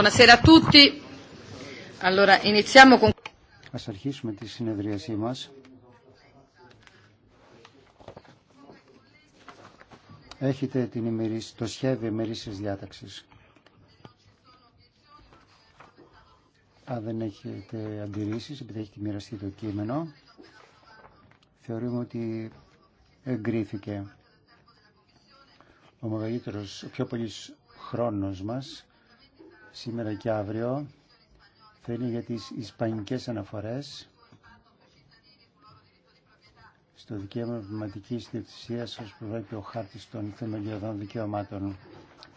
Buonasera a tutti. Allora, iniziamo con... Ας αρχίσουμε τη συνεδρίασή μας. Έχετε την ημερίση, το σχέδιο ημερήσιας διάταξης. Αν δεν έχετε αντιρρήσεις, επειδή έχετε μοιραστεί το κείμενο, θεωρούμε ότι εγκρίθηκε. Ο μεγαλύτερος, ο πιο πολύς χρόνος μας σήμερα και αύριο θα είναι για τις ισπανικές αναφορές στο δικαίωμα πνευματικής διευθυνσίας ως προβλέπει ο χάρτης των θεμελιωδών δικαιωμάτων.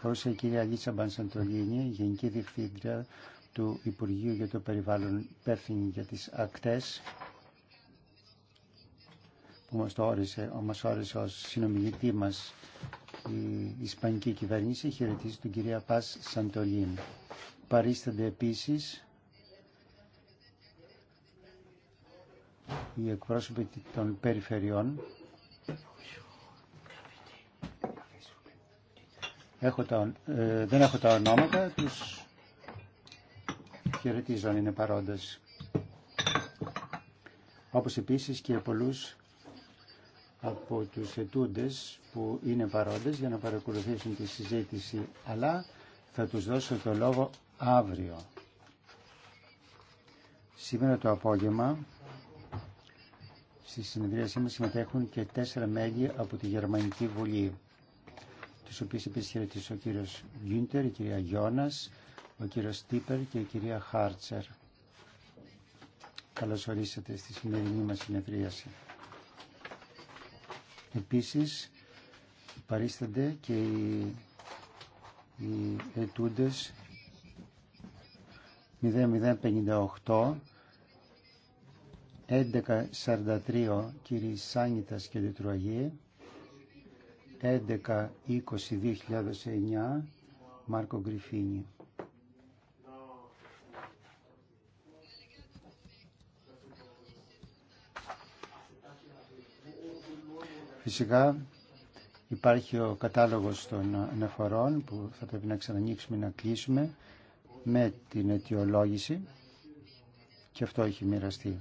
Παρούσα η κυρία Λίτσα Μπανσαντολίνη, Γενική Διευθύντρια του Υπουργείου για το Περιβάλλον, υπεύθυνη για τις ακτές, που μας το όρισε, μας όρισε ως συνομιλητή μας η Ισπανική κυβέρνηση χαιρετίζει τον κυρία Πας Σαντολίν. Παρίστανται επίσης οι εκπρόσωποι των περιφερειών. Έχω ε, δεν έχω τα ονόματα, τους χαιρετίζω αν είναι παρόντες. Όπως επίσης και πολλούς από τους ετούντες που είναι παρόντες για να παρακολουθήσουν τη συζήτηση, αλλά θα τους δώσω το λόγο αύριο. Σήμερα το απόγευμα στη συνεδρίασή μας συμμετέχουν και τέσσερα μέλη από τη Γερμανική Βουλή, τους οποίους επίσης ο κύριος Γιούντερ, η κυρία Γιώνας, ο κύριος Τίπερ και η κυρία Χάρτσερ. Καλώς ορίσατε στη σημερινή μας συνεδρίαση. Επίσης παρίστανται και οι, οι ετούντες 0058 11.43 κύριοι Σάνιτας και 1120 2009 Μάρκο Γκριφίνη Φυσικά υπάρχει ο κατάλογος των αναφορών που θα πρέπει να ξανανοίξουμε να κλείσουμε με την αιτιολόγηση και αυτό έχει μοιραστεί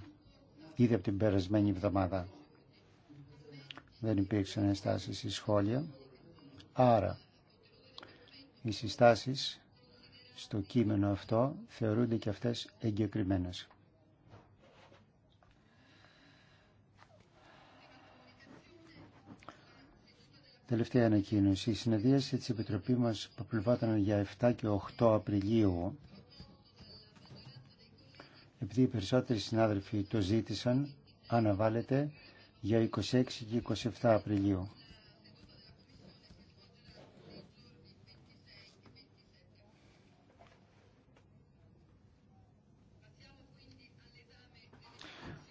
ήδη από την περασμένη εβδομάδα. Δεν υπήρξαν ενστάσεις ή σχόλια. Άρα, οι συστάσεις στο κείμενο αυτό θεωρούνται και αυτές εγκεκριμένες. Τελευταία ανακοίνωση. Η συνεδρίαση της επιτροπή μας που για 7 και 8 Απριλίου, επειδή οι περισσότεροι συνάδελφοι το ζήτησαν, αναβάλλεται για 26 και 27 Απριλίου.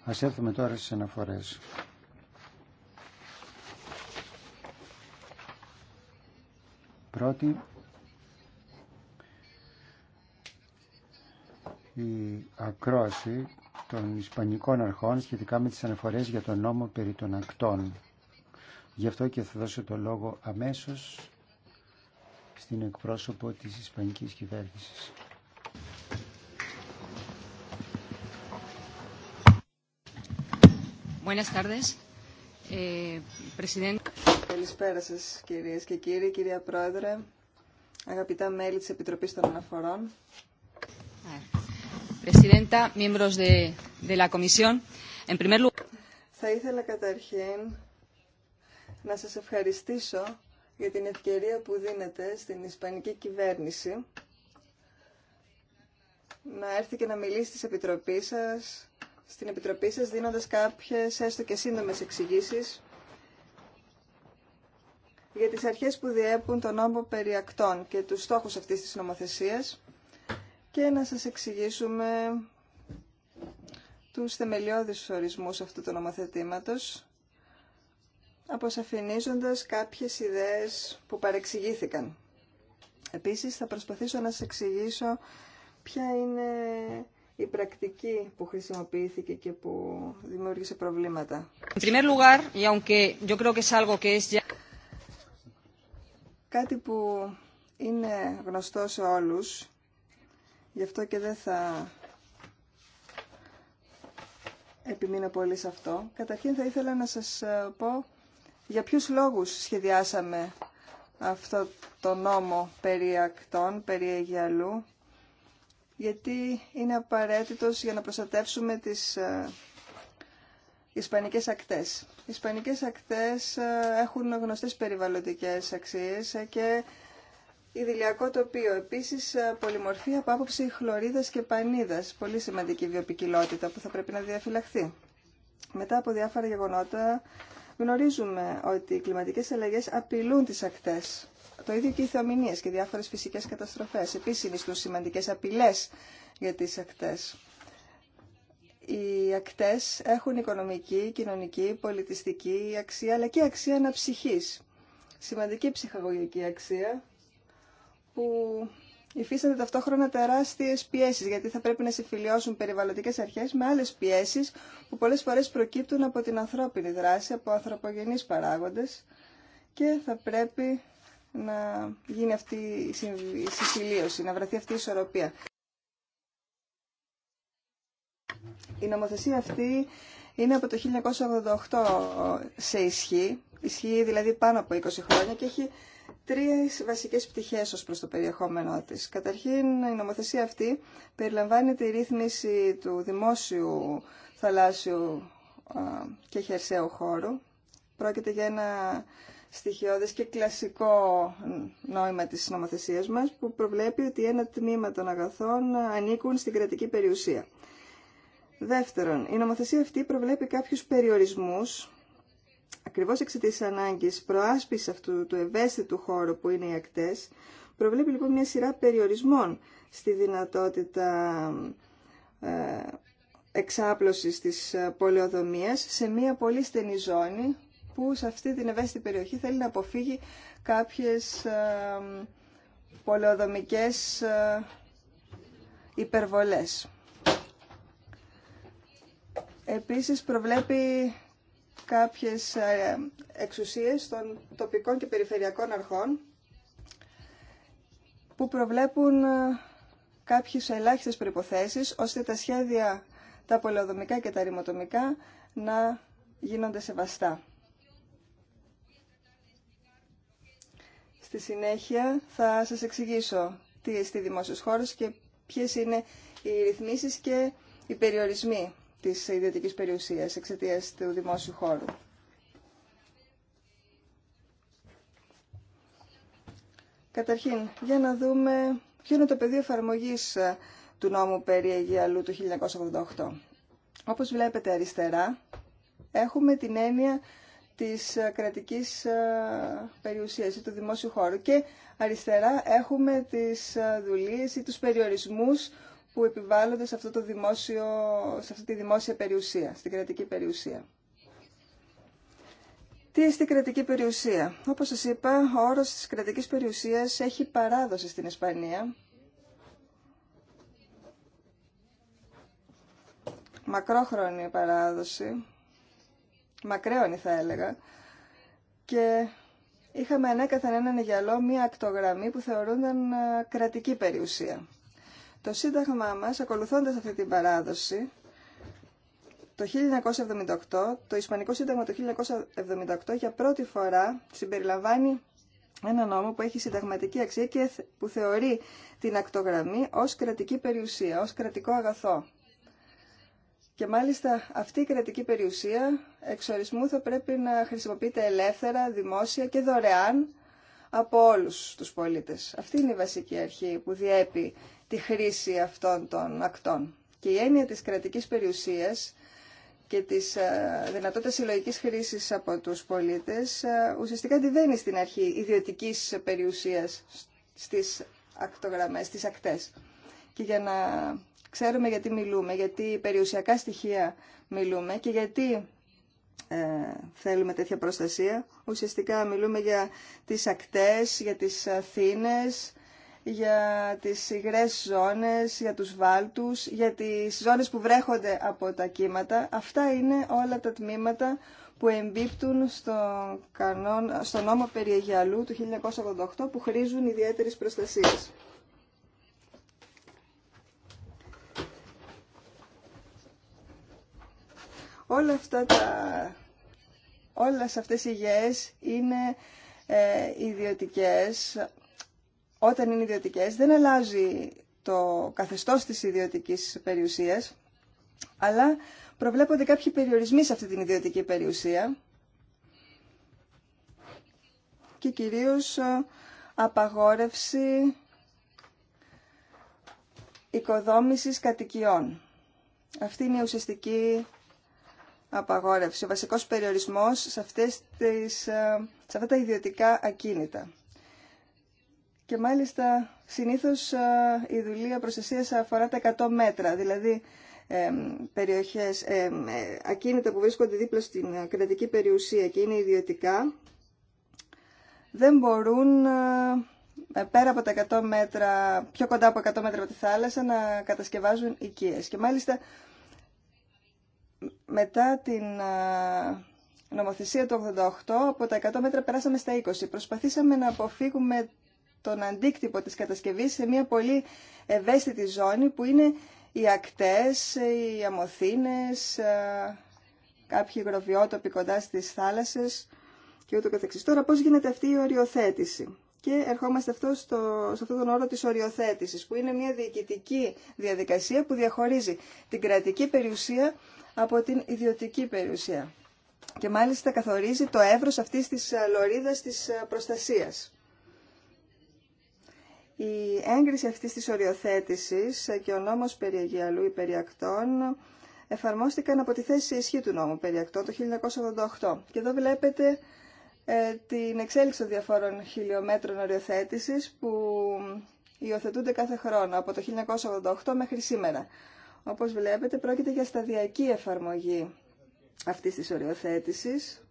Ας έρθουμε τώρα στις αναφορές. Πρώτη, η ακρόαση των Ισπανικών αρχών σχετικά με τις αναφορές για τον νόμο περί των ακτών. Γι' αυτό και θα δώσω το λόγο αμέσως στην εκπρόσωπο της Ισπανικής κυβέρνησης. Buenas tardes. Eh, presidente. Καλησπέρα σα, κύριε και κύριοι, κυρία Πρόεδρε, αγαπητά μέλη τη Επιτροπή των Αναφορών. Θα ήθελα καταρχήν να σα ευχαριστήσω για την ευκαιρία που δίνετε στην Ισπανική κυβέρνηση να έρθει και να μιλήσει της Επιτροπή σας, στην Επιτροπή σας δίνοντας κάποιες έστω και σύντομες εξηγήσεις για τις αρχές που διέπουν τον νόμο περιακτών και τους στόχους αυτής της νομοθεσίας και να σας εξηγήσουμε τους θεμελιώδεις ορισμούς αυτού του νομοθετήματος αποσαφηνίζοντας κάποιες ιδέες που παρεξηγήθηκαν. Επίσης θα προσπαθήσω να σας εξηγήσω ποια είναι η πρακτική που χρησιμοποιήθηκε και που δημιούργησε προβλήματα. Κάτι που είναι γνωστό σε όλους, γι' αυτό και δεν θα επιμείνω πολύ σε αυτό. Καταρχήν θα ήθελα να σας ε, πω για ποιους λόγους σχεδιάσαμε αυτό το νόμο περί ακτών, περί γιατί είναι απαραίτητος για να προστατεύσουμε τις ε, Ισπανικές ακτές. Οι Ισπανικές ακτές ε, έχουν γνωστές περιβαλλοντικές αξίες ε, και Ιδηλιακό τοπίο. Επίσης, ε, πολυμορφία από άποψη χλωρίδας και πανίδας. Πολύ σημαντική βιοπικιλότητα που θα πρέπει να διαφυλαχθεί. Μετά από διάφορα γεγονότα, γνωρίζουμε ότι οι κλιματικές αλλαγές απειλούν τις ακτές. Το ίδιο και οι θεομηνίες και διάφορες φυσικές καταστροφές. Επίσης, συνιστούν σημαντικές απειλές για τις ακτές οι ακτές έχουν οικονομική, κοινωνική, πολιτιστική αξία, αλλά και αξία αναψυχής. Σημαντική ψυχαγωγική αξία που υφίσταται ταυτόχρονα τεράστιες πιέσεις, γιατί θα πρέπει να συμφιλιώσουν περιβαλλοντικές αρχές με άλλες πιέσεις που πολλές φορές προκύπτουν από την ανθρώπινη δράση, από ανθρωπογενείς παράγοντες και θα πρέπει να γίνει αυτή η συμφιλίωση, να βρεθεί αυτή η ισορροπία. Η νομοθεσία αυτή είναι από το 1988 σε ισχύ, ισχύει δηλαδή πάνω από 20 χρόνια και έχει τρεις βασικές πτυχές ως προς το περιεχόμενό της. Καταρχήν, η νομοθεσία αυτή περιλαμβάνει τη ρύθμιση του δημόσιου θαλάσσιου και χερσαίου χώρου. Πρόκειται για ένα στοιχειώδες και κλασικό νόημα της νομοθεσίας μας που προβλέπει ότι ένα τμήμα των αγαθών ανήκουν στην κρατική περιουσία. Δεύτερον, η νομοθεσία αυτή προβλέπει κάποιους περιορισμούς ακριβώς εξαιτίας τη ανάγκης προάσπισης αυτού του ευαίσθητου χώρου που είναι οι ακτέ, προβλέπει λοιπόν μια σειρά περιορισμών στη δυνατότητα ε, εξάπλωσης της ε, πολεοδομίας σε μια πολύ στενή ζώνη που σε αυτή την ευαίσθητη περιοχή θέλει να αποφύγει κάποιες ε, πολεοδομικές υπερβολές. Επίσης προβλέπει κάποιες ε, εξουσίες των τοπικών και περιφερειακών αρχών που προβλέπουν ε, κάποιες ελάχιστες προϋποθέσεις ώστε τα σχέδια τα πολεοδομικά και τα ρημοτομικά να γίνονται σεβαστά. Στη συνέχεια θα σας εξηγήσω τι στη δημόσιος χώρος και ποιες είναι οι ρυθμίσεις και οι περιορισμοί της ιδιωτικής περιουσίας εξαιτίας του δημόσιου χώρου. Καταρχήν, για να δούμε ποιο είναι το πεδίο εφαρμογή ε, του νόμου περί Λου του 1988. Όπως βλέπετε αριστερά, έχουμε την έννοια της ε, κρατικής ε, περιουσίας ή του δημόσιου χώρου και αριστερά έχουμε τις δουλειές ή τους περιορισμούς που επιβάλλονται σε, αυτό το δημόσιο, σε αυτή τη δημόσια περιουσία, στην κρατική περιουσία. Τι είναι κρατική περιουσία. Όπως σας είπα, ο όρος της κρατικής περιουσίας έχει παράδοση στην Ισπανία. Μακρόχρονη παράδοση. Μακραίωνη θα έλεγα. Και είχαμε ανέκαθεν έναν γυαλό μία ακτογραμμή που θεωρούνταν ε, κρατική περιουσία. Το Σύνταγμά μας, ακολουθώντας αυτή την παράδοση, το 1978, το Ισπανικό Σύνταγμα το 1978 για πρώτη φορά συμπεριλαμβάνει ένα νόμο που έχει συνταγματική αξία και που θεωρεί την ακτογραμμή ως κρατική περιουσία, ως κρατικό αγαθό. Και μάλιστα αυτή η κρατική περιουσία εξορισμού θα πρέπει να χρησιμοποιείται ελεύθερα, δημόσια και δωρεάν από όλους τους πολίτες. Αυτή είναι η βασική αρχή που διέπει τη χρήση αυτών των ακτών. Και η έννοια της κρατικής περιουσίας και της ε, δυνατότητας συλλογική χρήσης από τους πολίτες ε, ουσιαστικά αντιβαίνει στην αρχή ιδιωτικής περιουσίας στις ακτογραμμές, στις ακτές. Και για να ξέρουμε γιατί μιλούμε, γιατί περιουσιακά στοιχεία μιλούμε και γιατί ε, θέλουμε τέτοια προστασία. Ουσιαστικά μιλούμε για τις ακτές, για τις Αθήνες, για τις υγρές ζώνες, για τους βάλτους, για τις ζώνες που βρέχονται από τα κύματα. Αυτά είναι όλα τα τμήματα που εμπίπτουν στον στο νόμο περί του 1988 που χρήζουν ιδιαίτερης προστασίας. Όλα αυτά τα, όλες αυτές οι γεές είναι ε, ιδιωτικές, όταν είναι ιδιωτικέ δεν αλλάζει το καθεστώς της ιδιωτικής περιουσίας, αλλά προβλέπονται κάποιοι περιορισμοί σε αυτή την ιδιωτική περιουσία και κυρίως ε, απαγόρευση οικοδόμησης κατοικιών. Αυτή είναι η ουσιαστική απαγόρευση, ο βασικός περιορισμός σε, αυτές τις, ε, σε αυτά τα ιδιωτικά ακίνητα και μάλιστα συνήθως ε, η δουλεία προστασίας αφορά τα 100 μέτρα, δηλαδή ε, περιοχές, ε, ακίνητα που βρίσκονται δίπλα στην ε, κρατική περιουσία και είναι ιδιωτικά, δεν μπορούν ε, πέρα από τα 100 μέτρα, πιο κοντά από 100 μέτρα από τη θάλασσα να κατασκευάζουν οικίες. Και μάλιστα μετά την νομοθεσία του 88 από τα 100 μέτρα περάσαμε στα 20. Προσπαθήσαμε να αποφύγουμε τον αντίκτυπο της κατασκευής σε μια πολύ ευαίσθητη ζώνη που είναι οι ακτές, οι αμοθήνες, ε, κάποιοι υγροβιότοποι κοντά στις θάλασσες και ούτω καθεξής. Τώρα πώς γίνεται αυτή η οριοθέτηση. Και ερχόμαστε αυτό στο, σε αυτόν τον όρο της οριοθέτησης, που είναι μια διοικητική διαδικασία που διαχωρίζει την κρατική περιουσία από την ιδιωτική περιουσία. Και μάλιστα καθορίζει το εύρος αυτής της λωρίδας της ε, προστασίας. Η έγκριση αυτής της οριοθέτησης και ο νόμος περί Αγιαλού υπεριακτών εφαρμόστηκαν από τη θέση ισχύ του νόμου περιακτών το 1988. Και εδώ βλέπετε ε, την εξέλιξη των διαφόρων χιλιόμετρων οριοθέτησης που υιοθετούνται κάθε χρόνο από το 1988 μέχρι σήμερα. Όπως βλέπετε πρόκειται για σταδιακή εφαρμογή αυτής της οριοθέτησης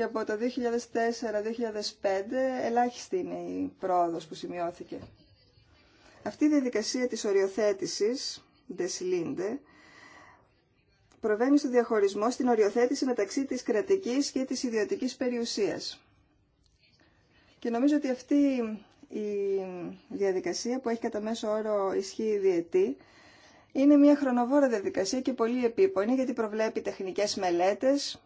και από το 2004-2005 ελάχιστη είναι η πρόοδος που σημειώθηκε. Αυτή η διαδικασία της οριοθέτησης, δεσιλίνδε προβαίνει στο διαχωρισμό στην οριοθέτηση μεταξύ της κρατικής και της ιδιωτικής περιουσίας. Και νομίζω ότι αυτή η διαδικασία που έχει κατά μέσο όρο ισχύει διετή είναι μια χρονοβόρα διαδικασία και πολύ επίπονη γιατί προβλέπει τεχνικές μελέτες,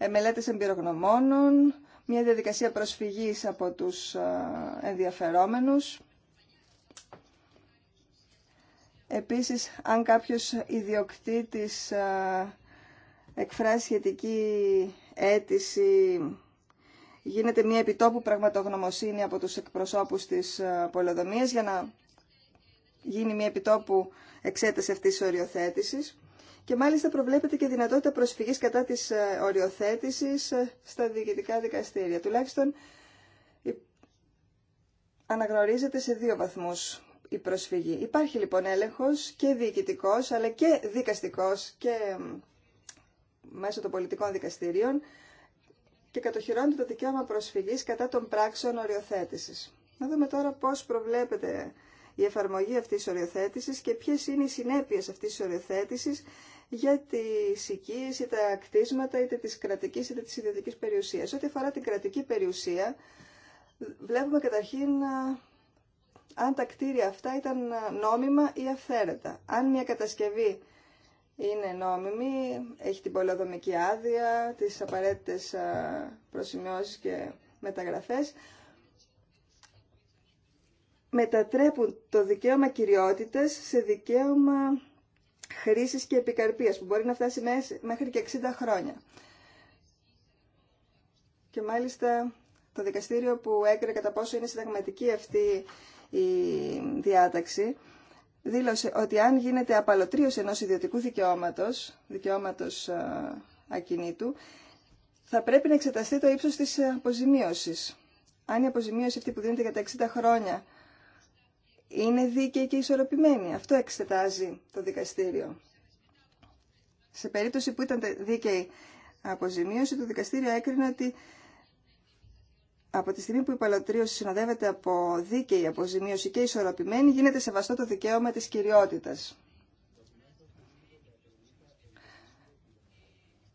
ε, μελέτες εμπειρογνωμόνων, μια διαδικασία προσφυγής από τους ε, ενδιαφερόμενους. Επίσης, αν κάποιος ιδιοκτήτης ε, εκφράσει σχετική αίτηση, γίνεται μια επιτόπου πραγματογνωμοσύνη από τους εκπροσώπους της πολεοδομίας για να γίνει μια επιτόπου εξέταση αυτής της οριοθέτησης. Και μάλιστα προβλέπεται και δυνατότητα προσφυγής κατά της ε, οριοθέτησης ε, στα διοικητικά δικαστήρια. Τουλάχιστον αναγνωρίζεται σε δύο βαθμούς η προσφυγή. Υπάρχει λοιπόν έλεγχος και διοικητικός αλλά και δικαστικός και μέσω των πολιτικών δικαστηρίων και κατοχυρώνεται το δικαίωμα προσφυγής κατά των πράξεων οριοθέτησης. Να δούμε τώρα πώς προβλέπεται η εφαρμογή αυτής της οριοθέτησης και ποιες είναι οι συνέπειες αυτής της οριοθέτησης για τι οικίε, ή τα κτίσματα είτε της κρατική είτε της ιδιωτική περιουσία. Ό,τι αφορά την κρατική περιουσία, βλέπουμε καταρχήν αν τα κτίρια αυτά ήταν νόμιμα ή αυθαίρετα. Αν μια κατασκευή είναι νόμιμη, έχει την πολεοδομική άδεια, τις απαραίτητες προσημειώσεις και μεταγραφές, μετατρέπουν το δικαίωμα κυριότητας σε δικαίωμα χρήσης και επικαρπίας που μπορεί να φτάσει μέχρι και 60 χρόνια. Και μάλιστα το δικαστήριο που έκρινε κατά πόσο είναι συνταγματική αυτή η διάταξη δήλωσε ότι αν γίνεται απαλωτρίωση ενός ιδιωτικού δικαιώματος, δικαιώματος ε, ακινήτου, θα πρέπει να εξεταστεί το ύψος της αποζημίωσης. Αν η αποζημίωση αυτή που δίνεται για τα 60 χρόνια είναι δίκαιη και ισορροπημένη. Αυτό εξετάζει το δικαστήριο. Σε περίπτωση που ήταν δίκαιη αποζημίωση, το δικαστήριο έκρινε ότι από τη στιγμή που η παλωτρίωση συνοδεύεται από δίκαιη αποζημίωση και ισορροπημένη, γίνεται σεβαστό το δικαίωμα της κυριότητας.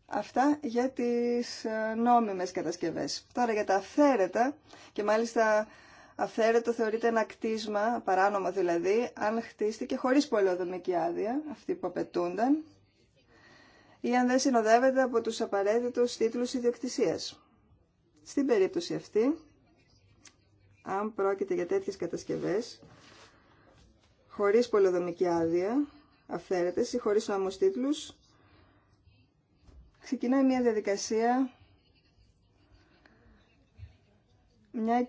Αυτά για τις ε, νόμιμες κατασκευές. Τώρα για τα αυθαίρετα και μάλιστα αυθαίρετο θεωρείται ένα κτίσμα, παράνομο δηλαδή, αν χτίστηκε χωρίς πολεοδομική άδεια, αυτή που απαιτούνταν, ή αν δεν συνοδεύεται από τους απαραίτητους τίτλους ιδιοκτησίας. Στην περίπτωση αυτή, αν πρόκειται για τέτοιες κατασκευές, χωρίς πολεοδομική άδεια, αυθαίρετες ή χωρίς νόμους τίτλους, ξεκινάει μια διαδικασία μια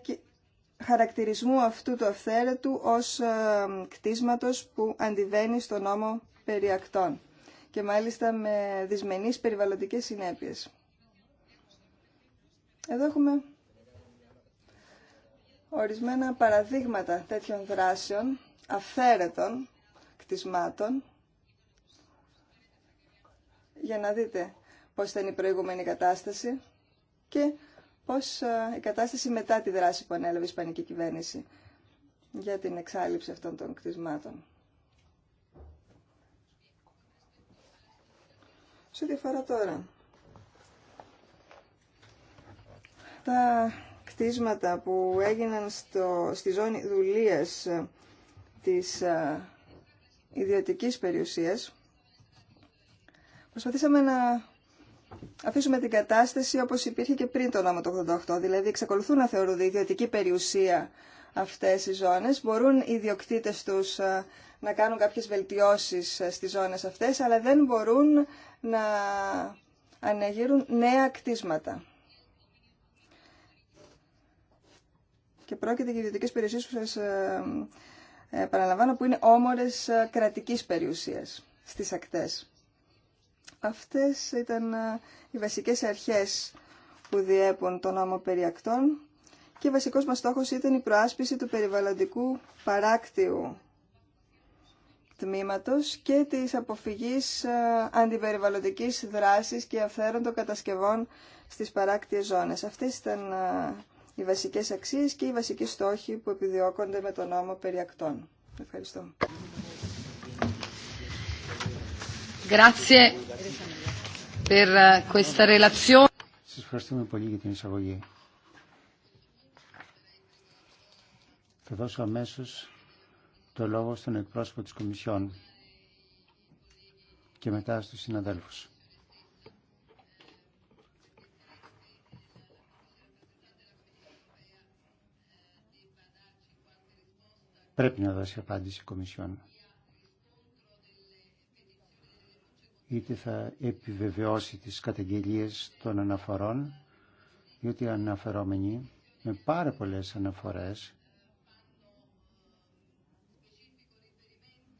χαρακτηρισμού αυτού του αυθαίρετου ως ε, κτίσματος που αντιβαίνει στον νόμο περιακτών και μάλιστα με δυσμενείς περιβαλλοντικές συνέπειες. Εδώ έχουμε ορισμένα παραδείγματα τέτοιων δράσεων, αυθαίρετων κτισμάτων, για να δείτε πώς ήταν η προηγούμενη κατάσταση και πώς ε, η κατάσταση μετά τη δράση που ανέλαβε η Ισπανική κυβέρνηση για την εξάλληψη αυτών των κτισμάτων. Σε ό,τι αφορά τώρα τα κτίσματα που έγιναν στο, στη ζώνη δουλείας ε, της ε, ιδιωτικής περιουσίας, προσπαθήσαμε να αφήσουμε την κατάσταση όπως υπήρχε και πριν το νόμο του 88, δηλαδή εξακολουθούν να θεωρούνται ιδιωτική περιουσία αυτές οι ζώνες, μπορούν οι ιδιοκτήτες τους ε, να κάνουν κάποιες βελτιώσεις ε, στις ζώνες αυτές, αλλά δεν μπορούν να ανεγείρουν νέα κτίσματα. Και πρόκειται για ιδιωτικές περιουσίες που σας ε, επαναλαμβάνω που είναι όμορες κρατικής περιουσίας στις ακτές. Αυτές ήταν ε, οι βασικές αρχές που διέπουν τον νόμο περιακτών και βασικός μας στόχος ήταν η προάσπιση του περιβαλλοντικού παράκτιου τμήματος και της αποφυγής ε, αντιπεριβαλλοντικής δράσης και των κατασκευών στις παράκτιες ζώνες. Αυτές ήταν ε, οι βασικές αξίες και οι βασικοί στόχοι που επιδιώκονται με τον νόμο περιακτών. Ευχαριστώ. Grazie Σας ευχαριστούμε πολύ για την εισαγωγή. Θα δώσω αμέσω το λόγο στον εκπρόσωπο της Κομισιόν και μετά στους συναδέλφους. Πρέπει να δώσει απάντηση η Κομισιόν. είτε θα επιβεβαιώσει τις καταγγελίες των αναφορών, διότι οι αναφερόμενοι με πάρα πολλές αναφορές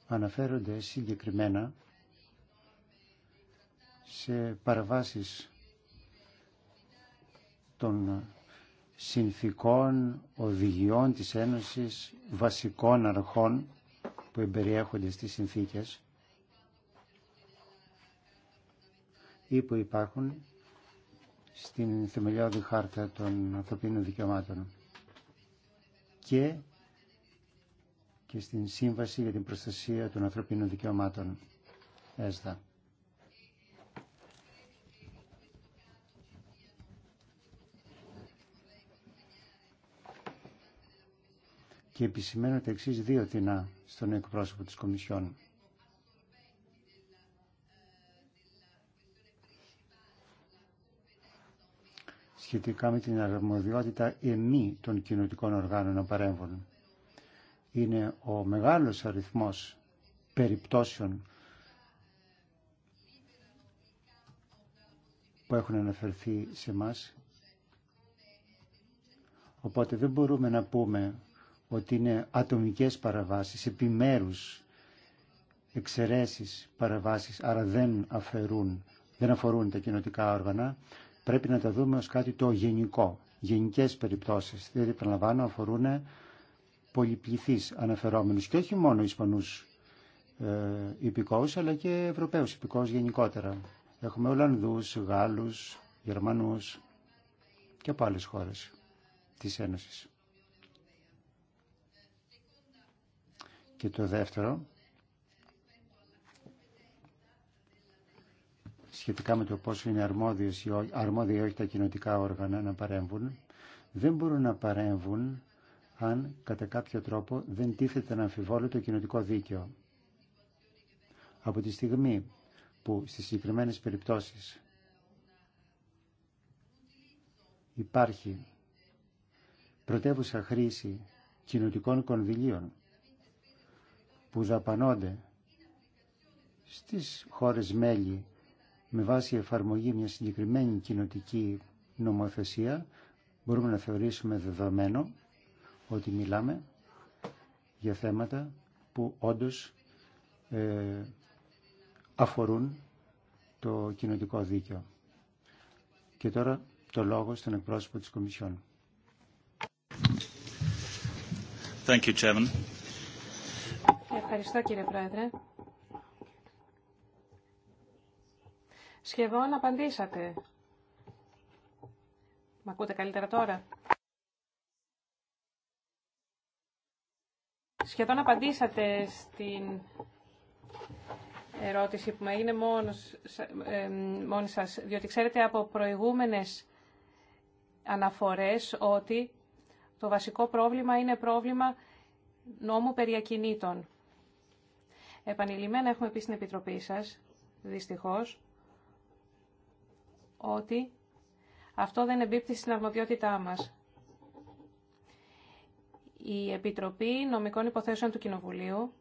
αναφέρονται συγκεκριμένα σε παραβάσεις των συνθήκων οδηγιών της Ένωσης βασικών αρχών που εμπεριέχονται στις συνθήκες ή που υπάρχουν στην θεμελιώδη χάρτα των ανθρωπίνων δικαιωμάτων και, και στην Σύμβαση για την Προστασία των Ανθρωπίνων Δικαιωμάτων, ΕΣΔΑ. Και επισημαίνω τα εξή δύο τεινά στον εκπρόσωπο της Κομισιόν. σχετικά με την αρμοδιότητα εμεί των κοινωτικών οργάνων να παρέμβουν. Είναι ο μεγάλος αριθμός περιπτώσεων που έχουν αναφερθεί σε μας. Οπότε δεν μπορούμε να πούμε ότι είναι ατομικές παραβάσεις, επιμέρους εξαιρέσεις παραβάσεις, άρα δεν, αφαιρούν, δεν αφορούν τα κοινωτικά όργανα πρέπει να τα δούμε ως κάτι το γενικό, γενικές περιπτώσεις, Δηλαδή, επαναλαμβάνω αφορούν πολυπληθείς αναφερόμενους και όχι μόνο Ισπανούς ε, υπηκόους αλλά και Ευρωπαίους υπηκόους γενικότερα. Έχουμε Ολλανδούς, Γάλλους, Γερμανούς και από άλλες χώρες της Ένωσης. Και το δεύτερο σχετικά με το πόσο είναι αρμόδιοι ή όχι τα κοινοτικά όργανα να παρέμβουν, δεν μπορούν να παρέμβουν αν κατά κάποιο τρόπο δεν τίθεται να αμφιβόλει το κοινοτικό δίκαιο. Από τη στιγμή που στις συγκεκριμένε περιπτώσεις υπάρχει πρωτεύουσα χρήση κοινοτικών κονδυλίων που δαπανώνται στις χώρες μέλη με βάση εφαρμογή μια συγκεκριμένη κοινοτική νομοθεσία μπορούμε να θεωρήσουμε δεδομένο ότι μιλάμε για θέματα που όντως ε, αφορούν το κοινοτικό δίκαιο. Και τώρα το λόγο στον εκπρόσωπο της Κομισιόν. Ευχαριστώ κύριε Πρόεδρε. Σχεδόν απαντήσατε. Μ' ακούτε καλύτερα τώρα. Σχεδόν απαντήσατε στην ερώτηση που με έγινε μόνος, ε, μόνοι σας, διότι ξέρετε από προηγούμενες αναφορές ότι το βασικό πρόβλημα είναι πρόβλημα νόμου περί ακινήτων. Επανειλημμένα έχουμε πει στην Επιτροπή σας, δυστυχώς, ότι αυτό δεν εμπίπτει στην αρμοδιότητά μας. Η Επιτροπή Νομικών Υποθέσεων του Κοινοβουλίου,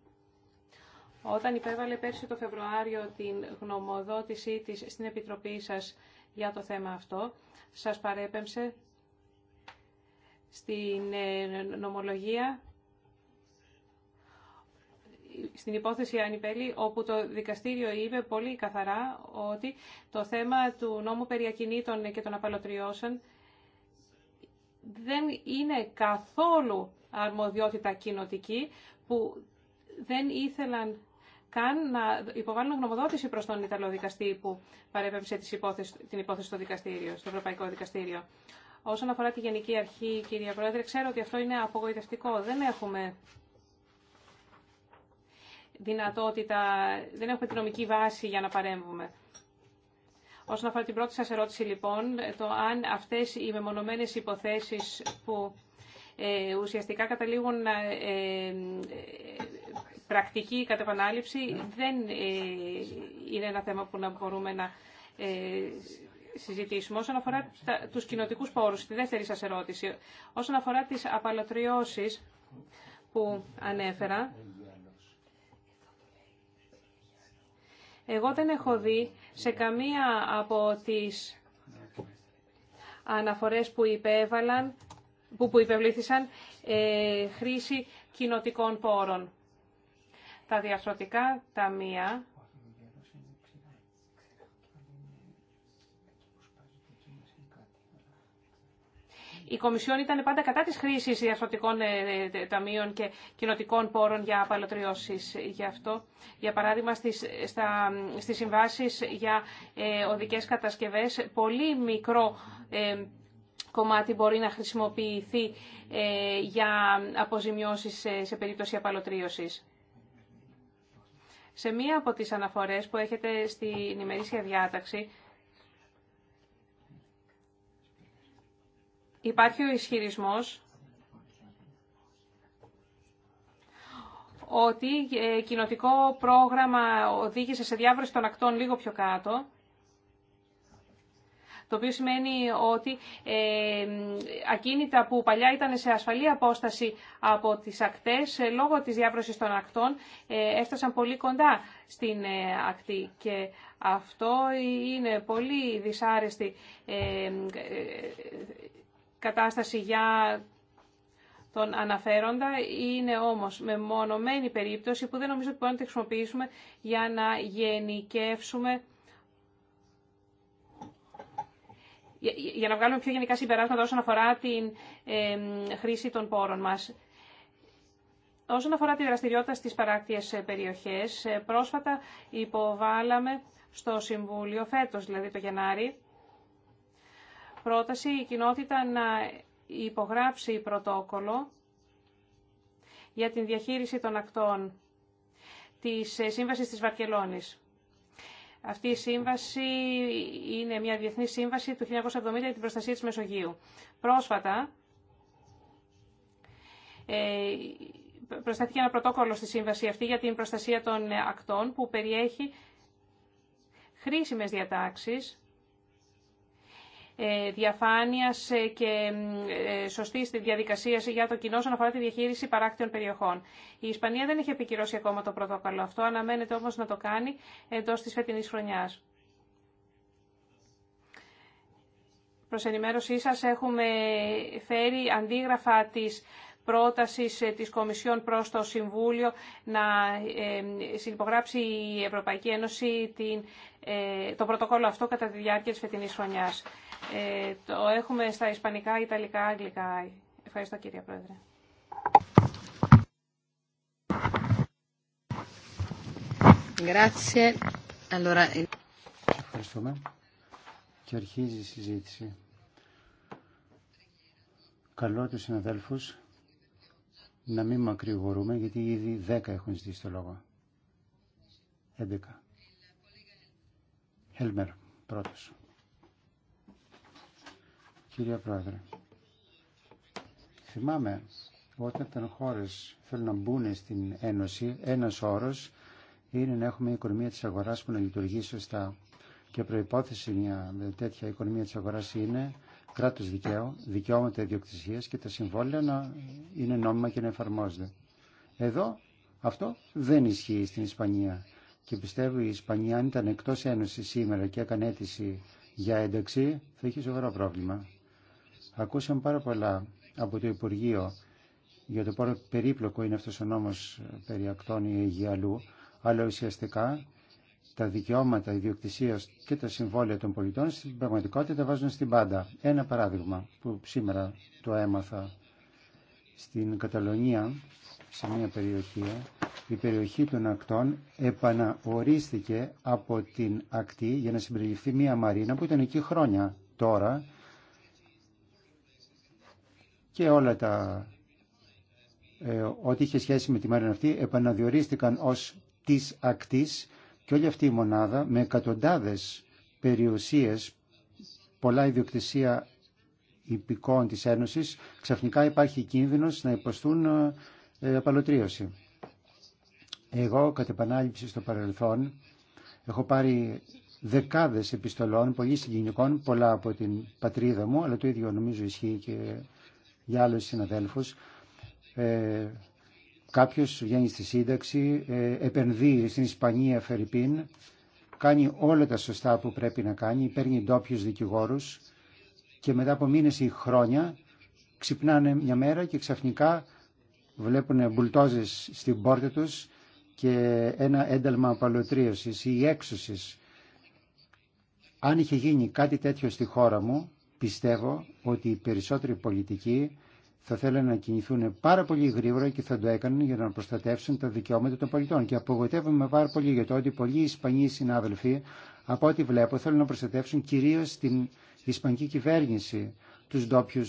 όταν υπέβαλε πέρσι το Φεβρουάριο την γνωμοδότησή της στην Επιτροπή σας για το θέμα αυτό, σας παρέπεμψε στην ε, νομολογία στην υπόθεση Ανιπέλη, όπου το δικαστήριο είπε πολύ καθαρά ότι το θέμα του νόμου περί και των απαλωτριώσεων δεν είναι καθόλου αρμοδιότητα κοινοτική, που δεν ήθελαν καν να υποβάλουν γνωμοδότηση προς τον Ιταλό δικαστή που παρέπεψε την υπόθεση στο δικαστήριο, στο Ευρωπαϊκό Δικαστήριο. Όσον αφορά τη Γενική Αρχή, κυρία Πρόεδρε, ξέρω ότι αυτό είναι απογοητευτικό. Δεν έχουμε δυνατότητα, δεν έχουμε τη νομική βάση για να παρέμβουμε. Όσον αφορά την πρώτη σας ερώτηση λοιπόν, το αν αυτές οι μεμονωμένες υποθέσεις που ε, ουσιαστικά καταλήγουν ε, ε πρακτική κατ' δεν ε, είναι ένα θέμα που να μπορούμε να ε, συζητήσουμε. Όσον αφορά τους κοινοτικούς πόρους, τη δεύτερη σας ερώτηση, όσον αφορά τις απαλωτριώσεις που ανέφερα, Εγώ δεν έχω δει σε καμία από τις αναφορές που υπέβαλαν, που, που υπευλήθησαν ε, χρήση κοινοτικών πόρων. Τα διαστροτικά ταμεία η Κομισιόν ήταν πάντα κατά τη χρήση διαρθρωτικών ε, ε, ταμείων και κοινοτικών πόρων για απαλωτριώσει. Γι' αυτό, για παράδειγμα, στις, συμβάσει συμβάσεις για ε, οδικές κατασκευές, πολύ μικρό ε, κομμάτι μπορεί να χρησιμοποιηθεί για αποζημιώσει σε, σε περίπτωση απαλωτρίωση. Σε μία από τις αναφορές που έχετε στην ημερήσια διάταξη, Υπάρχει ο ισχυρισμός ότι ε, κοινοτικό πρόγραμμα οδήγησε σε διάβρωση των ακτών λίγο πιο κάτω, το οποίο σημαίνει ότι ε, ακίνητα που παλιά ήταν σε ασφαλή απόσταση από τις ακτές, ε, λόγω της διάβρωσης των ακτών έφτασαν πολύ κοντά στην ακτή. Και αυτό είναι πολύ δυσάρεστη κατάσταση για τον αναφέροντα είναι όμως με μονομένη περίπτωση που δεν νομίζω ότι μπορούμε να τη χρησιμοποιήσουμε για να γενικεύσουμε για να βγάλουμε πιο γενικά συμπεράσματα όσον αφορά την ε, χρήση των πόρων μας. Όσον αφορά τη δραστηριότητα στις παράκτιες περιοχές, ε, πρόσφατα υποβάλαμε στο Συμβούλιο, φέτος δηλαδή το Γενάρη, πρόταση η κοινότητα να υπογράψει πρωτόκολλο για την διαχείριση των ακτών της ε, Σύμβασης της Βαρκελόνης. Αυτή η σύμβαση είναι μια διεθνή σύμβαση του 1970 για την προστασία της Μεσογείου. Πρόσφατα ε, προστάθηκε ένα πρωτόκολλο στη σύμβαση αυτή για την προστασία των ακτών που περιέχει χρήσιμες διατάξεις ε, διαφάνειας ε, και ε, σωστής διαδικασίας για το κοινό όσον αφορά τη διαχείριση παράκτιων περιοχών. Η Ισπανία δεν έχει επικυρώσει ακόμα το πρωτόκολλο αυτό, αναμένεται όμως να το κάνει εντός της φετινής χρονιάς. Προς ενημέρωσή σας έχουμε φέρει αντίγραφα της πρότασης της Κομισιόν προς το Συμβούλιο να συνυπογράψει η Ευρωπαϊκή Ένωση την, το πρωτοκόλλο αυτό κατά τη διάρκεια της φετινής χρονιάς. Ε, το έχουμε στα Ισπανικά, Ιταλικά, Αγγλικά. Ευχαριστώ κύριε Πρόεδρε. Ευχαριστούμε. Και αρχίζει η συζήτηση. Καλό τους συναδέλφους να μην μακρηγορούμε γιατί ήδη δέκα έχουν ζητήσει το λόγο. 11. Έλμερ πρώτος. Κύριε Πρόεδρε. Θυμάμαι όταν χώρε θέλουν να μπουν στην Ένωση, ένα όρο, είναι να έχουμε οικονομία τη αγορά που να λειτουργεί σωστά. Και προπόθεση μια τέτοια οικονομία τη αγορά είναι κράτο δικαίου, δικαιώματα ιδιοκτησία και τα συμβόλαια να είναι νόμιμα και να εφαρμόζονται. Εδώ αυτό δεν ισχύει στην Ισπανία. Και πιστεύω η Ισπανία αν ήταν εκτό Ένωση σήμερα και έκανε αίτηση για ένταξη θα είχε σοβαρό πρόβλημα. Ακούσαμε πάρα πολλά από το Υπουργείο για το πόσο περίπλοκο είναι αυτός ο νόμος περί ακτών ή αλλού, αλλά ουσιαστικά τα δικαιώματα ιδιοκτησία και τα συμβόλαια των πολιτών στην πραγματικότητα βάζουν στην πάντα. Ένα παράδειγμα που σήμερα το έμαθα στην Καταλωνία, σε μια περιοχή, η περιοχή των ακτών επαναορίστηκε από την ακτή για να συμπεριληφθεί μια μαρίνα που ήταν εκεί χρόνια. Τώρα και όλα τα ε, ό,τι είχε σχέση με τη μέρα αυτή επαναδιορίστηκαν ως της ακτής και όλη αυτή η μονάδα με εκατοντάδες περιουσίες, πολλά ιδιοκτησία υπηκών της Ένωσης, ξαφνικά υπάρχει κίνδυνος να υποστούν ε, απαλωτρίωση. Εγώ, κατ' επανάληψη στο παρελθόν, έχω πάρει δεκάδες επιστολών, πολύ συγκινικών, πολλά από την πατρίδα μου, αλλά το ίδιο νομίζω ισχύει και για άλλους συναδέλφους. Ε, κάποιος βγαίνει στη σύνταξη, ε, επενδύει στην Ισπανία Φερρυπίν, κάνει όλα τα σωστά που πρέπει να κάνει, παίρνει ντόπιου δικηγόρους και μετά από μήνες ή χρόνια ξυπνάνε μια μέρα και ξαφνικά βλέπουν μπουλτόζες στην πόρτα τους και ένα ένταλμα απαλωτρίωσης ή έξωσης. Αν είχε γίνει κάτι τέτοιο στη χώρα μου, Πιστεύω ότι οι περισσότεροι πολιτικοί θα θέλουν να κινηθούν πάρα πολύ γρήγορα και θα το έκαναν για να προστατεύσουν τα δικαιώματα των πολιτών. Και απογοητεύομαι πάρα πολύ για το ότι πολλοί Ισπανοί συνάδελφοι, από ό,τι βλέπω, θέλουν να προστατεύσουν κυρίω την Ισπανική κυβέρνηση, του ντόπιου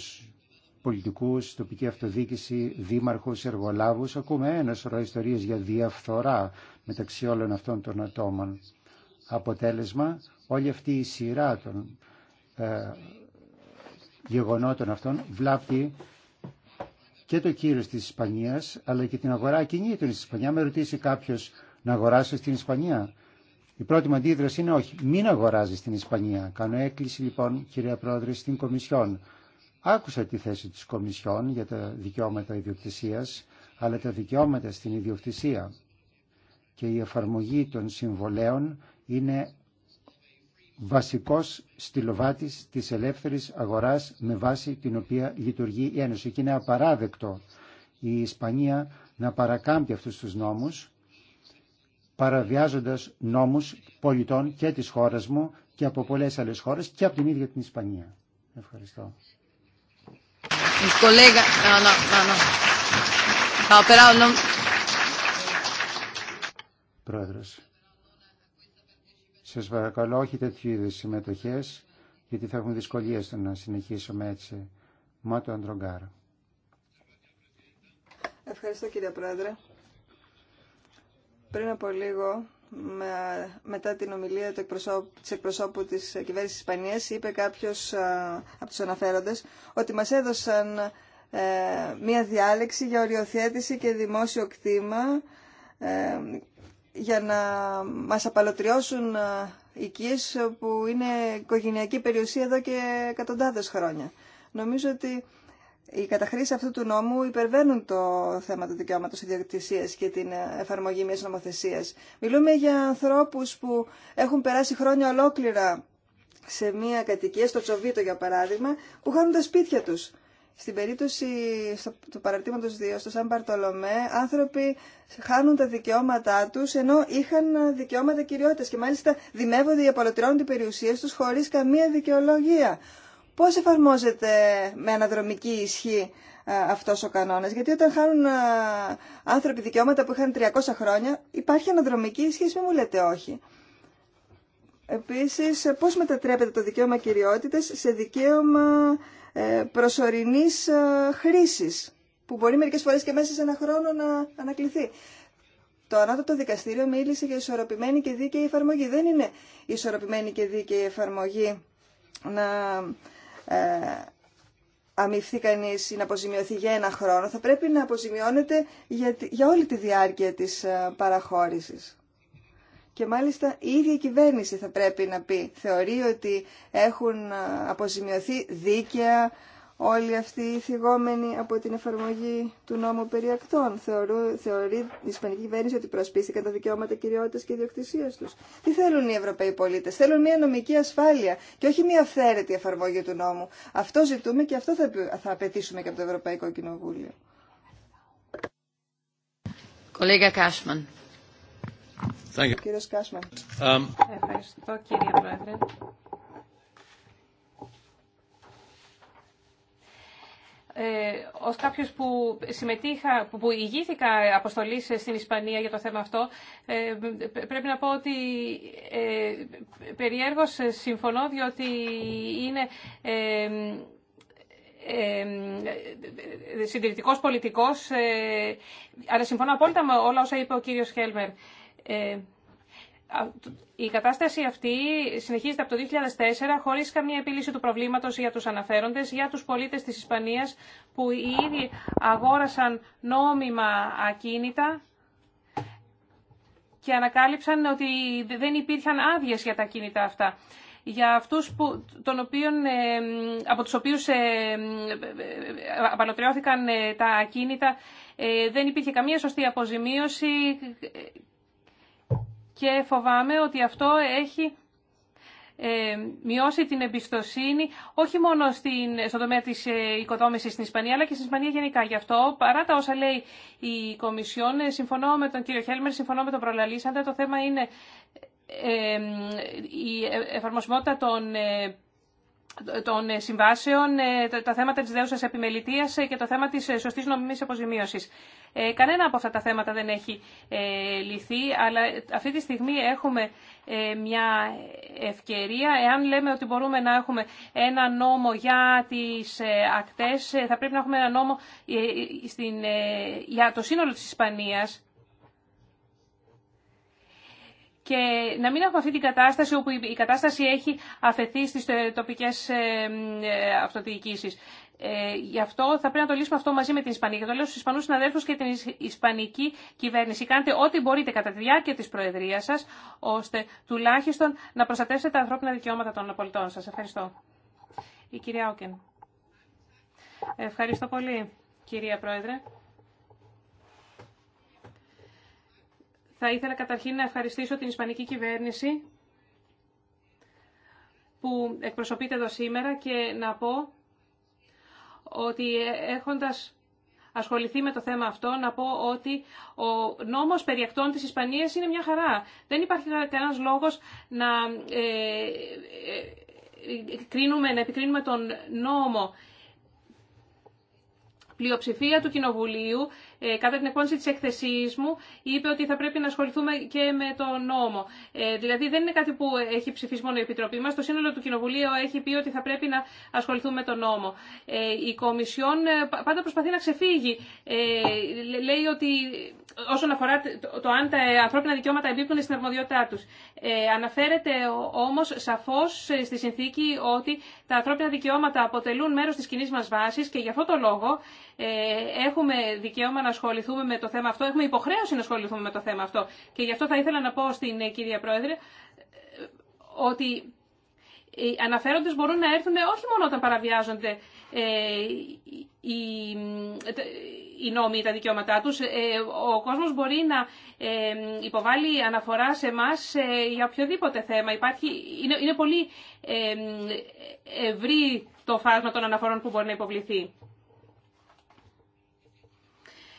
πολιτικού, τοπική αυτοδιοίκηση, δήμαρχου, εργολάβου. Ακούμε ένα σωρό ιστορίε για διαφθορά μεταξύ όλων αυτών των ατόμων. Αποτέλεσμα, όλη αυτή η σειρά των ε, γεγονότων αυτών βλάπτει και το κύριο της Ισπανίας αλλά και την αγορά κινήτων στην Ισπανία. Με ρωτήσει κάποιος να αγοράσει στην Ισπανία. Η πρώτη μου αντίδραση είναι όχι, μην αγοράζει στην Ισπανία. Κάνω έκκληση λοιπόν, κυρία Πρόεδρε, στην Κομισιόν. Άκουσα τη θέση της Κομισιόν για τα δικαιώματα ιδιοκτησίας, αλλά τα δικαιώματα στην ιδιοκτησία και η εφαρμογή των συμβολέων είναι βασικός στυλοβάτης της ελεύθερης αγοράς με βάση την οποία λειτουργεί η Ένωση. Και είναι απαράδεκτο η Ισπανία να παρακάμπτει αυτούς τους νόμους, παραβιάζοντας νόμους πολιτών και της χώρας μου και από πολλές άλλες χώρες και από την ίδια την Ισπανία. Ευχαριστώ. Πρόεδρος. Σα παρακαλώ όχι τέτοιου είδου συμμετοχέ, γιατί θα έχουν δυσκολίε στο να συνεχίσουμε έτσι. Μάτω Αντρογκάρα. Ευχαριστώ κύριε Πρόεδρε. Πριν από λίγο, μετά την ομιλία του εκπροσώπου, της εκπροσώπου της κυβέρνησης Ισπανίας, είπε κάποιος από τους αναφέροντες ότι μας έδωσαν ε, μία διάλεξη για οριοθέτηση και δημόσιο κτήμα ε, για να μας απαλωτριώσουν ε, οικίες που είναι οικογενειακή περιουσία εδώ και εκατοντάδες χρόνια. Νομίζω ότι οι καταχρήσει αυτού του νόμου υπερβαίνουν το θέμα του δικαιώματος ιδιοκτησίας και την ε, εφαρμογή μιας νομοθεσίας. Μιλούμε για ανθρώπους που έχουν περάσει χρόνια ολόκληρα σε μια κατοικία, στο Τσοβίτο για παράδειγμα, που χάνουν τα σπίτια τους. Στην περίπτωση του παραρτήματος 2, στο Σαν Παρτολομέ, άνθρωποι χάνουν τα δικαιώματά τους, ενώ είχαν δικαιώματα κυριότητας και μάλιστα δημεύονται ή απολωτηρώνουν την περιουσία τους χωρίς καμία δικαιολογία. Πώς εφαρμόζεται με αναδρομική ισχύ ε, αυτός ο κανόνας, γιατί όταν χάνουν ε, άνθρωποι δικαιώματα που είχαν 300 χρόνια, υπάρχει αναδρομική ισχύ, μην μου λέτε όχι. Επίσης, πώς μετατρέπεται το δικαίωμα κυριότητας σε δικαίωμα ε, προσωρινής ε, χρήσης, που μπορεί μερικές φορές και μέσα σε ένα χρόνο να ανακληθεί. Το ανώτατο δικαστήριο μίλησε για ισορροπημένη και δίκαιη εφαρμογή. Δεν είναι ισορροπημένη και δίκαιη εφαρμογή να ε, αμυφθεί κανεί ή να αποζημιωθεί για ένα χρόνο. Θα πρέπει να αποζημιώνεται για, για όλη τη διάρκεια της παραχώρησης. Και μάλιστα η ίδια κυβέρνηση θα πρέπει να πει. Θεωρεί ότι έχουν αποζημιωθεί δίκαια όλοι αυτοί οι θυγόμενοι από την εφαρμογή του νόμου περί ακτών. θεωρεί η Ισπανική κυβέρνηση ότι προσπίστηκαν τα δικαιώματα κυριότητας και ιδιοκτησία τους. Τι θέλουν οι Ευρωπαίοι πολίτες. Θέλουν μια νομική ασφάλεια και όχι μια αυθαίρετη εφαρμογή του νόμου. Αυτό ζητούμε και αυτό θα, θα απαιτήσουμε και από το Ευρωπαϊκό Κοινοβούλιο. Κάσμαν. Κύριος Κάσμαν. Um, Ευχαριστώ κύριε Πρόεδρε. ε, Ω που συμμετείχα, που, που ηγήθηκα αποστολή στην Ισπανία για το θέμα αυτό, ε, πρέπει να πω ότι ε, περιέργως συμφωνώ διότι είναι... Ε, ε, συντηρητικός πολιτικός, ε, αλλά συμφωνώ απόλυτα με όλα όσα είπε ο κύριος Χέλμερ. Ε, η κατάσταση αυτή συνεχίζεται από το 2004 χωρίς καμία επίλυση του προβλήματος για τους αναφέροντες, για τους πολίτες της Ισπανίας που ήδη αγόρασαν νόμιμα ακίνητα και ανακάλυψαν ότι δεν υπήρχαν άδειες για τα ακίνητα αυτά. Για αυτούς που, ε, από τους οποίους ε, απαλωτριώθηκαν τα ακίνητα δεν υπήρχε καμία σωστή αποζημίωση και φοβάμαι ότι αυτό έχει ε, μειώσει την εμπιστοσύνη όχι μόνο στην, στον τομέα της ε, οικοδόμησης στην Ισπανία αλλά και στην Ισπανία γενικά. Γι' αυτό παρά τα όσα λέει η Κομισιόν, ε, συμφωνώ με τον κύριο Χέλμερ, συμφωνώ με τον προλαλήσαντα, το θέμα είναι η εφαρμοσιμότητα των των ε, συμβάσεων, ε, τα θέματα της δέουσας επιμελητίας ε, και το θέμα της σωστής νομιμής αποζημίωσης. Κανένα από αυτά τα θέματα δεν έχει λυθεί, αλλά αυτή τη στιγμή έχουμε μια ευκαιρία. Εάν λέμε ότι μπορούμε να έχουμε ένα νόμο για τις ακτές, θα πρέπει να έχουμε ένα νόμο για το σύνολο της Ισπανίας, και να μην έχουμε αυτή την κατάσταση όπου η κατάσταση έχει αφαιθεί στις τοπικές ε, ε, αυτοδιοικήσεις. Ε, γι' αυτό θα πρέπει να το λύσουμε αυτό μαζί με την Ισπανία. Και το λέω στου Ισπανού συναδέλφου και την Ισπανική κυβέρνηση. Κάντε ό,τι μπορείτε κατά τη διάρκεια τη Προεδρία σα, ώστε τουλάχιστον να προστατεύσετε τα ανθρώπινα δικαιώματα των πολιτών σα. Ευχαριστώ. Η κυρία Όκεν. Ευχαριστώ πολύ, κυρία Πρόεδρε. Θα ήθελα καταρχήν να ευχαριστήσω την Ισπανική κυβέρνηση που εκπροσωπείται εδώ σήμερα και να πω ότι έχοντας ασχοληθεί με το θέμα αυτό, να πω ότι ο νόμος περιεκτών της Ισπανίας είναι μια χαρά. Δεν υπάρχει κανένας λόγος να, ε, ε, κρίνουμε, να επικρίνουμε τον νόμο πλειοψηφία του Κοινοβουλίου ε, κατά την εκπόνηση της εκθεσής μου είπε ότι θα πρέπει να ασχοληθούμε και με το νόμο. Ε, δηλαδή δεν είναι κάτι που έχει ψηφίσει μόνο η Επιτροπή μας. Το σύνολο του Κοινοβουλίου έχει πει ότι θα πρέπει να ασχοληθούμε με το νόμο. Ε, η Κομισιόν πάντα προσπαθεί να ξεφύγει. λέει ότι όσον αφορά το αν τα ανθρώπινα δικαιώματα εμπίπτουν στην αρμοδιότητά Ε, αναφέρεται όμω σαφώ στη συνθήκη ότι τα ανθρώπινα δικαιώματα αποτελούν μέρο τη κοινή μα βάση και γι' αυτό το λόγο ε, έχουμε δικαίωμα να ασχοληθούμε με το θέμα αυτό, έχουμε υποχρέωση να ασχοληθούμε με το θέμα αυτό. Και γι' αυτό θα ήθελα να πω στην ε, κυρία Πρόεδρε ε, ότι οι αναφέροντες μπορούν να έρθουν όχι μόνο όταν παραβιάζονται οι, οι νόμοι ή τα δικαιώματά τους. ο κόσμος μπορεί να υποβάλει αναφορά σε εμά για οποιοδήποτε θέμα. είναι πολύ ευρύ το φάσμα των αναφορών που μπορεί να υποβληθεί.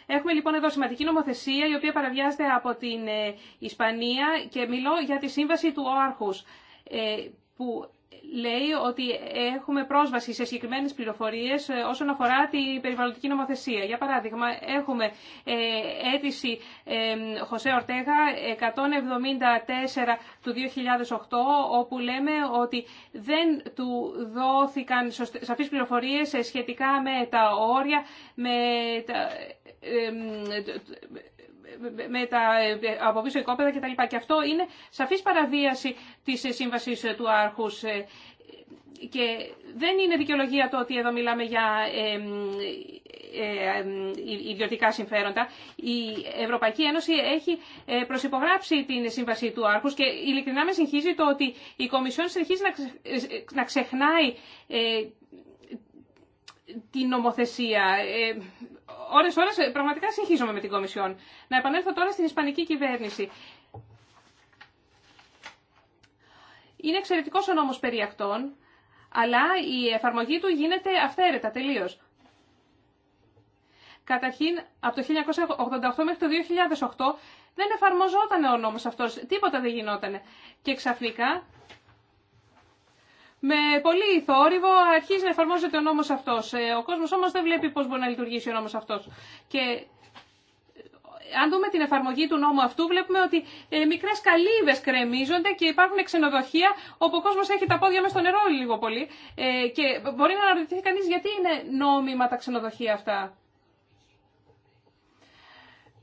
Έχουμε λοιπόν εδώ σημαντική νομοθεσία η οποία παραβιάζεται από την ε, Ισπανία και μιλώ για τη σύμβαση του ε, που λέει ότι έχουμε πρόσβαση σε συγκεκριμένες πληροφορίες ε, όσον αφορά την περιβαλλοντική νομοθεσία. Για παράδειγμα, έχουμε ε, αίτηση Χωσέ Ορτέγα 174 του 2008, όπου λέμε ότι δεν του δόθηκαν σαφείς πληροφορίες σχετικά με τα όρια, με τα με τα από οικόπεδα κτλ. Και αυτό είναι σαφής παραδίαση της σύμβασης του άρχους ε, και δεν είναι δικαιολογία το ότι εδώ μιλάμε για ε, ιδιωτικά συμφέροντα. Η Ευρωπαϊκή Ένωση έχει ε, προσυπογράψει την σύμβαση του Άρχους και ειλικρινά με συγχύζει το ότι η Κομισιόν συνεχίζει να ξεχνάει την νομοθεσία ώρες ώρες ε, πραγματικά συγχύζομαι με την Κομισιόν. Να επανέλθω τώρα στην Ισπανική κυβέρνηση. Είναι εξαιρετικό ο νόμος περί ακτών, αλλά η εφαρμογή του γίνεται αυθαίρετα τελείως. Καταρχήν, από το 1988 μέχρι το 2008 δεν εφαρμοζόταν ο νόμος αυτός, τίποτα δεν γινόταν. Και ξαφνικά με πολύ θόρυβο αρχίζει να εφαρμόζεται ο νόμος αυτό. Ε, ο κόσμο όμω δεν βλέπει πώ μπορεί να λειτουργήσει ο νόμο αυτό. Και ε, αν δούμε την εφαρμογή του νόμου αυτού, βλέπουμε ότι ε, μικρέ καλύβε κρεμίζονται και υπάρχουν ξενοδοχεία όπου ο κόσμο έχει τα πόδια μέσα στο νερό λίγο πολύ. και μπορεί να αναρωτηθεί κανεί γιατί είναι νόμιμα τα ξενοδοχεία αυτά.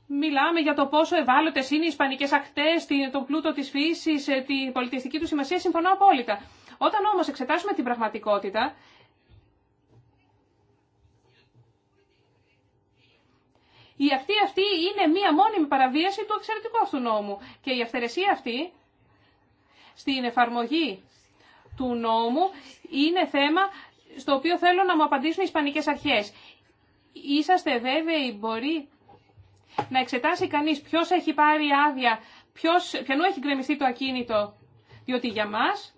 Μιλάμε για το πόσο ευάλωτε είναι οι Ισπανικέ ακτέ, τον πλούτο τη φύση, την πολιτιστική του σημασία. Συμφωνώ απόλυτα. Όταν όμως εξετάσουμε την πραγματικότητα, η αυτή αυτή είναι μία μόνιμη παραβίαση του εξαιρετικού αυτού νόμου και η αυθαιρεσία αυτή στην εφαρμογή του νόμου είναι θέμα στο οποίο θέλω να μου απαντήσουν οι Ισπανικές αρχές. Είσαστε βέβαιοι, μπορεί να εξετάσει κανείς ποιος έχει πάρει άδεια, ποιος, ποιανού έχει γκρεμιστεί το ακίνητο. Διότι για μας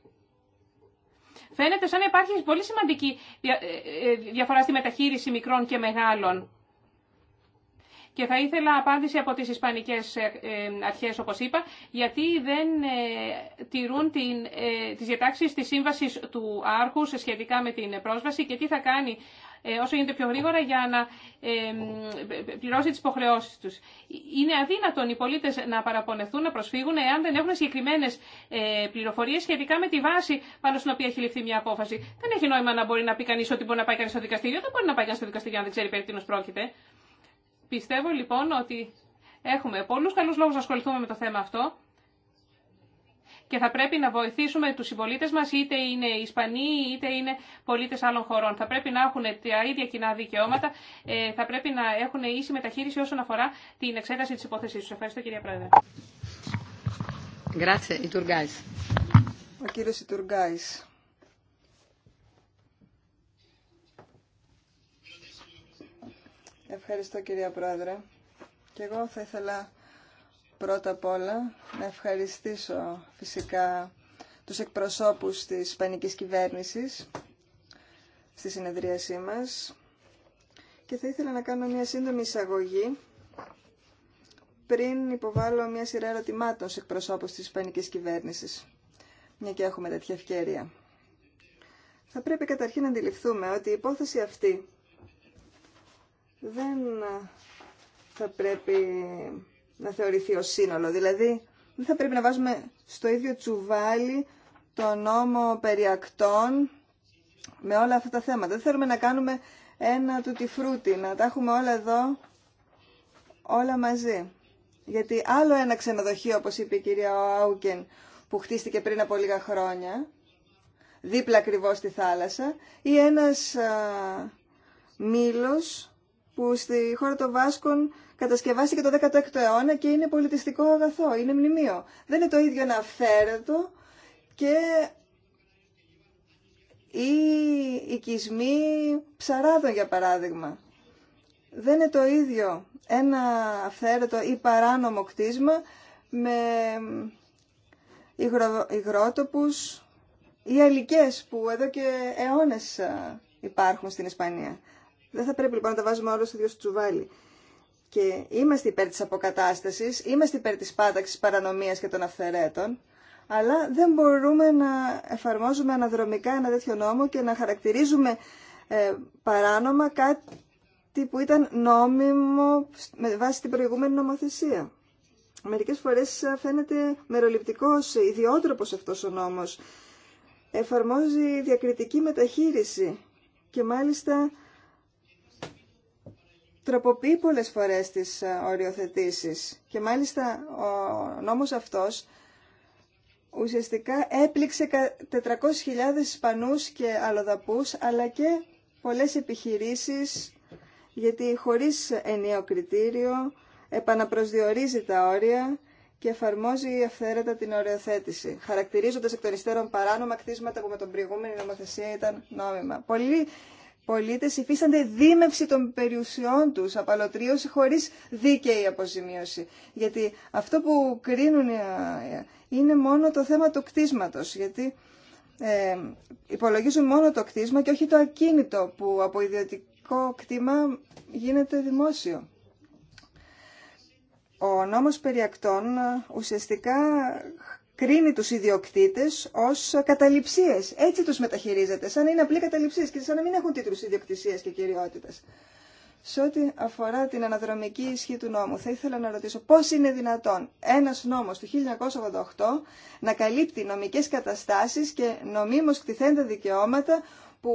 Φαίνεται σαν να υπάρχει πολύ σημαντική ε, ε, διαφορά στη μεταχείριση μικρών και μεγάλων. Και θα ήθελα απάντηση από τις ισπανικές ε, αρχές, όπως είπα, γιατί δεν τηρούν την, τις διατάξεις της σύμβασης του Άρχους σχετικά με την πρόσβαση και τι θα κάνει ε, όσο γίνεται πιο γρήγορα για να ε, πληρώσει τι υποχρεώσει του. Είναι αδύνατον οι πολίτε να παραπονεθούν, να προσφύγουν, εάν δεν έχουν ε, πληροφορίε σχετικά με τη βάση πάνω στην οποία έχει ληφθεί μια απόφαση. Δεν έχει νόημα να μπορεί να πει κανεί ότι μπορεί να πάει κανεί στο δικαστήριο. Δεν μπορεί να πάει κανεί στο δικαστήριο αν δεν ξέρει περί πρόκειται. Πιστεύω λοιπόν ότι έχουμε πολλού καλού λόγου να ασχοληθούμε με το θέμα αυτό και θα πρέπει να βοηθήσουμε τους συμπολίτε μας, είτε είναι Ισπανοί, είτε είναι πολίτε άλλων χωρών. Θα πρέπει να έχουν τα ίδια κοινά δικαιώματα, ε, θα πρέπει να έχουν ίση μεταχείριση όσον αφορά την εξέταση της υπόθεσής του. Ευχαριστώ κυρία Πρόεδρε. Ευχαριστώ κυρία Πρόεδρε. Και εγώ θα ήθελα Πρώτα απ' όλα να ευχαριστήσω φυσικά τους εκπροσώπους της Ισπανικής Κυβέρνησης στη συνεδρίασή μας και θα ήθελα να κάνω μια σύντομη εισαγωγή πριν υποβάλω μια σειρά ερωτημάτων σε εκπροσώπους της Ισπανικής Κυβέρνησης, μια και έχουμε τέτοια ευκαιρία. Θα πρέπει καταρχήν να αντιληφθούμε ότι η υπόθεση αυτή δεν θα πρέπει να θεωρηθεί ως σύνολο. Δηλαδή, δεν θα πρέπει να βάζουμε στο ίδιο τσουβάλι το νόμο περιακτών με όλα αυτά τα θέματα. Δεν θέλουμε να κάνουμε ένα τη φρούτη, να τα έχουμε όλα εδώ, όλα μαζί. Γιατί άλλο ένα ξενοδοχείο, όπως είπε η κυρία Άουκεν, που χτίστηκε πριν από λίγα χρόνια, δίπλα ακριβώ στη θάλασσα, ή ένας α, μήλος που στη χώρα των Βάσκων κατασκευάστηκε το 16ο αιώνα και είναι πολιτιστικό αγαθό, είναι μνημείο. Δεν είναι το ίδιο ένα αυθαίρετο και ή οικισμοί ψαράδων για παράδειγμα. Δεν είναι το ίδιο ένα αυθαίρετο ή παράνομο κτίσμα με υγρο, υγρότοπους ή αλικές που εδώ και αιώνες ε, υπάρχουν στην Ισπανία. Δεν θα πρέπει λοιπόν να τα βάζουμε όλα στο δυο στο τσουβάλι και είμαστε υπέρ της αποκατάστασης, είμαστε υπέρ της πάταξης παρανομίας και των αυθαιρέτων, αλλά δεν μπορούμε να εφαρμόζουμε αναδρομικά ένα τέτοιο νόμο και να χαρακτηρίζουμε ε, παράνομα κάτι που ήταν νόμιμο με βάση την προηγούμενη νομοθεσία. Μερικές φορές φαίνεται μεροληπτικός, ιδιότροπος αυτός ο νόμος. Εφαρμόζει διακριτική μεταχείριση και μάλιστα τροποποιεί πολλές φορές τις ε, οριοθετήσεις και μάλιστα ο νόμος αυτός ουσιαστικά έπληξε 400.000 Ισπανούς και αλλοδαπούς αλλά και πολλές επιχειρήσεις γιατί χωρίς ενιαίο κριτήριο επαναπροσδιορίζει τα όρια και εφαρμόζει αυθαίρετα την οριοθέτηση, χαρακτηρίζοντας εκ των υστέρων παράνομα κτίσματα που με τον προηγούμενη νομοθεσία ήταν νόμιμα πολίτες υφίστανται δίμευση των περιουσιών τους, απαλωτρίωση χωρίς δίκαιη αποζημίωση. Γιατί αυτό που κρίνουν ε, είναι μόνο το θέμα του κτίσματος, γιατί ε, υπολογίζουν μόνο το κτίσμα και όχι το ακίνητο που από ιδιωτικό κτήμα γίνεται δημόσιο. Ο νόμος περιακτών ε, ουσιαστικά κρίνει τους ιδιοκτήτες ως καταληψίες. Έτσι τους μεταχειρίζεται, σαν να είναι απλοί καταληψίες και σαν να μην έχουν τίτλους ιδιοκτησίας και κυριότητας. Σε ό,τι αφορά την αναδρομική ισχύ του νόμου, θα ήθελα να ρωτήσω πώς είναι δυνατόν ένας νόμος του 1988 να καλύπτει νομικές καταστάσεις και νομίμως κτηθέντα δικαιώματα που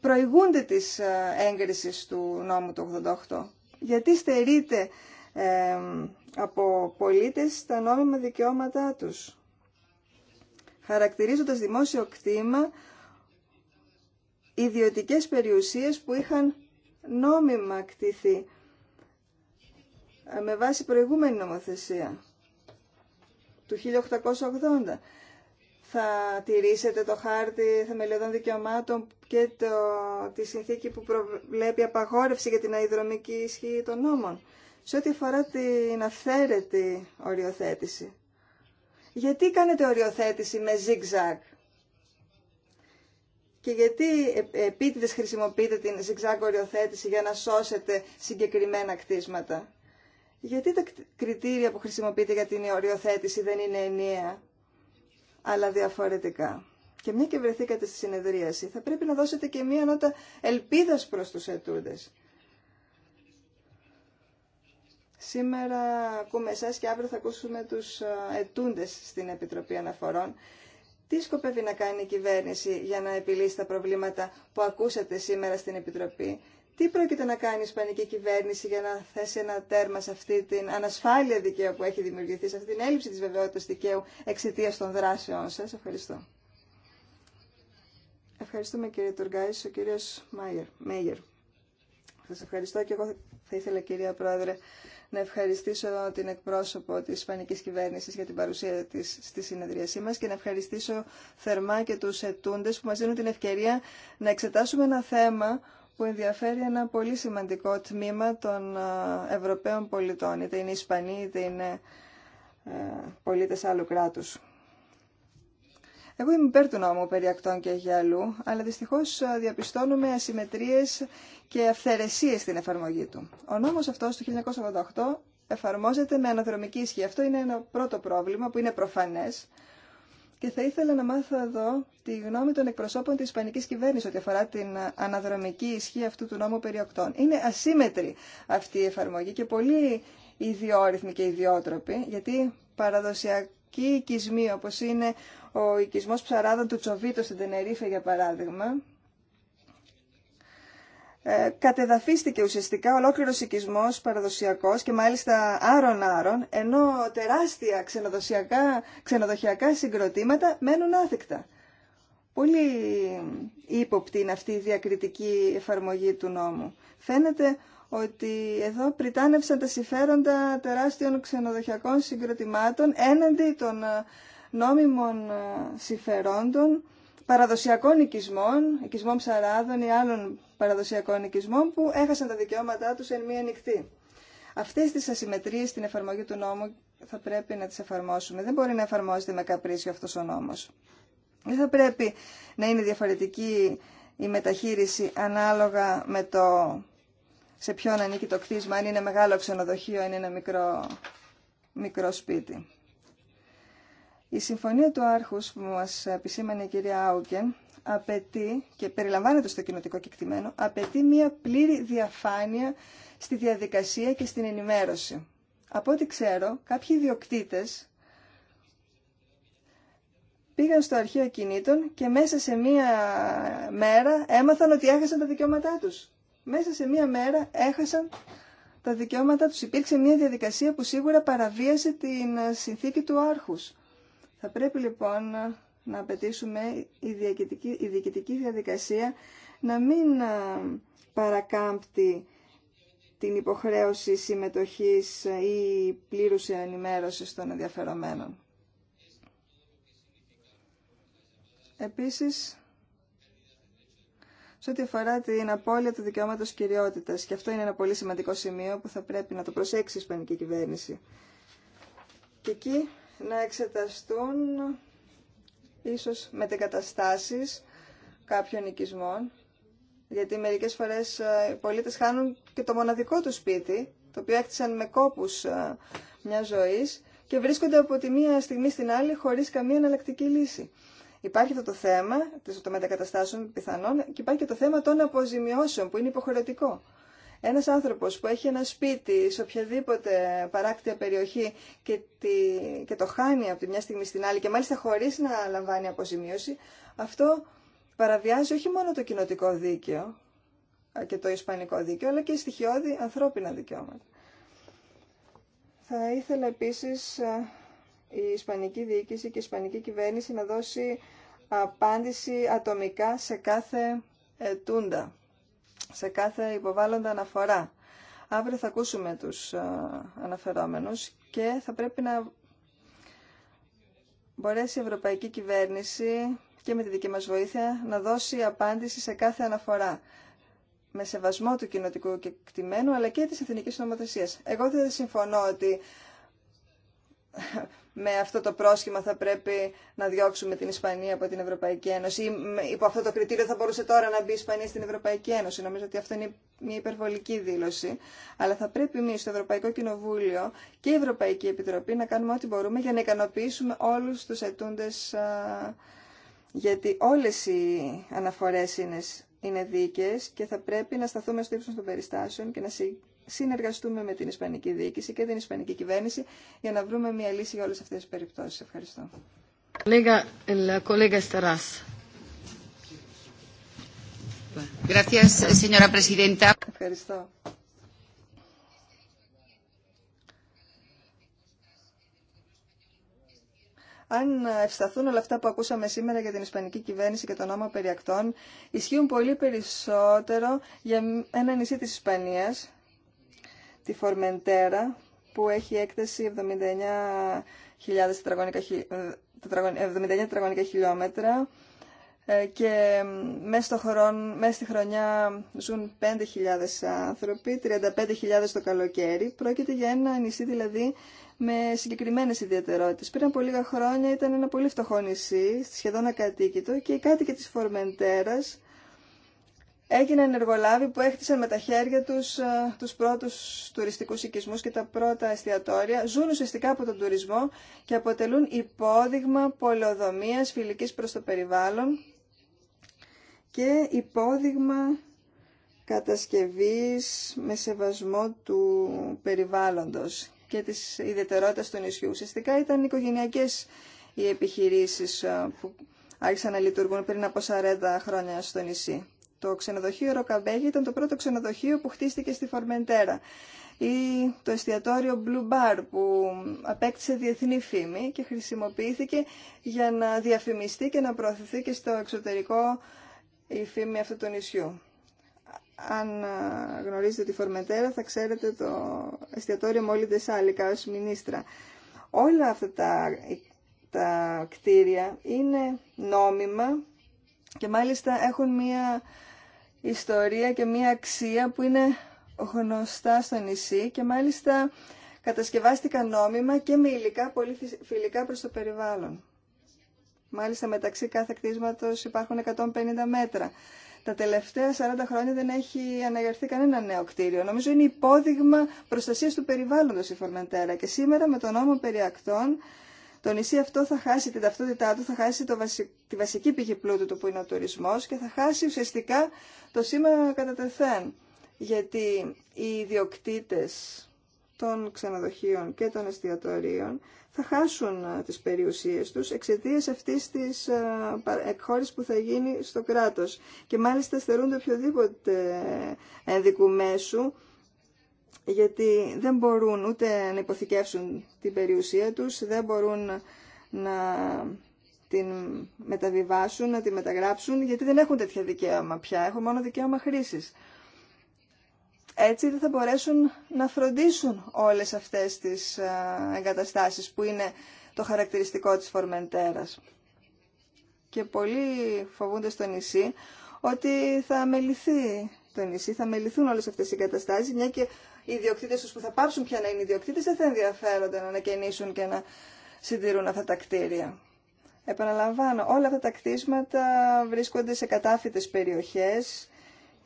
προηγούνται της ε, έγκρισης του νόμου του 88. Γιατί στερείται από πολίτες τα νόμιμα δικαιώματά τους, χαρακτηρίζοντας δημόσιο κτήμα ιδιωτικές περιουσίες που είχαν νόμιμα κτηθεί ε, με βάση προηγούμενη νομοθεσία του 1880. Θα τηρήσετε το χάρτη θεμελιωδών δικαιωμάτων και το, τη συνθήκη που προβλέπει απαγόρευση για την αειδρομική ισχύ των νόμων σε ό,τι αφορά την αυθαίρετη οριοθέτηση. Γιατί κάνετε οριοθέτηση με zigzag και γιατί επίτηδες χρησιμοποιείτε την zigzag οριοθέτηση για να σώσετε συγκεκριμένα κτίσματα. Γιατί τα κριτήρια που χρησιμοποιείτε για την οριοθέτηση δεν είναι ενιαία, αλλά διαφορετικά. Και μια και βρεθήκατε στη συνεδρίαση, θα πρέπει να δώσετε και μια νότα ελπίδας προς τους ετούντες. Σήμερα ακούμε εσά και αύριο θα ακούσουμε του ε, ετούντε στην Επιτροπή Αναφορών. Τι σκοπεύει να κάνει η κυβέρνηση για να επιλύσει τα προβλήματα που ακούσατε σήμερα στην Επιτροπή. Τι πρόκειται να κάνει η Ισπανική κυβέρνηση για να θέσει ένα τέρμα σε αυτή την ανασφάλεια δικαίου που έχει δημιουργηθεί, σε αυτή την έλλειψη τη βεβαιότητα δικαίου εξαιτία των δράσεών σα Ευχαριστώ. Ευχαριστούμε κύριε Τουργκάη, ο κύριο Μέγερ. Σα ευχαριστώ και εγώ θα ήθελα κυρία Πρόεδρε να ευχαριστήσω την εκπρόσωπο της Ισπανικής Κυβέρνησης για την παρουσία της στη συνεδρίασή μας και να ευχαριστήσω θερμά και τους ετούντες που μας δίνουν την ευκαιρία να εξετάσουμε ένα θέμα που ενδιαφέρει ένα πολύ σημαντικό τμήμα των ε, Ευρωπαίων πολιτών, είτε είναι Ισπανοί είτε είναι ε, πολίτες άλλου κράτους. Εγώ είμαι υπέρ του νόμου περί ακτών και αλλού, αλλά δυστυχώ ε, διαπιστώνουμε ασυμμετρίε και αυθαιρεσίε στην εφαρμογή του. Ο νόμος αυτό του 1988 εφαρμόζεται με αναδρομική ισχύ. Αυτό είναι ένα πρώτο πρόβλημα που είναι προφανέ. Και θα ήθελα να μάθω εδώ τη γνώμη των εκπροσώπων της Ισπανικής κυβέρνησης ό,τι αφορά την αναδρομική ισχύ αυτού του νόμου περί οκτών. Είναι ασύμετρη αυτή η εφαρμογή και πολύ ιδιόρυθμη και ιδιότροπη, γιατί παραδοσιακοί οικισμοί όπως είναι ο οικισμός ψαράδων του Τσοβίτο στην Τενερίφε, για παράδειγμα, ε, κατεδαφίστηκε ουσιαστικά ολόκληρος οικισμός παραδοσιακός και μάλιστα άρων-άρων, ενώ τεράστια ξενοδοχειακά, ξενοδοχειακά συγκροτήματα μένουν άθικτα. Πολύ ύποπτη είναι αυτή η διακριτική εφαρμογή του νόμου. Φαίνεται ότι εδώ πριτάνευσαν τα συμφέροντα τεράστιων ξενοδοχειακών συγκροτημάτων έναντι των ε, νόμιμων ε, συμφερόντων, παραδοσιακών οικισμών, οικισμών ψαράδων ή άλλων παραδοσιακών οικισμών που έχασαν τα δικαιώματά τους εν μία νυχτή. Αυτές τις ασυμμετρίες στην εφαρμογή του νόμου θα πρέπει να τις εφαρμόσουμε. Δεν μπορεί να εφαρμόζεται με καπρίσιο αυτός ο νόμος. Δεν θα πρέπει να είναι διαφορετική η μεταχείριση ανάλογα με το σε ποιον ανήκει το κτίσμα, αν είναι μεγάλο ξενοδοχείο, αν είναι μικρό, μικρό σπίτι. Η συμφωνία του Άρχους που μας επισήμανε η κυρία Άουγκεν απαιτεί, και περιλαμβάνεται στο κοινοτικό κεκτημένο, απαιτεί μία πλήρη διαφάνεια στη διαδικασία και στην ενημέρωση. Από ό,τι ξέρω, κάποιοι ιδιοκτήτε πήγαν στο αρχείο κινήτων και μέσα σε μία μέρα έμαθαν ότι έχασαν τα δικαιώματά τους. Μέσα σε μία μέρα έχασαν τα δικαιώματά τους. Υπήρξε μία διαδικασία που σίγουρα παραβίασε την συνθήκη του άρχους. Θα πρέπει λοιπόν να απαιτήσουμε η διοικητική, η διαδικασία να μην ε, παρακάμπτει την υποχρέωση συμμετοχής ή πλήρους ενημέρωσης των ενδιαφερομένων. Επίσης, σε ό,τι αφορά την απώλεια του δικαιώματος κυριότητας, και αυτό είναι ένα πολύ σημαντικό σημείο που θα πρέπει να το προσέξει η Ισπανική κυβέρνηση. Και εκεί να εξεταστούν ίσως μετεγκαταστάσεις κάποιων οικισμών, γιατί μερικές φορές ε, οι πολίτες χάνουν και το μοναδικό του σπίτι, το οποίο έκτισαν με κόπους ε, μια ζωής και βρίσκονται από τη μία στιγμή στην άλλη χωρίς καμία εναλλακτική λύση. Υπάρχει αυτό το θέμα των μετακαταστάσεων πιθανών και υπάρχει και το θέμα των αποζημιώσεων που είναι υποχρεωτικό. Ένας άνθρωπος που έχει ένα σπίτι σε οποιαδήποτε παράκτια περιοχή και, τη, και το χάνει από τη μια στιγμή στην άλλη και μάλιστα χωρίς να λαμβάνει αποζημίωση, αυτό παραβιάζει όχι μόνο το κοινοτικό δίκαιο και το ισπανικό δίκαιο, αλλά και στοιχειώδη ανθρώπινα δικαιώματα. Θα ήθελα επίσης η ισπανική διοίκηση και η ισπανική κυβέρνηση να δώσει απάντηση ατομικά σε κάθε τούντα σε κάθε υποβάλλοντα αναφορά. Αύριο θα ακούσουμε τους ε, αναφερόμενους και θα πρέπει να μπορέσει η Ευρωπαϊκή Κυβέρνηση και με τη δική μας βοήθεια να δώσει απάντηση σε κάθε αναφορά με σεβασμό του κοινοτικού κεκτημένου αλλά και της εθνικής νομοθεσίας. Εγώ δεν συμφωνώ ότι με αυτό το πρόσχημα θα πρέπει να διώξουμε την Ισπανία από την Ευρωπαϊκή Ένωση ή υπό αυτό το κριτήριο θα μπορούσε τώρα να μπει η Ισπανία στην Ευρωπαϊκή Ένωση. Νομίζω ότι αυτό είναι μια υπερβολική δήλωση. Αλλά θα πρέπει εμεί στο Ευρωπαϊκό Κοινοβούλιο και η Ευρωπαϊκή Επιτροπή να κάνουμε ό,τι μπορούμε για να ικανοποιήσουμε όλου του ετούντε. Γιατί όλε οι αναφορέ είναι είναι και θα πρέπει να σταθούμε στο ύψο των περιστάσεων και να συνεργαστούμε με την Ισπανική διοίκηση και την Ισπανική κυβέρνηση για να βρούμε μια λύση για όλες αυτές τις περιπτώσεις. Ευχαριστώ. Ευχαριστώ. Αν ευσταθούν όλα αυτά που ακούσαμε σήμερα για την Ισπανική κυβέρνηση και τον νόμο περιακτών, ισχύουν πολύ περισσότερο για ένα νησί της Ισπανίας, τη Φορμεντέρα που έχει έκταση 79 ε, τετραγωνικά χιλιόμετρα ε, και μέσα, στο μέσα στη χρονιά ζουν 5.000 άνθρωποι, 35.000 το καλοκαίρι. Πρόκειται για ένα νησί δηλαδή με συγκεκριμένες ιδιαιτερότητες. Πριν από λίγα χρόνια ήταν ένα πολύ φτωχό νησί, σχεδόν ακατοίκητο και οι κάτοικοι της Φορμεντέρας έγιναν εργολάβοι που έχτισαν με τα χέρια τους ε, τους πρώτους τουριστικούς οικισμούς και τα πρώτα εστιατόρια, ζουν ουσιαστικά από τον τουρισμό και αποτελούν υπόδειγμα πολεοδομίας φιλικής προς το περιβάλλον και υπόδειγμα κατασκευής με σεβασμό του περιβάλλοντος και της ιδιαιτερότητας του νησιού. Ουσιαστικά ήταν οικογενειακές οι επιχειρήσεις ε, που άρχισαν να λειτουργούν πριν από 40 χρόνια στο νησί. Το ξενοδοχείο Ροκαμπέγη ήταν το πρώτο ξενοδοχείο που χτίστηκε στη Φορμεντέρα ή το εστιατόριο Blue Bar που απέκτησε διεθνή φήμη και χρησιμοποιήθηκε για να διαφημιστεί και να προωθηθεί και στο εξωτερικό η φήμη αυτού του νησιού. Αν γνωρίζετε τη Φορμεντέρα θα ξέρετε το εστιατόριο Μόλι Ντεσάλικα ως Μινίστρα. Όλα αυτά τα, τα κτίρια είναι νόμιμα και μάλιστα έχουν μία ιστορία και μία αξία που είναι γνωστά στο νησί και μάλιστα κατασκευάστηκαν νόμιμα και με υλικά πολύ φιλικά προς το περιβάλλον. Μάλιστα μεταξύ κάθε κτίσματος υπάρχουν 150 μέτρα. Τα τελευταία 40 χρόνια δεν έχει αναγερθεί κανένα νέο κτίριο. Νομίζω είναι υπόδειγμα προστασίας του περιβάλλοντος η Φορμεντέρα και σήμερα με τον νόμο περιακτών το νησί αυτό θα χάσει την ταυτότητά του, θα χάσει το τη βασική πηγή πλούτου του που είναι ο τουρισμός και θα χάσει ουσιαστικά το σήμα κατά τεθέν. Γιατί οι ιδιοκτήτες των ξενοδοχείων και των εστιατορίων θα χάσουν τις περιουσίες τους εξαιτία αυτής της εκχώρησης που θα γίνει στο κράτος. Και μάλιστα στερούνται οποιοδήποτε ενδικού μέσου γιατί δεν μπορούν ούτε να υποθηκεύσουν την περιουσία τους, δεν μπορούν να την μεταβιβάσουν, να την μεταγράψουν, γιατί δεν έχουν τέτοια δικαίωμα πια, έχουν μόνο δικαίωμα χρήσης. Έτσι δεν θα μπορέσουν να φροντίσουν όλες αυτές τις εγκαταστάσεις που είναι το χαρακτηριστικό της Φορμεντέρας. Και πολλοί φοβούνται στο νησί ότι θα αμεληθεί το νησί, θα μεληθούν όλες αυτές οι εγκαταστάσεις, μια οι ιδιοκτήτες του που θα πάψουν πια να είναι ιδιοκτήτες δεν θα ενδιαφέρονται να ανακαινήσουν και να συντηρούν αυτά τα κτίρια. Επαναλαμβάνω, όλα αυτά τα κτίσματα βρίσκονται σε κατάφυτες περιοχές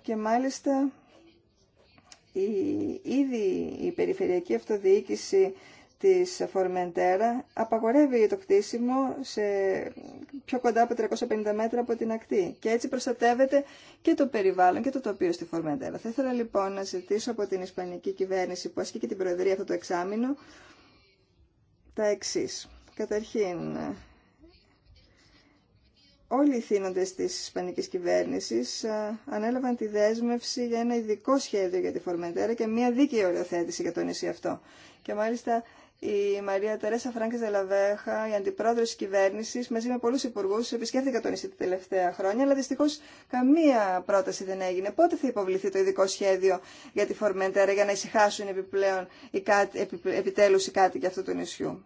και μάλιστα η, ήδη η περιφερειακή αυτοδιοίκηση της Φορμεντέρα απαγορεύει το κτίσιμο σε πιο κοντά από 350 μέτρα από την ακτή και έτσι προστατεύεται και το περιβάλλον και το τοπίο στη Φορμεντέρα. Θα ήθελα λοιπόν να ζητήσω από την Ισπανική κυβέρνηση που ασκεί και την Προεδρία αυτό το εξάμεινο τα εξή. Καταρχήν, όλοι οι θύνοντες της Ισπανικής κυβέρνησης ε, ανέλαβαν τη δέσμευση για ένα ειδικό σχέδιο για τη Φορμεντέρα και μια δίκαιη οριοθέτηση για το νησί αυτό. Και μάλιστα η Μαρία Τερέσα Φράγκη Δελαβέχα, η αντιπρόεδρο τη κυβέρνηση, μαζί με πολλού υπουργού, επισκέφθηκα το νησί τα τελευταία χρόνια, αλλά δυστυχώ καμία πρόταση δεν έγινε. Πότε θα υποβληθεί το ειδικό σχέδιο για τη Φορμεντέρα για να ησυχάσουν επιπλέον οι κάτι, επιτέλου οι κάτοικοι αυτού του νησιού.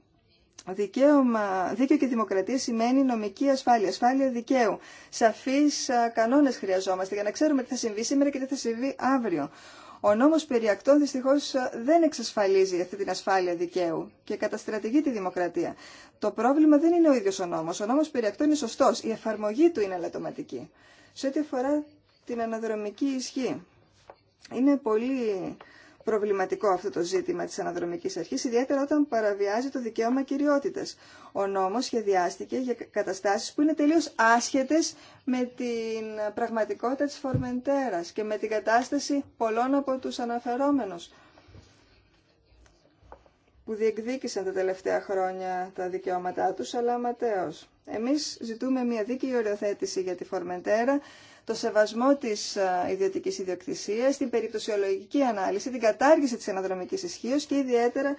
Δικαίωμα, δίκαιο και δημοκρατία σημαίνει νομική ασφάλεια, ασφάλεια δικαίου. Σαφεί κανόνε χρειαζόμαστε για να ξέρουμε τι θα συμβεί σήμερα και τι θα συμβεί αύριο. Ο νόμος περί ακτών δυστυχώς ε, δεν εξασφαλίζει αυτή την ασφάλεια δικαίου και καταστρατηγεί τη δημοκρατία. Το πρόβλημα δεν είναι ο ίδιος ο νόμος. Ο νόμος περί είναι σωστός. Η εφαρμογή του είναι αλατωματική. Σε ό,τι αφορά την αναδρομική ισχύ. Είναι πολύ προβληματικό αυτό το ζήτημα της αναδρομικής αρχής, ιδιαίτερα όταν παραβιάζει το δικαίωμα κυριότητας. Ο νόμος σχεδιάστηκε για καταστάσεις που είναι τελείως άσχετες με την πραγματικότητα της Φορμεντέρας και με την κατάσταση πολλών από τους αναφερόμενους που διεκδίκησαν τα τελευταία χρόνια τα δικαιώματά τους, αλλά ματέως. Εμείς ζητούμε μια δίκαιη οριοθέτηση για τη Φορμεντέρα το σεβασμό τη ε, ιδιωτική ιδιοκτησία, την περιπτωσιολογική ανάλυση, την κατάργηση της αναδρομική ισχύω και ιδιαίτερα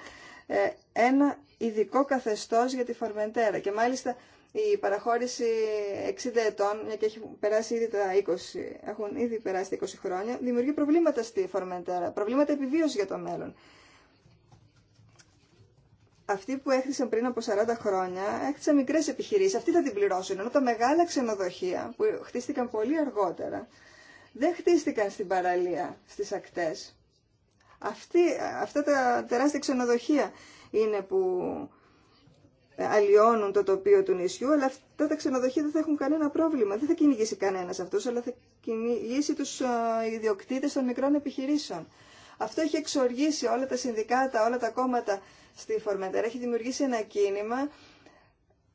ε, ένα ειδικό καθεστώς για τη Φορμεντέρα. Και μάλιστα η παραχώρηση 60 ετών, μια και έχει περάσει ήδη τα 20, έχουν ήδη περάσει τα 20 χρόνια, δημιουργεί προβλήματα στη Φορμεντέρα, προβλήματα επιβίωση για το μέλλον αυτοί που έχτισαν πριν από 40 χρόνια έχτισαν μικρέ επιχειρήσει. Αυτοί θα την πληρώσουν. Ενώ τα μεγάλα ξενοδοχεία που χτίστηκαν πολύ αργότερα δεν χτίστηκαν στην παραλία, στι ακτέ. Αυτά τα τεράστια ξενοδοχεία είναι που ε, αλλοιώνουν το τοπίο του νησιού, αλλά αυτά τα ξενοδοχεία δεν θα έχουν κανένα πρόβλημα. Δεν θα κυνηγήσει κανένα αυτούς, αλλά θα κυνηγήσει του ε, ιδιοκτήτε των μικρών επιχειρήσεων. Αυτό έχει εξοργήσει όλα τα συνδικάτα, όλα τα κόμματα στη Φορμεντέρα. Έχει δημιουργήσει ένα κίνημα.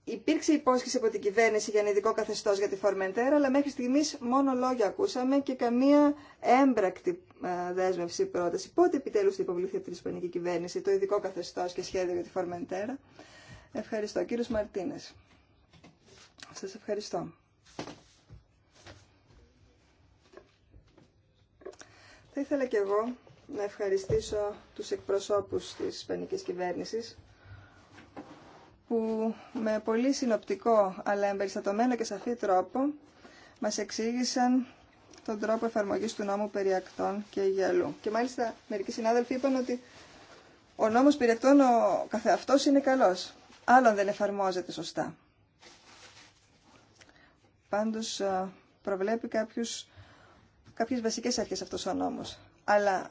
Υπήρξε υπόσχεση από την κυβέρνηση για ένα ειδικό καθεστώ για τη Φορμεντέρα, αλλά μέχρι στιγμή μόνο λόγια ακούσαμε και καμία έμπρακτη ε, δέσμευση πρόταση. Πότε επιτέλου θα υποβληθεί από την Ισπανική κυβέρνηση το ειδικό καθεστώ και σχέδιο για τη Φορμεντέρα. Ευχαριστώ. Κύριο Μαρτίνε. Σα ευχαριστώ. Θα ήθελα κι εγώ να ευχαριστήσω τους εκπροσώπους της πενικής Κυβέρνησης που με πολύ συνοπτικό αλλά εμπεριστατωμένο και σαφή τρόπο μας εξήγησαν τον τρόπο εφαρμογής του νόμου περιακτών και γυαλού. Και μάλιστα μερικοί συνάδελφοι είπαν ότι ο νόμος περί ο καθεαυτός είναι καλός, άλλον δεν εφαρμόζεται σωστά. Πάντως ε, προβλέπει κάποιους, κάποιες βασικές αρχές αυτός ο νόμος. Αλλά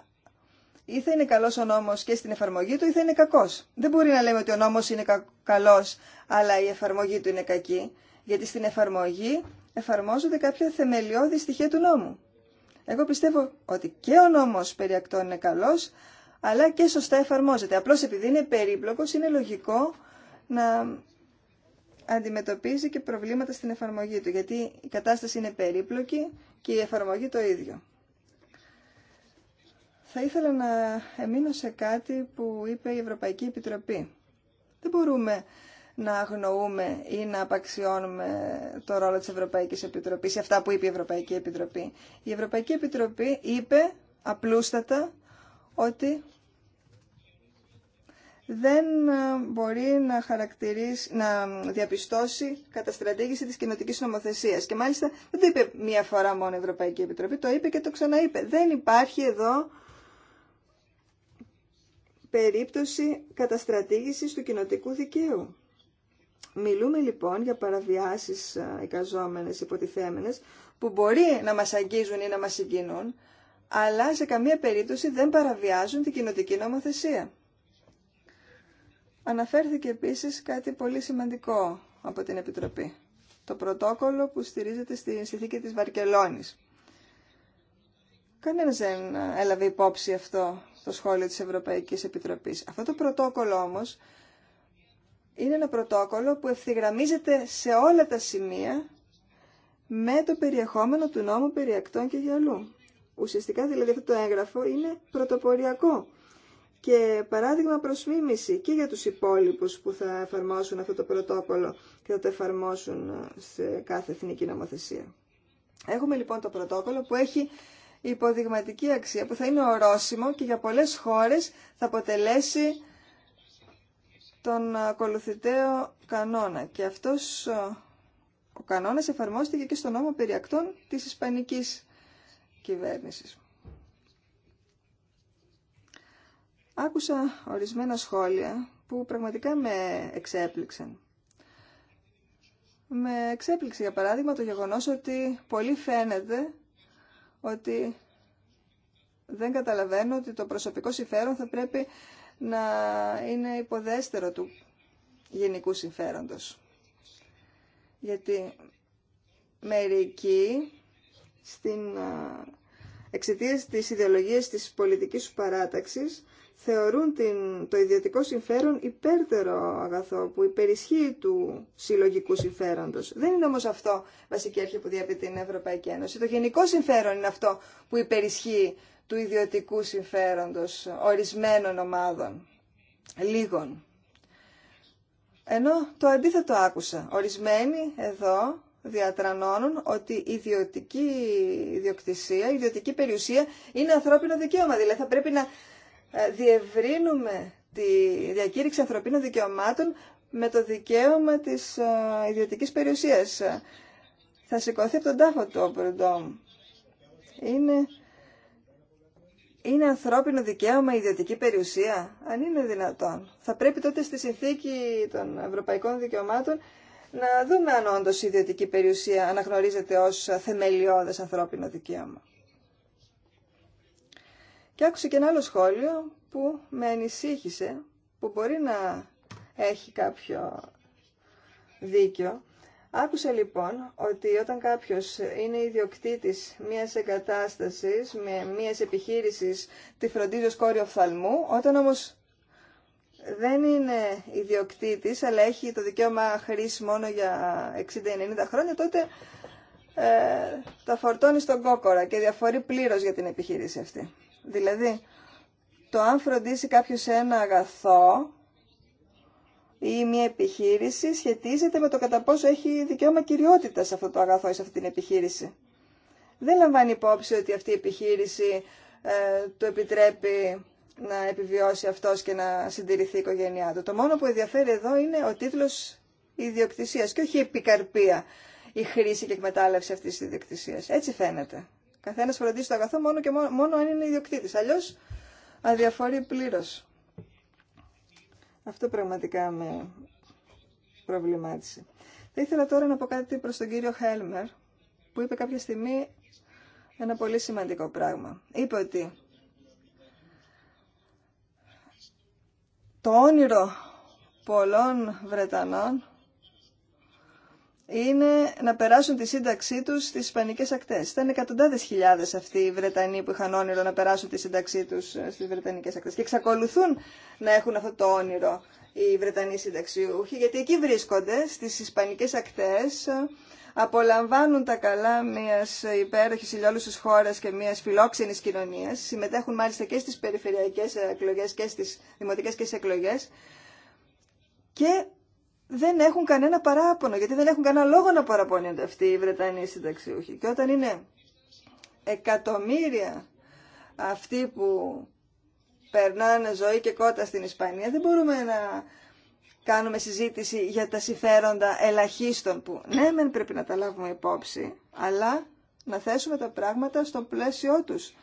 ή θα είναι καλός ο νόμος και στην εφαρμογή του ή θα είναι κακός. Δεν μπορεί να λέμε ότι ο νόμος είναι καλός αλλά η εφαρμογή του είναι κακή. Γιατί στην εφαρμογή εφαρμόζονται κάποια θεμελιώδη στοιχεία του νόμου. Εγώ πιστεύω ότι και ο νόμος περί ακτών είναι καλός αλλά και σωστά εφαρμόζεται. Απλώς επειδή είναι περίπλοκος είναι λογικό να αντιμετωπίζει και προβλήματα στην εφαρμογή του, γιατί η κατάσταση είναι περίπλοκη και η εφαρμογή το ίδιο. Θα ήθελα να εμείνω σε κάτι που είπε η Ευρωπαϊκή Επιτροπή. Δεν μπορούμε να αγνοούμε ή να απαξιώνουμε το ρόλο της Ευρωπαϊκής Επιτροπής σε αυτά που είπε η Ευρωπαϊκή Επιτροπή. Η Ευρωπαϊκή Επιτροπή είπε απλούστατα ότι δεν μπορεί να, χαρακτηρίσει, να διαπιστώσει καταστρατήγηση της κοινοτική απλουστατα οτι δεν μπορει να χαρακτηρισει να διαπιστωσει καταστρατηγηση της κοινωτικη νομοθεσιας Και μάλιστα δεν το είπε μία φορά μόνο η Ευρωπαϊκή Επιτροπή, το είπε και το ξαναείπε. Δεν υπάρχει εδώ περίπτωση καταστρατήγησης του κοινοτικού δικαίου. Μιλούμε λοιπόν για παραβιάσεις εικαζόμενες, υποτιθέμενες, που μπορεί να μας αγγίζουν ή να μας συγκινούν, αλλά σε καμία περίπτωση δεν παραβιάζουν την κοινοτική νομοθεσία. Αναφέρθηκε επίσης κάτι πολύ σημαντικό από την Επιτροπή. Το πρωτόκολλο που στηρίζεται στη συνθήκη της Βαρκελόνης. Κανένας δεν έλαβε υπόψη αυτό το σχόλιο της Ευρωπαϊκής Επιτροπής. Αυτό το πρωτόκολλο όμως είναι ένα πρωτόκολλο που ευθυγραμμίζεται σε όλα τα σημεία με το περιεχόμενο του νόμου περιακτών και γυαλού. Ουσιαστικά δηλαδή αυτό το έγγραφο είναι πρωτοποριακό και παράδειγμα προς και για τους υπόλοιπους που θα εφαρμόσουν αυτό το πρωτόκολλο και θα το εφαρμόσουν σε κάθε εθνική νομοθεσία. Έχουμε λοιπόν το πρωτόκολλο που έχει υποδειγματική αξία που θα είναι ορόσημο και για πολλές χώρες θα αποτελέσει τον ακολουθηταίο κανόνα. Και αυτός ο κανόνας εφαρμόστηκε και στο νόμο περιακτών της Ισπανικής κυβέρνησης. Άκουσα ορισμένα σχόλια που πραγματικά με εξέπληξαν. Με εξέπληξε για παράδειγμα το γεγονός ότι πολλοί φαίνεται ότι δεν καταλαβαίνω ότι το προσωπικό συμφέρον θα πρέπει να είναι υποδέστερο του γενικού συμφέροντος. Γιατί μερικοί στην ε, εξαιτία της ιδεολογίας της πολιτικής σου παράταξης θεωρούν την, το ιδιωτικό συμφέρον υπέρτερο αγαθό που υπερισχύει του συλλογικού συμφέροντος. Δεν είναι όμως αυτό βασική αρχή που διέπει την Ευρωπαϊκή Ένωση. Το γενικό συμφέρον είναι αυτό που υπερισχύει του ιδιωτικού συμφέροντος ορισμένων ομάδων, λίγων. Ενώ το αντίθετο άκουσα. Ορισμένοι εδώ διατρανώνουν ότι η ιδιωτική ιδιοκτησία, η ιδιωτική περιουσία είναι ανθρώπινο δικαίωμα. Δηλαδή θα πρέπει να ε, διευρύνουμε τη διακήρυξη ανθρωπίνων δικαιωμάτων με το δικαίωμα της ε, ιδιωτικής περιουσίας. Θα σηκωθεί από τον τάφο του ο Είναι, είναι ανθρώπινο δικαίωμα η ιδιωτική περιουσία, αν είναι δυνατόν. Θα πρέπει τότε στη συνθήκη των ευρωπαϊκών δικαιωμάτων να δούμε αν όντως η ιδιωτική περιουσία αναγνωρίζεται ως θεμελιώδες ανθρώπινο δικαίωμα. Και άκουσα και ένα άλλο σχόλιο που με ανησύχησε, που μπορεί να έχει κάποιο δίκιο. Άκουσε λοιπόν ότι όταν κάποιος είναι ιδιοκτήτης μιας εγκατάστασης, με μιας επιχείρησης, τη φροντίζει ως κόριο οφθαλμού, όταν όμως δεν είναι ιδιοκτήτης, αλλά έχει το δικαίωμα χρήση μόνο για 60-90 χρόνια, τότε ε, τα φορτώνει στον κόκορα και διαφορεί πλήρως για την επιχείρηση αυτή. Δηλαδή, το αν φροντίσει κάποιος ένα αγαθό ή μια επιχείρηση σχετίζεται με το κατά πόσο έχει δικαίωμα κυριότητα σε αυτό το αγαθό ή σε αυτή την επιχείρηση. Δεν λαμβάνει υπόψη ότι αυτή η επιχείρηση ε, του επιτρέπει να επιβιώσει αυτός και να συντηρηθεί η οικογένειά του. Το μόνο που ενδιαφέρει εδώ είναι ο τίτλος ιδιοκτησίας και όχι η επικαρπία, η χρήση και εκμετάλλευση αυτής της ιδιοκτησίας. Έτσι φαίνεται. Καθένα φροντίζει το αγαθό μόνο και μόνο, αν είναι ιδιοκτήτη. Αλλιώ αδιαφορεί πλήρω. Αυτό πραγματικά με προβλημάτισε. Θα ήθελα τώρα να πω κάτι προς τον κύριο Χέλμερ, που είπε κάποια στιγμή ένα πολύ σημαντικό πράγμα. Είπε ότι το όνειρο πολλών Βρετανών είναι να περάσουν τη σύνταξή τους στις Ισπανικές ακτές. Ήταν εκατοντάδες χιλιάδες αυτοί οι Βρετανοί που είχαν όνειρο να περάσουν τη σύνταξή τους ε, στις Βρετανικές ακτές και εξακολουθούν να έχουν αυτό το όνειρο οι Βρετανοί συνταξιούχοι γιατί εκεί βρίσκονται στις Ισπανικές ακτές ε, απολαμβάνουν τα καλά μιας υπέροχης ηλιόλουσης χώρας και μιας φιλόξενης κοινωνίας, συμμετέχουν μάλιστα και στις περιφερειακές εκλογές και στις δημοτικές και στις εκλογές και δεν έχουν κανένα παράπονο, γιατί δεν έχουν κανένα λόγο να παραπονιούνται αυτοί οι Βρετανοί συνταξιούχοι. Και όταν είναι εκατομμύρια αυτοί που περνάνε ζωή και κότα στην Ισπανία, δεν μπορούμε να κάνουμε συζήτηση για τα συμφέροντα ελαχίστων που ναι μεν πρέπει να τα λάβουμε υπόψη, αλλά να θέσουμε τα πράγματα στο πλαίσιο τους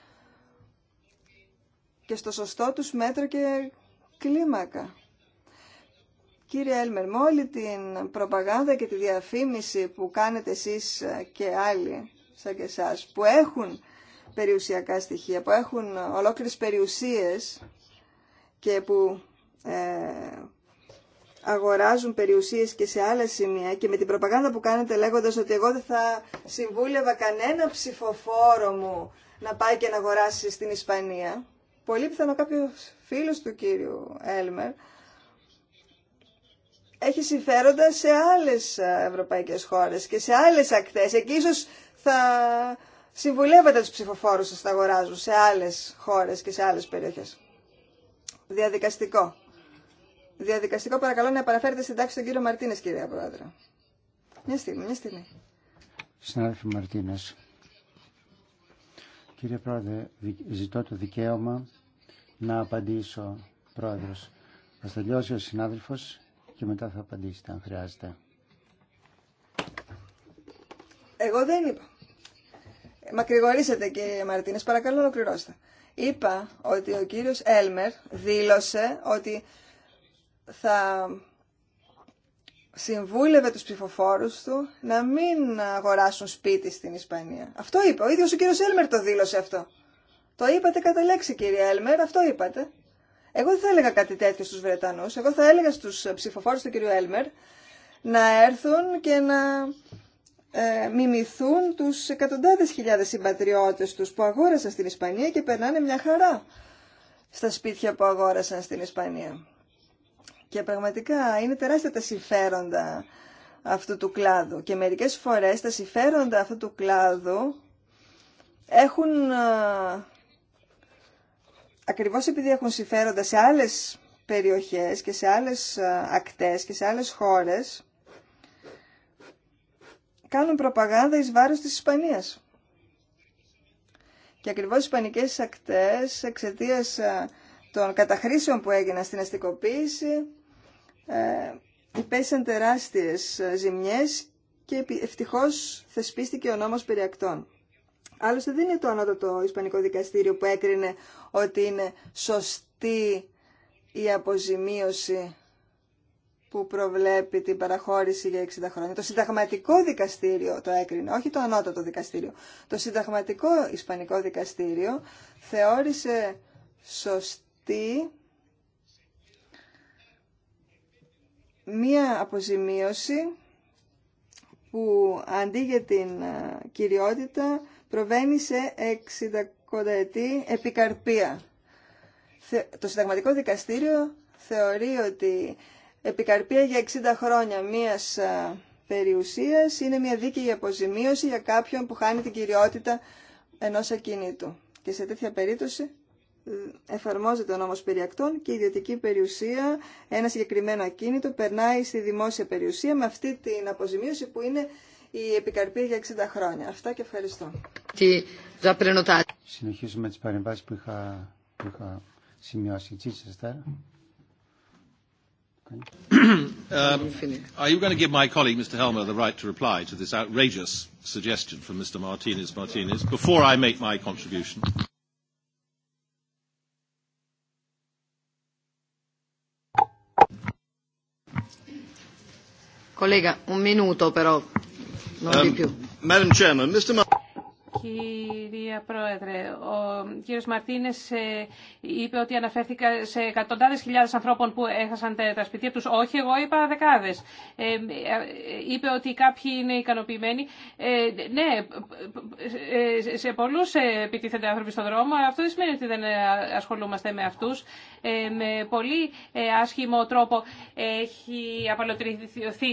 και στο σωστό τους μέτρο και κλίμακα. Κύριε Έλμερ, με όλη την προπαγάνδα και τη διαφήμιση που κάνετε εσείς και άλλοι σαν και εσάς, που έχουν περιουσιακά στοιχεία, που έχουν ολόκληρες περιουσίες και που ε, αγοράζουν περιουσίες και σε άλλα σημεία και με την προπαγάνδα που κάνετε λέγοντας ότι εγώ δεν θα συμβούλευα κανένα ψηφοφόρο μου να πάει και να αγοράσει στην Ισπανία. Πολύ πιθανό κάποιος φίλος του κύριου Έλμερ έχει συμφέροντα σε άλλες ε, ευρωπαϊκές χώρες και σε άλλες ακτές. Εκεί ίσως θα συμβουλεύετε τους ψηφοφόρους σας να αγοράζουν σε άλλες χώρες και σε άλλες περιοχές. Διαδικαστικό. Διαδικαστικό παρακαλώ να παραφέρετε στην τάξη τον κύριο Μαρτίνες, κύριε Πρόεδρε. Μια στιγμή, μια στιγμή. Συνάδελφοι Μαρτίνες, κύριε Πρόεδρε, ζητώ το δικαίωμα να απαντήσω, Πρόεδρος. Θα τελειώσει ο συνάδελφος και μετά θα απαντήσετε αν χρειάζεται. Εγώ δεν είπα. Ε, μακρηγορήσατε κύριε Μαρτίνες, παρακαλώ ολοκληρώστε. Είπα ότι ο κύριος Έλμερ δήλωσε ότι θα συμβούλευε τους ψηφοφόρους του να μην αγοράσουν σπίτι στην Ισπανία. Αυτό είπα. Ο ίδιος ο κύριος Έλμερ το δήλωσε αυτό. Το είπατε κατά λέξη κύριε Έλμερ, αυτό είπατε. Εγώ δεν θα έλεγα κάτι τέτοιο στους Βρετανούς. Εγώ θα έλεγα στους ψηφοφόρους του κ. Έλμερ να έρθουν και να ε, μιμηθούν τους εκατοντάδες χιλιάδες συμπατριώτες τους που αγόρασαν στην Ισπανία και περνάνε μια χαρά στα σπίτια που αγόρασαν στην Ισπανία. Και πραγματικά είναι τεράστια τα συμφέροντα αυτού του κλάδου. Και μερικές φορές τα συμφέροντα αυτού του κλάδου έχουν ε, ακριβώς επειδή έχουν συμφέροντα σε άλλες περιοχές και σε άλλες ε, ακτές και σε άλλες χώρες, κάνουν προπαγάνδα εις βάρος της Ισπανίας. Και ακριβώς οι ισπανικές ακτές, εξαιτία ε, των καταχρήσεων που έγιναν στην αστικοποίηση, ε, υπέσαν τεράστιες ζημιές και ευτυχώς θεσπίστηκε ο νόμος περιακτών. Άλλωστε δεν είναι το ανώτατο Ισπανικό Δικαστήριο που έκρινε ότι είναι σωστή η αποζημίωση που προβλέπει την παραχώρηση για 60 χρόνια. Το συνταγματικό δικαστήριο το έκρινε, όχι το ανώτατο δικαστήριο. Το συνταγματικό Ισπανικό δικαστήριο θεώρησε σωστή μία αποζημίωση που αντί για την ε, κυριότητα προβαίνει σε 60 ετή επικαρπία. Το Συνταγματικό Δικαστήριο θεωρεί ότι επικαρπία για 60 χρόνια μίας περιουσίας είναι μια δίκαιη αποζημίωση για κάποιον που χάνει την κυριότητα ενός ακίνητου. Και σε τέτοια περίπτωση ε, εφαρμόζεται ο νόμος περιακτών και η ιδιωτική περιουσία, ένα συγκεκριμένο ακίνητο, περνάει στη δημόσια περιουσία με αυτή την αποζημίωση που είναι η επικαρπία για 60 χρόνια. Αυτά και ευχαριστώ. Συνεχίζουμε τις παρεμβάσεις που είχα, που είχα σημειώσει. είσαι, Στέρα. are you going to give my colleague, Mr. Helmer, the right to reply to this outrageous suggestion from Mr. Martinez Martinez before I make my contribution? Collega, un minuto però. Madam Chairman, Mr. Κυρία Πρόεδρε, ο κύριος Μαρτίνες ε, είπε ότι αναφέρθηκα σε εκατοντάδε χιλιάδε ανθρώπων που έχασαν τα σπιτία του, Όχι, εγώ είπα δεκάδες. Ε, ε, είπε ότι κάποιοι είναι ικανοποιημένοι. Ε, ναι, ε, σε πολλούς επιτίθενται άνθρωποι στον δρόμο, αυτό δεν σημαίνει ότι δεν ασχολούμαστε με αυτούς. Ε, με πολύ άσχημο τρόπο έχει απαλωτριωθεί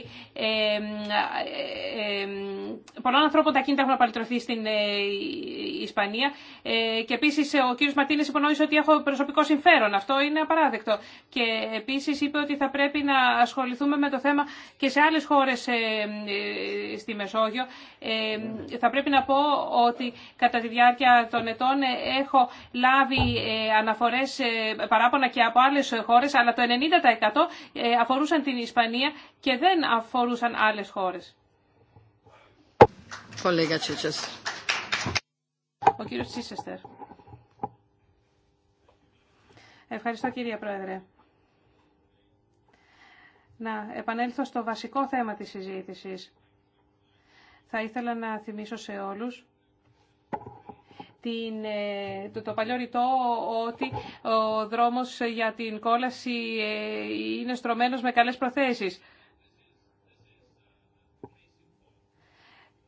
πολλών ανθρώπων τα κίνητα έχουν απαλωτριωθεί στην η Ισπανία. Ε, και επίση ο κύριος Μαρτίνε υπονόησε ότι έχω προσωπικό συμφέρον. Αυτό είναι απαράδεκτο. Και επίση είπε ότι θα πρέπει να ασχοληθούμε με το θέμα και σε άλλε χώρε ε, ε, στη Μεσόγειο. Θα πρέπει να πω ότι κατά τη διάρκεια των ετών έχω λάβει αναφορέ παράπονα και από άλλε χώρε, αλλά το 90% αφορούσαν την Ισπανία και δεν αφορούσαν άλλε χώρε. Ο κύριος Τσίσεστερ. Ευχαριστώ κύριε Πρόεδρε. Να επανέλθω στο βασικό θέμα της συζήτησης. Θα ήθελα να θυμίσω σε όλους την, ε, το, το παλιό ρητό ότι ο δρόμος για την κόλαση ε, είναι στρωμένος με καλές προθέσεις.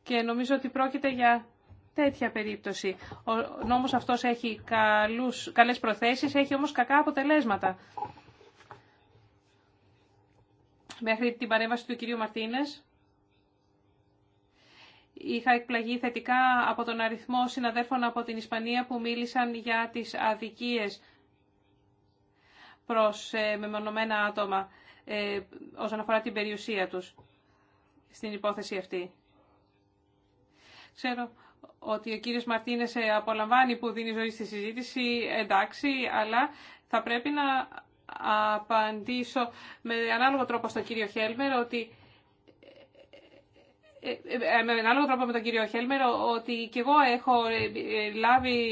Και νομίζω ότι πρόκειται για τέτοια περίπτωση. Ο νόμος αυτός έχει καλούς, καλές προθέσεις, έχει όμως κακά αποτελέσματα. Μέχρι την παρέμβαση του κυρίου Μαρτίνες, είχα εκπλαγεί θετικά από τον αριθμό συναδέρφων από την Ισπανία που μίλησαν για τις αδικίες προς ε, μεμονωμένα άτομα ε, όσον αφορά την περιουσία τους στην υπόθεση αυτή. Ξέρω ότι ο κύριος Μαρτίνες ε, απολαμβάνει που δίνει ζωή στη συζήτηση, εντάξει, αλλά θα πρέπει να απαντήσω με ανάλογο τρόπο στον κύριο Χέλμερ ότι ε, ε, με ανάλογο τρόπο με τον κύριο Χέλμερ ότι και εγώ έχω λάβει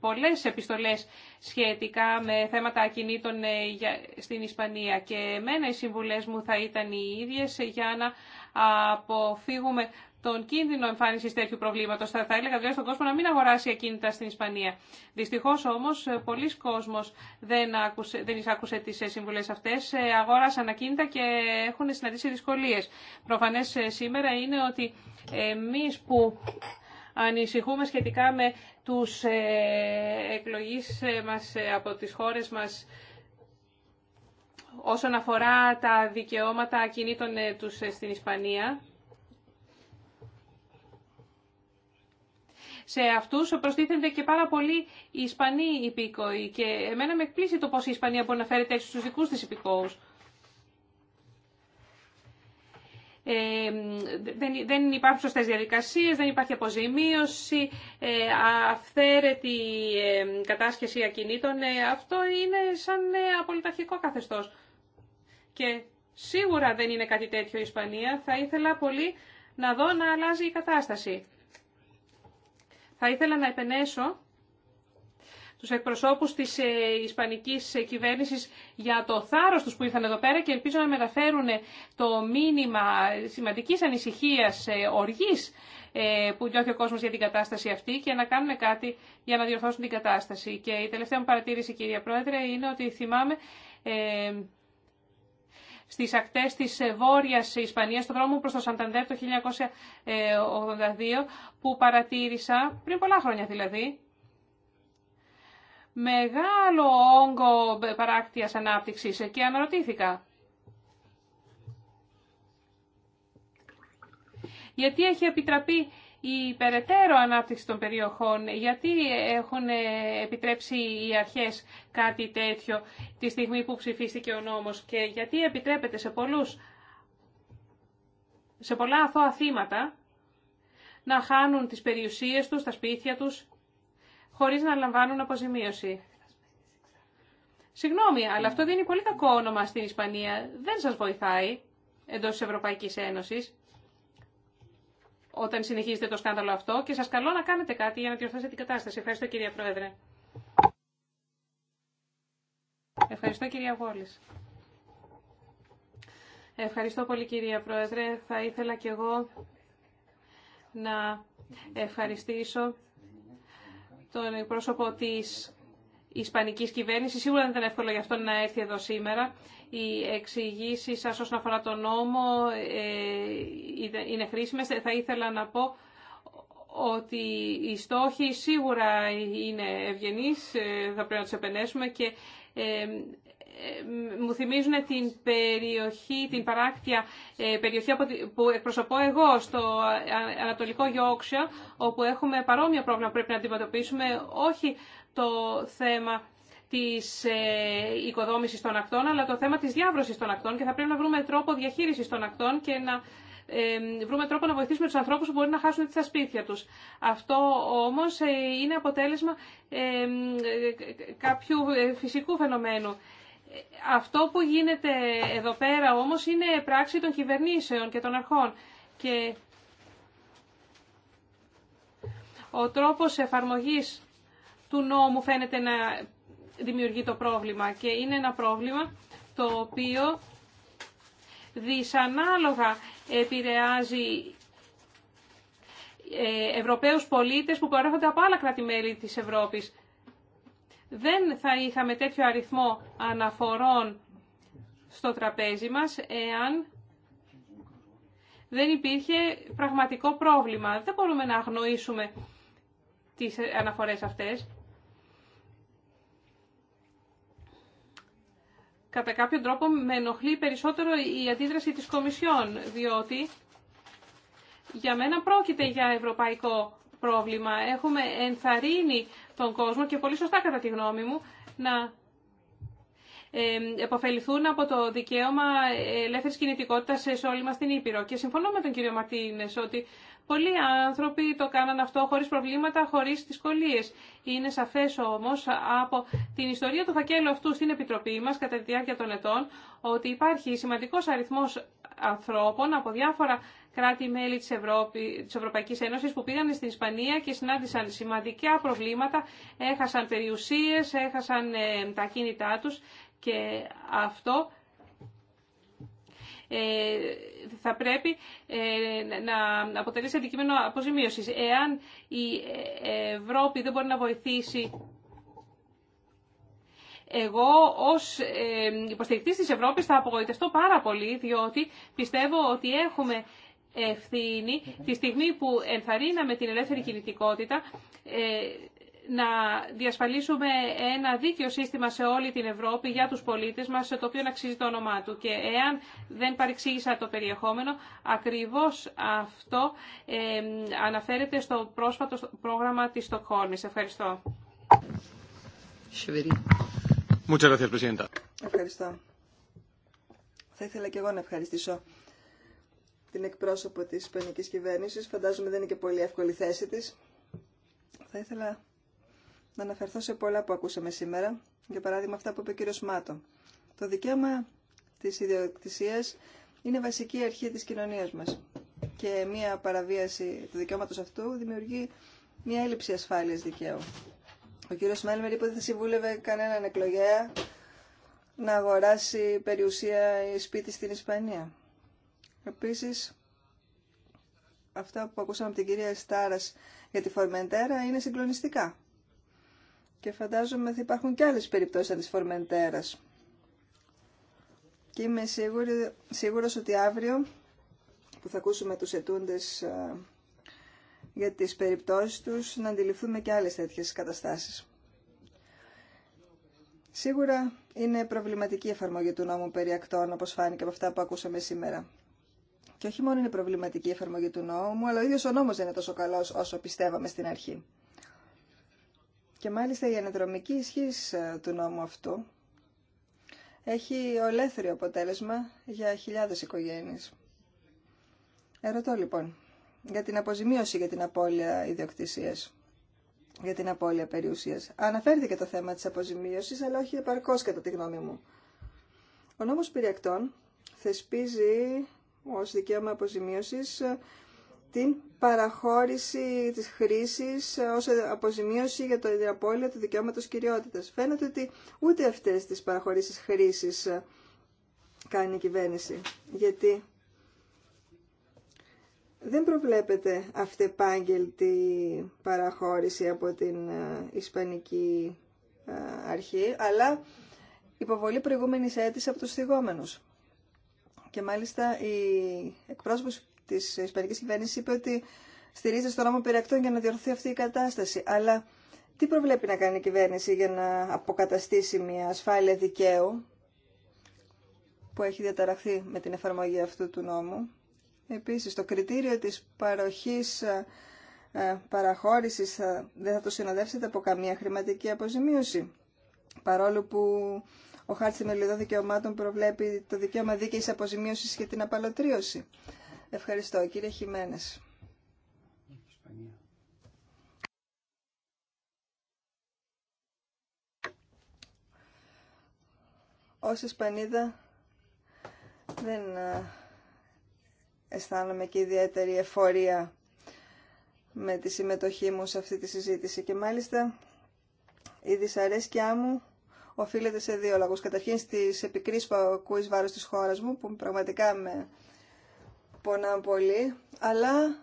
πολλές επιστολές σχετικά με θέματα ακινήτων στην Ισπανία και εμένα οι συμβουλές μου θα ήταν οι ίδιες για να αποφύγουμε τον κίνδυνο εμφάνιση τέτοιου προβλήματο. Θα, θα έλεγα δηλαδή στον κόσμο να μην αγοράσει ακίνητα στην Ισπανία. Δυστυχώ όμω, ε, πολλοί κόσμοι δεν, άκουσε, δεν εισάκουσε τι ε, συμβουλέ αυτέ. Ε, αγόρασαν ακίνητα και έχουν συναντήσει δυσκολίε. Προφανέ σήμερα είναι ότι εμεί που ανησυχούμε σχετικά με τους μα μας από τι χώρε μα όσον αφορά τα δικαιώματα κινήτων τους στην Ισπανία. Σε αυτούς προστίθενται και πάρα πολλοί Ισπανοί υπήκοοι και εμένα με εκπλήσει το πώ η Ισπανία μπορεί να φέρεται έξω στους δικούς της υπηκόου. Ε, δεν, δεν υπάρχουν σωστές διαδικασίες, δεν υπάρχει αποζημίωση, ε, αυθαίρετη ε, κατάσχεση ακινήτων. Ε, αυτό είναι σαν ε, απολυταρχικό καθεστώς. Και σίγουρα δεν είναι κάτι τέτοιο η Ισπανία. Θα ήθελα πολύ να δω να αλλάζει η κατάσταση. Θα ήθελα να επενέσω τους εκπροσώπους της ε, Ισπανικής ε, κυβέρνησης για το θάρρος τους που ήρθαν εδώ πέρα και ελπίζω να μεταφέρουν το μήνυμα σημαντικής ανησυχίας, ε, οργής που νιώθει ο κόσμος για την κατάσταση αυτή και να κάνουν κάτι για να διορθώσουν την κατάσταση. Και η τελευταία μου παρατήρηση, κυρία Πρόεδρε, είναι ότι θυμάμαι στις ακτές της ε, Βόρειας Ισπανία στον δρόμο προς το Σανταντέρ το 1982, που παρατήρησα, πριν πολλά χρόνια δηλαδή, μεγάλο όγκο ε, παράκτιας ανάπτυξης ε, και αναρωτήθηκα. Γιατί έχει επιτραπεί η περαιτέρω ανάπτυξη των περιοχών. Γιατί έχουν επιτρέψει οι αρχές κάτι τέτοιο τη στιγμή που ψηφίστηκε ο νόμος και γιατί επιτρέπεται σε πολλούς, σε πολλά αθώα θύματα να χάνουν τις περιουσίες τους, τα σπίτια τους, χωρίς να λαμβάνουν αποζημίωση. Συγγνώμη, αλλά αυτό δίνει πολύ κακό όνομα στην Ισπανία. Δεν σας βοηθάει εντός της Ευρωπαϊκής Ένωσης όταν συνεχίζετε το σκάνδαλο αυτό και σας καλώ να κάνετε κάτι για να διορθώσετε την κατάσταση. Ευχαριστώ κυρία Πρόεδρε. Ευχαριστώ κυρία Βόλης. Ευχαριστώ πολύ κυρία Πρόεδρε. Θα ήθελα κι εγώ να ευχαριστήσω τον πρόσωπο της ισπανική κυβέρνηση Σίγουρα δεν ήταν εύκολο για αυτό να έρθει εδώ σήμερα. Οι εξηγήσει σα όσον αφορά τον νόμο ε, είναι χρήσιμε. Θα ήθελα να πω ότι οι στόχοι σίγουρα είναι ευγενείς, ε, θα πρέπει να τους επενέσουμε και ε, μου θυμίζουν την περιοχή, την παράκτια περιοχή που εκπροσωπώ εγώ στο Ανατολικό Γιόξια, όπου έχουμε παρόμοια πρόβλημα που πρέπει να αντιμετωπίσουμε, όχι το θέμα της ε, οικοδόμησης των ακτών, αλλά το θέμα της διάβρωσης των ακτών και θα πρέπει να βρούμε τρόπο διαχείρισης των ακτών και να ε, βρούμε τρόπο να βοηθήσουμε τους ανθρώπους που μπορεί να χάσουν τα σπίτια τους. Αυτό όμως ε, είναι αποτέλεσμα κάποιου φυσικού φαινομένου. Αυτό που γίνεται εδώ πέρα όμως είναι πράξη των κυβερνήσεων και των αρχών. Και ο τρόπος εφαρμογής του νόμου φαίνεται να δημιουργεί το πρόβλημα και είναι ένα πρόβλημα το οποίο δυσανάλογα επηρεάζει ε, Ευρωπαίους πολίτες που παρέχονται από άλλα κράτη-μέλη της Ευρώπης. Δεν θα είχαμε τέτοιο αριθμό αναφορών στο τραπέζι μας εάν δεν υπήρχε πραγματικό πρόβλημα. Δεν μπορούμε να αγνοήσουμε τις αναφορές αυτές. κατά κάποιο τρόπο με ενοχλεί περισσότερο η αντίδραση της Κομισιόν, διότι για μένα πρόκειται για ευρωπαϊκό πρόβλημα. Έχουμε ενθαρρύνει τον κόσμο και πολύ σωστά κατά τη γνώμη μου να ε, επωφεληθούν από το δικαίωμα ελεύθερη κινητικότητα σε όλη μας την Ήπειρο. Και συμφωνώ με τον κύριο Μαρτίνες ότι Πολλοί άνθρωποι το κάναν αυτό χωρίς προβλήματα, χωρίς δυσκολίες. Είναι σαφές όμως από την ιστορία του φακέλου αυτού στην Επιτροπή μας κατά τη διάρκεια των ετών ότι υπάρχει σημαντικός αριθμός ανθρώπων από διάφορα κράτη-μέλη της, Ευρώπη, της Ευρωπαϊκής Ένωσης που πήγαν στην Ισπανία και συνάντησαν σημαντικά προβλήματα, έχασαν περιουσίες, έχασαν ε, τα κίνητά τους και αυτό ε, θα πρέπει ε, να αποτελεί αντικείμενο αποζημίωσης. Εάν η ε, Ευρώπη δεν μπορεί να βοηθήσει εγώ ως υποστηρικτής της Ευρώπης θα απογοητευτώ πάρα πολύ διότι πιστεύω ότι έχουμε ευθύνη τη στιγμή που ενθαρρύναμε την ελεύθερη κινητικότητα να διασφαλίσουμε ένα δίκαιο σύστημα σε όλη την Ευρώπη για τους πολίτες μας, το οποίο να αξίζει το όνομά του. Και εάν δεν παρεξήγησα το περιεχόμενο, ακριβώς αυτό αναφέρεται στο πρόσφατο πρόγραμμα της Στοκχόλμης. Ευχαριστώ. Ευχαριστώ. Θα ήθελα και εγώ να ευχαριστήσω την εκπρόσωπο της Ισπανικής Κυβέρνησης. Φαντάζομαι δεν είναι και πολύ εύκολη θέση της. Θα ήθελα να αναφερθώ σε πολλά που ακούσαμε σήμερα, για παράδειγμα αυτά που είπε ο κύριο Μάτο. Το δικαίωμα τη ιδιοκτησία είναι βασική αρχή τη κοινωνία μα. και μία παραβίαση του δικαιώματο αυτού δημιουργεί μία έλλειψη ασφάλεια δικαίου. Ο κύριος Μέλμερ είπε ότι θα συμβούλευε κανέναν εκλογέα να αγοράσει περιουσία ή σπίτι στην Ισπανία. Επίση, αυτά που ακούσαμε από την κυρία Στάρα για τη Φορμεντέρα είναι συγκλονιστικά. Και φαντάζομαι ότι υπάρχουν και άλλες περιπτώσεις της Και είμαι σίγουρη, σίγουρος ότι αύριο που θα ακούσουμε τους ετούντες ε, για τις περιπτώσεις τους να αντιληφθούμε και άλλες τέτοιες καταστάσεις. Σίγουρα είναι προβληματική η εφαρμογή του νόμου περί ακτών, όπως φάνηκε από αυτά που ακούσαμε σήμερα. Και όχι μόνο είναι προβληματική η εφαρμογή του νόμου, αλλά ο ίδιος ο νόμος δεν είναι τόσο καλός όσο πιστεύαμε στην αρχή. Και μάλιστα η αναδρομική ισχύς ε, του νόμου αυτού έχει ολέθριο αποτέλεσμα για χιλιάδες οικογένειες. Ερωτώ λοιπόν για την αποζημίωση για την απώλεια ιδιοκτησίας, για την απώλεια περιουσίας. Αναφέρθηκε το θέμα της αποζημίωσης, αλλά όχι επαρκώς κατά τη γνώμη μου. Ο νόμος πυριακτών θεσπίζει ως δικαίωμα αποζημίωσης την παραχώρηση της χρήσης ως αποζημίωση για το απώλεια του δικαιώματος κυριότητας. Φαίνεται ότι ούτε αυτές τις παραχωρήσεις χρήσης κάνει η κυβέρνηση, γιατί δεν προβλέπεται αυτεπάγγελτη παραχώρηση από την ε, Ισπανική ε, Αρχή, αλλά υποβολή προηγούμενης αίτησης από τους θυγόμενους. Και μάλιστα η εκπρόσωπος Τη ισπανική κυβέρνηση είπε ότι στηρίζεται στο νόμο πειρακτών για να διορθεί αυτή η κατάσταση. Αλλά τι προβλέπει να κάνει η κυβέρνηση για να αποκαταστήσει μια ασφάλεια δικαίου που έχει διαταραχθεί με την εφαρμογή αυτού του νόμου. Επίσης, το κριτήριο της παροχής ε, ε, παραχώρησης ε, δεν θα το συνοδεύσετε από καμία χρηματική αποζημίωση. Παρόλο που ο χάρτη θεμελιωδών δικαιωμάτων προβλέπει το δικαίωμα δίκαιη αποζημίωση και την απαλωτρίωση. Ευχαριστώ, κύριε Χιμένες. Ως Ισπανίδα δεν ε, αισθάνομαι και ιδιαίτερη εφορία με τη συμμετοχή μου σε αυτή τη συζήτηση και μάλιστα η δυσαρέσκειά μου οφείλεται σε δύο λόγου. Καταρχήν στις επικρίσεις που ακούεις βάρος της χώρας μου που πραγματικά με πονάμε πολύ, αλλά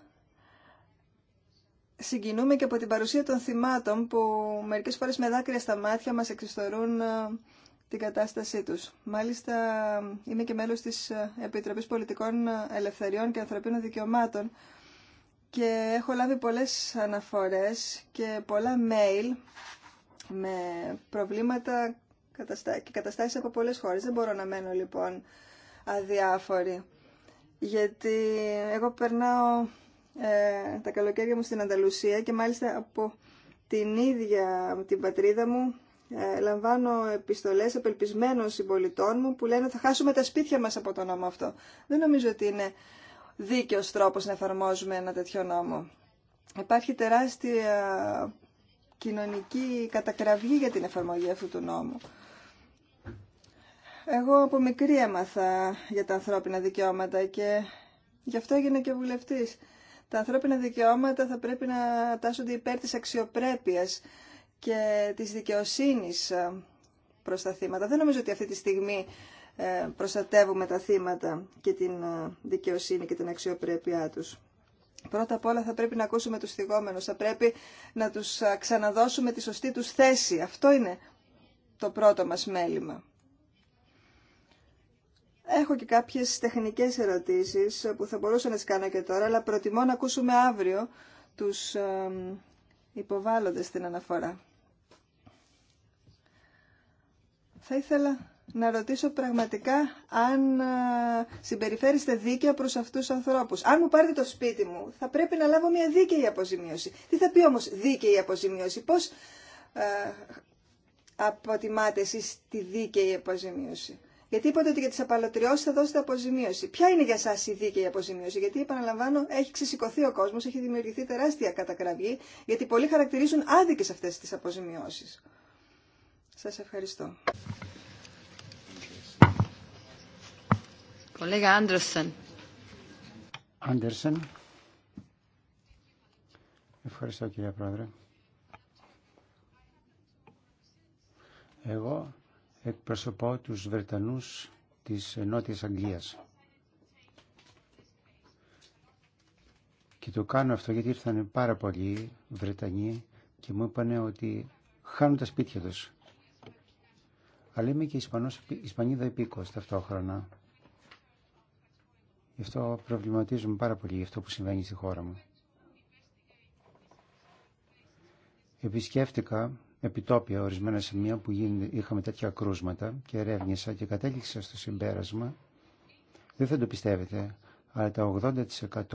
συγκινούμε και από την παρουσία των θυμάτων που μερικές φορές με δάκρυα στα μάτια μας εξιστορούν ε, την κατάστασή τους. Μάλιστα είμαι και μέλος της ε, Επιτροπής Πολιτικών ε, Ελευθεριών και Ανθρωπίνων Δικαιωμάτων και έχω λάβει πολλές αναφορές και πολλά mail με προβλήματα και καταστάσεις από πολλές χώρες. Δεν μπορώ να μένω λοιπόν αδιάφορη γιατί εγώ περνάω ε, τα καλοκαίρια μου στην Ανταλουσία και μάλιστα από την ίδια την πατρίδα μου ε, λαμβάνω επιστολές απελπισμένων συμπολιτών μου που λένε θα χάσουμε τα σπίτια μας από το νόμο αυτό. Δεν νομίζω ότι είναι δίκαιος τρόπος να εφαρμόζουμε ένα τέτοιο νόμο. Υπάρχει τεράστια κοινωνική κατακραυγή για την εφαρμογή αυτού του νόμου. Εγώ από μικρή έμαθα για τα ανθρώπινα δικαιώματα και γι' αυτό έγινε και βουλευτής. Τα ανθρώπινα δικαιώματα θα πρέπει να τάσσονται υπέρ της αξιοπρέπειας και της δικαιοσύνης ε, προς τα θύματα. Δεν νομίζω ότι αυτή τη στιγμή ε, προστατεύουμε τα θύματα και την ε, δικαιοσύνη και την αξιοπρέπειά τους. Πρώτα απ' όλα θα πρέπει να ακούσουμε τους θυγόμενους, θα πρέπει να τους ξαναδώσουμε τη σωστή τους θέση. Αυτό είναι το πρώτο μας μέλημα. Έχω και κάποιες τεχνικές ερωτήσεις που θα μπορούσα να τις κάνω και τώρα, αλλά προτιμώ να ακούσουμε αύριο τους υποβάλλοντες στην αναφορά. Θα ήθελα να ρωτήσω πραγματικά αν ε, συμπεριφέρεστε δίκαια προς αυτούς τους ανθρώπους. Αν μου πάρετε το σπίτι μου, θα πρέπει να λάβω μια δίκαιη αποζημίωση. Τι θα πει όμως δίκαιη αποζημίωση, πώς ε, αποτιμάτε εσείς τη δίκαιη αποζημίωση. Γιατί είπατε ότι για τι απαλωτριώσει θα δώσετε αποζημίωση. Ποια είναι για εσά η δίκαιη αποζημίωση, Γιατί επαναλαμβάνω, έχει ξεσηκωθεί ο κόσμο, έχει δημιουργηθεί τεράστια κατακραυγή, γιατί πολλοί χαρακτηρίζουν άδικε αυτέ τι αποζημιώσει. Σα ευχαριστώ. Κολέγα Άντερσεν. Άντερσεν. Ευχαριστώ κυρία Πρόεδρε. Εγώ εκπροσωπώ τους Βρετανούς της Νότιας Αγγλίας. Και το κάνω αυτό γιατί ήρθαν πάρα πολλοί Βρετανοί και μου είπαν ότι χάνουν τα σπίτια τους. Αλλά είμαι και Ισπανός, Ισπανίδα επίκος ταυτόχρονα. Γι' αυτό προβληματίζομαι πάρα πολύ για αυτό που συμβαίνει στη χώρα μου. Επισκέφτηκα επιτόπια ορισμένα σημεία που είχαμε τέτοια κρούσματα και ερεύνησα και κατέληξα στο συμπέρασμα, δεν θα το πιστεύετε, αλλά τα 80%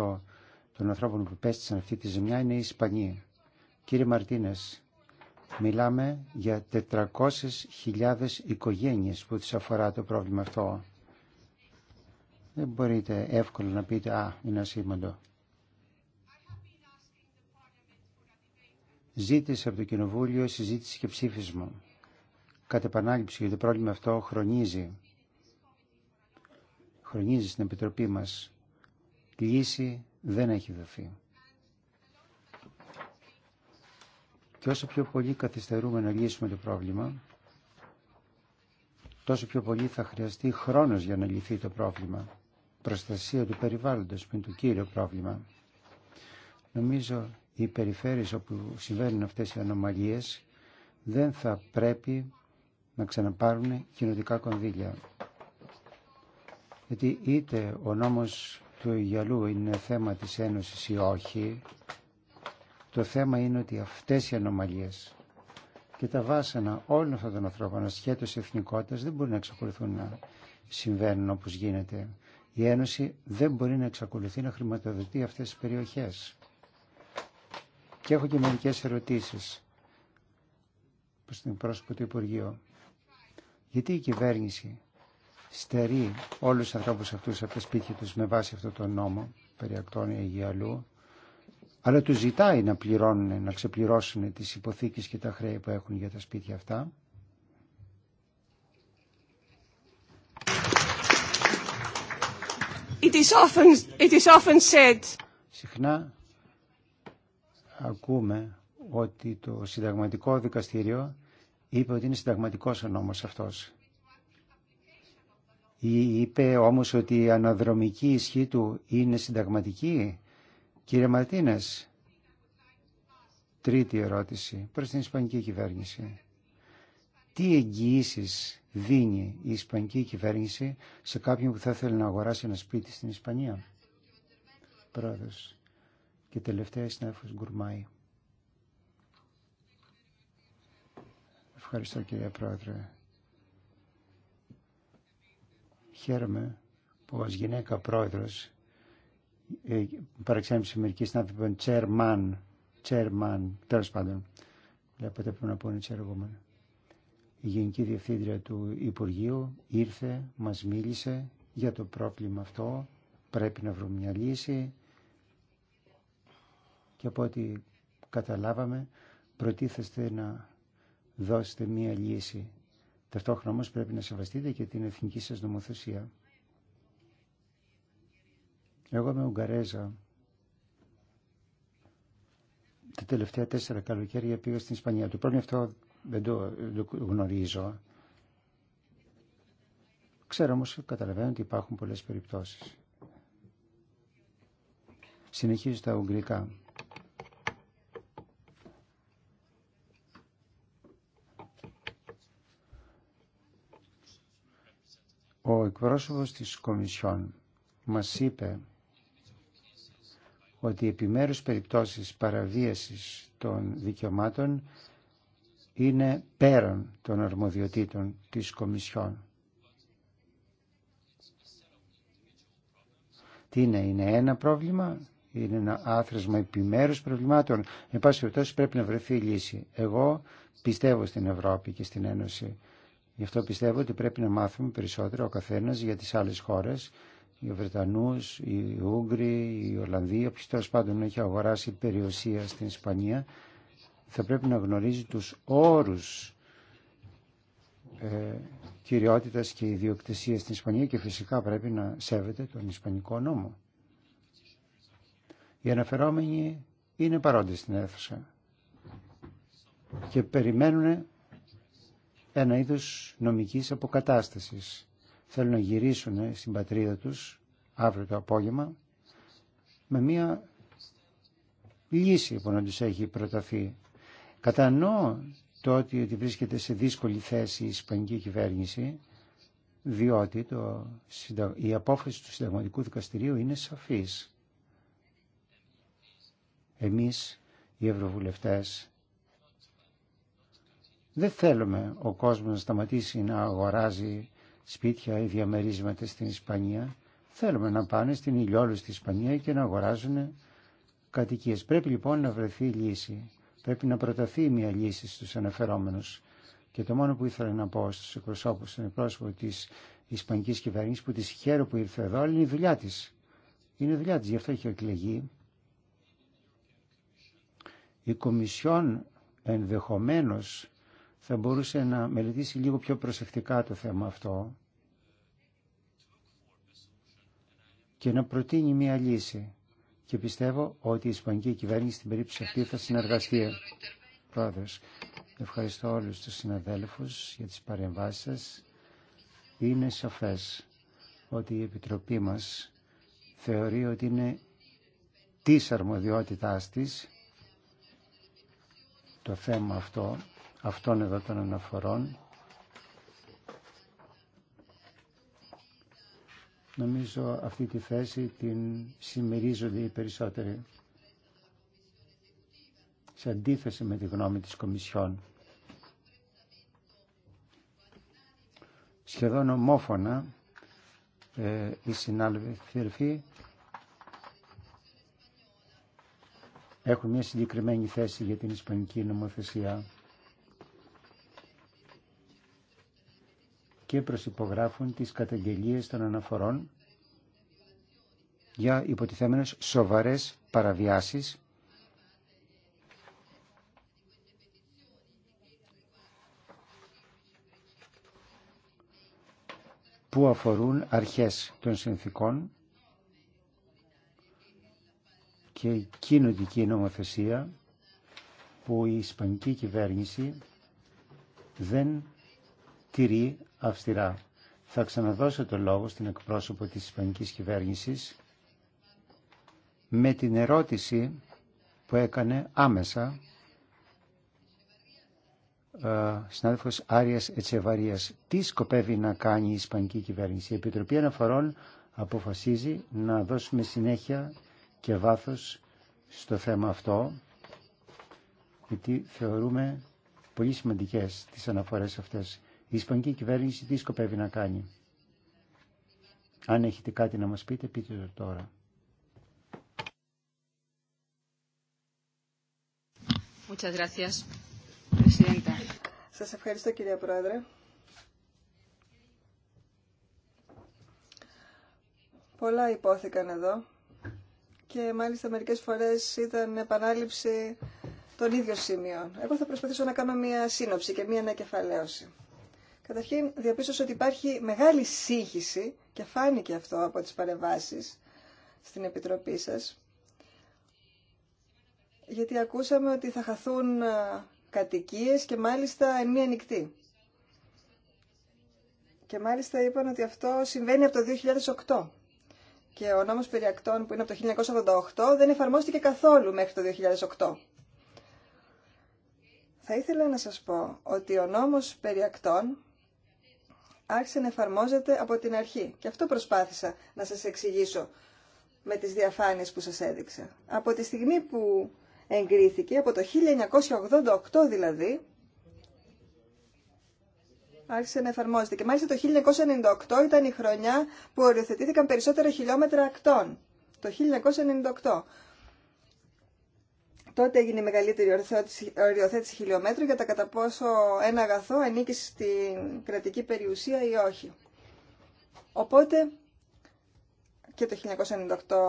των ανθρώπων που πέστησαν αυτή τη ζημιά είναι οι Ισπανοί. Κύριε Μαρτίνες, μιλάμε για 400.000 οικογένειες που τις αφορά το πρόβλημα αυτό. Δεν μπορείτε εύκολα να πείτε «Α, είναι ασήμαντο». ζήτησε από το Κοινοβούλιο συζήτηση και ψήφισμα. Κατ' επανάληψη, γιατί το πρόβλημα αυτό χρονίζει. Χρονίζει στην Επιτροπή μας. Λύση δεν έχει δοθεί. Και όσο πιο πολύ καθυστερούμε να λύσουμε το πρόβλημα, τόσο πιο πολύ θα χρειαστεί χρόνος για να λυθεί το πρόβλημα. Προστασία του περιβάλλοντος που είναι το κύριο πρόβλημα. Νομίζω οι περιφέρειες όπου συμβαίνουν αυτές οι ανομαλίες δεν θα πρέπει να ξαναπάρουν κοινωτικά κονδύλια. Γιατί είτε ο νόμος του Ιγιαλού είναι θέμα της Ένωσης ή όχι, το θέμα είναι ότι αυτές οι ανομαλίες και τα βάσανα όλων αυτών των ανθρώπων, ασχέτως εθνικότητας, δεν μπορεί να εξακολουθούν να συμβαίνουν όπως γίνεται. Η Ένωση δεν μπορεί να εξακολουθεί να χρηματοδοτεί αυτές τις περιοχές. Και έχω και μερικές ερωτήσεις προς την πρόσωπο του Υπουργείου. Γιατί η κυβέρνηση στερεί όλους τους ανθρώπους αυτούς από τα σπίτια τους με βάση αυτό το νόμο περί ακτών Αιγιαλού, αλλά τους ζητάει να πληρώνουν, να ξεπληρώσουν τις υποθήκες και τα χρέη που έχουν για τα σπίτια αυτά. It is often, it is often said. Συχνά ακούμε ότι το συνταγματικό δικαστήριο είπε ότι είναι συνταγματικός ο νόμος αυτός. Ή είπε όμως ότι η αναδρομική ισχύ του είναι συνταγματική. Κύριε Μαρτίνες, τρίτη ερώτηση προς την Ισπανική κυβέρνηση. Τι εγγυήσεις δίνει η Ισπανική κυβέρνηση σε κάποιον που θα θέλει να αγοράσει ένα σπίτι στην Ισπανία. Πρόεδρος. Και τελευταία συνάδελφος Γκουρμάη. Ευχαριστώ κύριε Πρόεδρε. Χαίρομαι που ως γυναίκα πρόεδρος ε, μερικοί συνάδελφοι που chairman, chairman, τέλος πάντων. Βλέπετε πρέπει να πω είναι chairwoman. Η Γενική Διευθύντρια του Υπουργείου ήρθε, μας μίλησε για το πρόβλημα αυτό. Πρέπει να βρούμε μια λύση και από ό,τι καταλάβαμε προτίθεστε να δώσετε μία λύση. Ταυτόχρονα όμως πρέπει να σεβαστείτε και την εθνική σας νομοθεσία. Εγώ είμαι Ουγγαρέζα. Τα τελευταία τέσσερα καλοκαίρια πήγα στην Ισπανία. Το πρώτο αυτό δεν το, δεν το γνωρίζω. Ξέρω όμως, καταλαβαίνω ότι υπάρχουν πολλές περιπτώσεις. Συνεχίζω στα Ουγγρικά. Ο εκπρόσωπος της Κομισιόν μας είπε ότι οι επιμέρους περιπτώσεις παραβίασης των δικαιωμάτων είναι πέραν των αρμοδιοτήτων της Κομισιόν. Τι είναι, είναι ένα πρόβλημα, είναι ένα άθροισμα επιμέρους προβλημάτων. Εν πάση περιπτώσει πρέπει να βρεθεί η λύση. Εγώ πιστεύω στην Ευρώπη και στην Ένωση Γι' αυτό πιστεύω ότι πρέπει να μάθουμε περισσότερο ο καθένα για τι άλλε χώρε, οι Βρετανού, οι Ούγγροι, οι Ολλανδοί, όποιο τέλο πάντων έχει αγοράσει περιουσία στην Ισπανία, θα πρέπει να γνωρίζει του όρου ε, κυριότητα και ιδιοκτησία στην Ισπανία και φυσικά πρέπει να σέβεται τον Ισπανικό νόμο. Οι αναφερόμενοι είναι παρόντες στην αίθουσα και περιμένουν ένα είδος νομικής αποκατάστασης. Θέλουν να γυρίσουν ε, στην πατρίδα τους αύριο το απόγευμα με μια λύση που να τους έχει προταθεί. Κατανοώ το ότι βρίσκεται σε δύσκολη θέση η Ισπανική κυβέρνηση, διότι το, η απόφαση του Συνταγματικού Δικαστηρίου είναι σαφής. Εμείς οι Ευρωβουλευτές δεν θέλουμε ο κόσμος να σταματήσει να αγοράζει σπίτια ή διαμερίσματα στην Ισπανία. Θέλουμε να πάνε στην ηλιόλου στην Ισπανία και να αγοράζουν κατοικίες. Πρέπει λοιπόν να βρεθεί λύση. Πρέπει να προταθεί μια λύση στους αναφερόμενους. Και το μόνο που ήθελα να πω στους εκπροσώπους, στον εκπρόσωπο της Ισπανικής κυβέρνησης, που τη χαίρομαι που ήρθε εδώ, είναι η δουλειά της. Είναι η δουλειά τη γι' αυτό έχει εκλεγεί. Η Κομισιόν ενδεχομένως θα μπορούσε να μελετήσει λίγο πιο προσεκτικά το θέμα αυτό και να προτείνει μια λύση. Και πιστεύω ότι η Ισπανική κυβέρνηση στην περίπτωση αυτή θα συνεργαστεί. Πρόεδρος, ευχαριστώ όλους τους συναδέλφους για τις παρεμβάσεις σας. Είναι σαφές ότι η Επιτροπή μας θεωρεί ότι είναι της αρμοδιότητάς της το θέμα αυτό αυτών εδώ των αναφορών Νομίζω αυτή τη θέση την συμμερίζονται οι περισσότεροι σε αντίθεση με τη γνώμη της Κομισιόν. Σχεδόν ομόφωνα ε, οι συνάδελφοι έχουν μια συγκεκριμένη θέση για την Ισπανική νομοθεσία. και προσυπογράφουν τις καταγγελίες των αναφορών για υποτιθέμενες σοβαρές παραβιάσεις που αφορούν αρχές των συνθήκων και κοινωτική νομοθεσία που η Ισπανική κυβέρνηση δεν τηρεί αυστηρά. Θα ξαναδώσω το λόγο στην εκπρόσωπο της Ισπανικής Κυβέρνησης με την ερώτηση που έκανε άμεσα ε, συνάδελφος Άριας Ετσεβαρίας. Τι σκοπεύει να κάνει η Ισπανική Κυβέρνηση. Η Επιτροπή Αναφορών αποφασίζει να δώσουμε συνέχεια και βάθος στο θέμα αυτό γιατί θεωρούμε πολύ σημαντικές τις αναφορές αυτές. Η Ισπανική κυβέρνηση τι σκοπεύει να κάνει. Αν έχετε κάτι να μας πείτε, πείτε το τώρα. Muchas Σας ευχαριστώ, κυρία Πρόεδρε. Πολλά υπόθηκαν εδώ και μάλιστα μερικές φορές ήταν επανάληψη των ίδιων σημείων. Εγώ θα προσπαθήσω να κάνω μία σύνοψη και μία ανακεφαλαίωση. Καταρχήν διαπίστωσα ότι υπάρχει μεγάλη σύγχυση και φάνηκε αυτό από τις παρεμβάσεις στην Επιτροπή σας. Γιατί ακούσαμε ότι θα χαθούν ε, κατοικίες και μάλιστα εν μία νυχτή. Και μάλιστα είπαν ότι αυτό συμβαίνει από το 2008. Και ο νόμος περιακτών που είναι από το 1988 δεν εφαρμόστηκε καθόλου μέχρι το 2008. Θα ήθελα να σας πω ότι ο νόμος περιακτών άρχισε να εφαρμόζεται από την αρχή. Και αυτό προσπάθησα να σας εξηγήσω με τις διαφάνειες που σας έδειξα. Από τη στιγμή που εγκρίθηκε, από το 1988 δηλαδή, άρχισε να εφαρμόζεται. Και μάλιστα το 1998 ήταν η χρονιά που οριοθετήθηκαν περισσότερα χιλιόμετρα ακτών. Το 1998. Τότε έγινε η μεγαλύτερη οριοθέτηση χιλιόμετρων για τα κατά πόσο ένα αγαθό ανήκει στην κρατική περιουσία ή όχι. Οπότε και το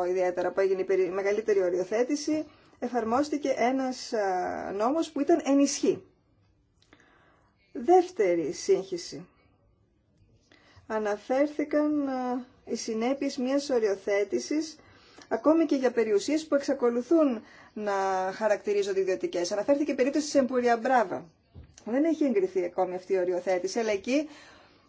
1998 ιδιαίτερα που έγινε η μεγαλύτερη οριοθέτηση εφαρμόστηκε ένας νόμος που ήταν ενισχύ. Δεύτερη σύγχυση. Αναφέρθηκαν οι συνέπειες μιας οριοθέτησης ακόμη και για περιουσίες που εξακολουθούν να χαρακτηρίζονται ιδιωτικέ. Αναφέρθηκε η περίπτωση τη Εμπορία Μπράβα. Δεν έχει εγκριθεί ακόμη αυτή η οριοθέτηση, αλλά εκεί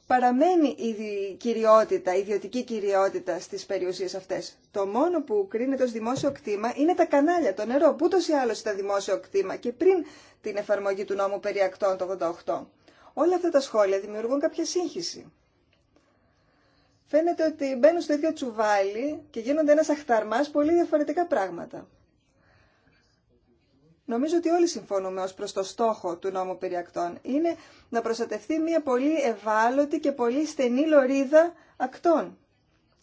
παραμένει η κυριότητα, η ιδιωτική κυριότητα στι περιουσίε αυτέ. Το μόνο που κρίνεται ω δημόσιο κτήμα είναι τα κανάλια, το νερό, που ούτω ή άλλω ήταν δημόσιο κτήμα και πριν την εφαρμογή του νόμου περιακτών το 88. Όλα αυτά τα σχόλια δημιουργούν κάποια σύγχυση. Φαίνεται ότι μπαίνουν στο ίδιο τσουβάλι και γίνονται ένα αχτάρμά πολύ διαφορετικά πράγματα. Νομίζω ότι όλοι συμφωνούμε ως προς το στόχο του νόμου περιακτών. Είναι να προστατευτεί μια πολύ ευάλωτη και πολύ στενή λωρίδα ακτών.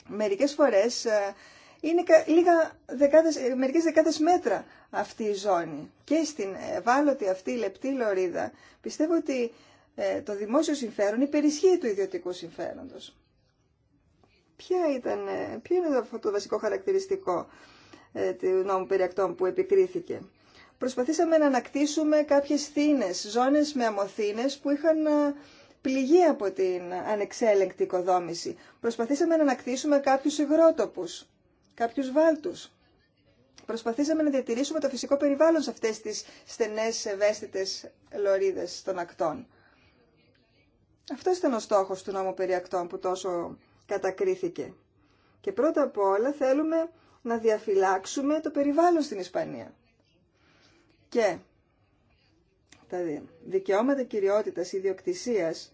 Μερικές φορές ε, είναι λίγα δεκάδες, ε, μερικές δεκάδες μέτρα αυτή η ζώνη. Και στην ευάλωτη αυτή λεπτή λωρίδα πιστεύω ότι ε, το δημόσιο συμφέρον υπερισχύει του ιδιωτικού συμφέροντος. Ποια ήταν, ποιο είναι το βασικό χαρακτηριστικό του νόμου περιακτών που επικρίθηκε προσπαθήσαμε να ανακτήσουμε κάποιες θύνες, ζώνες με αμοθύνες που είχαν ε, πληγεί από την ανεξέλεγκτη οικοδόμηση. Προσπαθήσαμε να ανακτήσουμε κάποιους υγρότοπους, κάποιους βάλτους. Προσπαθήσαμε να διατηρήσουμε το φυσικό περιβάλλον σε αυτές τις στενές ευαίσθητες λωρίδες των ακτών. Αυτό ήταν ο στόχος του νόμου περί ακτών που τόσο κατακρίθηκε. Και πρώτα απ' όλα θέλουμε να διαφυλάξουμε το περιβάλλον στην Ισπανία και τα δικαιώματα κυριότητας ιδιοκτησίας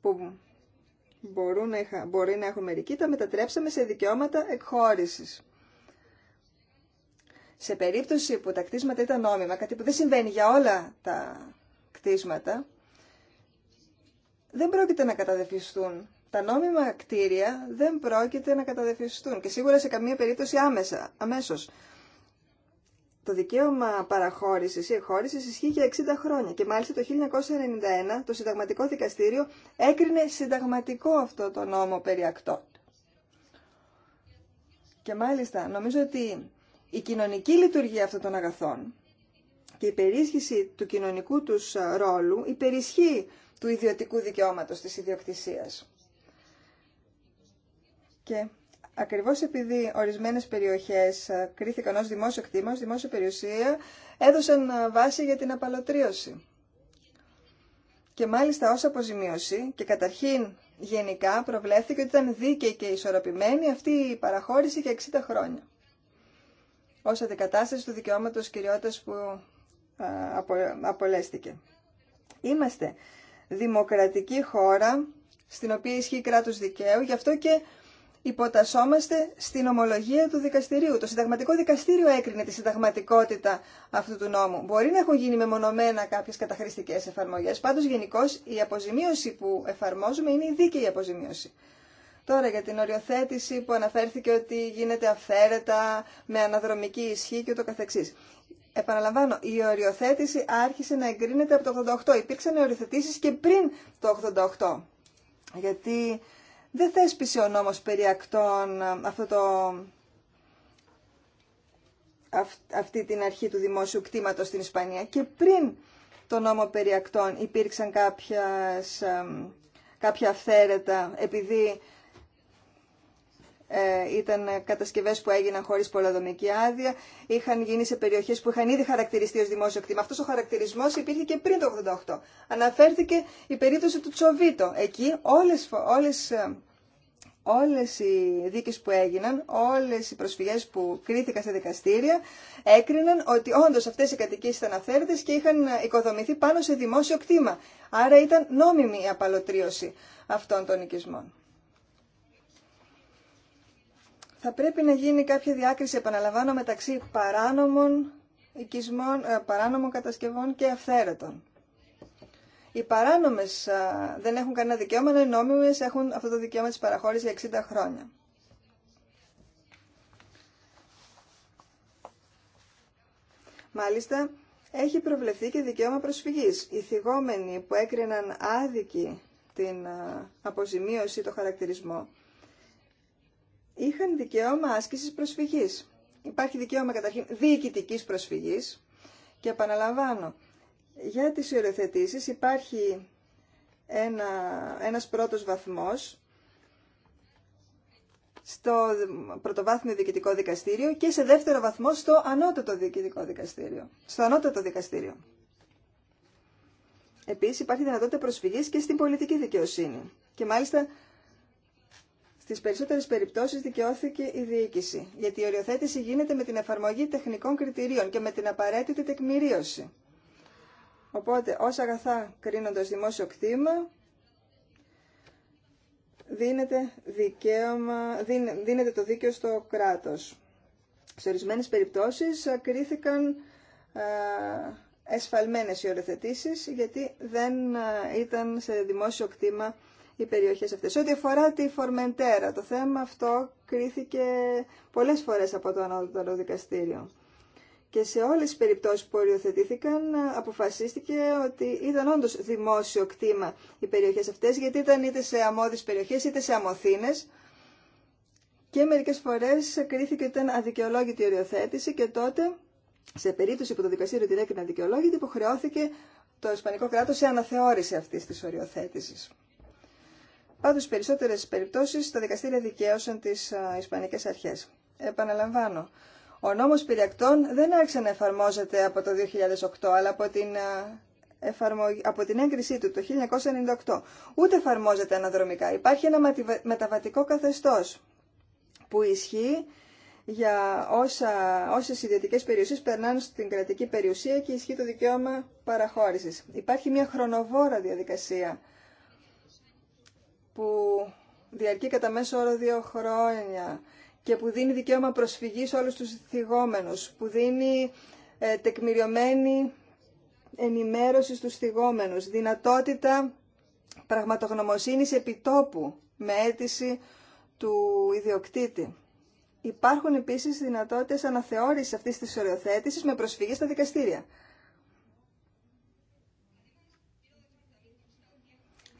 που μπορούν να μπορεί να έχουν μερικοί, τα μετατρέψαμε σε δικαιώματα εκχώρησης. Σε περίπτωση που τα κτίσματα ήταν νόμιμα, κάτι που δεν συμβαίνει για όλα τα κτίσματα, δεν πρόκειται να καταδεφιστούν. Τα νόμιμα κτίρια δεν πρόκειται να καταδεφιστούν και σίγουρα σε καμία περίπτωση άμεσα, αμέσως το δικαίωμα παραχώρησης ή εγχώρησης ισχύει για 60 χρόνια και μάλιστα το 1991 το Συνταγματικό Δικαστήριο έκρινε συνταγματικό αυτό το νόμο περί ακτών. Και μάλιστα νομίζω ότι η κοινωνική λειτουργία αυτών των αγαθών και η περίσχυση του κοινωνικού τους ρόλου υπερισχύει του ιδιωτικού δικαιώματος της ιδιοκτησίας. Και ακριβώς επειδή ορισμένες περιοχές ε, κρίθηκαν ως δημόσιο κτήμα, ως δημόσια περιουσία, έδωσαν ε, βάση για την απαλωτρίωση. Και μάλιστα ως αποζημίωση και καταρχήν γενικά προβλέφθηκε ότι ήταν δίκαιη και ισορροπημένη αυτή η παραχώρηση για 60 χρόνια. Ως αντικατάσταση του δικαιώματος κυριότητας που ε, απολέστηκε. Είμαστε δημοκρατική χώρα στην οποία ισχύει κράτος δικαίου, γι' αυτό και υποτασσόμαστε στην ομολογία του δικαστηρίου. Το συνταγματικό δικαστήριο έκρινε τη συνταγματικότητα αυτού του νόμου. Μπορεί να έχουν γίνει μεμονωμένα κάποιε καταχρηστικέ εφαρμογές, πάντως γενικώ η αποζημίωση που εφαρμόζουμε είναι η δίκαιη αποζημίωση. Τώρα για την οριοθέτηση που αναφέρθηκε ότι γίνεται αυθαίρετα, με αναδρομική ισχύ και ούτω καθεξής. Επαναλαμβάνω, η οριοθέτηση άρχισε να εγκρίνεται από το 88. Υπήρξαν οριοθετήσεις και πριν το 88. Γιατί δεν θέσπισε ο νόμος περί αυτό το, αυτή την αρχή του δημόσιου κτήματος στην Ισπανία και πριν το νόμο περί υπήρξαν κάποιες, κάποια αυθαίρετα επειδή ε, ήταν κατασκευές που έγιναν χωρίς πολλαδομική άδεια, είχαν γίνει σε περιοχές που είχαν ήδη χαρακτηριστεί ως δημόσιο κτήμα. Αυτός ο χαρακτηρισμός υπήρχε και πριν το 88. Αναφέρθηκε η περίπτωση του Τσοβίτο. Εκεί όλες, όλες, ε, όλες οι δίκες που έγιναν, όλες οι προσφυγές που κρίθηκαν στα δικαστήρια, έκριναν ότι όντως αυτές οι κατοικίες ήταν αυθαίρετες και είχαν οικοδομηθεί πάνω σε δημόσιο κτήμα. Άρα ήταν νόμιμη η απαλωτρίωση αυτών των οικισμών. Θα πρέπει να γίνει κάποια διάκριση, επαναλαμβάνω, μεταξύ παράνομων, οικισμών, ε, παράνομων κατασκευών και αυθαίρετων. Οι παράνομες ε, δεν έχουν κανένα δικαίωμα, ενώ οι νόμιμες έχουν αυτό το δικαίωμα της παραχώρησης για 60 χρόνια. Μάλιστα, έχει προβλεφθεί και δικαίωμα προσφυγής. Οι θυγόμενοι που έκριναν άδικη την ε, αποζημίωση, το χαρακτηρισμό, είχαν δικαίωμα άσκησης προσφυγής. Υπάρχει δικαίωμα καταρχήν διοικητική προσφυγής και επαναλαμβάνω, για τις οριοθετήσεις υπάρχει ένα, ένας πρώτος βαθμός στο πρωτοβάθμιο διοικητικό δικαστήριο και σε δεύτερο βαθμό στο ανώτατο διοικητικό δικαστήριο. Στο ανώτατο δικαστήριο. Επίσης υπάρχει δυνατότητα προσφυγής και στην πολιτική δικαιοσύνη. Και μάλιστα στις περισσότερε περιπτώσει δικαιώθηκε η διοίκηση, γιατί η οριοθέτηση γίνεται με την εφαρμογή τεχνικών κριτηρίων και με την απαραίτητη τεκμηρίωση. Οπότε, όσα αγαθά κρίνοντα δημόσιο κτήμα, δίνεται, δικαίωμα, δίνεται το δίκαιο στο κράτο. Σε ορισμένε περιπτώσει ε, κρίθηκαν ε, εσφαλμένες οι οριοθετήσει, γιατί δεν ε, ήταν σε δημόσιο κτήμα οι περιοχές αυτές. Ό,τι αφορά τη Φορμεντέρα, το θέμα αυτό κρίθηκε πολλές φορές από το Ανώτατο Δικαστήριο. Και σε όλες τις περιπτώσεις που οριοθετήθηκαν αποφασίστηκε ότι ήταν όντως δημόσιο κτήμα οι περιοχές αυτές, γιατί ήταν είτε σε αμμώδεις περιοχές είτε σε αμμωθήνες. Και μερικές φορές κρίθηκε ότι ήταν αδικαιολόγητη η οριοθέτηση και τότε, σε περίπτωση που το δικαστήριο την έκρινε αδικαιολόγητη, υποχρεώθηκε το Ισπανικό κράτος σε αναθεώρηση αυτής της οριοθέτησης. Πάντως, περισσότερες περιπτώσεις τα δικαστήρια δικαίωσαν τις Ισπανικέ Ισπανικές αρχές. Επαναλαμβάνω, ο νόμος Πυριακτών δεν άρχισε να εφαρμόζεται από το 2008, αλλά από την, εφαρμογή, από την έγκρισή του το 1998. Ούτε εφαρμόζεται αναδρομικά. Υπάρχει ένα μεταβατικό καθεστώς που ισχύει για όσα, όσες ιδιωτικές περνάνε στην κρατική περιουσία και ισχύει το δικαίωμα παραχώρησης. Υπάρχει μια χρονοβόρα διαδικασία που διαρκεί κατά μέσο όρο δύο χρόνια και που δίνει δικαίωμα προσφυγής σε όλους τους θυγόμενους, που δίνει ε, τεκμηριωμένη ενημέρωση στους θυγόμενους, δυνατότητα πραγματογνωμοσύνης επιτόπου με αίτηση του ιδιοκτήτη. Υπάρχουν επίσης δυνατότητες αναθεώρησης αυτής της οριοθέτησης με προσφυγή στα δικαστήρια.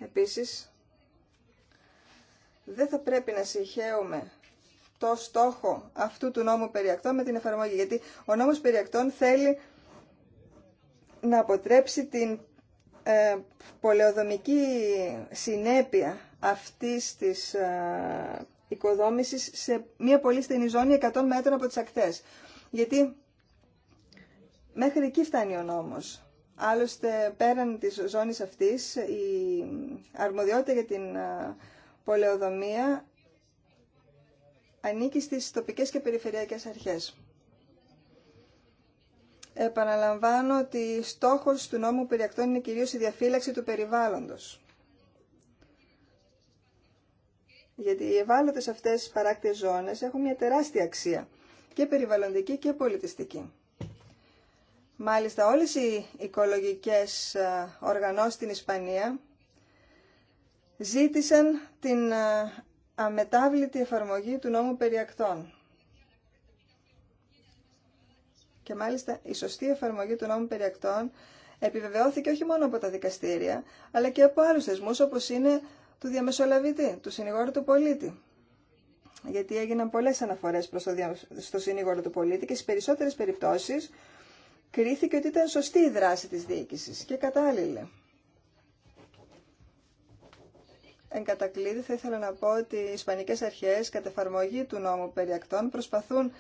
Επίσης, δεν θα πρέπει να συγχαίουμε το στόχο αυτού του νόμου περιακτών με την εφαρμογή. Γιατί ο νόμος περιακτών θέλει να αποτρέψει την ε, πολεοδομική συνέπεια αυτής της ε, οικοδόμησης σε μια πολύ στενή ζώνη 100 μέτρων από τις ακτές. Γιατί μέχρι εκεί φτάνει ο νόμος. Άλλωστε πέραν της ζώνης αυτής η αρμοδιότητα για την ε, πολεοδομία ανήκει στις τοπικές και περιφερειακές αρχές. Επαναλαμβάνω ότι στόχος του νόμου περιακτών είναι κυρίως η διαφύλαξη του περιβάλλοντος. Γιατί οι ευάλωτες αυτές παράκτες ζώνες έχουν μια τεράστια αξία, και περιβαλλοντική και πολιτιστική. Μάλιστα όλες οι οικολογικές ε, οργανώσεις στην Ισπανία ζήτησαν την ε, αμετάβλητη εφαρμογή του νόμου περιακτών. Και μάλιστα η σωστή εφαρμογή του νόμου περιακτών επιβεβαιώθηκε όχι μόνο από τα δικαστήρια, αλλά και από άλλους θεσμούς όπως είναι του διαμεσολαβητή, του συνηγόρου του πολίτη. Γιατί έγιναν πολλές αναφορές προς το στο συνήγορο του πολίτη και στις περισσότερες περιπτώσεις κρίθηκε ότι ήταν σωστή η δράση της διοίκησης και κατάλληλη. Εν κατακλείδη θα ήθελα να πω ότι οι Ισπανικές αρχές κατ' εφαρμογή του νόμου ακτών, προσπαθούν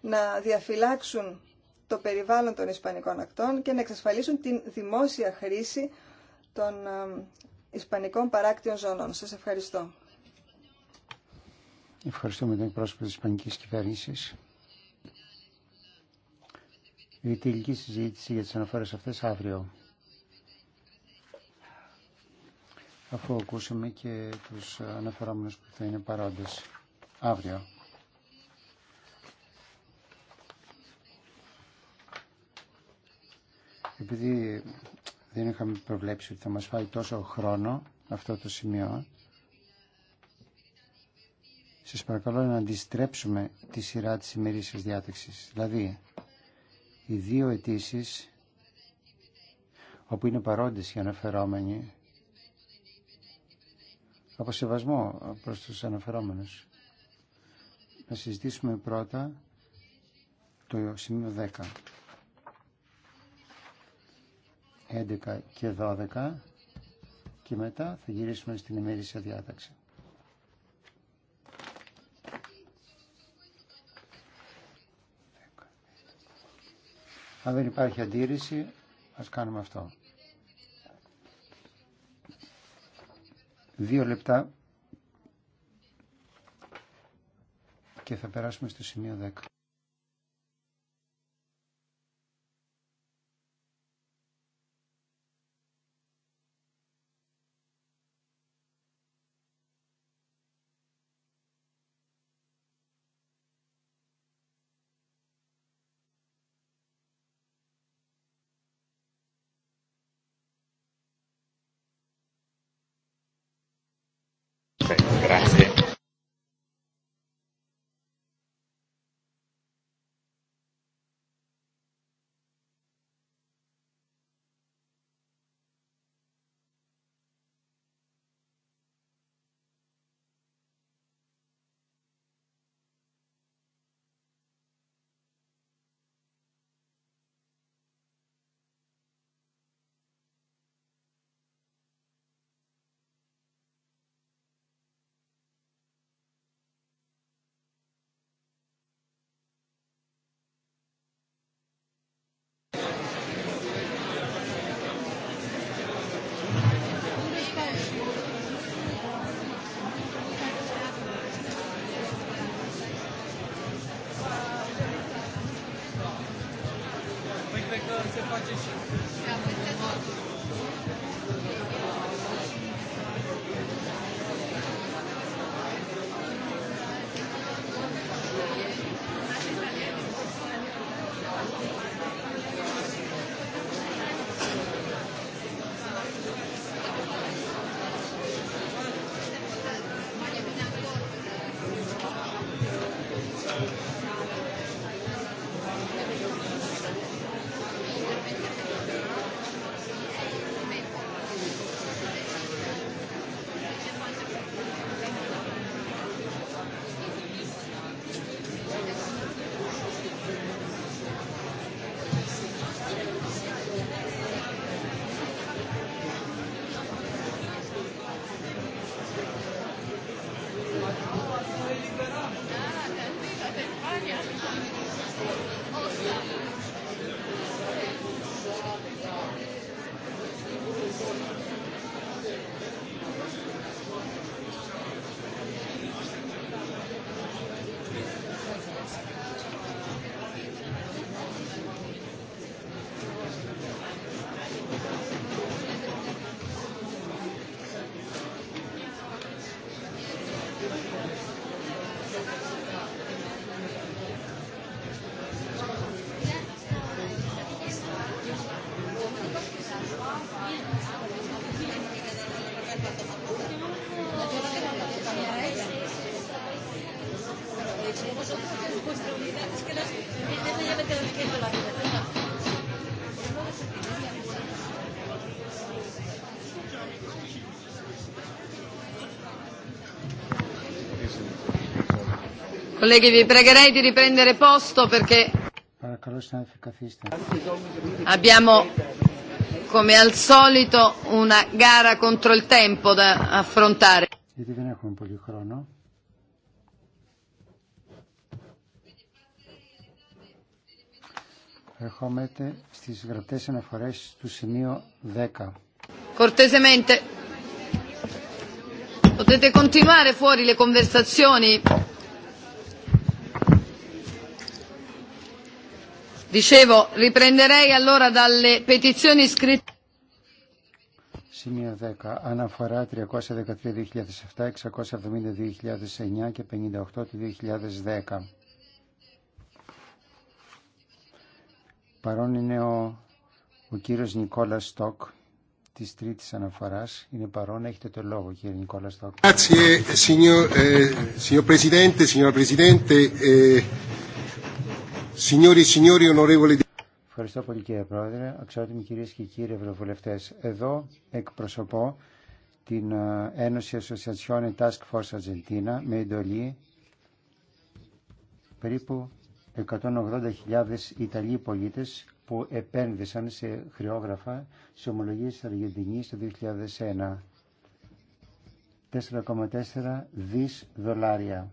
να διαφυλάξουν το περιβάλλον των Ισπανικών ακτών και να εξασφαλίσουν την δημόσια χρήση των ε, Ισπανικών παράκτιων ζώνων. Σας ευχαριστώ. Ευχαριστούμε την εκπρόσωπο της Ισπανικής Κυβέρνησης. Η τελική συζήτηση για τις αναφορές αυτές αύριο. αφού ακούσαμε και τους αναφερόμενους που θα είναι παρόντες αύριο. Επειδή δεν είχαμε προβλέψει ότι θα μας φάει τόσο χρόνο αυτό το σημείο, σας παρακαλώ να αντιστρέψουμε τη σειρά της ημερήσιας διάταξης. Δηλαδή, οι δύο αιτήσει όπου είναι παρόντες οι αναφερόμενοι από σεβασμό προς τους αναφερόμενους. Να συζητήσουμε πρώτα το σημείο 10. 11 και 12 και μετά θα γυρίσουμε στην ημερήσια διάταξη. Αν δεν υπάρχει αντίρρηση, ας κάνουμε αυτό. Δύο λεπτά και θα περάσουμε στο σημείο 10. Colleghi, vi pregherei di riprendere posto perché abbiamo, come al solito, una gara contro il tempo da affrontare. Ερχόμαστε 10. Cortesemente, potete continuare fuori le conversazioni Dicevo, riprenderei allora dalle petizioni scritte. Σημείο 10. Αναφορά 313-2007, 670-2009 και 58-2010. Παρόν είναι ο, ο κύριος Νικόλα Στοκ της τρίτης αναφοράς. Είναι παρόν. Έχετε το λόγο κύριε Νικόλα Στοκ. Grazie signor, eh, signor Presidente, signora Presidente. Eh... Ευχαριστώ πολύ κύριε Πρόεδρε, αξιότιμοι κυρίες και κύριοι ευρωβουλευτέ, Εδώ εκπροσωπώ την ε, Ένωση Ασοσιασιών Task Force Argentina με εντολή περίπου 180.000 Ιταλοί πολίτες που επένδυσαν σε χρεόγραφα σε ομολογίες τη Αργεντινής το 2001. 4,4 δις δολάρια.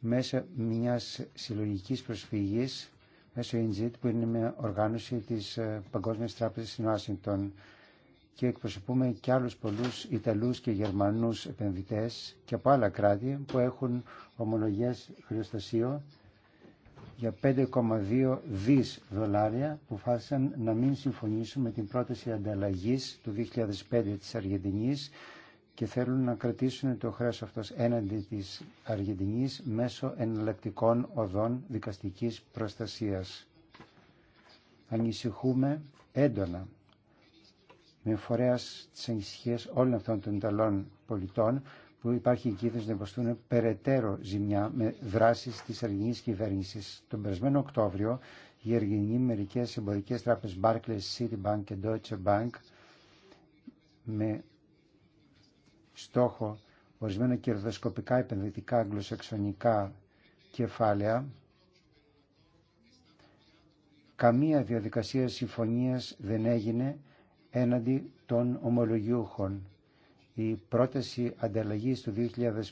μέσα μιας συλλογικής προσφυγής μέσω INGIT που είναι μια οργάνωση της ε, Παγκόσμιας Τράπεζας στην Ουάσιγκτον και εκπροσωπούμε και άλλους πολλούς Ιταλούς και Γερμανούς επενδυτές και από άλλα κράτη που έχουν ομολογές χρηστασίου για 5,2 δις δολάρια που φάσαν να μην συμφωνήσουν με την πρόταση ανταλλαγής του 2005 της Αργεντινής και θέλουν να κρατήσουν το χρέος αυτός έναντι της Αργεντινής μέσω εναλλακτικών οδών δικαστικής προστασίας. Ανησυχούμε έντονα με φορέας της ανησυχίας όλων αυτών των Ιταλών πολιτών που υπάρχει κίνδυνος να υποστούν περαιτέρω ζημιά με δράσεις της Αργεντινής κυβέρνησης. Τον περασμένο Οκτώβριο οι Αργεντινοί μερικές εμπορικές τράπεζες Barclays, Citibank και Deutsche Bank με στόχο ορισμένα κερδοσκοπικά επενδυτικά αγγλοσαξονικά κεφάλαια, καμία διαδικασία συμφωνίας δεν έγινε έναντι των ομολογιούχων. Η πρόταση ανταλλαγής του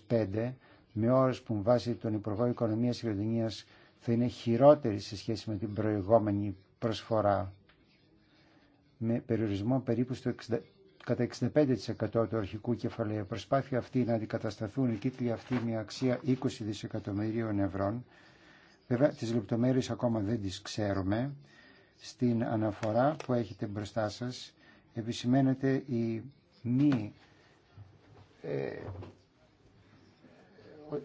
2005 με όρους που βάσει τον Υπουργό Οικονομίας και θα είναι χειρότερη σε σχέση με την προηγούμενη προσφορά με περιορισμό περίπου στο κατά 65% του αρχικού κεφαλαίου. Προσπάθεια αυτή να αντικατασταθούν οι τίτλοι αυτοί με αξία 20 δισεκατομμυρίων ευρώ. Βέβαια, τις λεπτομέρειες ακόμα δεν τις ξέρουμε. Στην αναφορά που έχετε μπροστά σας επισημαίνεται η μη, ε,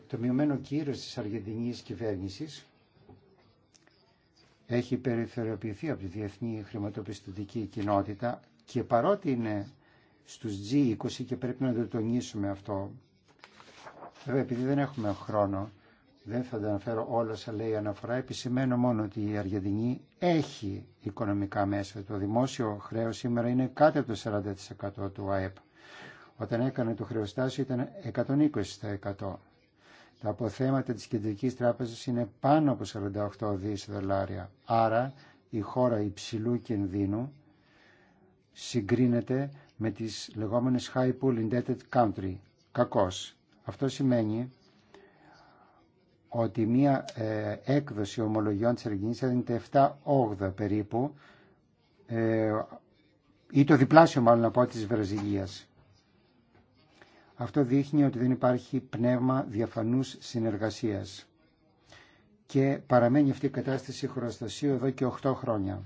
το μειωμένο κύρος της αργεντινής κυβέρνησης έχει περιθωριοποιηθεί από τη διεθνή χρηματοπιστωτική κοινότητα και παρότι είναι στους G20 και πρέπει να το τονίσουμε αυτό. Βέβαια, επειδή δεν έχουμε χρόνο, δεν θα τα αναφέρω όλα σε λέει αναφορά, επισημαίνω μόνο ότι η Αργεντινή έχει οικονομικά μέσα. Το δημόσιο χρέος σήμερα είναι κάτω από το 40% του ΑΕΠ. Όταν έκανε το χρεοστάσιο ήταν 120%. Τα αποθέματα της Κεντρικής Τράπεζας είναι πάνω από 48 δις δολάρια. Άρα η χώρα υψηλού κινδύνου συγκρίνεται με τις λεγόμενες high pool indebted country, κακός. Αυτό σημαίνει ότι μία ε, έκδοση ομολογιών της είναι τα έδινεται 7-8 περίπου, ε, ή το διπλάσιο μάλλον από της Βραζιλίας. Αυτό δείχνει ότι δεν υπάρχει πνεύμα διαφανούς συνεργασίας. Και παραμένει αυτή η κατάσταση χρωστασίου εδώ και 8 χρόνια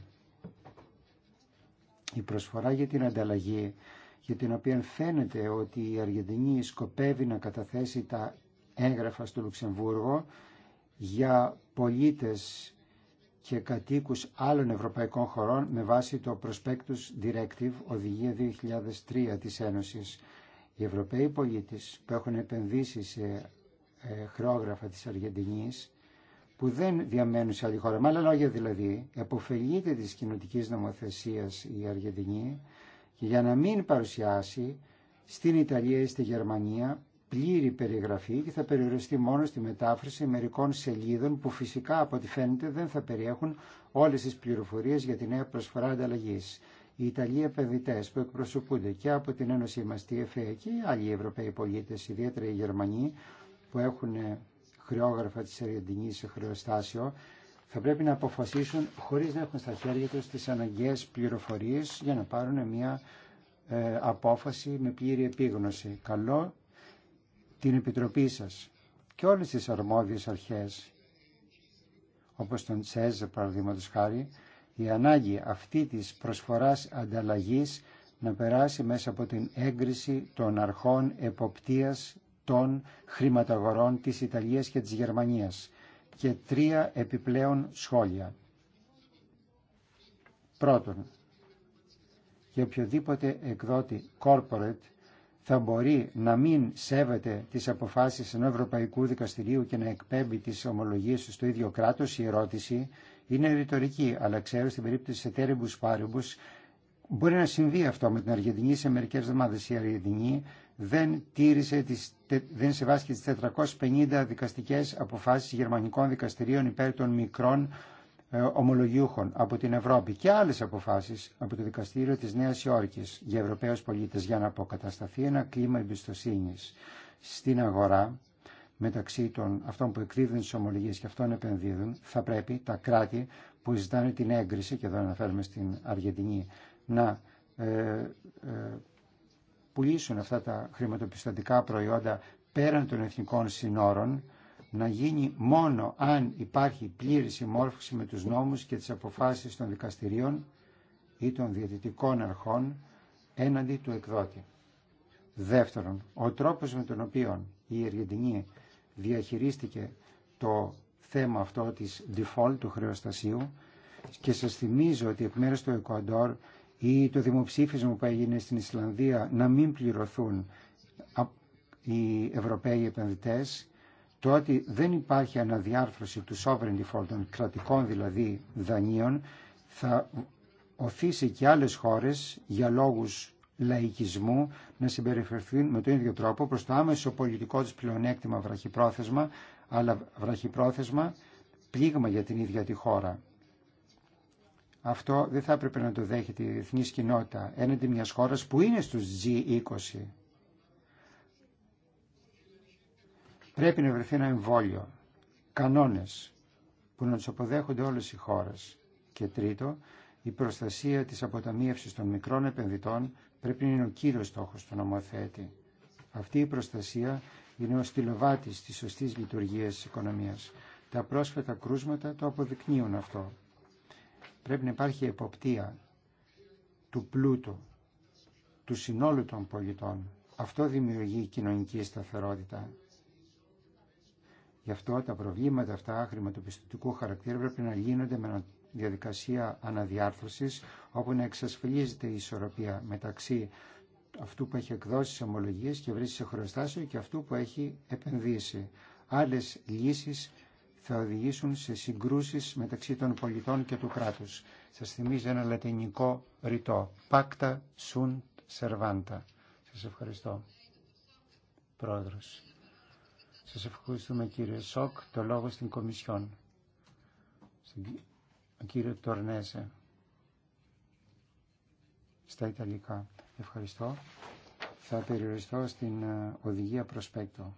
η προσφορά για την ανταλλαγή για την οποία φαίνεται ότι η Αργεντινή σκοπεύει να καταθέσει τα έγγραφα στο Λουξεμβούργο για πολίτες και κατοίκους άλλων ευρωπαϊκών χωρών με βάση το Prospectus Directive Οδηγία 2003 της Ένωσης. Οι Ευρωπαίοι πολίτες που έχουν επενδύσει σε ε, χρεόγραφα της Αργεντινής που δεν διαμένουν σε άλλη χώρα. Με άλλα λόγια δηλαδή, εποφελείται της κοινωτική νομοθεσίας η Αργεντινή και για να μην παρουσιάσει στην Ιταλία ή στη Γερμανία πλήρη περιγραφή και θα περιοριστεί μόνο στη μετάφραση μερικών σελίδων που φυσικά από ό,τι φαίνεται δεν θα περιέχουν όλες τις πληροφορίες για τη νέα προσφορά ανταλλαγή. Οι Ιταλοί επενδυτέ που εκπροσωπούνται και από την Ένωση Μα τη ΕΦΕ και άλλοι Ευρωπαίοι πολίτε, ιδιαίτερα οι Γερμανοί που έχουν χρεόγραφα της Αργεντινής σε χρεοστάσιο θα πρέπει να αποφασίσουν χωρίς να έχουν στα χέρια τους τις αναγκαίες πληροφορίες για να πάρουν μια ε, απόφαση με πλήρη επίγνωση. Καλό την Επιτροπή σας και όλες τις αρμόδιες αρχές, όπως τον ΤΣΕΖ παραδείγματο χάρη, η ανάγκη αυτή της προσφοράς ανταλλαγής να περάσει μέσα από την έγκριση των αρχών εποπτείας των χρηματαγορών της Ιταλίας και της Γερμανίας και τρία επιπλέον σχόλια. Πρώτον, για οποιοδήποτε εκδότη corporate θα μπορεί να μην σέβεται τις αποφάσεις ενός Ευρωπαϊκού Δικαστηρίου και να εκπέμπει τις ομολογίες του στο ίδιο κράτος, η ερώτηση είναι ρητορική, αλλά ξέρω στην περίπτωση σε τέριμπους Paribus μπορεί να συμβεί αυτό με την Αργεντινή σε μερικές εβδομάδες. Η Αργεντινή δεν, τήρησε τις, δεν σεβάστηκε τις 450 δικαστικές αποφάσεις γερμανικών δικαστηρίων υπέρ των μικρών ε, ομολογιούχων από την Ευρώπη και άλλες αποφάσεις από το Δικαστήριο της Νέας Υόρκης για Ευρωπαίους πολίτες για να αποκατασταθεί ένα κλίμα εμπιστοσύνη στην αγορά μεταξύ των αυτών που εκδίδουν τις ομολογίες και αυτών επενδύουν θα πρέπει τα κράτη που ζητάνε την έγκριση και εδώ αναφέρουμε στην Αργεντινή να ε, ε πουλήσουν αυτά τα χρηματοπιστωτικά προϊόντα πέραν των εθνικών συνόρων να γίνει μόνο αν υπάρχει πλήρη συμμόρφωση με τους νόμους και τις αποφάσεις των δικαστηρίων ή των διαιτητικών αρχών έναντι του εκδότη. Δεύτερον, ο τρόπος με τον οποίο η Αργεντινή διαχειρίστηκε το θέμα αυτό της default του χρεοστασίου και σας θυμίζω ότι εκ μέρους του Εκουαντόρ ή το δημοψήφισμα που έγινε στην Ισλανδία να μην πληρωθούν οι Ευρωπαίοι επενδυτές, το ότι δεν υπάρχει αναδιάρθρωση του sovereign default των κρατικών δηλαδή δανείων θα οθήσει και άλλες χώρες για λόγους λαϊκισμού να συμπεριφερθούν με τον ίδιο τρόπο προς το άμεσο πολιτικό τους πλεονέκτημα βραχυπρόθεσμα αλλά βραχυπρόθεσμα πλήγμα για την ίδια τη χώρα. Αυτό δεν θα έπρεπε να το δέχεται η διεθνή κοινότητα έναντι μιας χώρας που είναι στους G20. Πρέπει να βρεθεί ένα εμβόλιο, κανόνες που να τους αποδέχονται όλες οι χώρες. Και τρίτο, η προστασία της αποταμίευσης των μικρών επενδυτών πρέπει να είναι ο κύριος στόχος του νομοθέτη. Αυτή η προστασία είναι ο στυλοβάτης της σωστής λειτουργίας της οικονομίας. Τα πρόσφατα κρούσματα το αποδεικνύουν αυτό. Πρέπει να υπάρχει εποπτεία του πλούτου, του συνόλου των πολιτών. Αυτό δημιουργεί κοινωνική σταθερότητα. Γι' αυτό τα προβλήματα αυτά χρηματοπιστωτικού χαρακτήρα πρέπει να λύνονται με διαδικασία αναδιάρθρωσης όπου να εξασφαλίζεται η ισορροπία μεταξύ αυτού που έχει εκδώσει ομολογίες και βρίσκει σε χρωστάσιο και αυτού που έχει επενδύσει. Άλλες λύσεις θα οδηγήσουν σε συγκρούσεις μεταξύ των πολιτών και του κράτους. Σας θυμίζει ένα λατινικό ρητό. Πάκτα sunt servanta. Σας ευχαριστώ. Πρόεδρος. Σας ευχαριστούμε κύριε Σοκ. Το λόγο στην Κομισιόν. Στον κύριο Τορνέζε. Στα Ιταλικά. Ευχαριστώ. Θα περιοριστώ στην ε, οδηγία προσπέκτου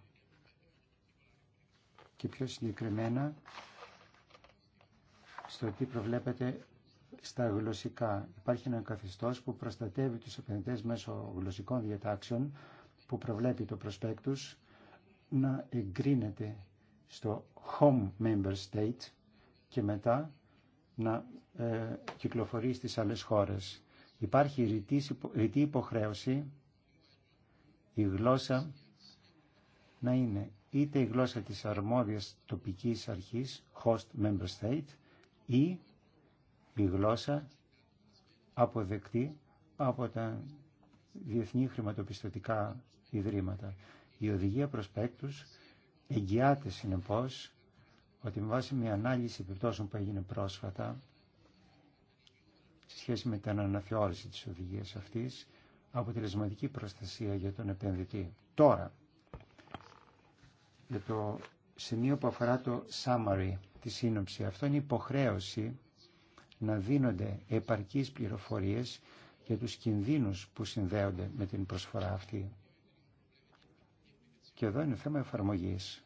και πιο συγκεκριμένα στο τι προβλέπεται στα γλωσσικά. Υπάρχει ένα καθεστώς που προστατεύει τους επενδυτές μέσω γλωσσικών διατάξεων που προβλέπει το προσπέκτους να εγκρίνεται στο home member state και μετά να ε, κυκλοφορεί στις άλλες χώρες. Υπάρχει ρητή υποχρέωση η γλώσσα να είναι είτε η γλώσσα της αρμόδιας τοπικής αρχής, host member state, ή η γλώσσα αποδεκτή από τα διεθνή χρηματοπιστωτικά ιδρύματα. Η οδηγία προσπέκτους εγγυάται συνεπώς ότι με βάση μια ανάλυση επιπτώσεων που έγινε πρόσφατα σε σχέση με την αναθεώρηση της οδηγίας αυτής, αποτελεσματική προστασία για τον επενδυτή. Τώρα, για το σημείο που αφορά το summary, τη σύνοψη. Αυτό είναι υποχρέωση να δίνονται επαρκείς πληροφορίες για τους κινδύνους που συνδέονται με την προσφορά αυτή. Και εδώ είναι θέμα εφαρμογής.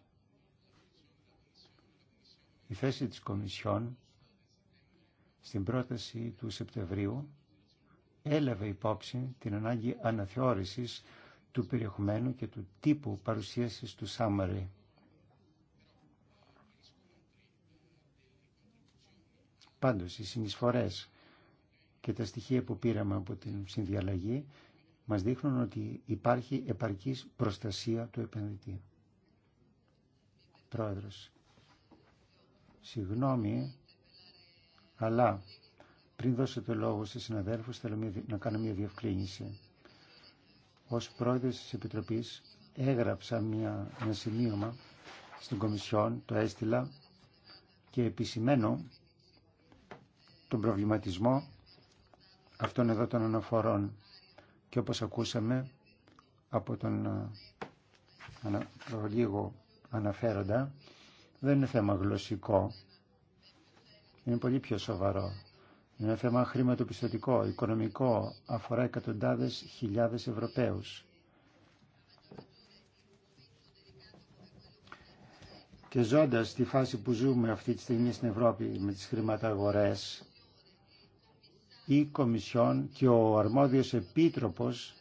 Η θέση της Κομισιόν στην πρόταση του Σεπτεμβρίου έλαβε υπόψη την ανάγκη αναθεώρησης του περιεχομένου και του τύπου παρουσίασης του summary. Πάντως, οι συνεισφορές και τα στοιχεία που πήραμε από την συνδιαλλαγή μας δείχνουν ότι υπάρχει επαρκής προστασία του επενδυτή. Πρόεδρος, συγγνώμη, αλλά πριν δώσω το λόγο σε συναδέλφους θέλω να κάνω μια διευκρίνηση ως πρόεδρος της Επιτροπής έγραψα μια, ένα σημείωμα στην Κομισιόν, το έστειλα και επισημένω τον προβληματισμό αυτών εδώ των αναφορών και όπως ακούσαμε από τον ε, ανα, λίγο αναφέροντα δεν είναι θέμα γλωσσικό είναι πολύ πιο σοβαρό είναι ένα θέμα χρηματοπιστωτικό, οικονομικό, αφορά εκατοντάδες χιλιάδες Ευρωπαίους. Και ζώντας τη φάση που ζούμε αυτή τη στιγμή στην Ευρώπη με τις χρηματαγορές, η Κομισιόν και ο αρμόδιος επίτροπος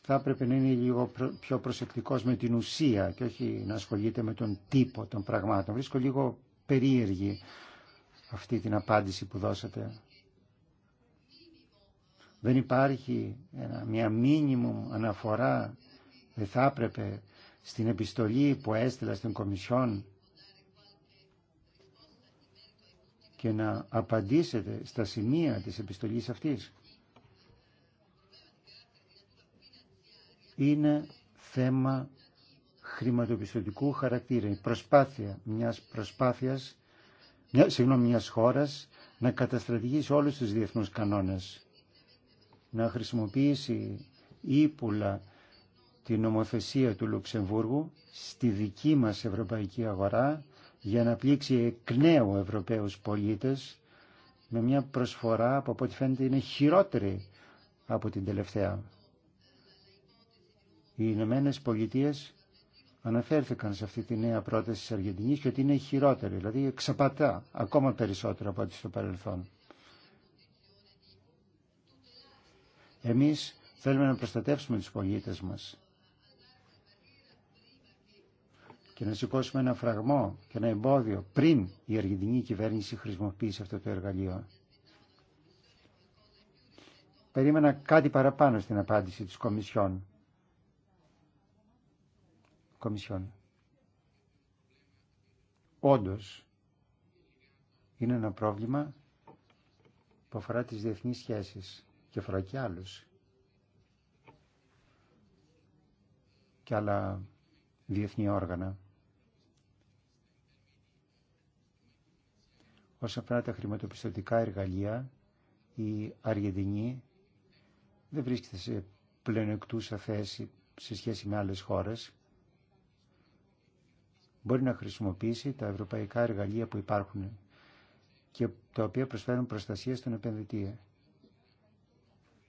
θα έπρεπε να είναι λίγο πιο προσεκτικός με την ουσία και όχι να ασχολείται με τον τύπο των πραγμάτων. Βρίσκω λίγο περίεργη αυτή την απάντηση που δώσατε δεν υπάρχει μια μήνυμου αναφορά, δεν θα έπρεπε, στην επιστολή που έστειλα στην Κομισιόν και να απαντήσετε στα σημεία της επιστολής αυτής. Είναι θέμα χρηματοπιστωτικού χαρακτήρα, η προσπάθεια μιας προσπάθειας, μια, συγγνώμη, μιας χώρας να καταστρατηγήσει όλους τους διεθνούς κανόνες να χρησιμοποιήσει ύπουλα την νομοθεσία του Λουξεμβούργου στη δική μας ευρωπαϊκή αγορά για να πλήξει εκ νέου Ευρωπαίους πολίτες με μια προσφορά που από ό,τι φαίνεται είναι χειρότερη από την τελευταία. Οι Ηνωμένε Πολιτείε αναφέρθηκαν σε αυτή τη νέα πρόταση της Αργεντινής και ότι είναι χειρότερη, δηλαδή εξαπατά ακόμα περισσότερο από ό,τι στο παρελθόν. Εμείς θέλουμε να προστατεύσουμε τους πολίτες μας και να σηκώσουμε ένα φραγμό και ένα εμπόδιο πριν η αργεντινή κυβέρνηση χρησιμοποιήσει αυτό το εργαλείο. Περίμενα κάτι παραπάνω στην απάντηση της Κομισιόν. Κομισιόν. Όντως, είναι ένα πρόβλημα που αφορά τις διεθνείς σχέσεις και αφορά και Και άλλα διεθνή όργανα. Όσον αφορά τα χρηματοπιστωτικά εργαλεία, η Αργεντινή δεν βρίσκεται σε πλεονεκτούσα θέση σε σχέση με άλλες χώρες. Μπορεί να χρησιμοποιήσει τα ευρωπαϊκά εργαλεία που υπάρχουν και τα οποία προσφέρουν προστασία στον επενδυτή.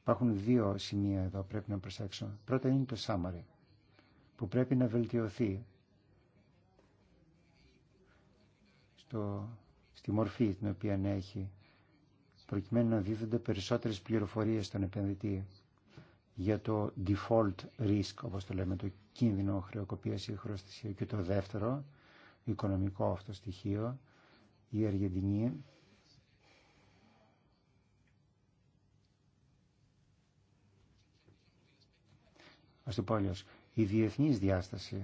Υπάρχουν δύο σημεία εδώ πρέπει να προσέξω. Πρώτα είναι το summary που πρέπει να βελτιωθεί στο, στη μορφή την οποία έχει προκειμένου να δίδονται περισσότερες πληροφορίες στον επενδυτή για το default risk, όπως το λέμε, το κίνδυνο χρεοκοπίας ή χρωστησία. Και το δεύτερο, οικονομικό αυτό στοιχείο, η Αργεντινή ας το η διεθνής διάσταση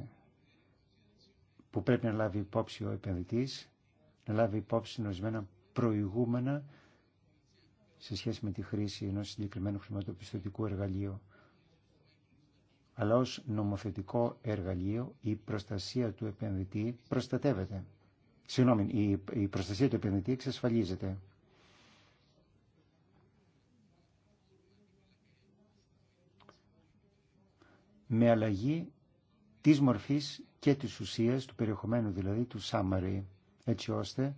που πρέπει να λάβει υπόψη ο επενδυτής, να λάβει υπόψη ορισμένα προηγούμενα σε σχέση με τη χρήση ενός συγκεκριμένου χρηματοπιστωτικού εργαλείου. Αλλά ως νομοθετικό εργαλείο η προστασία του επενδυτή προστατεύεται. Συγγνώμη, η προστασία του επενδυτή εξασφαλίζεται. με αλλαγή της μορφής και της ουσίας, του περιεχομένου δηλαδή, του summary, έτσι ώστε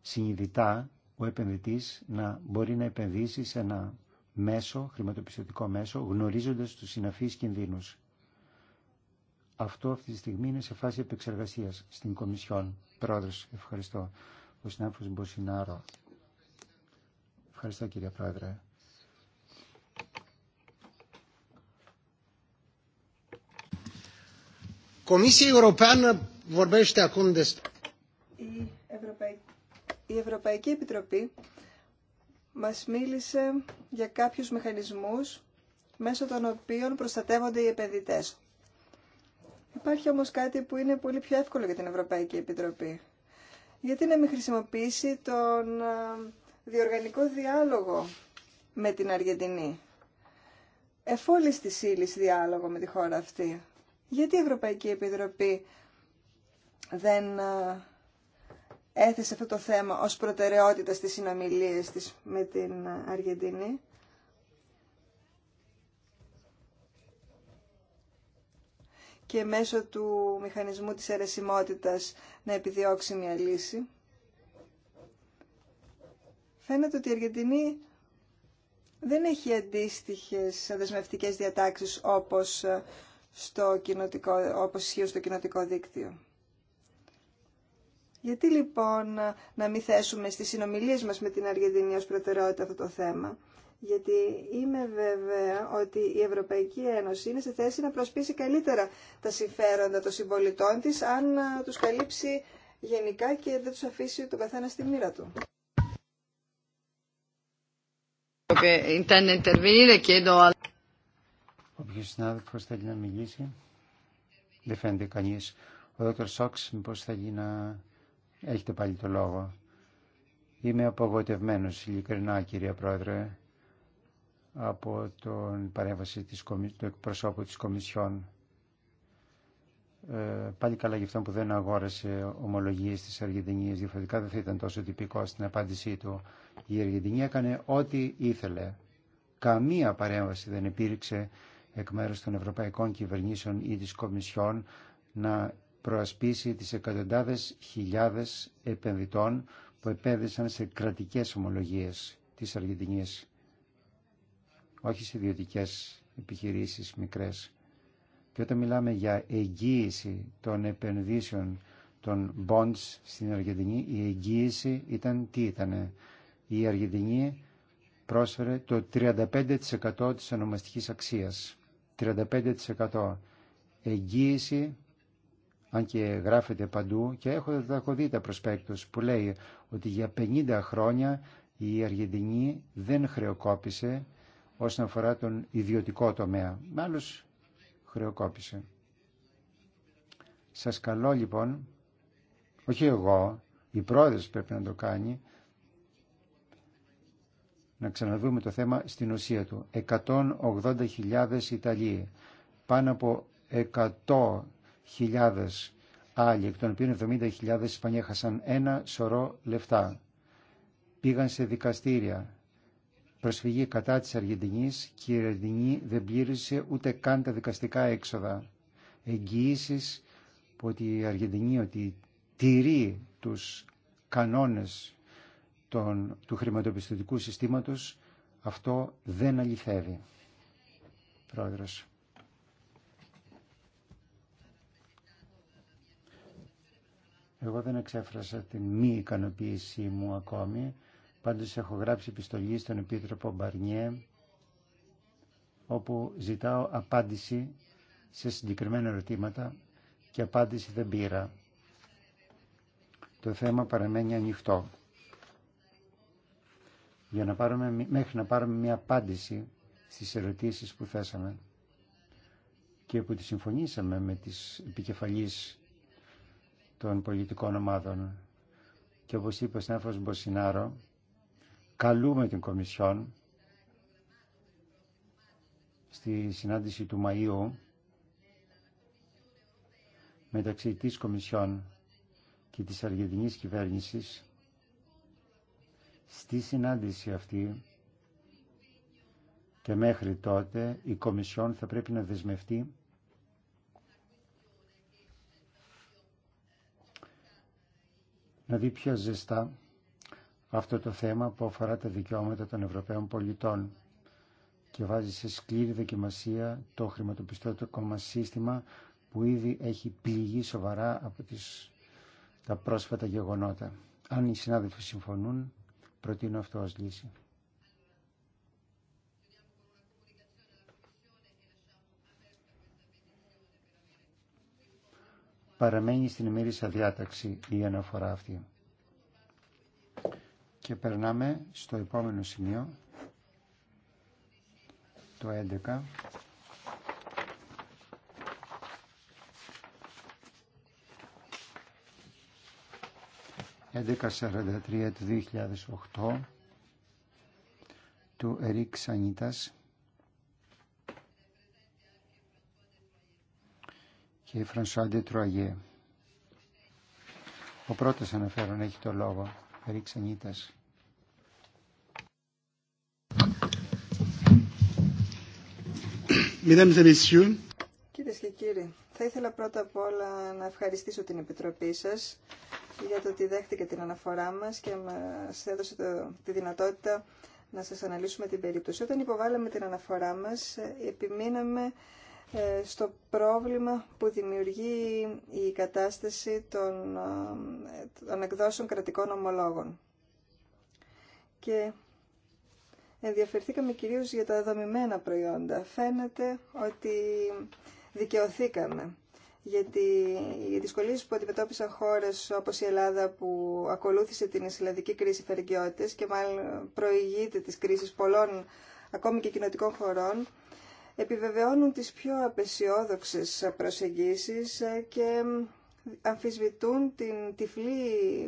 συνειδητά ο επενδυτής να μπορεί να επενδύσει σε ένα μέσο, χρηματοπιστωτικό μέσο, γνωρίζοντας τους συναφείς κινδύνους. Αυτό αυτή τη στιγμή είναι σε φάση επεξεργασίας στην Κομισιόν. Πρόεδρος, ευχαριστώ. Ο συνάδελφος Μποσινάρο. Ευχαριστώ κύριε Πρόεδρε. Η, Ευρωπαϊκή Επιτροπή μας μίλησε για κάποιους μηχανισμούς μέσω των οποίων προστατεύονται οι επενδυτές. Υπάρχει όμως κάτι που είναι πολύ πιο εύκολο για την Ευρωπαϊκή Επιτροπή. Γιατί να μην χρησιμοποιήσει τον διοργανικό διάλογο με την Αργεντινή. Εφόλη τη σύλληση διάλογο με τη χώρα αυτή γιατί η Ευρωπαϊκή Επιτροπή δεν ε, έθεσε αυτό το θέμα ως προτεραιότητα στις συνομιλίες της με την Αργεντινή. και μέσω του μηχανισμού της αιρεσιμότητας να επιδιώξει μια λύση. Φαίνεται ότι η Αργεντινή δεν έχει αντίστοιχες δεσμευτικές διατάξεις όπως ε, στο κοινοτικό, όπως ισχύουν στο κοινοτικό δίκτυο. Γιατί λοιπόν να μην θέσουμε στις συνομιλίες μας με την Αργεντινή ως προτεραιότητα αυτό το θέμα. Γιατί είμαι βέβαια ότι η Ευρωπαϊκή Ένωση είναι σε θέση να προσπίσει καλύτερα τα συμφέροντα των συμπολιτών της αν ε, τους καλύψει γενικά και δεν τους αφήσει τον καθένα στη μοίρα του. Όποιος συνάδελφος θέλει να μιλήσει. Δεν φαίνεται κανείς. Ο Δόκτωρ Σόξ μήπως θέλει να... Έχετε πάλι το λόγο. Είμαι απογοητευμένος ειλικρινά κυρία Πρόεδρε από τον παρέμβαση της, του εκπροσώπου της Κομισιόν. Ε, πάλι καλά για αυτό που δεν αγόρασε ομολογίες της Αργεντινής. Διαφορετικά δεν θα ήταν τόσο τυπικό στην απάντησή του. Η Αργεντινή έκανε ό,τι ήθελε. Καμία παρέμβαση δεν υπήρξε εκ μέρους των Ευρωπαϊκών Κυβερνήσεων ή της Κομισιόν να προασπίσει τις εκατοντάδες χιλιάδες επενδυτών που επένδυσαν σε κρατικές ομολογίες της Αργεντινής, όχι σε ιδιωτικέ επιχειρήσεις μικρές. Και όταν μιλάμε για εγγύηση των επενδύσεων των bonds στην Αργεντινή, η εγγύηση ήταν τι ήτανε. Η Αργεντινή πρόσφερε το 35% της ονομαστικής αξίας. 35% εγγύηση, αν και γράφεται παντού, και έχω δει τα προσπέκτους που λέει ότι για 50 χρόνια η Αργεντινή δεν χρεοκόπησε όσον αφορά τον ιδιωτικό τομέα. Μάλλον χρεοκόπησε. Σας καλώ λοιπόν, όχι εγώ, η πρόεδρος πρέπει να το κάνει, να ξαναδούμε το θέμα στην ουσία του. 180.000 Ιταλοί, πάνω από 100.000 άλλοι, εκ των οποίων 70.000 Ισπανία έχασαν ένα σωρό λεφτά. Πήγαν σε δικαστήρια. Προσφυγή κατά της Αργεντινής και η Αργεντινή δεν πλήρησε ούτε καν τα δικαστικά έξοδα. Εγγυήσεις που ότι η Αργεντινή ότι τηρεί τους κανόνες των, του χρηματοπιστωτικού συστήματος αυτό δεν αληθεύει. Πρόεδρος. Εγώ δεν εξέφρασα την μη ικανοποίησή μου ακόμη. Πάντως έχω γράψει επιστολή στον Επίτροπο Μπαρνιέ όπου ζητάω απάντηση σε συγκεκριμένα ερωτήματα και απάντηση δεν πήρα. Το θέμα παραμένει ανοιχτό για να πάρουμε, μέχρι να πάρουμε μια απάντηση στις ερωτήσεις που θέσαμε και που τη συμφωνήσαμε με τις επικεφαλείς των πολιτικών ομάδων. Και όπως είπε ο Σνέφος Μποσινάρο, καλούμε την Κομισιόν στη συνάντηση του Μαΐου μεταξύ της Κομισιόν και της Αργεντινής Κυβέρνησης Στη συνάντηση αυτή και μέχρι τότε η Κομισιόν θα πρέπει να δεσμευτεί να δει πιο ζεστά αυτό το θέμα που αφορά τα δικαιώματα των Ευρωπαίων πολιτών και βάζει σε σκληρή δοκιμασία το χρηματοπιστωτικό μας σύστημα που ήδη έχει πληγεί σοβαρά από τις, τα πρόσφατα γεγονότα. Αν οι συνάδελφοι συμφωνούν, προτείνω αυτό ως λύση. Παραμένει στην ημίρησα διάταξη η αναφορά αυτή. Και περνάμε στο επόμενο σημείο, το 11. 1143 του 2008 του Ερικ Σανίτας και Φρανσουάντε Τρουαγέ. Ο πρώτος αναφέρον έχει το λόγο, Ερικ Σανίτας. Κυρίες και κύριοι, θα ήθελα πρώτα απ' όλα να ευχαριστήσω την Επιτροπή σας για το ότι δέχτηκε την αναφορά μας και μας έδωσε τη δυνατότητα να σας αναλύσουμε την περίπτωση. Όταν υποβάλαμε την αναφορά μας, επιμείναμε ε, στο πρόβλημα που δημιουργεί η κατάσταση των, ε, των εκδόσεων κρατικών ομολόγων. Και ενδιαφερθήκαμε κυρίως για τα δομημένα προϊόντα. Φαίνεται ότι δικαιωθήκαμε γιατί οι δυσκολίε που αντιμετώπισαν χώρε όπω η Ελλάδα που ακολούθησε την Ισλανδική κρίση φερικιότητες και μάλλον προηγείται της κρίσης πολλών ακόμη και κοινοτικών χωρών, επιβεβαιώνουν τις πιο απεσιόδοξες προσεγγίσεις ε, και αμφισβητούν την τυφλή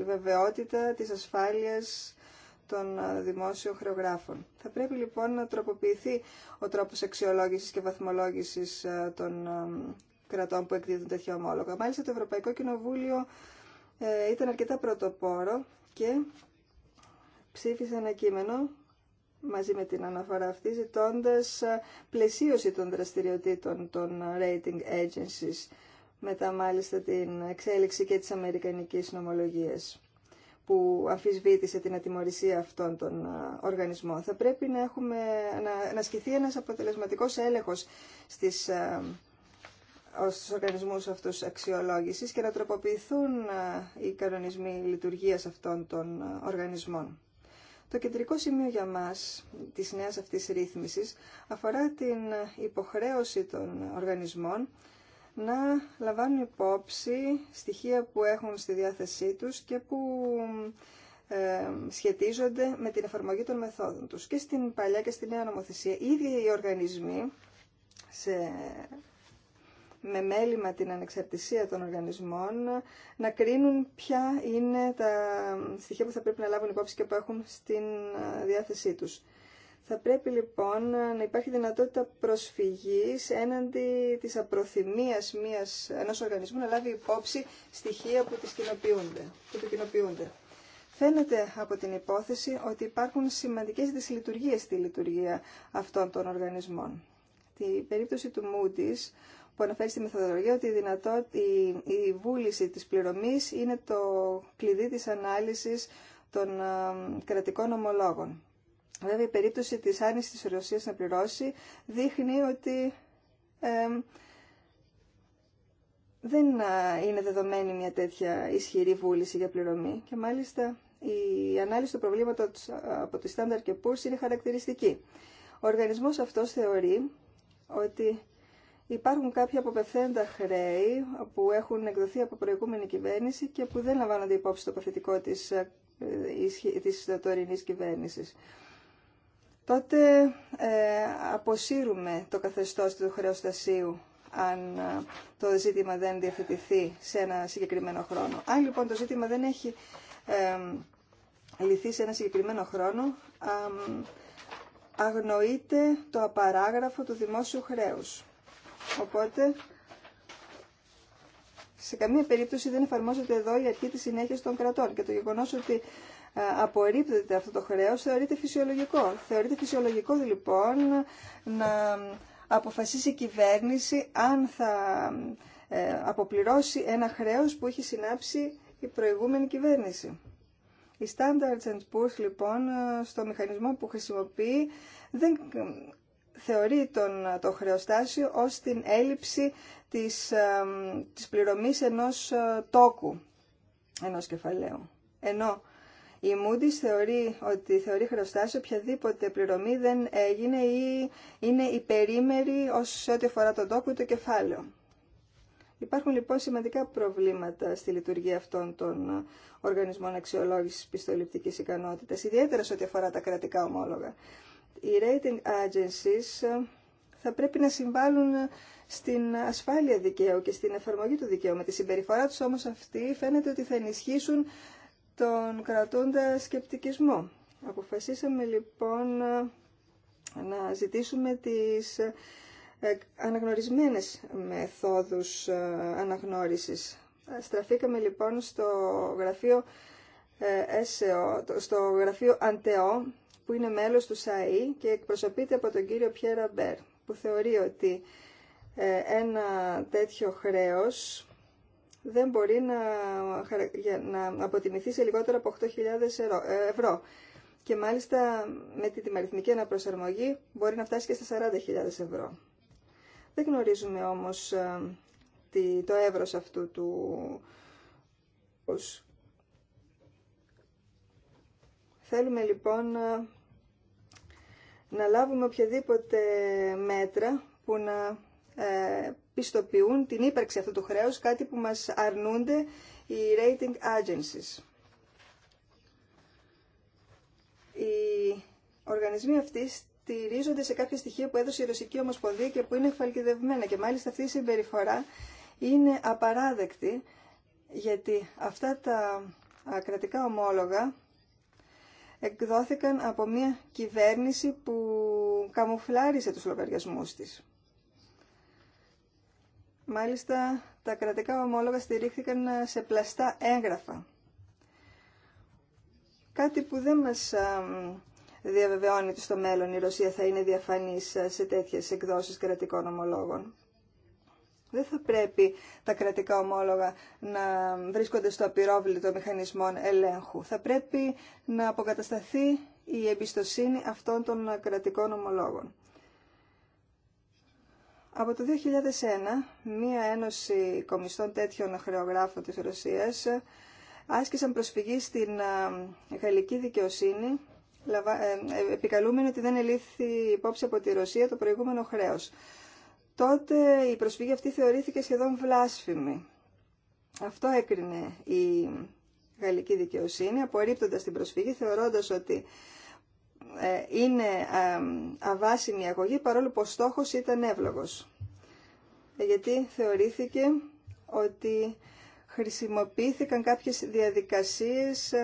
βεβαιότητα της ασφάλειας των ε, δημόσιων χρεογράφων. Θα πρέπει λοιπόν να τροποποιηθεί ο τρόπος αξιολόγησης και βαθμολόγησης ε, των κρατών που εκδίδουν τέτοια ομόλογα. Μάλιστα το Ευρωπαϊκό Κοινοβούλιο ε, ήταν αρκετά πρωτοπόρο και ψήφισε ένα κείμενο μαζί με την αναφορά αυτή, ζητώντα ε, πλαισίωση των δραστηριοτήτων των rating agencies, μετά μάλιστα την εξέλιξη και της αμερικανικής νομολογίας που αμφισβήτησε την ατιμορρησία αυτών των ε, οργανισμών. Θα πρέπει να, έχουμε, να, να ασκηθεί ένας αποτελεσματικός έλεγχος στις στους οργανισμούς αυτούς αξιολόγησης και να τροποποιηθούν ε, οι κανονισμοί λειτουργίας αυτών των ε, οργανισμών. Το κεντρικό σημείο για μας της νέας αυτής ρύθμισης αφορά την ε, υποχρέωση των οργανισμών να λαμβάνουν υπόψη στοιχεία που έχουν στη διάθεσή τους και που σχετίζονται με την εφαρμογή των μεθόδων τους. Και στην παλιά και στη νέα νομοθεσία οι ίδιοι οι οργανισμοί σε με μέλημα την ανεξαρτησία των οργανισμών να κρίνουν ποια είναι τα στοιχεία που θα πρέπει να λάβουν υπόψη και που έχουν στην ε, διάθεσή τους. Θα πρέπει λοιπόν να υπάρχει δυνατότητα προσφυγής έναντι της απροθυμίας μιας, ενός οργανισμού να λάβει υπόψη στοιχεία που, τις κοινοποιούνται, του Φαίνεται από την υπόθεση ότι υπάρχουν σημαντικές δυσλειτουργίες στη λειτουργία αυτών των οργανισμών. Την περίπτωση του Moody's, που αναφέρει στη μεθοδολογία ότι η, δυνατό, η, βούληση της πληρωμής είναι το κλειδί της ανάλυσης των κρατικών ομολόγων. Βέβαια, η περίπτωση της άνησης της Ρωσίας να πληρώσει δείχνει ότι δεν είναι δεδομένη μια τέτοια ισχυρή βούληση για πληρωμή. Και μάλιστα η ανάλυση του προβλήματος από τη Standard Poor's είναι χαρακτηριστική. Ο οργανισμός αυτός θεωρεί ότι Υπάρχουν κάποια αποπευθέντα χρέη που έχουν εκδοθεί από προηγούμενη κυβέρνηση και που δεν λαμβάνονται υπόψη στο παθητικό της, ε, της τωρινής κυβέρνησης. Τότε ε, αποσύρουμε το καθεστώς του χρεοστασίου αν ε, το ζήτημα δεν διευθετηθεί σε ένα συγκεκριμένο χρόνο. Αν λοιπόν το ζήτημα δεν έχει ε, λυθεί σε ένα συγκεκριμένο χρόνο, αγνοείται το απαράγραφο του δημόσιου χρέους. Οπότε, σε καμία περίπτωση δεν εφαρμόζεται εδώ η αρχή της συνέχεια των κρατών και το γεγονός ότι ε, απορρίπτεται αυτό το χρέος θεωρείται φυσιολογικό. Θεωρείται φυσιολογικό λοιπόν να αποφασίσει η κυβέρνηση αν θα ε, αποπληρώσει ένα χρέος που έχει συνάψει η προηγούμενη κυβέρνηση. Η Standards Poor's λοιπόν ε, στο μηχανισμό που χρησιμοποιεί δεν θεωρεί τον, το χρεοστάσιο ως την έλλειψη της, της πληρωμής ενός ε, τόκου, ενός κεφαλαίου. Ενώ η Moody's θεωρεί ότι θεωρεί χρεοστάσιο οποιαδήποτε πληρωμή δεν έγινε ή είναι υπερήμερη σε ό,τι αφορά τον τόκο ή το κεφάλαιο. Υπάρχουν λοιπόν σημαντικά προβλήματα στη λειτουργία αυτών των ε, οργανισμών αξιολόγησης πιστοληπτικής ικανότητας, ιδιαίτερα σε ό,τι αφορά τα κρατικά ομόλογα οι rating agencies ε, θα πρέπει να συμβάλλουν στην ασφάλεια δικαίου και στην εφαρμογή του δικαίου. Με τη συμπεριφορά τους όμως αυτή φαίνεται ότι θα ενισχύσουν τον κρατούντα σκεπτικισμό. Αποφασίσαμε λοιπόν ε, να ζητήσουμε τις ε, αναγνωρισμένες μεθόδους αναγνώρισης. Στραφήκαμε λοιπόν στο γραφείο ΕΣΕΟ, e στο γραφείο ΑΝΤΕΟ που είναι μέλος του ΣΑΗ και εκπροσωπείται από τον κύριο Πιέρα Μπέρ, που θεωρεί ότι ε, ένα τέτοιο χρέος δεν μπορεί να, να αποτιμηθεί σε λιγότερο από 8.000 ε, ευρώ. Και μάλιστα με την τιμαριθμική αναπροσαρμογή μπορεί να φτάσει και στα 40.000 ευρώ. Δεν γνωρίζουμε όμως ε, το εύρος αυτού του Θέλουμε λοιπόν ε, να λάβουμε οποιαδήποτε μέτρα που να ε, πιστοποιούν την ύπαρξη αυτού του χρέους, κάτι που μας αρνούνται οι rating agencies. Οι οργανισμοί αυτοί στηρίζονται σε κάποια στοιχεία που έδωσε η Ρωσική Ομοσπονδία και που είναι φαλκιδευμένα και μάλιστα αυτή η συμπεριφορά είναι απαράδεκτη γιατί αυτά τα κρατικά ομόλογα εκδόθηκαν από μια κυβέρνηση που καμουφλάρισε τους λογαριασμούς της. Μάλιστα, τα κρατικά ομόλογα στηρίχθηκαν σε πλαστά έγγραφα. Κάτι που δεν μας διαβεβαιώνει ότι στο μέλλον η Ρωσία θα είναι διαφανής σε τέτοιες εκδόσεις κρατικών ομολόγων. Δεν θα πρέπει τα κρατικά ομόλογα να βρίσκονται στο απειρόβλητο μηχανισμών ελέγχου. Θα πρέπει να αποκατασταθεί η εμπιστοσύνη αυτών των κρατικών ομολόγων. Από το 2001, μία ένωση κομιστών τέτοιων χρεογράφων της Ρωσίας άσκησαν προσφυγή στην γαλλική δικαιοσύνη ε, επικαλούμενοι ότι δεν ελήφθη υπόψη από τη Ρωσία το προηγούμενο χρέος τότε η προσφυγή αυτή θεωρήθηκε σχεδόν βλάσφημη. Αυτό έκρινε η γαλλική δικαιοσύνη, απορρίπτοντας την προσφυγή, θεωρώντας ότι ε, είναι ε, αβάσιμη η αγωγή, παρόλο που ο στόχος ήταν εύλογος. Ε, γιατί θεωρήθηκε ότι χρησιμοποιήθηκαν κάποιες διαδικασίες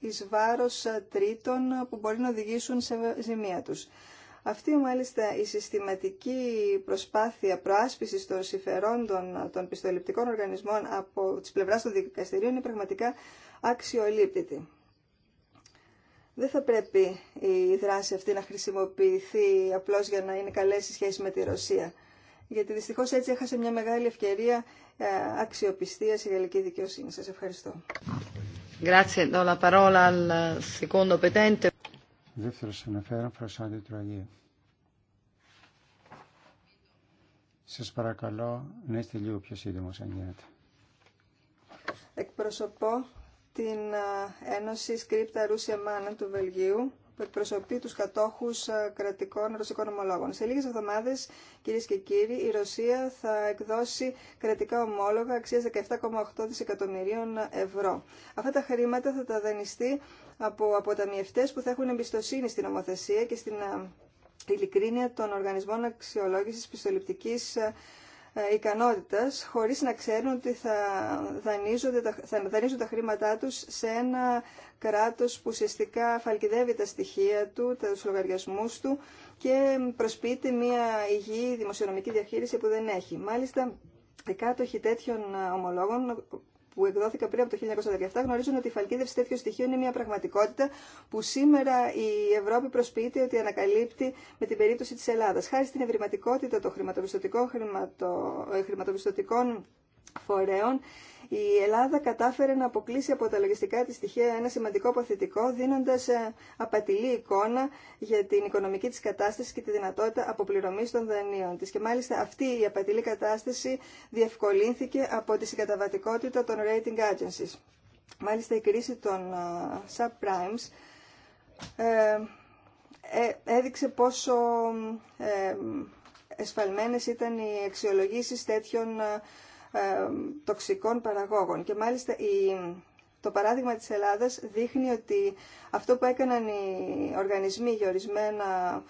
εις βάρος τρίτων που μπορεί να οδηγήσουν σε ζημία τους. Αυτή μάλιστα η συστηματική προσπάθεια προάσπισης των συμφερόντων των πιστοληπτικών οργανισμών από τις πλευράς των δικαστηρίων είναι πραγματικά αξιολύπητη. Δεν θα πρέπει η δράση αυτή να χρησιμοποιηθεί απλώς για να είναι καλές οι σχέσεις με τη Ρωσία. Γιατί δυστυχώς έτσι έχασε μια μεγάλη ευκαιρία ε, αξιοπιστίας η γαλλική δικαιοσύνη. Σας ευχαριστώ. Grazie, do la parola al secondo petente. Δεύτερος αναφέρον Φρασάντε Τουραγίου. Σας παρακαλώ να είστε λίγο πιο σύντομος αν γίνεται. Εκπροσωπώ την Ένωση Σκρίπτα Ρούσια Μάνα του Βελγίου εκπροσωπεί τους κατόχους ε, κρατικών ρωσικών ομολόγων. Σε λίγε εβδομάδε, κύριε και κύριοι, η Ρωσία θα εκδώσει κρατικά ομόλογα αξίας 17,8 δισεκατομμυρίων ευρώ. Αυτά τα χρήματα θα τα δανειστεί από αποταμιευτέ που θα έχουν εμπιστοσύνη στην ομοθεσία και στην ε, ειλικρίνεια των οργανισμών αξιολόγησης πιστοληπτικής ε, ε, ικανότητας χωρίς να ξέρουν ότι θα δανείζονται τα, θα δανείζουν τα χρήματά τους σε ένα κράτος που ουσιαστικά φαλκιδεύει τα στοιχεία του, του λογαριασμούς του και προσπείται μια υγιή δημοσιονομική διαχείριση που δεν έχει. Μάλιστα, οι κάτοχοι τέτοιων ομολόγων που εκδόθηκα πριν από το 1917 γνωρίζουν ότι η φαλκίδευση τέτοιων στοιχείων είναι μια πραγματικότητα που σήμερα η Ευρώπη προσποιείται ότι ανακαλύπτει με την περίπτωση της Ελλάδας. Χάρη στην ευρηματικότητα των χρηματοπιστωτικών, χρηματο, ε, χρηματοπιστωτικών φορέων η Ελλάδα κατάφερε να αποκλείσει από τα λογιστικά της στοιχεία ένα σημαντικό αποθετικό, δίνοντας ε, απατηλή εικόνα για την οικονομική της κατάσταση και τη δυνατότητα αποπληρωμής των δανείων της. Και μάλιστα αυτή η απατηλή κατάσταση διευκολύνθηκε από τη συγκαταβατικότητα των rating agencies. Μάλιστα η κρίση των ε, subprimes ε, έδειξε πόσο εσφαλμένες ήταν οι αξιολογήσεις τέτοιων τοξικών παραγόγων. Και μάλιστα το παράδειγμα της Ελλάδας δείχνει ότι αυτό που έκαναν οι οργανισμοί για ορισμένα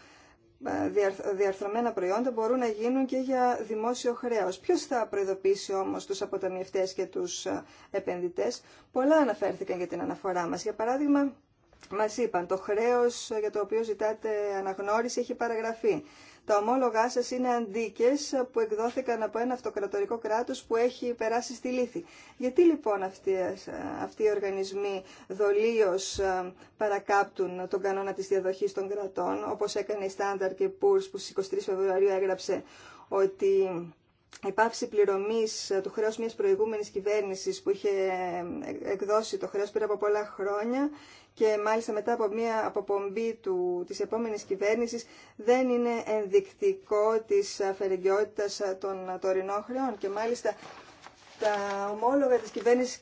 ε, διαρθρωμένα προϊόντα μπορούν να γίνουν και για δημόσιο χρέος. Ποιος θα προειδοποιήσει όμως τους αποταμιευτές και τους ε, επενδυτές. Πολλά αναφέρθηκαν για την αναφορά μας. Για παράδειγμα, μας είπαν το χρέος για το οποίο ζητάτε αναγνώριση έχει παραγραφεί. Τα ομόλογά σα είναι αντίκε που εκδόθηκαν από ένα αυτοκρατορικό κράτος που έχει περάσει στη λύθη. Γιατί λοιπόν αυτοί, οι οργανισμοί δολίω ε, παρακάπτουν τον κανόνα της διαδοχής των κρατών, όπως έκανε η Standard και Poor's που στις 23 Φεβρουαρίου έγραψε ότι πάυση πληρωμής ε, του χρέους μιας προηγούμενης κυβέρνησης που είχε ε, εκδώσει το χρέος πριν από πολλά χρόνια και μάλιστα μετά από μια αποπομπή του, της επόμενης κυβέρνησης δεν είναι ενδεικτικό της αφαιρεγγιότητας ε, των τωρινών χρεών και μάλιστα τα ομόλογα της κυβέρνησης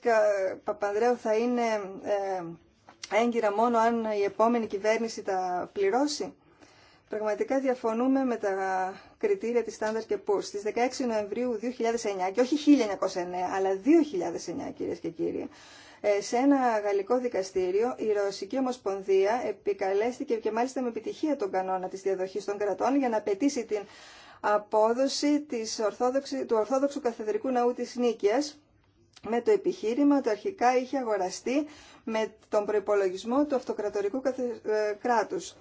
Παπανδρέου θα είναι έγκυρα μόνο αν η επόμενη κυβέρνηση τα πληρώσει. Πραγματικά διαφωνούμε με τα κριτήρια της Standard και Poor's στις 16 Νοεμβρίου 2009 και όχι 1909 αλλά 2009 κυρίες και κύριοι ε, σε ένα γαλλικό δικαστήριο η Ρωσική Ομοσπονδία επικαλέστηκε και μάλιστα με επιτυχία τον κανόνα της διαδοχής των κρατών για να απαιτήσει την απόδοση της του Ορθόδοξου Καθεδρικού Ναού της Νίκαιας με το επιχείρημα ότι αρχικά είχε αγοραστεί με τον προϋπολογισμό του αυτοκρατορικού ε, κράτους.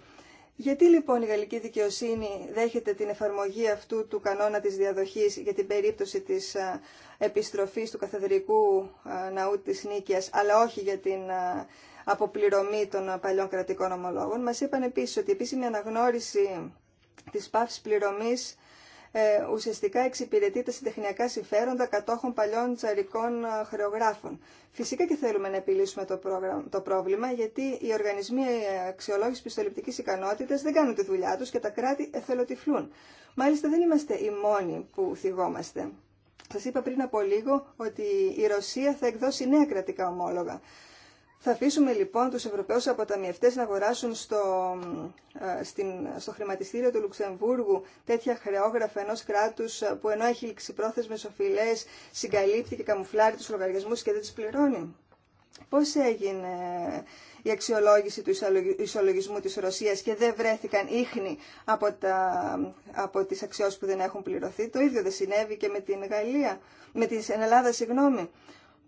Γιατί λοιπόν η γαλλική δικαιοσύνη δέχεται την εφαρμογή αυτού του κανόνα της διαδοχής για την περίπτωση της ε, επιστροφής του καθεδρικού ε, ναού της Νίκαιας, αλλά όχι για την ε, αποπληρωμή των παλιών κρατικών ομολόγων. Μας είπαν επίσης ότι η επίσημη αναγνώριση της παύσης πληρωμής ε, ουσιαστικά εξυπηρετεί τα συντεχνιακά συμφέροντα κατόχων παλιών τσαρικών ε, χρεογράφων. Φυσικά και θέλουμε να επιλύσουμε το πρόβλημα, γιατί οι οργανισμοί ε, αξιολόγηση πιστοληπτική ικανότητα δεν κάνουν τη δουλειά του και τα κράτη εθελοτυφλούν. Μάλιστα δεν είμαστε οι μόνοι που θυγόμαστε. σα είπα πριν από λίγο ότι η Ρωσία θα εκδώσει νέα κρατικά ομόλογα. Θα αφήσουμε λοιπόν τους Ευρωπαίους αποταμιευτές να αγοράσουν στο, ε, στην, στο χρηματιστήριο του Λουξεμβούργου τέτοια χρεόγραφα ενός κράτους ε, που ενώ έχει ληξιπρόθεσμες οφειλές συγκαλύπτει και καμουφλάρει τους λογαριασμούς και δεν τις πληρώνει. Πώς έγινε η αξιολόγηση του ισολογισμού της Ρωσίας και δεν βρέθηκαν ίχνη από, τα, από τις αξιώσεις που δεν έχουν πληρωθεί. Το ίδιο δεν συνέβη και με την Γαλλία, με την Ελλάδα, συγγνώμη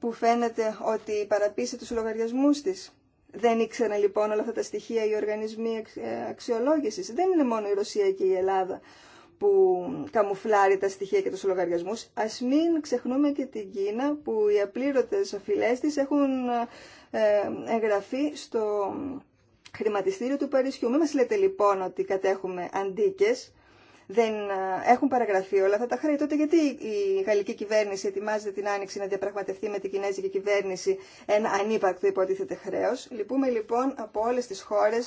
που φαίνεται ότι παραπίσε τους λογαριασμούς της. Δεν ήξεραν λοιπόν όλα αυτά τα στοιχεία οι οργανισμοί ε, αξιολόγησης. Δεν είναι μόνο η Ρωσία και η Ελλάδα που καμουφλάρει τα στοιχεία και τους λογαριασμούς. Ας μην ξεχνούμε και την Κίνα που οι απλήρωτες αφιλές της έχουν ε, εγγραφεί στο χρηματιστήριο του Παρισιού. Μην μας λέτε λοιπόν ότι κατέχουμε αντίκες δεν ε, έχουν παραγραφεί όλα αυτά τα χρέη, τότε γιατί η γαλλική κυβέρνηση ετοιμάζεται την άνοιξη να διαπραγματευτεί με την κινέζικη κυβέρνηση ένα ανύπαρκτο υποτίθεται χρέο. Λυπούμε λοιπόν από όλε τι χώρε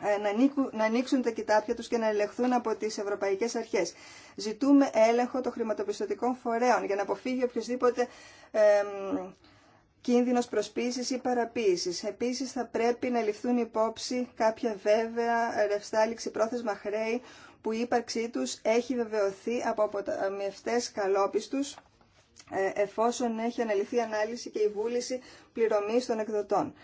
ε, να ανοίξουν τα κοιτάπια τους και να ελεγχθούν από τις ευρωπαϊκές αρχές. Ζητούμε έλεγχο των χρηματοπιστωτικών φορέων για να αποφύγει οποιοδήποτε ε, κίνδυνος προσποίησης ή παραποίησης. Επίσης θα πρέπει να ληφθούν υπόψη κάποια βέβαια ρευστά ληξιπρόθεσμα χρέη που η ύπαρξή τους έχει βεβαιωθεί από αποταμιευτές καλόπιστους ε, εφόσον έχει αναλυθεί ανάλυση και η βούληση πληρωμής των εκδοτών.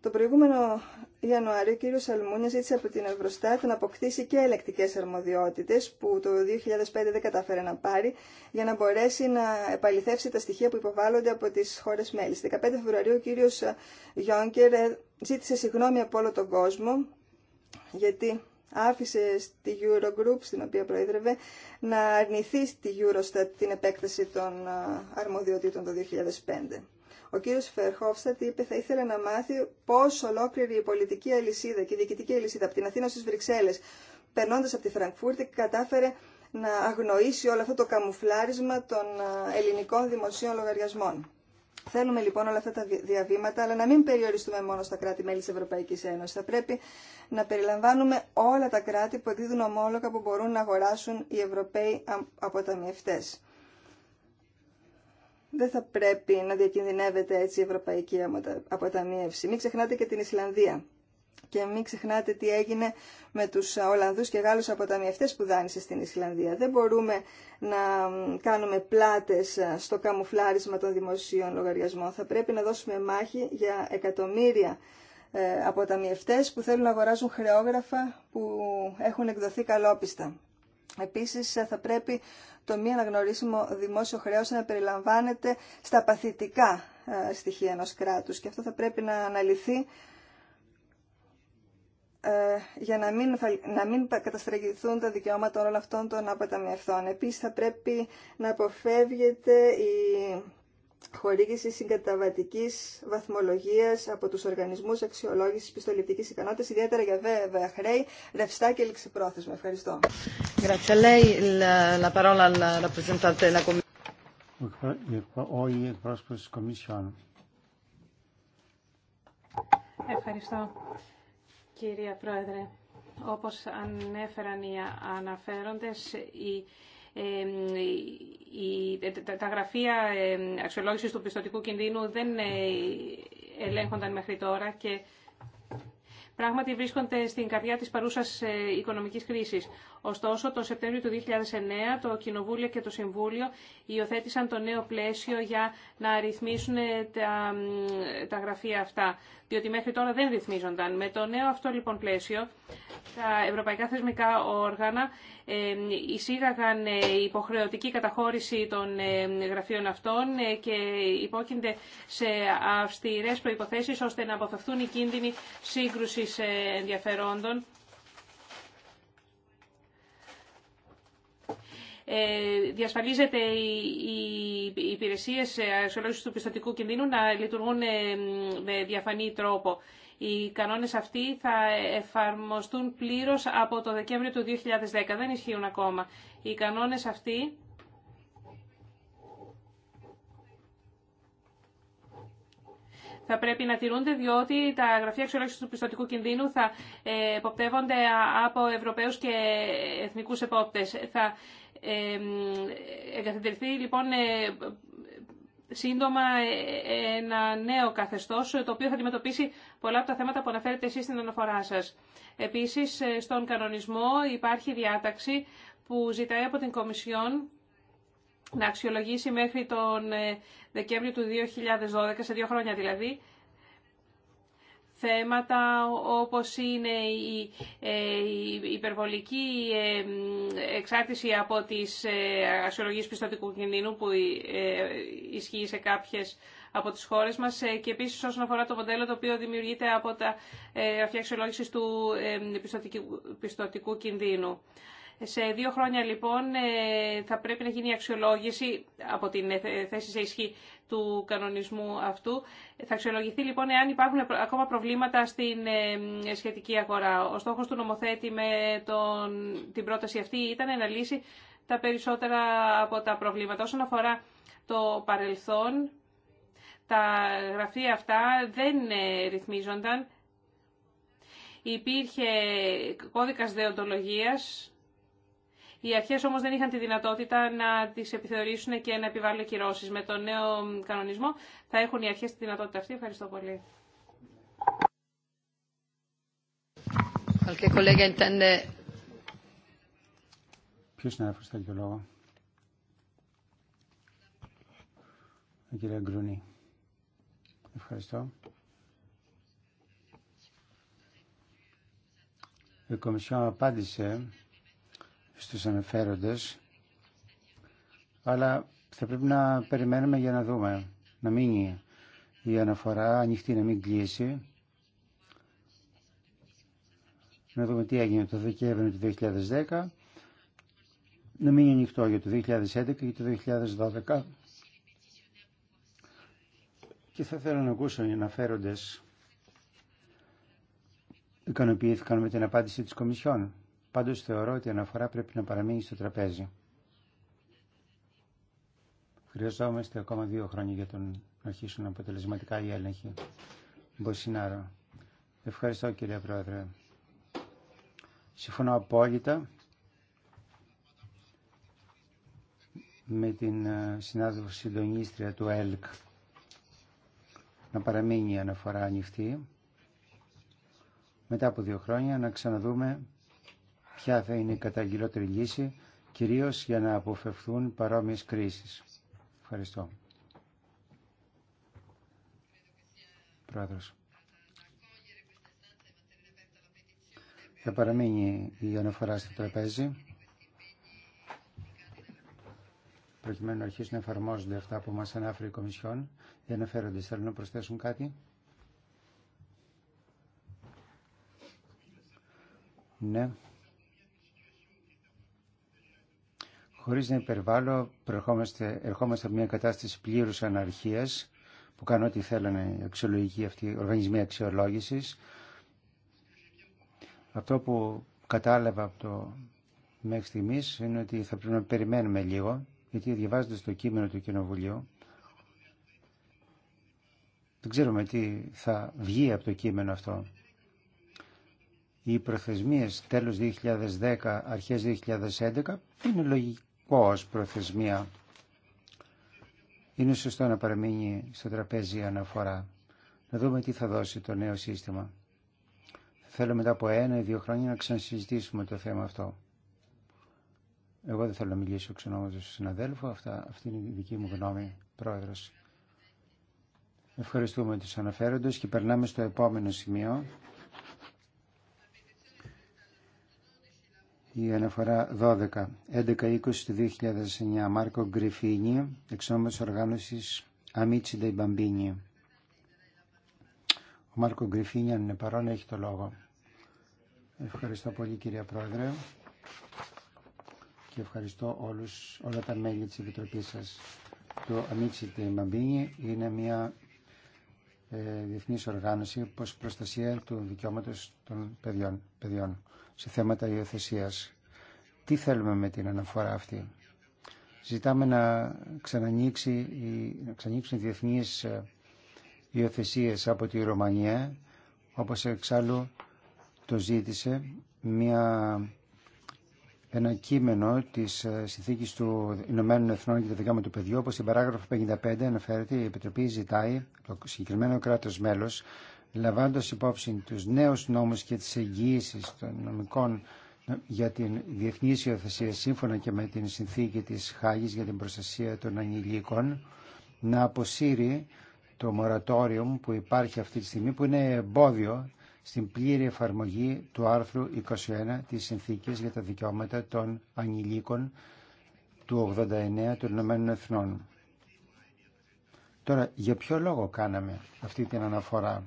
Το προηγούμενο Ιανουάριο, ο κύριο Σαλμούνια ζήτησε από την Ευρωστάτ να αποκτήσει και ελεκτικέ αρμοδιότητε που το 2005 δεν κατάφερε να πάρει για να μπορέσει να επαληθεύσει τα στοιχεία που υποβάλλονται από τι χώρε μέλη. Στι 15 Φεβρουαρίου, ο κύριο Γιόνκερ ε, ζήτησε συγγνώμη από όλο τον κόσμο γιατί άφησε στη Eurogroup, στην οποία προείδρευε, να αρνηθεί στη Eurostat την επέκταση των αρμοδιοτήτων το 2005. Ο κύριος Φερχόφστατ είπε θα ήθελε να μάθει πώς ολόκληρη η πολιτική αλυσίδα και η διοικητική αλυσίδα από την Αθήνα στις Βρυξέλλες, περνώντας από τη Φραγκφούρτη, κατάφερε να αγνοήσει όλο αυτό το καμουφλάρισμα των ελληνικών δημοσίων λογαριασμών. Θέλουμε λοιπόν όλα αυτά τα διαβήματα, αλλά να μην περιοριστούμε μόνο στα κράτη-μέλη της Ευρωπαϊκής Ένωσης. Θα πρέπει να περιλαμβάνουμε όλα τα κράτη που εκδίδουν ομόλογα που μπορούν να αγοράσουν οι Ευρωπαίοι αποταμιευτέ. Δεν θα πρέπει να διακινδυνεύεται έτσι η Ευρωπαϊκή Αποταμίευση. Μην ξεχνάτε και την Ισλανδία. Και μην ξεχνάτε τι έγινε με τους Ολλανδούς και Γάλλους αποταμιευτές που δάνεισε στην Ισλανδία. Δεν μπορούμε να κάνουμε πλάτες ε, στο καμουφλάρισμα των δημοσίων λογαριασμών. Θα πρέπει να δώσουμε μάχη για εκατομμύρια ε, αποταμιευτές που θέλουν να αγοράζουν χρεόγραφα που έχουν εκδοθεί καλόπιστα. Επίσης ε, θα πρέπει το μη αναγνωρίσιμο δημόσιο χρέος να περιλαμβάνεται στα παθητικά στοιχεία ενός κράτους και αυτό θα πρέπει να αναλυθεί ε, για να μην, να καταστραγηθούν τα δικαιώματα όλων αυτών των αποταμιευτών. Επίσης θα πρέπει να αποφεύγεται η χορήγηση συγκαταβατικής βαθμολογίας από τους οργανισμούς αξιολόγησης πιστοληπτικής ικανότητας, ιδιαίτερα για βέβαια χρέη, ρευστά και ληξιπρόθεσμα. Ευχαριστώ. Ευχαριστώ κυρία Πρόεδρε. Όπως ανέφεραν οι αναφέροντες, η ε, τα γραφεία αξιολόγησης του πιστοτικού κινδύνου δεν ε, ελέγχονταν μέχρι τώρα και πράγματι βρίσκονται στην καρδιά της παρούσας ε, οικονομικής κρίσης. Ωστόσο, τον Σεπτέμβριο του 2009 το Κοινοβούλιο και το Συμβούλιο υιοθέτησαν το νέο πλαίσιο για να ρυθμίσουν ε, τα, τα γραφεία αυτά, διότι μέχρι τώρα δεν ρυθμίζονταν. Με το νέο αυτό λοιπόν πλαίσιο, τα ευρωπαϊκά θεσμικά όργανα εισήγαγαν ε, υποχρεωτική καταχώρηση των γραφείων αυτών ε, και υπόκεινται σε αυστηρές προϋποθέσεις ώστε να αποφευθούν οι κίνδυνοι σύγκρουσης ε, ενδιαφερόντων. διασφαλίζεται οι υπηρεσίες αξιολόγησης του πιστοτικού κινδύνου να λειτουργούν με διαφανή τρόπο. Οι κανόνες αυτοί θα εφαρμοστούν πλήρως από το Δεκέμβριο του 2010. Δεν ισχύουν ακόμα. Οι κανόνες αυτοί θα πρέπει να τηρούνται διότι τα γραφεία αξιολόγηση του πιστοτικού κινδύνου θα ε, εποπτεύονται από Ευρωπαίους και εθνικούς επόπτες. Θα ε, εγκαθιδευτεί λοιπόν ε, σύντομα ε, ε, ένα νέο καθεστώς, το οποίο θα αντιμετωπίσει πολλά από τα θέματα που αναφέρετε εσείς στην αναφορά σας. Επίσης, ε, στον κανονισμό υπάρχει διάταξη που ζητάει από την Κομισιόν να αξιολογήσει μέχρι τον Δεκέμβριο του 2012, σε δύο χρόνια δηλαδή, θέματα όπως είναι η ε, υπερβολική ε, εξάρτηση από τις ε, αξιολογίες πιστοτικού κινδύνου που ισχύει σε κάποιες από τις χώρες μας και επίσης όσον αφορά το μοντέλο το οποίο δημιουργείται από τα γραφεία αξιολόγηση του πιστοτικού κινδύνου. Σε δύο χρόνια λοιπόν ε, θα πρέπει να γίνει η αξιολόγηση από την ε, θέση σε ισχύ του κανονισμού αυτού. Θα αξιολογηθεί λοιπόν εάν υπάρχουν ακόμα προβλήματα στην ε, σχετική αγορά. Ο στόχος του νομοθέτη με τον, την πρόταση αυτή ήταν να λύσει τα περισσότερα από τα προβλήματα. Όσον αφορά το παρελθόν, τα γραφεία αυτά δεν ρυθμίζονταν. Υπήρχε κώδικας δεοντολογίας οι αρχέ όμω δεν είχαν τη δυνατότητα να τις επιθεωρήσουν και να επιβάλλουν κυρώσεις. Με τον νέο κανονισμό θα έχουν οι αρχέ τη δυνατότητα αυτή. Ευχαριστώ πολύ. Ποιος να έφερε τέτοιο λόγο. Η κυρία Γκρουνή. Ευχαριστώ. Η Κομισιόν απάντησε στους αναφέροντες, αλλά θα πρέπει να περιμένουμε για να δούμε, να μείνει η αναφορά ανοιχτή, να μην κλείσει. Να δούμε τι έγινε το Δεκέμβριο του 2010, να μείνει ανοιχτό για το 2011 και το 2012. Και θα θέλω να ακούσω οι αναφέροντες ικανοποιήθηκαν με την απάντηση της Κομισιόν. Πάντως θεωρώ ότι η αναφορά πρέπει να παραμείνει στο τραπέζι. Χρειαζόμαστε ακόμα δύο χρόνια για τον να αρχίσουν αποτελεσματικά οι έλεγχοι. Μποσινάρο. Ευχαριστώ κύριε Πρόεδρε. Συμφωνώ απόλυτα με την ε, συνάδελφο συντονίστρια του ΕΛΚ να παραμείνει η αναφορά ανοιχτή μετά από δύο χρόνια να ξαναδούμε ποια θα είναι η καταγγελότερη λύση, κυρίως για να αποφευθούν παρόμοιες κρίσεις. Ευχαριστώ. Πρόεδρος. Θα παραμείνει η αναφορά στο τραπέζι προκειμένου να αρχίσουν να εφαρμόζονται αυτά που μας ανάφερε η Κομισιόν. Οι αναφέροντες θέλουν να προσθέσουν κάτι. Ναι. Χωρίς να υπερβάλλω, ερχόμαστε από μια κατάσταση πλήρους αναρχίας που κάνω ό,τι θέλανε οι αξιολογικοί αυτοί, οι οργανισμοί αξιολόγησης. Αυτό που κατάλαβα από το μέχρι στιγμή είναι ότι θα πρέπει να περιμένουμε λίγο, γιατί διαβάζοντας το κείμενο του Κοινοβουλίου, δεν ξέρουμε τι θα βγει από το κείμενο αυτό. Οι προθεσμίες τέλος 2010, αρχές 2011 είναι πω προθεσμία. Είναι σωστό να παραμείνει στο τραπέζι αναφορά. Να δούμε τι θα δώσει το νέο σύστημα. Θέλω μετά από ένα ή δύο χρόνια να ξανασυζητήσουμε το θέμα αυτό. Εγώ δεν θέλω να μιλήσω εξ ονόματο του συναδέλφου. Αυτά, αυτή είναι η δική μου γνώμη, πρόεδρο. ξανά με του αναφέροντες και περνάμε στο επόμενο σημείο. Η αναφορά 12. 11-20 του 2009. Μάρκο Γκριφίνι, εξόμενος οργάνωσης Αμίτσι bambini Ο Μάρκο Γκριφίνι αν είναι παρόν, έχει το λόγο. Ευχαριστώ πολύ κυρία Πρόεδρε και ευχαριστώ όλους, όλα τα μέλη της Επιτροπής σας. Το Αμίτσι bambini είναι μια ε, διεθνής οργάνωση προς προστασία του δικαιώματος των παιδιών σε θέματα υιοθεσία. Τι θέλουμε με την αναφορά αυτή. Ζητάμε να, ξανανοίξει, να ξανανοίξουν οι διεθνείς ε, από τη Ρωμανία, όπως εξάλλου το ζήτησε μια, ένα κείμενο της ε, συνθήκης του Ηνωμένων Εθνών για τα μου του παιδιού, όπως στην παράγραφο 55 αναφέρεται, η Επιτροπή ζητάει, το συγκεκριμένο κράτος μέλος, λαμβάνοντας υπόψη τους νέους νόμους και τις εγγύησει των νομικών για την διεθνή υιοθεσία σύμφωνα και με την συνθήκη της Χάγης για την προστασία των ανηλίκων να αποσύρει το μορατόριο που υπάρχει αυτή τη στιγμή που είναι εμπόδιο στην πλήρη εφαρμογή του άρθρου 21 της Συνθήκης για τα Δικαιώματα των Ανηλίκων του 89 των Ηνωμένων Εθνών. Τώρα, για ποιο λόγο κάναμε αυτή την αναφορά.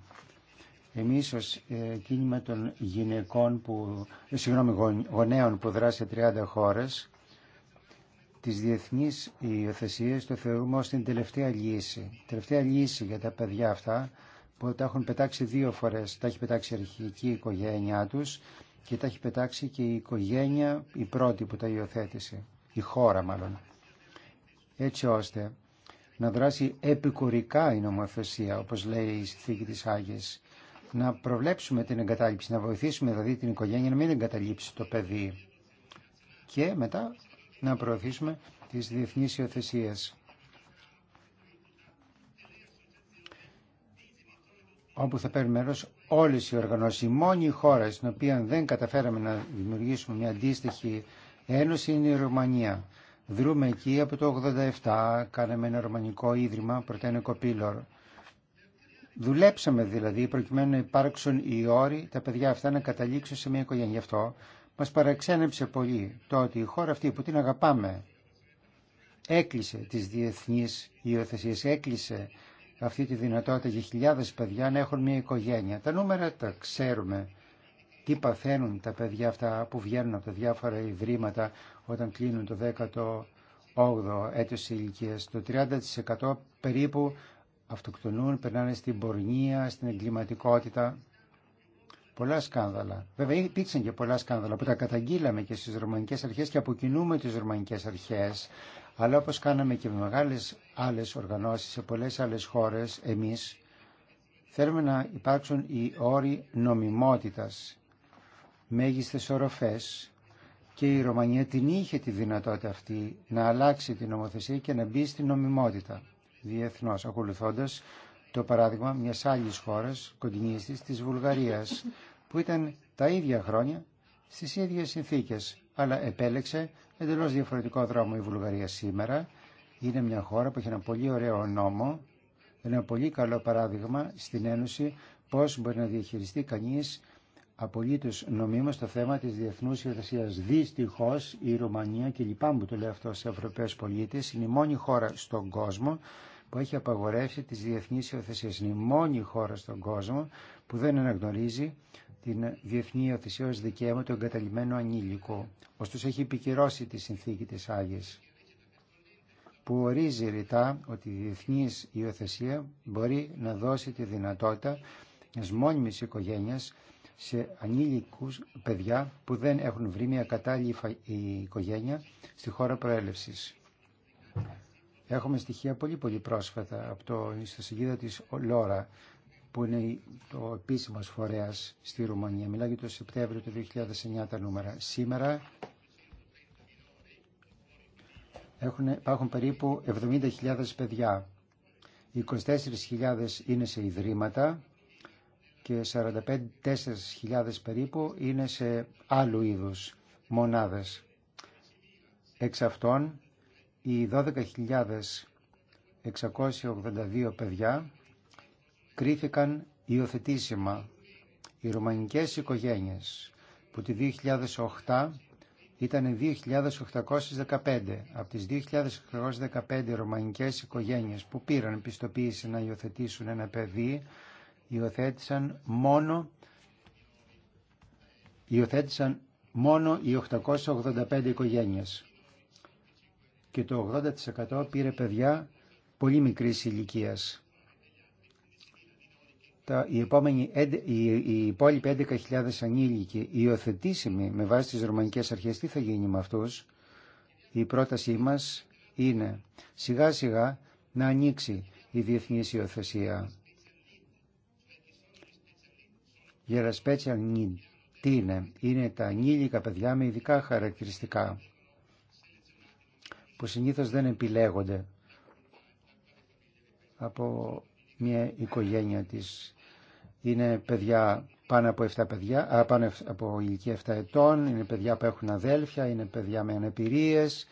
Εμείς ως ε, κίνημα των γυναικών που, ε, συγγνώμη, γονέων που δράσει σε 30 χώρε τις διεθνείς υιοθεσίε το θεωρούμε ω την τελευταία λύση. Τελευταία λύση για τα παιδιά αυτά που τα έχουν πετάξει δύο φορές. Τα έχει πετάξει η αρχική οικογένειά τους και τα έχει πετάξει και η οικογένεια η πρώτη που τα υιοθέτησε. Η χώρα μάλλον. Έτσι ώστε να δράσει επικουρικά η νομοθεσία, όπως λέει η συνθήκη της Άγιας να προβλέψουμε την εγκατάλειψη, να βοηθήσουμε δηλαδή την οικογένεια να μην εγκαταλείψει το παιδί και μετά να προωθήσουμε τις διεθνείς υιοθεσίες. όπου θα παίρνουν μέρο όλε οι οργανώσει. Η μόνη χώρα στην οποία δεν καταφέραμε να δημιουργήσουμε μια αντίστοιχη ένωση είναι η Ρουμανία. Δρούμε εκεί από το 1987, κάναμε ένα ρωμανικό ίδρυμα, πρωτενε Δουλέψαμε δηλαδή προκειμένου να υπάρξουν οι όροι τα παιδιά αυτά να καταλήξουν σε μια οικογένεια. Γι' αυτό μα παραξένεψε πολύ το ότι η χώρα αυτή που την αγαπάμε έκλεισε τι διεθνεί υιοθεσίε, έκλεισε αυτή τη δυνατότητα για χιλιάδε παιδιά να έχουν μια οικογένεια. Τα νούμερα τα ξέρουμε. Τι παθαίνουν τα παιδιά αυτά που βγαίνουν από τα διάφορα ιδρύματα όταν κλείνουν το 18ο έτος ηλικίας. Το 30% περίπου αυτοκτονούν, περνάνε στην πορνεία, στην εγκληματικότητα. Πολλά σκάνδαλα. Βέβαια υπήρξαν και πολλά σκάνδαλα που τα καταγγείλαμε και στις ρωμανικές αρχές και αποκοινούμε τις ρωμανικές αρχές. Αλλά όπως κάναμε και με μεγάλες άλλες οργανώσεις σε πολλές άλλες χώρες, εμείς θέλουμε να υπάρξουν οι όροι νομιμότητας, μέγιστες οροφές και η Ρωμανία την είχε τη δυνατότητα αυτή να αλλάξει την νομοθεσία και να μπει στην νομιμότητα. Διεθνώ, ακολουθώντας το παράδειγμα μια άλλη χώρα κοντινής τη τη Βουλγαρίας, που ήταν τα ίδια χρόνια στι ίδιες συνθήκε. αλλά επέλεξε εντελώ διαφορετικό δρόμο η Βουλγαρία σήμερα. Είναι μια χώρα που έχει ένα πολύ ωραίο νόμο, ένα πολύ καλό παράδειγμα στην Ένωση πώ μπορεί να διαχειριστεί κανεί απολύτω νομίμω το θέμα τη διεθνούς υιοθεσίας. Δυστυχώ η Ρουμανία και λυπάμαι που το λέω αυτό σε Ευρωπαίου πολίτε, είναι η μόνη χώρα στον κόσμο που έχει απαγορεύσει τις διεθνείς υιοθεσίες. Είναι η μόνη χώρα στον κόσμο που δεν αναγνωρίζει την διεθνή υιοθεσία ως δικαίωμα του εγκαταλειμμένου ανήλικου. Ωστόσο έχει επικυρώσει τη συνθήκη της Άγιας που ορίζει ρητά ότι η διεθνής υιοθεσία μπορεί να δώσει τη δυνατότητα μια μόνιμη οικογένεια σε ανήλικους παιδιά που δεν έχουν βρει μια κατάλληλη οικογένεια στη χώρα προέλευσης. Έχουμε στοιχεία πολύ πολύ πρόσφατα από το ιστοσελίδα της Λόρα που είναι το επίσημος φορέας στη Ρουμανία. Μιλάει για το Σεπτέμβριο του 2009 τα νούμερα. Σήμερα έχουν, υπάρχουν περίπου 70.000 παιδιά. 24.000 είναι σε ιδρύματα και 45.000 περίπου είναι σε άλλου είδους μονάδες. Εξ αυτών οι 12.682 παιδιά κρίθηκαν υιοθετήσιμα. Οι ρωμανικές οικογένειες που τη 2008 ήταν 2.815. Από τις 2.815 ρωμανικές οικογένειες που πήραν πιστοποίηση να υιοθετήσουν ένα παιδί, υιοθέτησαν μόνο, υιοθέτησαν μόνο οι 885 οικογένειες και το 80% πήρε παιδιά πολύ μικρής ηλικίας. Τα, οι, επόμενοι, οι, οι υπόλοιποι 11.000 ανήλικοι υιοθετήσιμοι με βάση τις ρωμανικές αρχές, τι θα γίνει με αυτούς. Η πρότασή μας είναι σιγά σιγά να ανοίξει η διεθνής υιοθεσία. Γερασπέτσια τι είναι, είναι τα ανήλικα παιδιά με ειδικά χαρακτηριστικά που συνήθως δεν επιλέγονται από μια οικογένεια της. Είναι παιδιά πάνω από, 7 παιδιά, από ηλικία 7 ετών, είναι παιδιά που έχουν αδέλφια, είναι παιδιά με αναπηρίες.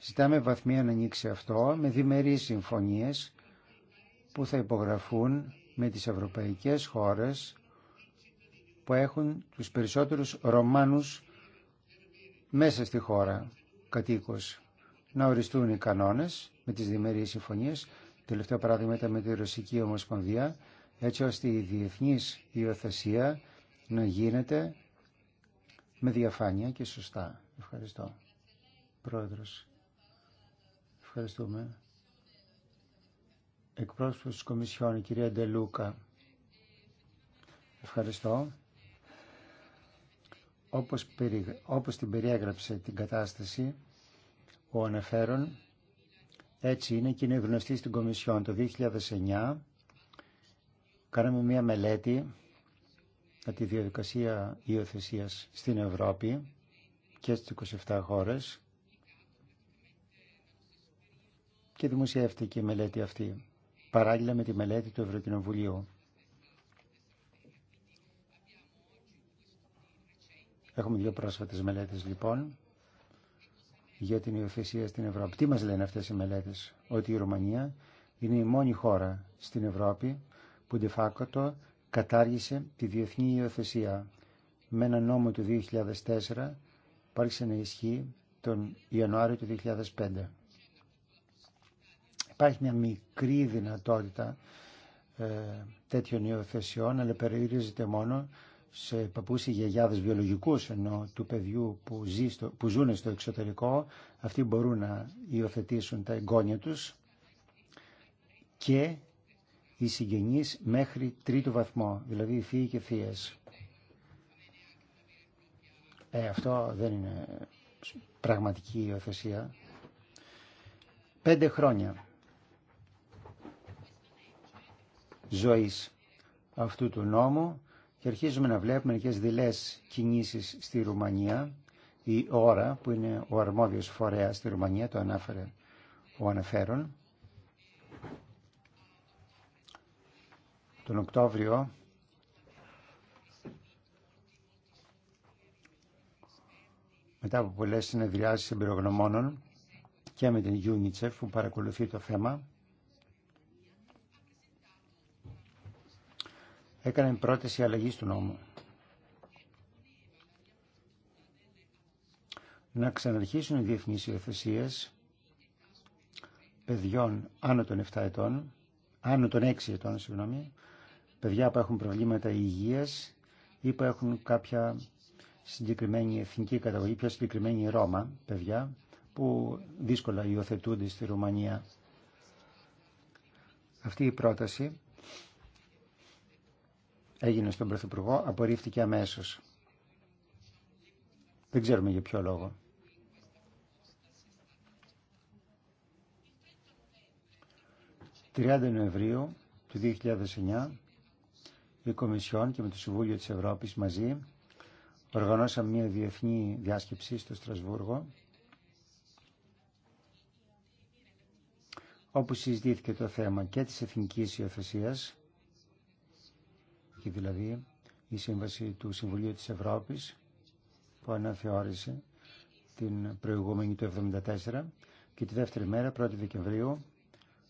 Ζητάμε βαθμία να ανοίξει αυτό με διμερείς συμφωνίες που θα υπογραφούν με τις ευρωπαϊκές χώρες που έχουν τους περισσότερους Ρωμάνους μέσα στη χώρα κατοίκους να οριστούν οι κανόνες με τις διμερείς συμφωνίες. Τελευταίο παράδειγμα ήταν με τη Ρωσική Ομοσπονδία, έτσι ώστε η διεθνής υιοθεσία να γίνεται με διαφάνεια και σωστά. Ευχαριστώ. Πρόεδρος. Ευχαριστούμε. Εκπρόσωπος της Κομισιόν, η κυρία Ντελούκα. Ευχαριστώ. Όπως, περι... Όπως την περιέγραψε την κατάσταση, ο αναφέρον. Έτσι είναι και είναι γνωστή στην Κομισιόν. Το 2009 κάναμε μία μελέτη για τη διαδικασία υιοθεσία στην Ευρώπη και στις 27 χώρες και δημοσιεύτηκε η μελέτη αυτή παράλληλα με τη μελέτη του Ευρωκοινοβουλίου. Έχουμε δύο πρόσφατες μελέτες λοιπόν για την υιοθεσία στην Ευρώπη. Τι μας λένε αυτές οι μελέτες, ότι η Ρουμανία είναι η μόνη χώρα στην Ευρώπη που de facto κατάργησε τη διεθνή υιοθεσία. Με ένα νόμο του 2004 πάρξε να ισχύει τον Ιανουάριο του 2005. Υπάρχει μια μικρή δυνατότητα ε, τέτοιων υιοθεσιών, αλλά περιορίζεται μόνο σε παππούς ή γιαγιάδες βιολογικούς ενώ του παιδιού που, ζει στο, που ζουν στο εξωτερικό αυτοί μπορούν να υιοθετήσουν τα εγγόνια τους και οι συγγενείς μέχρι τρίτο βαθμό, δηλαδή οι και θείες. Ε, αυτό δεν είναι πραγματική υιοθεσία. Πέντε χρόνια ζωής αυτού του νόμου και αρχίζουμε να βλέπουμε και δειλές κινήσεις στη Ρουμανία. Η ώρα που είναι ο αρμόδιος φορέας στη Ρουμανία, το ανάφερε ο αναφέρον. Τον Οκτώβριο μετά από πολλές συνεδριάσεις εμπειρογνωμόνων και με την UNICEF που παρακολουθεί το θέμα έκανε πρόταση αλλαγής του νόμου. Να ξαναρχίσουν οι διεθνείς υιοθεσίες παιδιών άνω των 7 ετών, άνω των 6 ετών, συγγνώμη, παιδιά που έχουν προβλήματα υγείας ή που έχουν κάποια συγκεκριμένη εθνική καταγωγή, πιο συγκεκριμένη Ρώμα, παιδιά, που δύσκολα υιοθετούνται στη Ρουμανία. Αυτή η πρόταση έγινε στον Πρωθυπουργό απορρίφθηκε αμέσω. Δεν ξέρουμε για ποιο λόγο. «30 Νοεμβρίου του 2009 η Κομισιόν και με το Συμβούλιο της Ευρώπης μαζί οργανώσαμε μια διεθνή διάσκεψη στο Στρασβούργο όπου συζητήθηκε το θέμα και της εθνικής υιοθεσίας και δηλαδή η σύμβαση του Συμβουλίου της Ευρώπης που αναθεώρησε την προηγούμενη του 1974 και τη δεύτερη μέρα, 1η Δεκεμβρίου,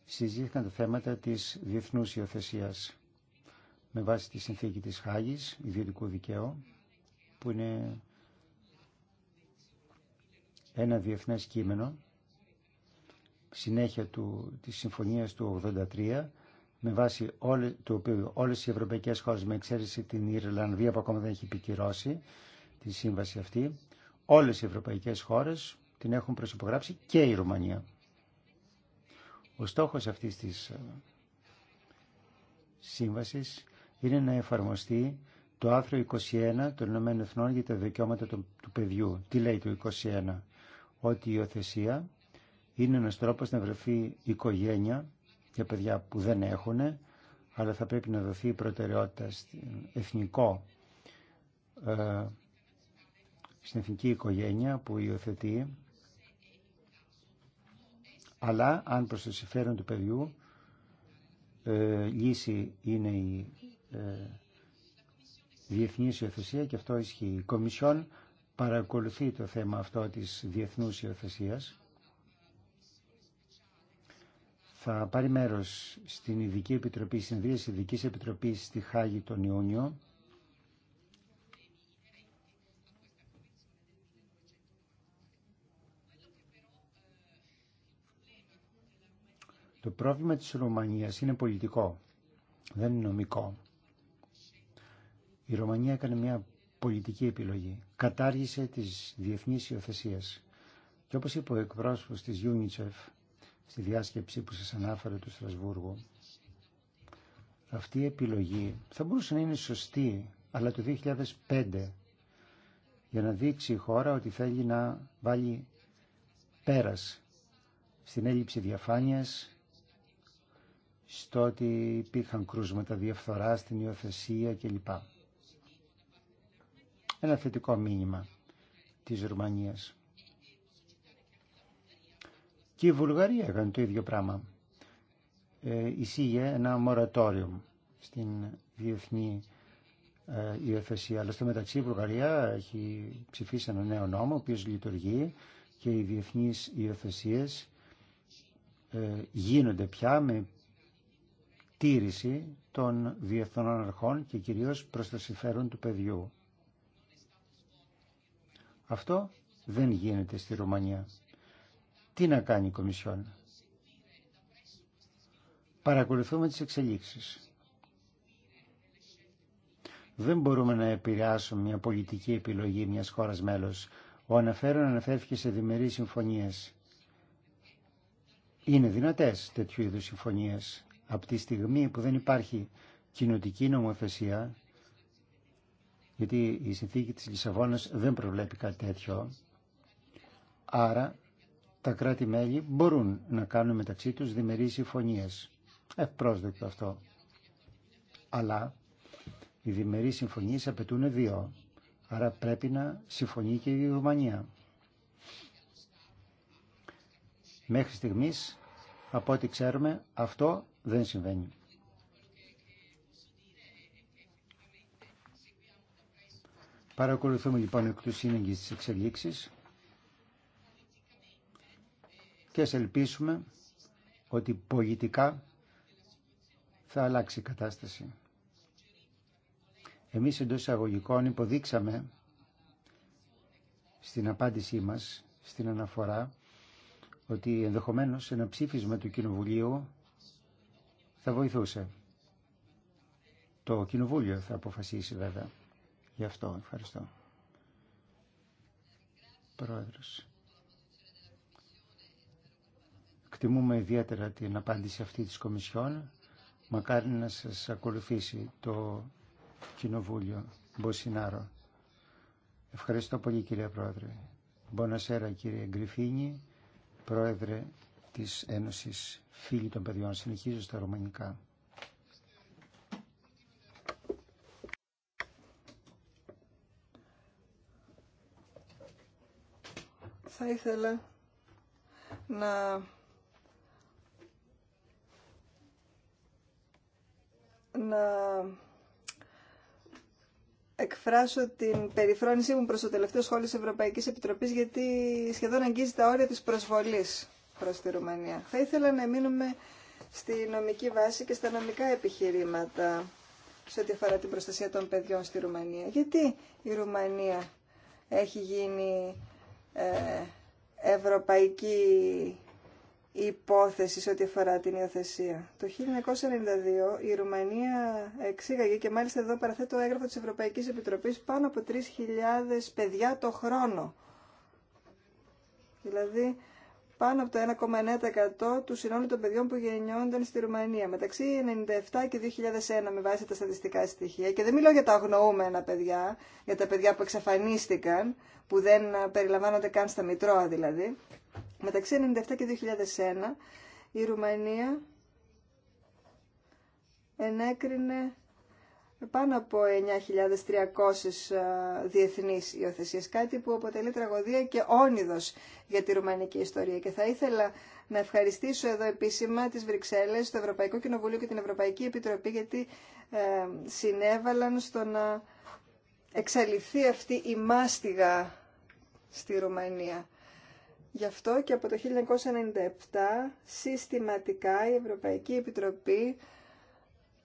συζήτηκαν τα θέματα της διεθνούς υιοθεσία με βάση τη συνθήκη της Χάγης, ιδιωτικού δικαίου, που είναι ένα διεθνές κείμενο, συνέχεια του, της Συμφωνίας του 83 με βάση όλη, του οποίου όλες οι ευρωπαϊκές χώρες με εξαίρεση την Ιρλανδία που ακόμα δεν έχει επικυρώσει τη σύμβαση αυτή, όλες οι ευρωπαϊκές χώρες την έχουν προσυπογράψει και η Ρουμανία. Ο στόχος αυτής της ε, σύμβασης είναι να εφαρμοστεί το άρθρο 21 των Ηνωμένων Εθνών για τα δικαιώματα του, παιδιού. Τι λέει το 21? Ότι η οθεσία είναι ένας τρόπος να βρεθεί οικογένεια για παιδιά που δεν έχουν, αλλά θα πρέπει να δοθεί προτεραιότητα στην, εθνικό, ε, στην εθνική οικογένεια που υιοθετεί, αλλά αν προς το συμφέρον του παιδιού ε, λύση είναι η ε, διεθνής υιοθεσία και αυτό ισχύει. Η Κομισιόν παρακολουθεί το θέμα αυτό της διεθνούς υιοθεσίας θα πάρει μέρος στην Ειδική Επιτροπή, Συνδρίαση ειδική Επιτροπής στη Χάγη τον Ιούνιο. Το πρόβλημα της Ρουμανίας είναι πολιτικό, δεν είναι νομικό. Η Ρωμανία έκανε μια πολιτική επιλογή. Κατάργησε τις διεθνείς υιοθεσίες. Και όπως είπε ο εκπρόσωπος της UNICEF, στη διάσκεψη που σας ανάφερε του Στρασβούργου. Αυτή η επιλογή θα μπορούσε να είναι σωστή, αλλά το 2005 για να δείξει η χώρα ότι θέλει να βάλει πέρας στην έλλειψη διαφάνειας, στο ότι υπήρχαν κρούσματα διαφθορά στην υιοθεσία κλπ. Ένα θετικό μήνυμα της Ρουμανίας. Και η Βουλγαρία έκανε το ίδιο πράγμα. Ε, εισήγε ένα μορατόριο στην διεθνή ε, υιοθεσία. Αλλά στο μεταξύ η Βουλγαρία έχει ψηφίσει ένα νέο νόμο, ο οποίος λειτουργεί και οι διεθνείς υιοθεσίε ε, γίνονται πια με τήρηση των διεθνών αρχών και κυρίως προς το συμφέρον του παιδιού. Αυτό δεν γίνεται στη Ρουμανία. Τι να κάνει η Κομισιόν. Παρακολουθούμε τις εξελίξεις. Δεν μπορούμε να επηρεάσουμε μια πολιτική επιλογή μιας χώρας μέλος. Ο αναφέρον αναφέρθηκε σε διμερείς συμφωνίες. Είναι δυνατές τέτοιου είδους συμφωνίες. Από τη στιγμή που δεν υπάρχει κοινοτική νομοθεσία, γιατί η συνθήκη της Λισαβόνας δεν προβλέπει κάτι τέτοιο, άρα τα κράτη-μέλη μπορούν να κάνουν μεταξύ τους διμερείς συμφωνίες. Ευπρόσδεκτο αυτό. Αλλά οι διμερείς συμφωνίες απαιτούν δύο. Άρα πρέπει να συμφωνεί και η Ρουμανία. Μέχρι στιγμής, από ό,τι ξέρουμε, αυτό δεν συμβαίνει. Παρακολουθούμε λοιπόν εκ του σύνεγγυς της εξελίξης και σε ελπίσουμε ότι πολιτικά θα αλλάξει η κατάσταση. Εμείς εντό εισαγωγικών υποδείξαμε στην απάντησή μας, στην αναφορά, ότι ενδεχομένως ένα ψήφισμα του Κοινοβουλίου θα βοηθούσε. Το Κοινοβούλιο θα αποφασίσει βέβαια. Γι' αυτό ευχαριστώ. Πρόεδρος. Εκτιμούμε ιδιαίτερα την απάντηση αυτή της Κομισιόν. Μακάρι να σας ακολουθήσει το Κοινοβούλιο Μποσινάρο. Ευχαριστώ πολύ κύριε Πρόεδρε. Μπονασέρα κύριε Γκριφίνη, Πρόεδρε της Ένωσης Φίλοι των Παιδιών. Συνεχίζω στα ρωμανικά. Θα ήθελα να να εκφράσω την περιφρόνησή μου προς το τελευταίο σχόλιο της Ευρωπαϊκής Επιτροπής γιατί σχεδόν αγγίζει τα όρια της προσβολής προς τη Ρουμανία. Θα ήθελα να μείνουμε στη νομική βάση και στα νομικά επιχειρήματα σε ό,τι αφορά την προστασία των παιδιών στη Ρουμανία. Γιατί η Ρουμανία έχει γίνει ε, ευρωπαϊκή υπόθεση σε ό,τι αφορά την υιοθεσία. Το 1992 η Ρουμανία εξήγαγε και μάλιστα εδώ παραθέτω έγγραφο της Ευρωπαϊκής Επιτροπής πάνω από 3.000 παιδιά το χρόνο. Δηλαδή πάνω από το 1,9% του συνόλου των παιδιών που γεννιόνταν στη Ρουμανία. Μεταξύ 1997 και 2001 με βάση τα στατιστικά στοιχεία. Και δεν μιλώ για τα αγνοούμενα παιδιά, για τα παιδιά που εξαφανίστηκαν, που δεν περιλαμβάνονται καν στα Μητρώα δηλαδή. Μεταξύ 1997 και 2001 η Ρουμανία ενέκρινε πάνω από 9.300 ε, διεθνείς υιοθεσίες, κάτι που αποτελεί τραγωδία και όνειδος για τη ρουμανική ιστορία. Και θα ήθελα να ευχαριστήσω εδώ επίσημα τις Βρυξέλλες, το Ευρωπαϊκό Κοινοβούλιο και την Ευρωπαϊκή Επιτροπή, γιατί ε, συνέβαλαν στο να εξαλειφθεί αυτή η μάστιγα στη Ρουμανία. Γι' αυτό και από το 1997 συστηματικά η Ευρωπαϊκή Επιτροπή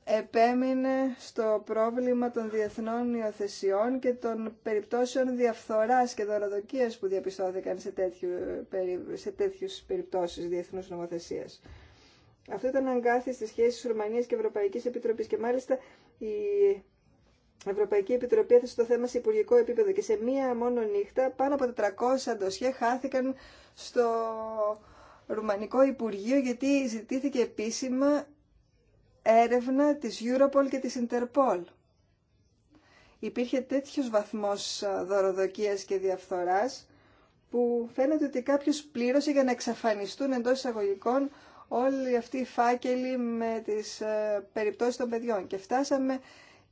επέμεινε στο πρόβλημα των διεθνών υιοθεσιών και των περιπτώσεων διαφθοράς και δωροδοκίας που διαπιστώθηκαν σε, τέτοιου, σε τέτοιους περιπτώσεις διεθνούς νομοθεσίας. Αυτό ήταν αγκάθι στις σχέσεις Ρουμανίας και Ευρωπαϊκής Επιτροπής και μάλιστα η η Ευρωπαϊκή Επιτροπή έθεσε το θέμα σε υπουργικό επίπεδο και σε μία μόνο νύχτα πάνω από 400 ντοσιέ χάθηκαν στο Ρουμανικό Υπουργείο γιατί ζητήθηκε επίσημα έρευνα της Europol και της Interpol. Υπήρχε τέτοιος βαθμός δωροδοκίας και διαφθοράς που φαίνεται ότι κάποιος πλήρωσε για να εξαφανιστούν εντός εισαγωγικών όλοι αυτοί οι φάκελοι με τις ε, περιπτώσεις των παιδιών. Και φτάσαμε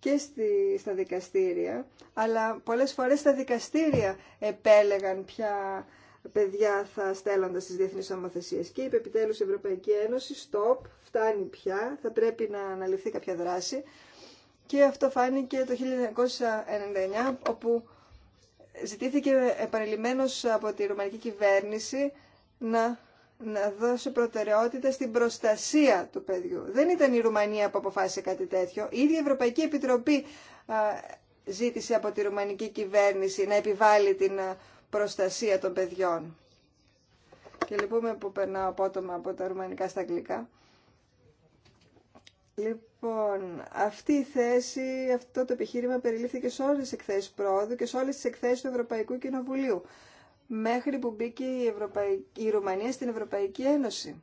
και στη, στα δικαστήρια, αλλά πολλές φορές στα δικαστήρια επέλεγαν ποια παιδιά θα στέλνονται στις διεθνείς ομοθεσίες. Και είπε επιτέλους η Ευρωπαϊκή Ένωση, stop, φτάνει πια, θα πρέπει να αναλυθεί κάποια δράση. Και αυτό φάνηκε το 1999, όπου ζητήθηκε επανειλημμένως από τη ρουμανική κυβέρνηση να να δώσει προτεραιότητα στην προστασία του παιδιού. Δεν ήταν η Ρουμανία που αποφάσισε κάτι τέτοιο. Η ίδια η Ευρωπαϊκή Επιτροπή ζήτησε από τη Ρουμανική κυβέρνηση να επιβάλλει την προστασία των παιδιών. Και λυπούμε που περνάω απότομα από τα ρουμανικά στα αγγλικά. Λοιπόν, αυτή η θέση, αυτό το επιχείρημα περιλήφθηκε σε όλες τις εκθέσεις πρόοδου και σε όλες τις εκθέσεις του Ευρωπαϊκού Κοινοβουλίου μέχρι που μπήκε η, Ευρωπαϊ... η Ρουμανία στην Ευρωπαϊκή Ένωση.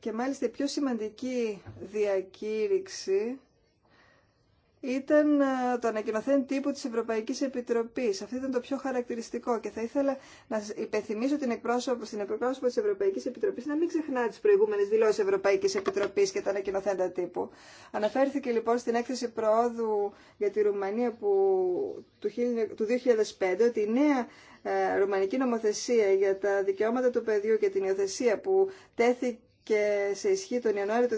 Και μάλιστα η πιο σημαντική διακήρυξη ήταν ε, το ανακοινωθέν τύπου της Ευρωπαϊκής Επιτροπής. Αυτό ήταν το πιο χαρακτηριστικό και θα ήθελα να υπενθυμίσω την εκπρόσωπο, στην εκπρόσωπο της Ευρωπαϊκής Επιτροπής να μην ξεχνά τις προηγούμενες δηλώσεις Ευρωπαϊκής Επιτροπής και τα ανακοινωθέντα τύπου. Αναφέρθηκε λοιπόν στην έκθεση προόδου για τη Ρουμανία που, του 2005 ότι η νέα ε, ρουμανική νομοθεσία για τα δικαιώματα του παιδιού και την υιοθεσία που τέθηκε και σε ισχύ τον Ιανουάριο του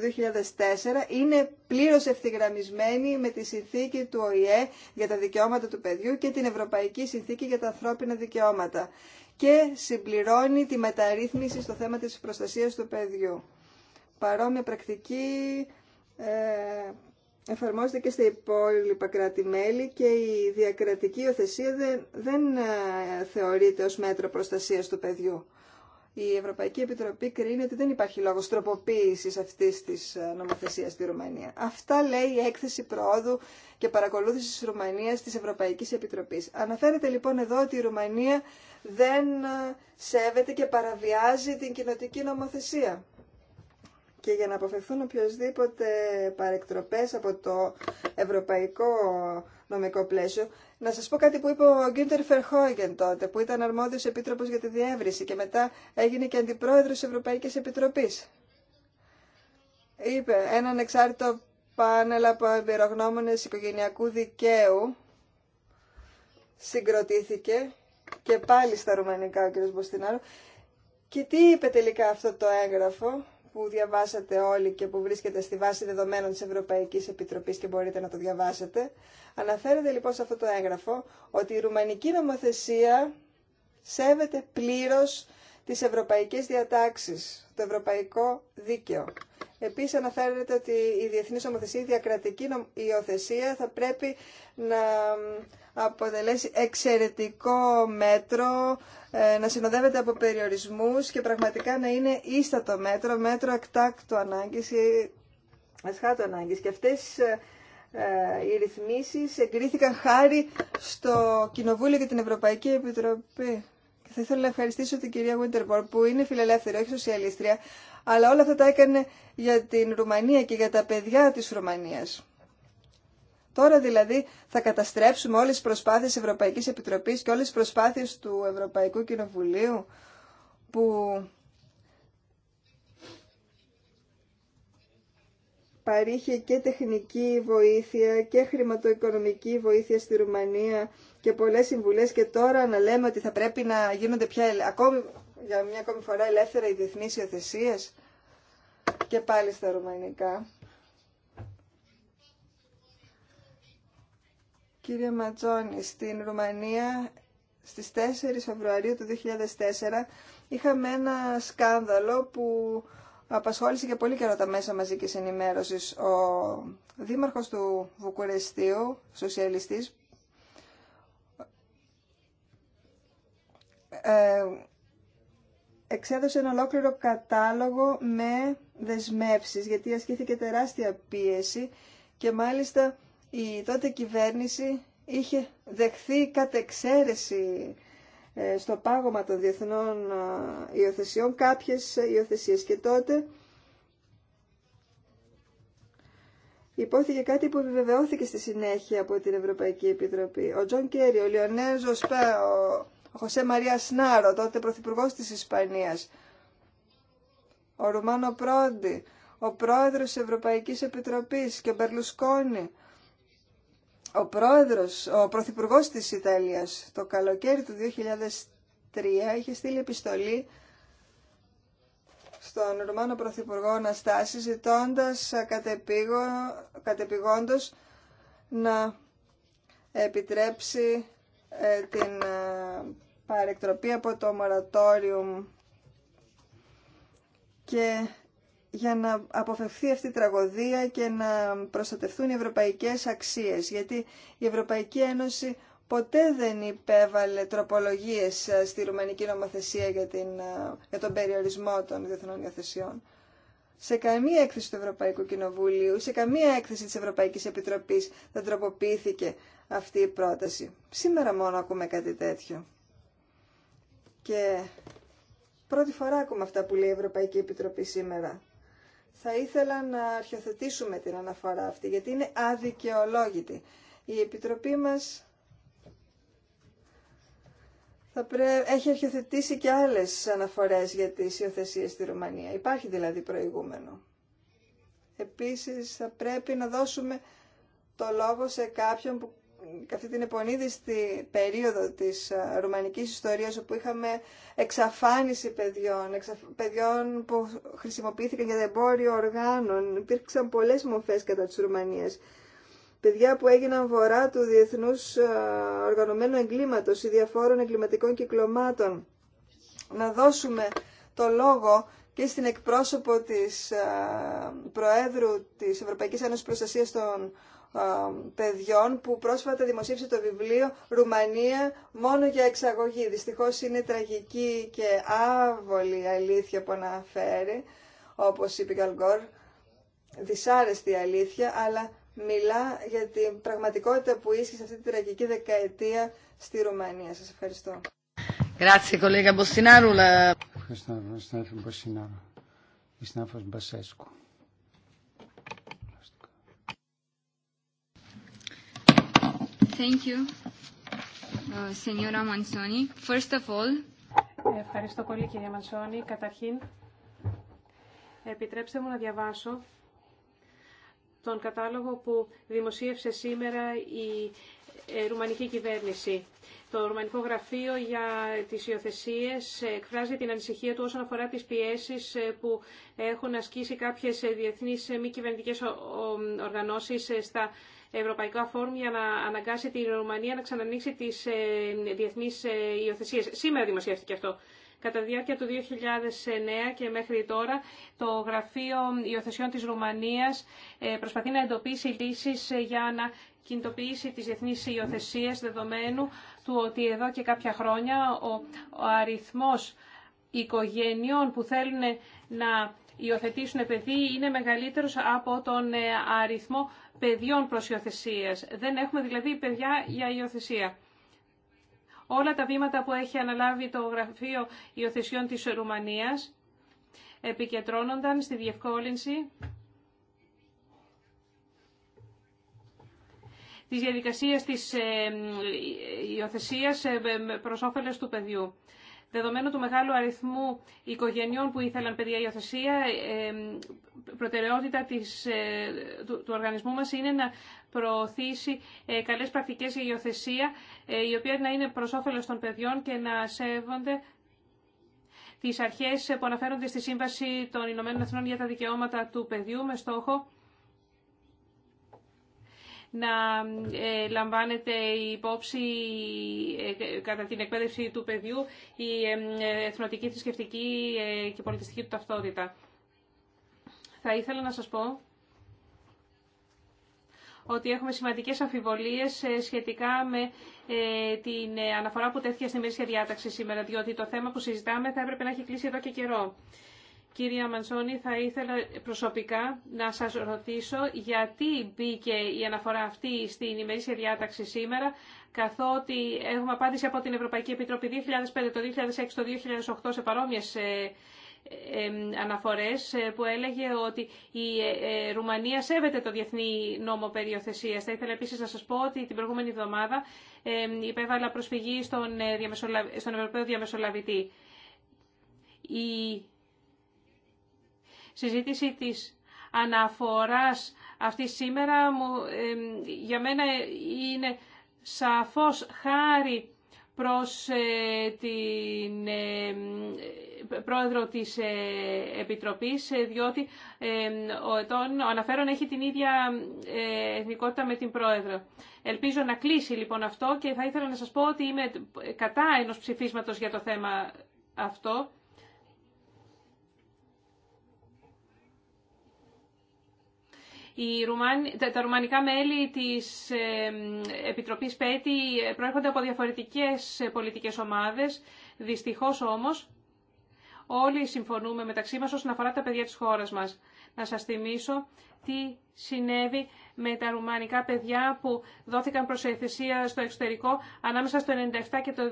2004 είναι πλήρως ευθυγραμμισμένη με τη συνθήκη του ΟΗΕ για τα δικαιώματα του παιδιού και την Ευρωπαϊκή Συνθήκη για τα ανθρώπινα δικαιώματα και συμπληρώνει τη μεταρρύθμιση στο θέμα της προστασίας του παιδιού. Παρόμοια πρακτική ε, εφαρμόζεται και στα υπόλοιπα κράτη-μέλη και η διακρατική υιοθεσία δεν, ε, θεωρείται ως μέτρο προστασίας του παιδιού η Ευρωπαϊκή Επιτροπή κρίνει ότι δεν υπάρχει λόγο τροποποίηση αυτή της ε, νομοθεσία στη Ρουμανία. Αυτά λέει η έκθεση προόδου και παρακολούθηση της Ρουμανίας τη Ευρωπαϊκή Επιτροπή. Αναφέρεται λοιπόν εδώ ότι η Ρουμανία δεν ε, σέβεται και παραβιάζει την κοινοτική νομοθεσία. Και για να αποφευθούν οποιασδήποτε παρεκτροπές από το ευρωπαϊκό νομικό πλαίσιο, να σας πω κάτι που είπε ο Γκίντερ Φερχόγεν τότε, που ήταν αρμόδιος επίτροπος για τη διεύρυνση και μετά έγινε και αντιπρόεδρος της Ευρωπαϊκής Επιτροπής. Είπε έναν εξάρτητο πάνελ από εμπειρογνώμονες οικογενειακού δικαίου, συγκροτήθηκε και πάλι στα ρουμανικά ο κ. Μποστινάρου. Και τι είπε τελικά αυτό το έγγραφο, που διαβάσατε όλοι και που βρίσκεται στη βάση δεδομένων της Ευρωπαϊκής Επιτροπής και μπορείτε να το διαβάσετε. Αναφέρεται λοιπόν σε αυτό το έγγραφο ότι η ρουμανική νομοθεσία σέβεται πλήρως τις ευρωπαϊκές διατάξεις, το ευρωπαϊκό δίκαιο. Επίσης αναφέρεται ότι η Διεθνής νομοθεσία, η διακρατική νομοθεσία θα πρέπει να αποτελέσει εξαιρετικό μέτρο, ε, να συνοδεύεται από περιορισμούς και πραγματικά να είναι ίστατο μέτρο, μέτρο εκτάκτου ανάγκης ή ασχάτου ανάγκης. Και αυτές ε, ε, οι ρυθμίσεις εγκρίθηκαν χάρη στο Κοινοβούλιο και την Ευρωπαϊκή Επιτροπή. θα ήθελα να ευχαριστήσω την κυρία Γουίντερμπορ που είναι φιλελεύθερη, όχι σοσιαλίστρια, αλλά όλα αυτά τα έκανε για την Ρουμανία και για τα παιδιά της Ρουμανίας. Τώρα δηλαδή θα καταστρέψουμε όλες τις προσπάθειες Ευρωπαϊκής Επιτροπής και όλες τις προσπάθειες του Ευρωπαϊκού Κοινοβουλίου που παρήχε και τεχνική βοήθεια και χρηματοοικονομική βοήθεια στη Ρουμανία και πολλές συμβουλές και τώρα να λέμε ότι θα πρέπει να γίνονται πια ακόμη, για μια ακόμη φορά ελεύθερα οι διεθνείς υιοθεσίες και πάλι στα ρουμανικά. Κύριε Ματζόνη, στην Ρουμανία στις 4 Φεβρουαρίου του 2004 είχαμε ένα σκάνδαλο που απασχόλησε και πολύ καιρό τα μέσα μαζικής ενημέρωσης. Ο δήμαρχος του Βουκουρεστίου, σοσιαλιστής, ε, εξέδωσε ένα ολόκληρο κατάλογο με δεσμεύσεις, γιατί ασκήθηκε τεράστια πίεση και μάλιστα η τότε κυβέρνηση είχε δεχθεί κατ' εξαίρεση ε, στο πάγωμα των διεθνών ε, υιοθεσιών κάποιες υιοθεσίες και τότε υπόθηκε κάτι που επιβεβαιώθηκε στη συνέχεια από την Ευρωπαϊκή Επιτροπή. Ο Τζον Κέρι, ο Λιονέζο Πέ, ο Χωσέ Μαρία Σνάρο, τότε Πρωθυπουργός της Ισπανίας, ο Ρουμάνο Πρόντι, ο Πρόεδρος της Ευρωπαϊκής Επιτροπής και ο Μπερλουσκόνη, ο πρόεδρος, ο πρωθυπουργός της Ιταλίας το καλοκαίρι του 2003 είχε στείλει επιστολή στον Ρουμάνο Πρωθυπουργό Αναστάση ζητώντας ε, κατεπηγόντω να επιτρέψει ε, την ε, παρεκτροπή από το μορατόριου και για να αποφευθεί αυτή η τραγωδία και να προστατευτούν οι ευρωπαϊκές αξίες. Γιατί η Ευρωπαϊκή Ένωση ποτέ δεν υπέβαλε τροπολογίες ε, στη Ρουμανική νομοθεσία για, την, ε, για τον περιορισμό των διεθνών υιοθεσιών. Σε καμία έκθεση του Ευρωπαϊκού Κοινοβουλίου, σε καμία έκθεση της Ευρωπαϊκής Επιτροπής δεν τροποποιήθηκε αυτή η πρόταση. Σήμερα μόνο ακούμε κάτι τέτοιο. Και πρώτη φορά ακούμε αυτά που λέει η Ευρωπαϊκή Επιτροπή σήμερα θα ήθελα να αρχιοθετήσουμε την αναφορά αυτή, γιατί είναι αδικαιολόγητη. Η Επιτροπή μας θα πρέ... έχει αρχιοθετήσει και άλλες αναφορές για τις υιοθεσίες στη Ρουμανία. Υπάρχει δηλαδή προηγούμενο. Επίσης θα πρέπει να δώσουμε το λόγο σε κάποιον που αυτή την επονίδιστη περίοδο της ρουμανικής ιστορίας όπου είχαμε εξαφάνιση παιδιών, παιδιών που χρησιμοποιήθηκαν για εμπόριο οργάνων. Υπήρξαν πολλές μορφές κατά της Ρουμανίας. Παιδιά που έγιναν βορρά του διεθνούς οργανωμένου εγκλήματος ή διαφόρων εγκληματικών κυκλωμάτων. Να δώσουμε το λόγο και στην εκπρόσωπο της Προέδρου της Ευρωπαϊκής Ένωσης Προστασίας των ε, παιδιών που πρόσφατα δημοσίευσε το βιβλίο «Ρουμανία μόνο για εξαγωγή». Δυστυχώς είναι τραγική και άβολη αλήθεια που αναφέρει, όπως είπε η Γκαλγκόρ, δυσάρεστη αλήθεια, αλλά μιλά για την πραγματικότητα που ίσχυσε αυτή τη τραγική δεκαετία στη Ρουμανία. Σας ευχαριστώ. Ευχαριστώ, Μποστινάρου. Μποστινάρου. Uh, Ευχαριστώ πολύ, κυρία Μανσόνη. Καταρχήν, επιτρέψτε μου να διαβάσω τον κατάλογο που δημοσίευσε σήμερα η ε, ρουμανική κυβέρνηση. Το Ρουμανικό Γραφείο για τις υιοθεσίε εκφράζει την ανησυχία του όσον αφορά τις πιέσεις ε, που έχουν ασκήσει κάποιες ε, διεθνείς μη κυβερνητικές οργανώσεις στα ευρωπαϊκά φόρουμ για να αναγκάσει τη Ρουμανία να ξανανοίξει τις ε, διεθνείς ε, υιοθεσίες. Σήμερα δημοσιεύτηκε αυτό. Κατά τη διάρκεια του 2009 και μέχρι τώρα, το Γραφείο Υιοθεσιών της Ρουμανίας ε, προσπαθεί να εντοπίσει λύσεις για να κινητοποιήσει τις διεθνείς υιοθεσίες, δεδομένου του ότι εδώ και κάποια χρόνια ο, ο αριθμός οικογένειών που θέλουν να υιοθετήσουν παιδί είναι μεγαλύτερος από τον αριθμό παιδιών προς Δεν έχουμε δηλαδή παιδιά για υιοθεσία. Όλα τα βήματα που έχει αναλάβει το Γραφείο Υιοθεσιών της Ρουμανίας επικεντρώνονταν στη διευκόλυνση της διαδικασίας της ε, ε, υιοθεσίας ε, προς του παιδιού. Δεδομένου του μεγάλου αριθμού οικογενειών που ήθελαν παιδιά υιοθεσία, προτεραιότητα της, ε, του, του οργανισμού μας είναι να προωθήσει ε, καλές πρακτικές για υιοθεσία, ε, η οποία να είναι προς όφελος των παιδιών και να σέβονται τις αρχές που αναφέρονται στη Σύμβαση των Ηνωμένων Εθνών για τα Δικαιώματα του Παιδιού με στόχο να ε, λαμβάνεται υπόψη ε, κατά την εκπαίδευση του παιδιού η ε, εθνοτική, θρησκευτική και πολιτιστική του ταυτότητα. Θα ήθελα να σας πω ότι έχουμε σημαντικές αμφιβολίες σχετικά με την αναφορά που τέθηκε στην Μέση διάταξη σήμερα, διότι το θέμα που συζητάμε θα έπρεπε να έχει κλείσει εδώ και καιρό. Κυρία Μανσόνη, θα ήθελα προσωπικά να σας ρωτήσω γιατί μπήκε η αναφορά αυτή στην ημερήσια διάταξη σήμερα, καθότι έχουμε απάντηση από την Ευρωπαϊκή Επιτροπή 2005, το 2006, το 2008 σε παρόμοιες ε, ε, αναφορές ε, που έλεγε ότι η Ρουμανία σέβεται το διεθνή νόμο περιοθεσία. Θα ήθελα επίσης να σας πω ότι την προηγούμενη εβδομάδα υπέβαλα προσφυγή στον, στον Ευρωπαίο Διαμεσολαβητή. Η συζήτηση της αναφοράς αυτή σήμερα μου, για μένα είναι σαφώς χάρη προς ε, την ε, πρόεδρο της ε, Επιτροπής, διότι ο, τον, ο αναφέρον έχει την ίδια εθνικότητα με την πρόεδρο. Ελπίζω να κλείσει λοιπόν αυτό και θα ήθελα να σας πω ότι είμαι κατά ενός ψηφίσματος για το θέμα αυτό. τα, τα ρουμανικά μέλη της ε, Επιτροπής ΠΕΤΗ προέρχονται από διαφορετικές ε, πολιτικές ομάδες. Δυστυχώς όμως όλοι συμφωνούμε μεταξύ μας όσον αφορά τα παιδιά της χώρας μας να σας θυμίσω τι συνέβη με τα ρουμανικά παιδιά που δόθηκαν προς εθεσία στο εξωτερικό ανάμεσα στο 1997 και το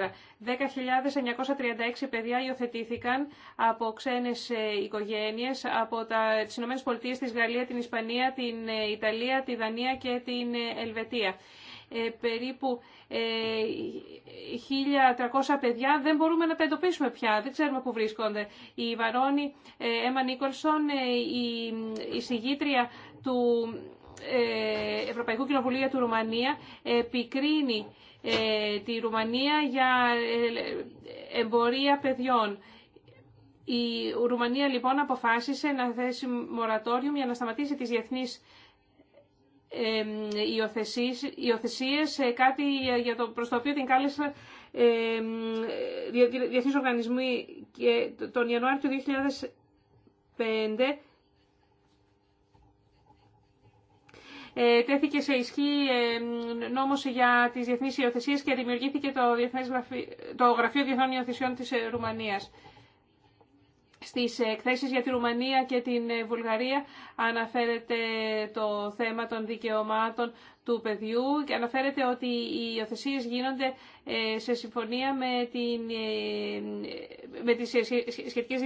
2004. 10.936 παιδιά υιοθετήθηκαν από ξένες ε, οικογένειες από τα, τις ΗΠΑ, τη Γαλλία, την Ισπανία, την ε, Ιταλία, τη Δανία και την ε, Ελβετία. Ε, περίπου 1.300 ε, παιδιά δεν μπορούμε να τα εντοπίσουμε πια, δεν ξέρουμε πού βρίσκονται. Η Βαρόνη ε, Έμα Νίκολσον, η συγγήτρια του Ευρωπαϊκού Κοινοβουλίου για τη Ρουμανία επικρίνει τη Ρουμανία για εμπορία παιδιών. Η Ρουμανία λοιπόν αποφάσισε να θέσει μορατόριο για να σταματήσει τις διεθνείς υιοθεσίες, ε, κάτι για το, προς το οποίο την κάλεσε ε, διεθνείς οργανισμοί και τον Ιανουάριο του 2005 ε, τέθηκε σε ισχύ νόμος για τις διεθνείς υιοθεσίες και δημιουργήθηκε το, Γραφείο, το Γραφείο Διεθνών Υιοθεσιών της ε, Ρουμανίας. Στις εκθέσεις για τη Ρουμανία και την ε, Βουλγαρία αναφέρεται το θέμα των δικαιωμάτων του παιδιού και αναφέρεται ότι οι υιοθεσίες γίνονται ε, σε συμφωνία με, την, ε, με τις σχετικές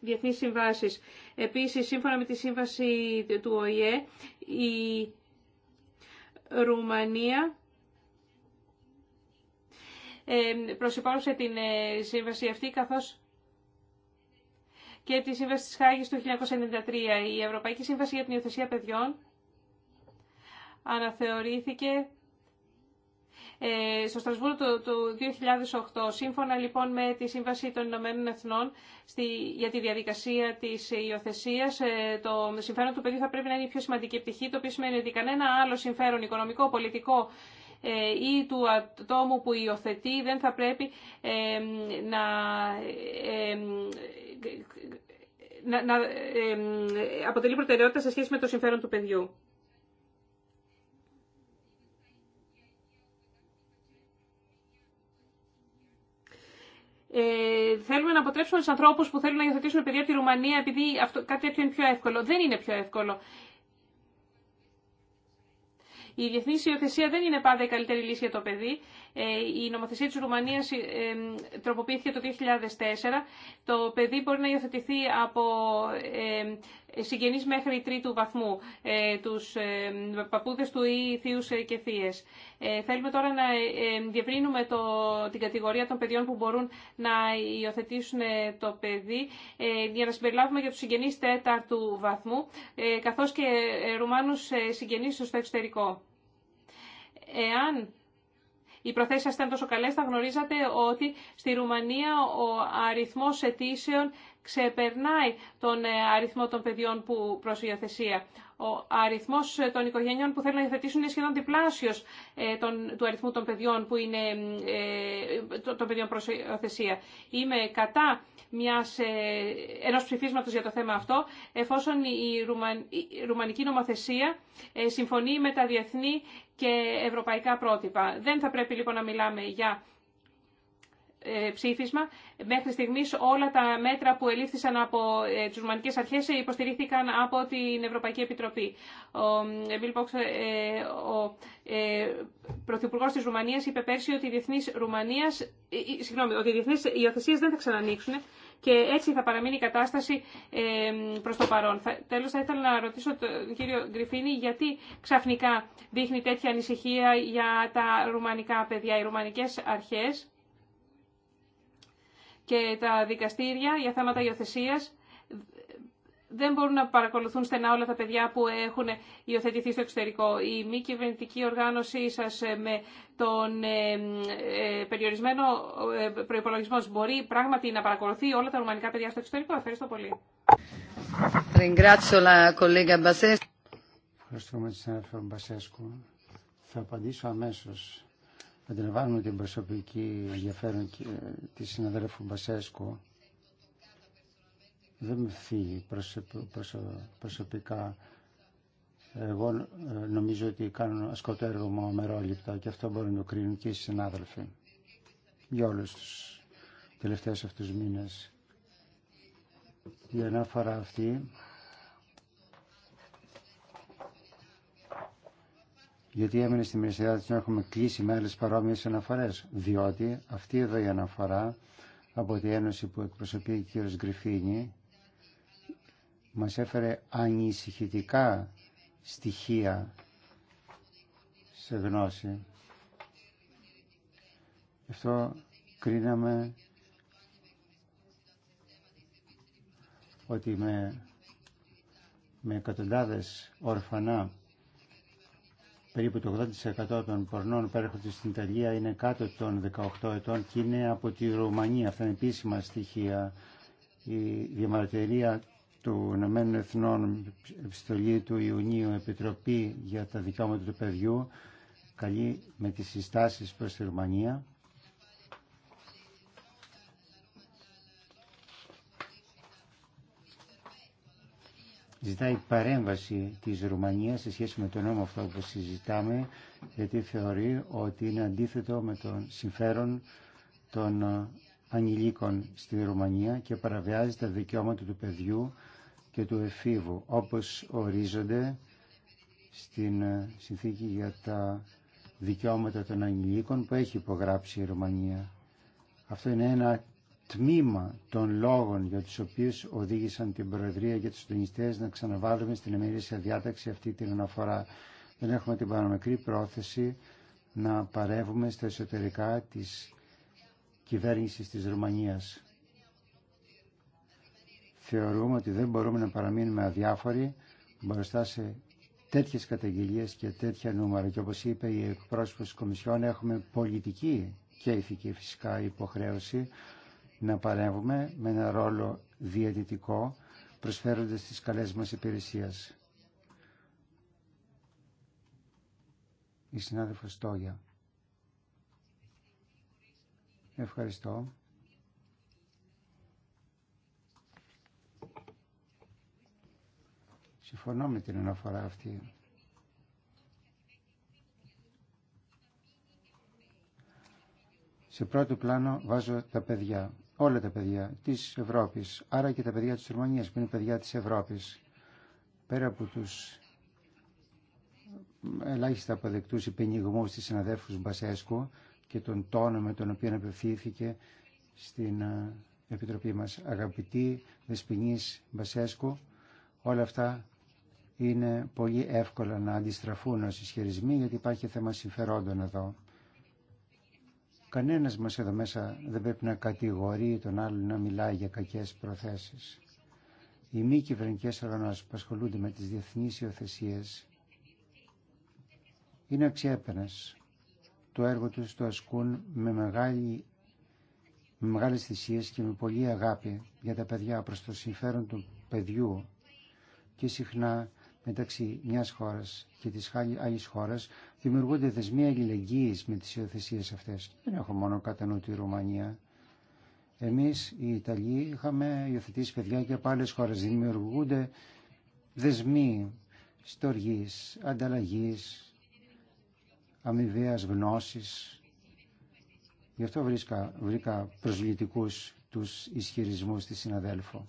διεθνείς συμβάσεις. Επίσης, σύμφωνα με τη σύμβαση του ΟΗΕ, η Ρουμανία προσυπάρουσε την σύμβαση αυτή καθώς και τη Σύμβαση τη Χάγης του 1993. Η Ευρωπαϊκή Σύμβαση για την Υιοθεσία Παιδιών αναθεωρήθηκε ε, στο Στρασβούργο το, 2008. Σύμφωνα λοιπόν με τη Σύμβαση των Ηνωμένων Εθνών στη, για τη διαδικασία της υιοθεσία, ε, το συμφέρον του παιδιού θα πρέπει να είναι η πιο σημαντική πτυχή, το οποίο σημαίνει ότι κανένα άλλο συμφέρον οικονομικό, πολιτικό, ε, ή του ατόμου που υιοθετεί δεν θα πρέπει να να, αποτελεί προτεραιότητα σε σχέση με το συμφέρον του παιδιού. Ε, θέλουμε να αποτρέψουμε του ανθρώπου που θέλουν να υιοθετήσουν παιδιά από τη Ρουμανία επειδή αυτό, κάτι τέτοιο είναι πιο εύκολο. Δεν είναι πιο εύκολο. Η διεθνή υιοθεσία δεν είναι πάντα η καλύτερη λύση για το παιδί. Ε, η νομοθεσία της Ρουμανίας ε, τροποποιήθηκε το 2004. Το παιδί μπορεί να υιοθετηθεί από ε, ε, συγγενείς μέχρι τρίτου βαθμού, ε, τους ε, παππούδες του ή θείους και θείες. Θέλουμε τώρα να διευρύνουμε το, την κατηγορία των παιδιών που μπορούν να υιοθετήσουν το παιδί για να συμπεριλάβουμε για τους συγγενείς τέταρτου βαθμού, καθώς και Ρουμάνους συγγενείς στο εξωτερικό. Εάν οι προθέσεις σας ήταν τόσο καλές, θα γνωρίζατε ότι στη Ρουμανία ο αριθμός αιτήσεων ξεπερνάει τον ε, αριθμό των παιδιών που προς υιοθεσία. Ο αριθμός ε, των οικογενειών που θέλουν να υιοθετήσουν είναι σχεδόν διπλάσιος ε, του αριθμού των παιδιών, που είναι, των παιδιών προς υιοθεσία. Είμαι κατά μιας, ενός ψηφίσματος για το θέμα αυτό, εφόσον η, η ρουμανική νομοθεσία συμφωνεί με τα διεθνή και ευρωπαϊκά πρότυπα. Δεν θα πρέπει λοιπόν να μιλάμε για ε, ψήφισμα. Μέχρι στιγμή όλα τα μέτρα που ελήφθησαν από ε, τι Ρουμανικέ Αρχέ υποστηρίχθηκαν από την Ευρωπαϊκή Επιτροπή. Ο Μπιλ Πόξ, ε, ο Πρωθυπουργό της Ρουμανίας, είπε πέρσι ότι οι διεθνεί Ρουμανίας, συγγνώμη, ότι οι διεθνεί υιοθεσίε δεν θα ξανανοίξουν και έτσι θα παραμείνει η κατάσταση προ το παρόν. Τέλο, θα ήθελα να ρωτήσω τον κύριο Γκριφίνη γιατί ξαφνικά δείχνει τέτοια ανησυχία για τα ρουμανικά παιδιά. Οι Ρουμανικέ αρχέ και τα δικαστήρια για θέματα υιοθεσία δεν μπορούν να παρακολουθούν στενά όλα τα παιδιά που έχουν υιοθετηθεί στο εξωτερικό. Η μη κυβερνητική οργάνωσή σας ε, με τον ε, ε, περιορισμένο προπολογισμό μπορεί πράγματι να παρακολουθεί όλα τα ρουμανικά παιδιά στο εξωτερικό. Ευχαριστώ πολύ. Ευχαριστούμε τη συνάδελφα Θα απαντήσω αμέσως αντιλαμβάνουμε την προσωπική ενδιαφέρον ε, τη συναδέλφου Μπασέσκου. Δεν με φύγει προσωπικά. Εγώ ε, νομίζω ότι κάνω ασκώ το έργο μου και αυτό μπορεί να το κρίνουν και οι συνάδελφοι για όλους τους τελευταίους αυτούς μήνες. Η ανάφορα αυτή γιατί έμεινε στη μεσαία να έχουμε κλείσει με άλλε παρόμοιε αναφορέ. Διότι αυτή εδώ η αναφορά από την Ένωση που εκπροσωπεί ο κύριος Γκριφίνη μας έφερε ανησυχητικά στοιχεία σε γνώση. Αυτό κρίναμε ότι με, με εκατοντάδες ορφανά Περίπου το 80% των πορνών που έρχονται στην Ιταλία είναι κάτω των 18 ετών και είναι από τη Ρουμανία. Αυτά είναι επίσημα στοιχεία. Η διαμαρτυρία του Ηνωμένων Εθνών, επιστολή του Ιουνίου, Επιτροπή για τα Δικαιώματα του Παιδιού, καλεί με τις συστάσεις προς τη Ρουμανία ζητάει παρέμβαση της Ρουμανίας σε σχέση με τον νόμο αυτό που συζητάμε, γιατί θεωρεί ότι είναι αντίθετο με τον συμφέρον των ε, ανηλίκων στη Ρουμανία και παραβιάζει τα δικαιώματα του παιδιού και του εφήβου, όπως ορίζονται στην ε, συνθήκη για τα δικαιώματα των ανηλίκων που έχει υπογράψει η Ρουμανία. Αυτό είναι ένα τμήμα των λόγων για τους οποίους οδήγησαν την Προεδρία και τους συντονιστές να ξαναβάλουμε στην εμερήσια διάταξη αυτή την αναφορά. Δεν έχουμε την παραμικρή πρόθεση να παρεύουμε στα εσωτερικά της κυβέρνησης της Ρουμανίας. Θεωρούμε ότι δεν μπορούμε να παραμείνουμε αδιάφοροι μπροστά σε τέτοιες καταγγελίες και τέτοια νούμερα. Και όπως είπε η εκπρόσωπος της Κομισιόν έχουμε πολιτική και ηθική φυσικά υποχρέωση να παρέμβουμε με ένα ρόλο διαιτητικό προσφέροντας τις καλές μας υπηρεσίες. Η συνάδελφος Στόγια. Ευχαριστώ. Συμφωνώ με την αναφορά αυτή. Σε πρώτο πλάνο βάζω τα παιδιά όλα τα παιδιά της Ευρώπης, άρα και τα παιδιά της Ρουμανίας που είναι παιδιά της Ευρώπης, πέρα από τους ελάχιστα αποδεκτούς υπενιγμούς της συναδέλφου Μπασέσκου και τον τόνο με τον οποίο απευθύνθηκε στην ε, Επιτροπή μας. Αγαπητή Δεσποινής Μπασέσκου, όλα αυτά είναι πολύ εύκολα να αντιστραφούν ως ισχυρισμοί γιατί υπάρχει θέμα συμφερόντων εδώ. Κανένας μας εδώ μέσα δεν πρέπει να κατηγορεί τον άλλον να μιλάει για κακές προθέσεις. Οι μη κυβερνικέ οργανώσει που ασχολούνται με τις διεθνείς υιοθεσίε είναι αξιέπαινες. Το έργο τους το ασκούν με, μεγάλη, μεγάλες θυσίες και με πολλή αγάπη για τα παιδιά προς το συμφέρον του παιδιού και συχνά μεταξύ μιας χώρας και τη άλλη χώρα δημιουργούνται δεσμοί αλληλεγγύη με τις υιοθεσίε αυτές. Δεν έχω μόνο κατά νου τη Ρουμανία. Εμείς οι Ιταλοί είχαμε υιοθετήσει παιδιά και από άλλε χώρες. Δημιουργούνται δεσμοί στοργή, ανταλλαγή, αμοιβαία γνώση. Γι' αυτό βρίσκα, βρήκα προσβλητικού τους ισχυρισμούς τη συναδέλφου.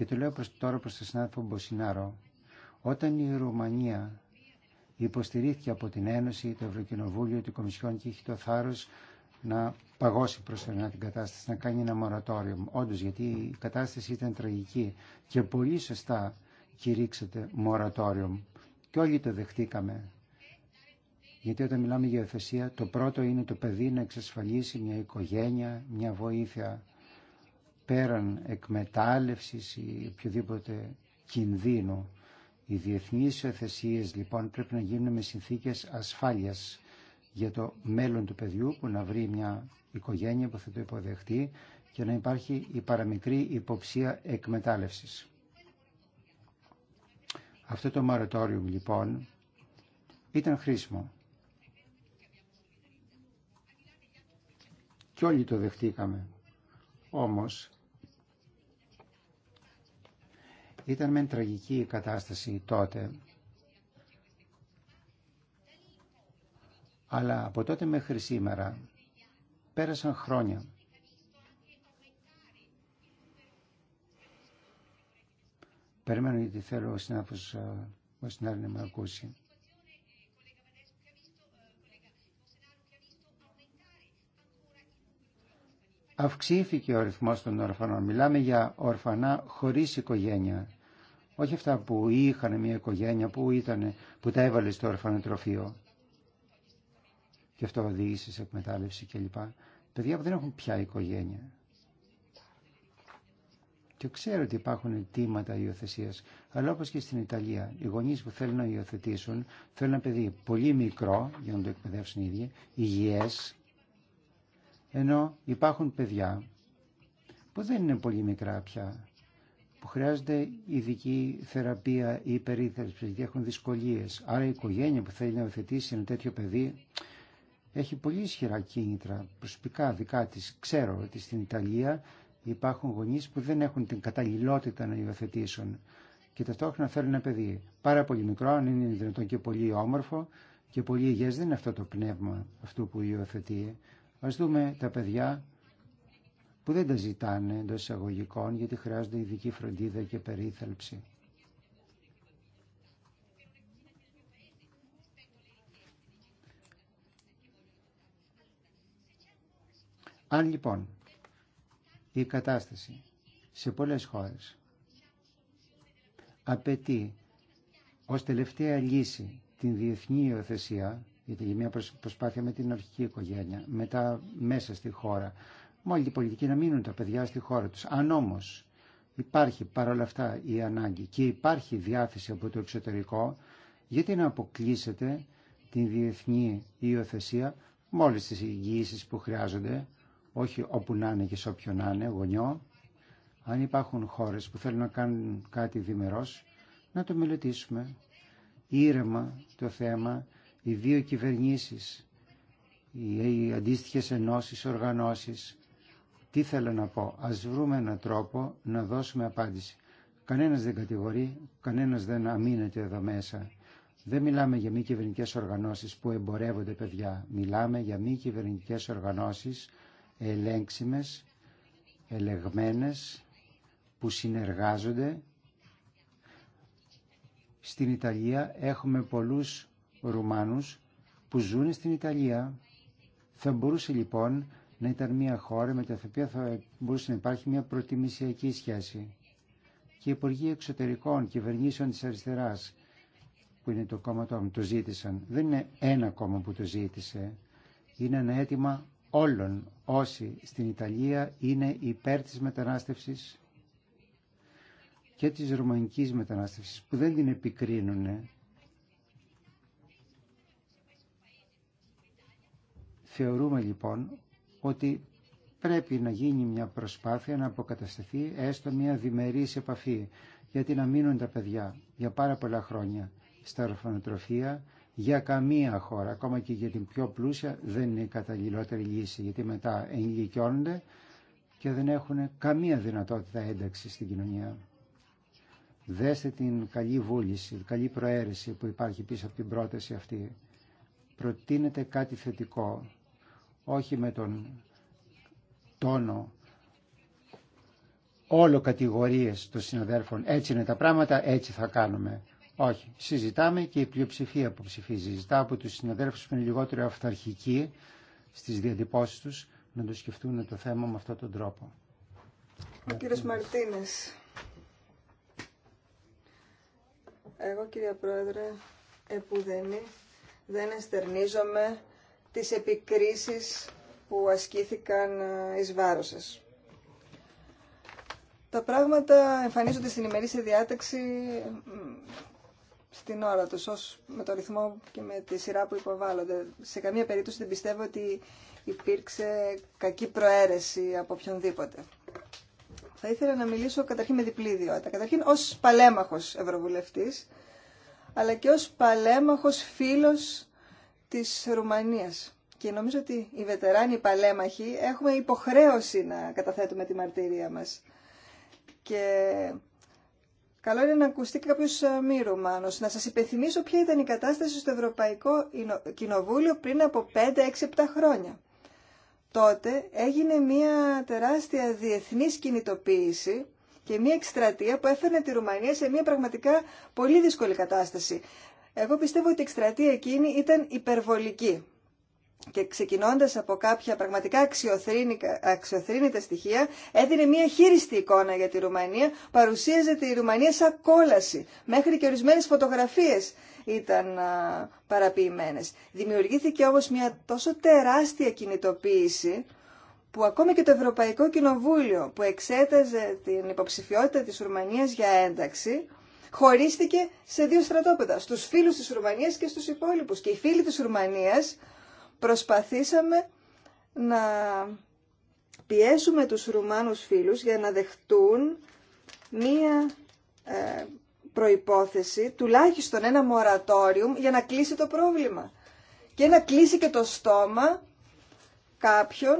Και το λέω προς, τώρα προς τον συνάδελφο Μποσινάρο. Όταν η Ρουμανία υποστηρίχθηκε από την Ένωση, το Ευρωκοινοβούλιο, την Κομισιόν και είχε το θάρρος να παγώσει προσωρινά την κατάσταση, να κάνει ένα μορατόριο. Όντω, γιατί η κατάσταση ήταν τραγική και πολύ σωστά κηρύξατε μορατόριο. Και όλοι το δεχτήκαμε. Γιατί όταν μιλάμε για εθεσία, το πρώτο είναι το παιδί να εξασφαλίσει μια οικογένεια, μια βοήθεια πέραν εκμετάλλευσης ή οποιοδήποτε κινδύνου. Οι διεθνείς εθεσίες λοιπόν πρέπει να γίνουν με συνθήκες ασφάλειας για το μέλλον του παιδιού που να βρει μια οικογένεια που θα το υποδεχτεί και να υπάρχει η παραμικρή υποψία εκμετάλλευσης. Αυτό το μαρατόριο λοιπόν ήταν χρήσιμο. Και όλοι το δεχτήκαμε. Όμως Ήταν μεν τραγική η κατάσταση τότε. Αλλά από τότε μέχρι σήμερα πέρασαν χρόνια. Περιμένω γιατί θέλω ο συνάδελφος ε, ο να με ακούσει. Αυξήθηκε ο ρυθμός των ορφανών. Μιλάμε για ορφανά χωρίς οικογένεια όχι αυτά που είχαν μια οικογένεια που, ήταν, που τα έβαλε στο ορφανοτροφείο και αυτό οδήγησε σε εκμετάλλευση κλπ. Παιδιά που δεν έχουν πια οικογένεια. Και ξέρω ότι υπάρχουν αιτήματα υιοθεσία, αλλά όπω και στην Ιταλία, οι γονεί που θέλουν να υιοθετήσουν θέλουν ένα παιδί πολύ μικρό, για να το εκπαιδεύσουν οι ίδιοι, υγιέ, ενώ υπάρχουν παιδιά που δεν είναι πολύ μικρά πια που χρειάζονται ειδική θεραπεία ή περίθαλψη, γιατί έχουν δυσκολίε. Άρα η οικογένεια που θέλει να υιοθετήσει ένα τέτοιο παιδί έχει πολύ ισχυρά κίνητρα προσωπικά δικά τη. Ξέρω ότι στην Ιταλία υπάρχουν γονεί που δεν έχουν την καταλληλότητα να υιοθετήσουν και ταυτόχρονα θέλουν ένα παιδί. Πάρα πολύ μικρό, αν είναι δυνατόν και πολύ όμορφο και πολύ υγιέ, δεν είναι αυτό το πνεύμα αυτού που υιοθετεί. Α δούμε τα παιδιά που δεν τα ζητάνε εντό εισαγωγικών γιατί χρειάζονται ειδική φροντίδα και περίθαλψη. Αν λοιπόν η κατάσταση σε πολλές χώρες απαιτεί ως τελευταία λύση την διεθνή υιοθεσία, γιατί για μια προσπάθεια με την αρχική οικογένεια, μετά μέσα στη χώρα, με την πολιτική να μείνουν τα παιδιά στη χώρα τους. Αν όμως υπάρχει παρόλα αυτά η ανάγκη και υπάρχει διάθεση από το εξωτερικό, γιατί να αποκλείσετε την διεθνή υιοθεσία με όλες τις εγγυήσεις που χρειάζονται, όχι όπου να είναι και σε όποιον να είναι, γονιό. Αν υπάρχουν χώρες που θέλουν να κάνουν κάτι διμερός, να το μελετήσουμε. Ήρεμα το θέμα, οι δύο κυβερνήσεις, οι αντίστοιχες ενώσεις, οργανώσεις, τι θέλω να πω, ας βρούμε έναν τρόπο να δώσουμε απάντηση. Κανένας δεν κατηγορεί, κανένας δεν αμήνεται εδώ μέσα. Δεν μιλάμε για μη κυβερνητικέ οργανώσεις που εμπορεύονται παιδιά. Μιλάμε για μη κυβερνητικέ οργανώσεις ελέγξιμες, ελεγμένες, που συνεργάζονται. Στην Ιταλία έχουμε πολλούς Ρουμάνους που ζουν στην Ιταλία. Θα μπορούσε λοιπόν να ήταν μια χώρα με την οποία θα μπορούσε να υπάρχει μια προτιμησιακή σχέση. Και οι Υπουργοί Εξωτερικών Κυβερνήσεων της Αριστεράς, που είναι το κόμμα το το ζήτησαν, δεν είναι ένα κόμμα που το ζήτησε. Είναι ένα αίτημα όλων όσοι στην Ιταλία είναι υπέρ της μετανάστευσης και της ρωμανικής μετανάστευση που δεν την επικρίνουν. Θεωρούμε λοιπόν ότι πρέπει να γίνει μια προσπάθεια να αποκατασταθεί έστω μια διμερής επαφή, γιατί να μείνουν τα παιδιά για πάρα πολλά χρόνια στα ορφανοτροφία, για καμία χώρα, ακόμα και για την πιο πλούσια, δεν είναι η καταλληλότερη λύση, γιατί μετά ενηλικιώνονται και δεν έχουν καμία δυνατότητα ένταξη στην κοινωνία. Δέστε την καλή βούληση, την καλή προαίρεση που υπάρχει πίσω από την πρόταση αυτή. Προτείνετε κάτι θετικό, όχι με τον τόνο όλο κατηγορίες των συναδέρφων. Έτσι είναι τα πράγματα, έτσι θα κάνουμε. Όχι. Συζητάμε και η πλειοψηφία που ψηφίζει. Ζητά από τους συναδέρφους που είναι λιγότερο αυθαρχικοί στις διατυπώσεις τους να το σκεφτούν το θέμα με αυτόν τον τρόπο. Ο κύριος Μαρτίνες. Εγώ κυρία Πρόεδρε, επουδενή δεν εστερνίζομαι τις επικρίσεις που ασκήθηκαν ε, εις βάρος σας. Τα πράγματα εμφανίζονται στην σε διάταξη στην ώρα τους, ως με το ρυθμό και με τη σειρά που υποβάλλονται. Σε καμία περίπτωση δεν πιστεύω ότι υπήρξε κακή προαίρεση από οποιονδήποτε. Θα ήθελα να μιλήσω καταρχήν με διπλή ιδιότητα. Καταρχήν ως παλέμαχος ευρωβουλευτής, αλλά και ως παλέμαχος φίλος της Ρουμανίας. Και νομίζω ότι οι βετεράνοι παλέμαχοι έχουμε υποχρέωση να καταθέτουμε τη μαρτυρία μας. Και καλό είναι να ακουστεί κάποιο ε, μη Ρουμάνος. Να σας υπενθυμίσω ποια ήταν η κατάσταση στο Ευρωπαϊκό Κοινοβούλιο πριν από 5-6-7 χρόνια. Τότε έγινε μια τεράστια διεθνής κινητοποίηση και μια εκστρατεία που έφερνε τη Ρουμανία σε μια πραγματικά πολύ δύσκολη κατάσταση. Εγώ πιστεύω ότι η εκστρατεία εκείνη ήταν υπερβολική και ξεκινώντα από κάποια πραγματικά αξιοθρύνητα στοιχεία έδινε μια χείριστη εικόνα για τη Ρουμανία, παρουσίαζε τη Ρουμανία σαν κόλαση. Μέχρι και ορισμένε φωτογραφίε ήταν α, παραποιημένες. Δημιουργήθηκε όμως μια τόσο τεράστια κινητοποίηση που ακόμη και το Ευρωπαϊκό Κοινοβούλιο που εξέταζε την υποψηφιότητα της Ρουμανίας για ένταξη χωρίστηκε σε δύο στρατόπεδα, στους φίλους της Ρουμανίας και στους υπόλοιπους. Και οι φίλοι της Ρουμανίας προσπαθήσαμε να πιέσουμε τους Ρουμάνους φίλους για να δεχτούν μία ε, προϋπόθεση, τουλάχιστον ένα μορατόριουμ για να κλείσει το πρόβλημα. Και να κλείσει και το στόμα κάποιων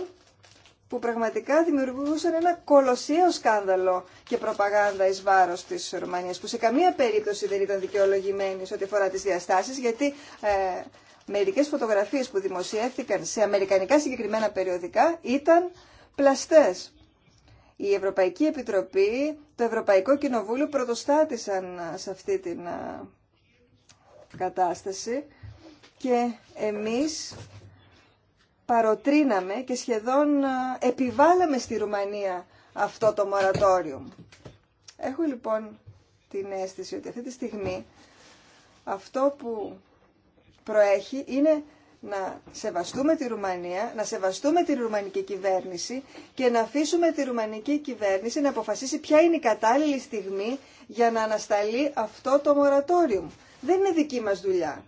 που πραγματικά δημιουργούσαν ένα κολοσιαίο σκάνδαλο και προπαγάνδα εις βάρος της Ρουμανίας, που σε καμία περίπτωση δεν ήταν δικαιολογημένη σε ό,τι αφορά τις διαστάσεις, γιατί ε, μερικές φωτογραφίες που δημοσιεύτηκαν σε αμερικανικά συγκεκριμένα περιοδικά ήταν πλαστές. Η Ευρωπαϊκή Επιτροπή, το Ευρωπαϊκό Κοινοβούλιο πρωτοστάτησαν ε, σε αυτή την ε, κατάσταση και εμείς παροτρύναμε και σχεδόν ε, επιβάλαμε στη Ρουμανία αυτό το μορατόριο. Έχω λοιπόν την αίσθηση ότι αυτή τη στιγμή αυτό που προέχει είναι να σεβαστούμε τη Ρουμανία, να σεβαστούμε τη ρουμανική κυβέρνηση και να αφήσουμε τη ρουμανική κυβέρνηση να αποφασίσει ποια είναι η κατάλληλη στιγμή για να ανασταλεί αυτό το μορατόριο. Δεν είναι δική μας δουλειά.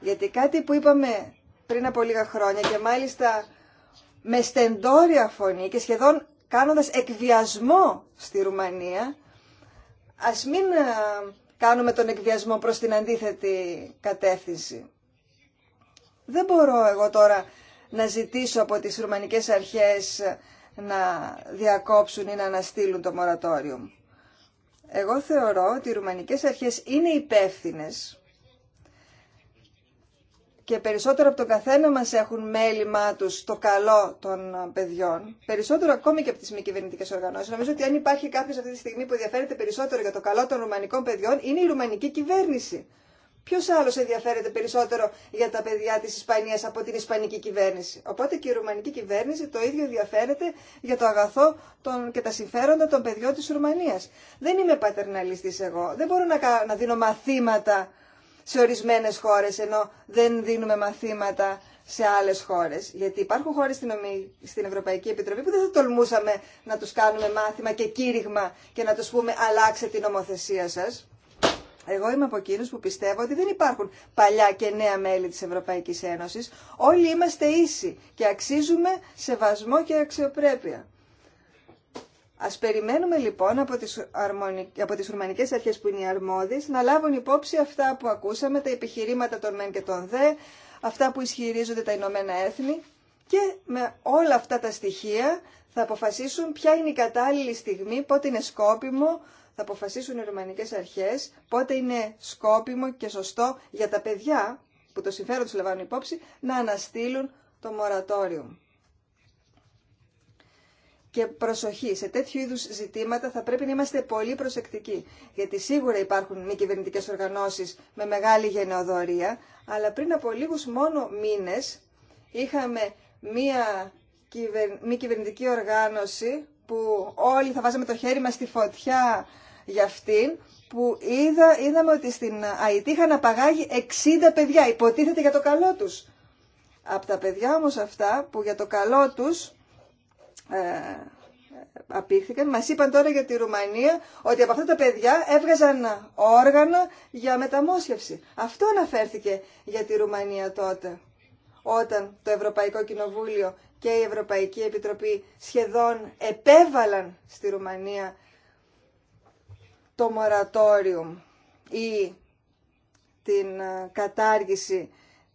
Γιατί κάτι που είπαμε πριν από λίγα χρόνια και μάλιστα με στεντόρια φωνή και σχεδόν κάνοντας εκβιασμό στη Ρουμανία. Ας μην ε, κάνουμε τον εκβιασμό προς την αντίθετη κατεύθυνση. Δεν μπορώ εγώ τώρα να ζητήσω από τις Ρουμανικές αρχές να διακόψουν ή να αναστείλουν το μορατόριο. Εγώ θεωρώ ότι οι Ρουμανικές αρχές είναι υπεύθυνες και περισσότερο από τον καθένα μας έχουν μέλημά τους το καλό των παιδιών, περισσότερο ακόμη και από τις μη κυβερνητικέ οργανώσεις. Νομίζω ότι αν υπάρχει κάποιος αυτή τη στιγμή που ενδιαφέρεται περισσότερο για το καλό των ρουμανικών παιδιών, είναι η ρουμανική κυβέρνηση. Ποιο άλλο ενδιαφέρεται περισσότερο για τα παιδιά τη Ισπανία από την Ισπανική κυβέρνηση. Οπότε και η Ρουμανική κυβέρνηση το ίδιο ενδιαφέρεται για το αγαθό των, και τα συμφέροντα των παιδιών τη Ρουμανία. Δεν είμαι πατερναλιστή εγώ. Δεν μπορώ να, να δίνω μαθήματα σε ορισμένες χώρες, ενώ δεν δίνουμε μαθήματα σε άλλες χώρες. Γιατί υπάρχουν χώρες στην Ευρωπαϊκή Επιτροπή που δεν θα τολμούσαμε να τους κάνουμε μάθημα και κήρυγμα και να τους πούμε αλλάξε την νομοθεσία σας. Εγώ είμαι από εκείνου που πιστεύω ότι δεν υπάρχουν παλιά και νέα μέλη της Ευρωπαϊκής Ένωσης. Όλοι είμαστε ίσοι και αξίζουμε σεβασμό και αξιοπρέπεια. Ας περιμένουμε λοιπόν από τις, αρμονικ... από τις αρχές που είναι οι αρμόδιες να λάβουν υπόψη αυτά που ακούσαμε, τα επιχειρήματα των ΜΕΝ και των ΔΕ, αυτά που ισχυρίζονται τα Ηνωμένα Έθνη και με όλα αυτά τα στοιχεία θα αποφασίσουν ποια είναι η κατάλληλη στιγμή, πότε είναι σκόπιμο, θα αποφασίσουν οι ρουμανικές αρχές, πότε είναι σκόπιμο και σωστό για τα παιδιά που το συμφέρον τους λαμβάνουν υπόψη να αναστείλουν το μορατόριο και προσοχή. Σε τέτοιου είδου ζητήματα θα πρέπει να είμαστε πολύ προσεκτικοί. Γιατί σίγουρα υπάρχουν μη κυβερνητικέ οργανώσει με μεγάλη γενεοδορία, αλλά πριν από λίγου μόνο μήνε είχαμε μία μη κυβερνητική οργάνωση που όλοι θα βάζαμε το χέρι μας στη φωτιά για αυτήν, που είδα, είδαμε ότι στην ΑΕΤ είχαν απαγάγει 60 παιδιά, υποτίθεται για το καλό τους. Από τα παιδιά όμως αυτά που για το καλό τους ε, απήχθηκαν. Μας είπαν τώρα για τη Ρουμανία ότι από αυτά τα παιδιά έβγαζαν όργανα για μεταμόσχευση. Αυτό αναφέρθηκε για τη Ρουμανία τότε, όταν το Ευρωπαϊκό Κοινοβούλιο και η Ευρωπαϊκή Επιτροπή σχεδόν επέβαλαν στη Ρουμανία το μορατόριο ή την κατάργηση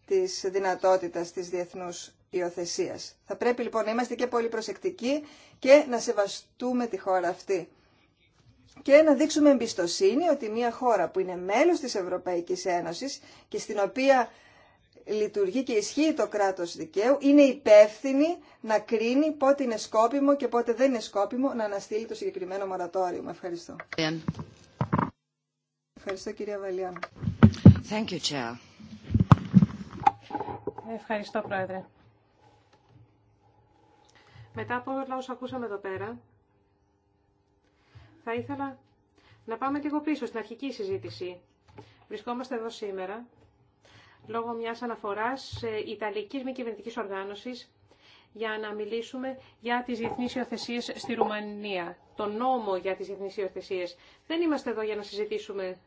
της δυνατότητας της διεθνούς υιοθεσία. Θα πρέπει λοιπόν να είμαστε και πολύ προσεκτικοί και να σεβαστούμε τη χώρα αυτή. Και να δείξουμε εμπιστοσύνη ότι μια χώρα που είναι μέλος της Ευρωπαϊκής Ένωσης και στην οποία λειτουργεί και ισχύει το κράτος δικαίου, είναι υπεύθυνη να κρίνει πότε είναι σκόπιμο και πότε δεν είναι σκόπιμο να αναστείλει το συγκεκριμένο μορατόριο. Ευχαριστώ. Ευχαριστώ κυρία Βαλιάν. Ευχαριστώ, Πρόεδρε. Μετά από όλα όσα ακούσαμε εδώ πέρα, θα ήθελα να πάμε εγώ πίσω στην αρχική συζήτηση. Βρισκόμαστε εδώ σήμερα λόγω μιας αναφοράς Ιταλικής μη κυβερνητικής οργάνωσης για να μιλήσουμε για τις διεθνείς υιοθεσίες στη Ρουμανία. Το νόμο για τις διεθνείς υιοθεσίες. Δεν είμαστε εδώ για να συζητήσουμε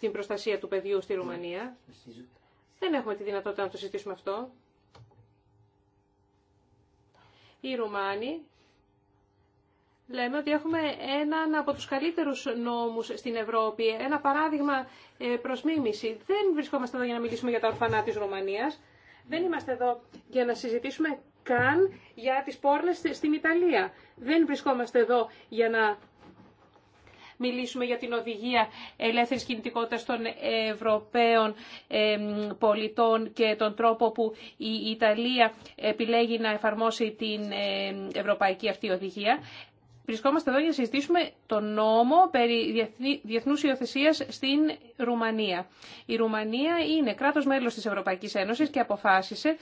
την προστασία του παιδιού στη Ρουμανία. Ναι. Δεν έχουμε τη δυνατότητα να το συζητήσουμε αυτό οι Ρουμάνοι λέμε ότι έχουμε έναν από τους καλύτερους νόμους στην Ευρώπη, ένα παράδειγμα ε, προς μίμηση. Δεν βρισκόμαστε εδώ για να μιλήσουμε για τα ορφανά της Ρουμανίας, δεν είμαστε εδώ για να συζητήσουμε καν για τις πόρνες στην Ιταλία. Δεν βρισκόμαστε εδώ για να μιλήσουμε για την οδηγία ελεύθερης κινητικότητας των Ευρωπαίων πολιτών και τον τρόπο που η Ιταλία επιλέγει να εφαρμόσει την ευρωπαϊκή αυτή οδηγία. Βρισκόμαστε εδώ για να συζητήσουμε τον νόμο περί διεθνούς υιοθεσία στην Ρουμανία. Η Ρουμανία είναι κράτος μέλος της Ευρωπαϊκής Ένωσης και αποφάσισε,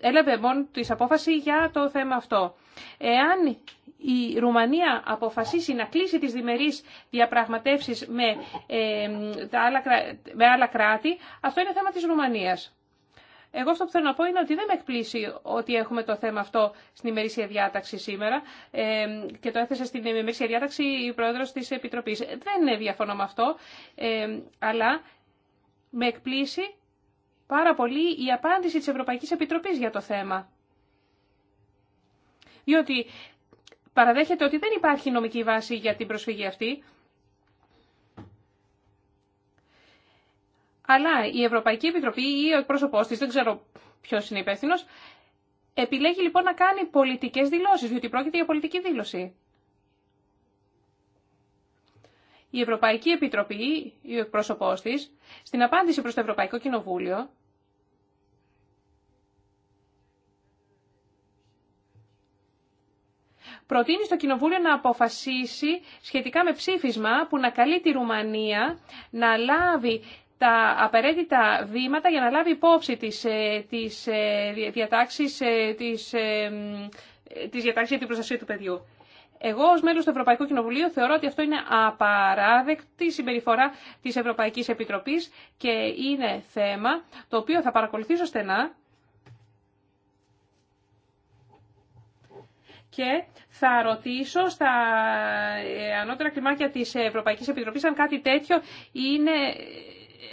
έλαβε μόνο της απόφαση για το θέμα αυτό. Εάν η Ρουμανία αποφασίσει να κλείσει τις διμερείς διαπραγματεύσεις με, ε, τα άλλα, με κράτη, αυτό είναι θέμα της Ρουμανίας. Εγώ αυτό που θέλω να πω είναι ότι δεν με εκπλήσει ότι έχουμε το θέμα αυτό στην ημερήσια διάταξη σήμερα ε, και το έθεσε στην ημερήσια διάταξη η πρόεδρος της Επιτροπής. Δεν διαφωνώ με αυτό, ε, αλλά με εκπλήσει πάρα πολύ η απάντηση της Ευρωπαϊκής Επιτροπής για το θέμα. Διότι παραδέχεται ότι δεν υπάρχει νομική βάση για την προσφυγή αυτή. Αλλά η Ευρωπαϊκή Επιτροπή ή ο εκπρόσωπός της, δεν ξέρω ποιος είναι υπεύθυνο, επιλέγει λοιπόν να κάνει πολιτικές δηλώσεις, διότι πρόκειται για πολιτική δήλωση. Η Ευρωπαϊκή Επιτροπή ή ο εκπρόσωπός της, στην απάντηση προς το Ευρωπαϊκό Κοινοβούλιο, προτείνει στο Κοινοβούλιο να αποφασίσει σχετικά με ψήφισμα που να καλεί τη Ρουμανία να λάβει τα απαραίτητα βήματα για να λάβει υπόψη τις, ε, τις ε, διατάξεις ε, της τις διατάξεις για την προστασία του παιδιού. Εγώ ως μέλος του Ευρωπαϊκού Κοινοβουλίου θεωρώ ότι αυτό είναι απαράδεκτη συμπεριφορά της Ευρωπαϊκής Επιτροπής και είναι θέμα το οποίο θα παρακολουθήσω στενά και θα ρωτήσω στα ε, ανώτερα κλιμάκια της Ευρωπαϊκής Επιτροπής αν κάτι τέτοιο είναι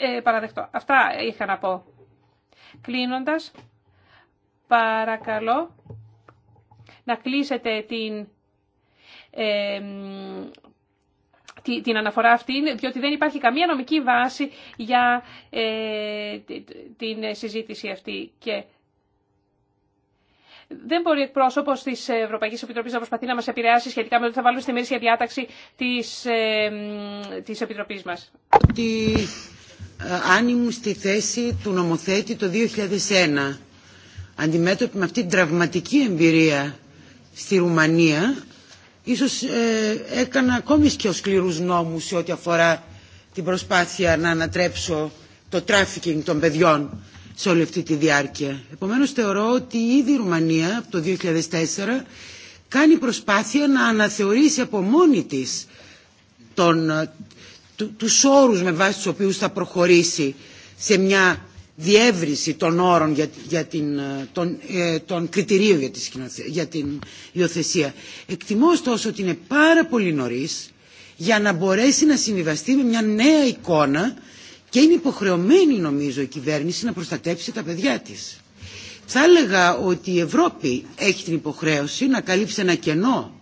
ε, παραδεκτό. Αυτά είχα να πω. Κλείνοντας, παρακαλώ να κλείσετε την, ε, την αναφορά αυτή, διότι δεν υπάρχει καμία νομική βάση για την συζήτηση αυτή. Και δεν μπορεί εκπρόσωπο τη Ευρωπαϊκή Επιτροπή να προσπαθεί να μα επηρεάσει σχετικά με το ότι θα βάλουμε στη μέση διάταξη τη ε, της Επιτροπή μα. Ότι ήμουν στη θέση του νομοθέτη το 2001, αντιμέτωπη με αυτή την τραυματική εμπειρία στη Ρουμανία, ίσως ε, έκανα ακόμη και σκληρούς νόμους σε ό,τι αφορά την προσπάθεια να ανατρέψω το τράφικινγκ των παιδιών σε όλη αυτή τη διάρκεια. Επομένως θεωρώ ότι ήδη η Ρουμανία από το 2004 κάνει προσπάθεια να αναθεωρήσει από μόνη της τον, ε, του, τους όρους με βάση τους οποίους θα προχωρήσει σε μια διεύρυνση των όρων για, για την, ε, των, ε, των κριτηρίων για, τις, για την υιοθεσία. Εκτιμώ ωστόσο ότι είναι πάρα πολύ νωρίς για να μπορέσει να συμβιβαστεί με μια νέα εικόνα και είναι υποχρεωμένη νομίζω η κυβέρνηση να προστατέψει τα παιδιά της. Θα έλεγα ότι η Ευρώπη έχει την υποχρέωση να καλύψει ένα κενό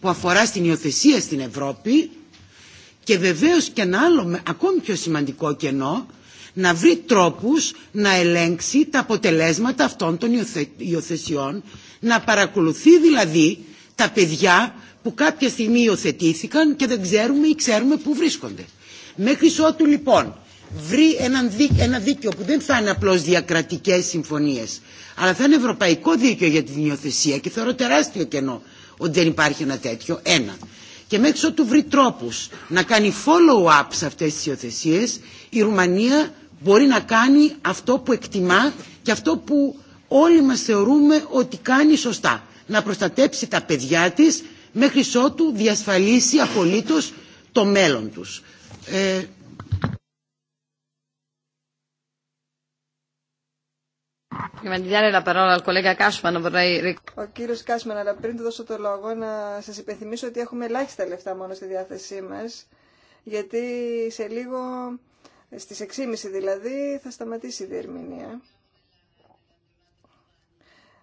που αφορά στην υιοθεσία στην Ευρώπη και βεβαίως και ένα άλλο ακόμη πιο σημαντικό κενό να βρει τρόπους να ελέγξει τα αποτελέσματα αυτών των υιοθεσιών να παρακολουθεί δηλαδή τα παιδιά που κάποια στιγμή υιοθετήθηκαν και δεν ξέρουμε ή ξέρουμε πού βρίσκονται. Μέχρι ότου λοιπόν βρει ένα δίκαιο που δεν θα είναι απλώς διακρατικές συμφωνίες αλλά θα είναι ευρωπαϊκό δίκαιο για την υιοθεσία και θεωρώ τεράστιο κενό ότι δεν υπάρχει ένα τέτοιο, ένα. Και μέχρι ότου βρει τρόπους να κάνει follow-up σε αυτές τις υιοθεσίε, η Ρουμανία μπορεί να κάνει αυτό που εκτιμά και αυτό που όλοι μα θεωρούμε ότι κάνει σωστά. Να προστατέψει τα παιδιά της μέχρι ότου διασφαλίσει απολύτως το μέλλον τους. Ε, Ο κύριος Κάσμαν, αλλά πριν του δώσω το λόγο, να σας υπενθυμίσω ότι έχουμε ελάχιστα λεφτά μόνο στη διάθεσή μας, γιατί σε λίγο, στις 6.30 δηλαδή, θα σταματήσει η διερμηνία.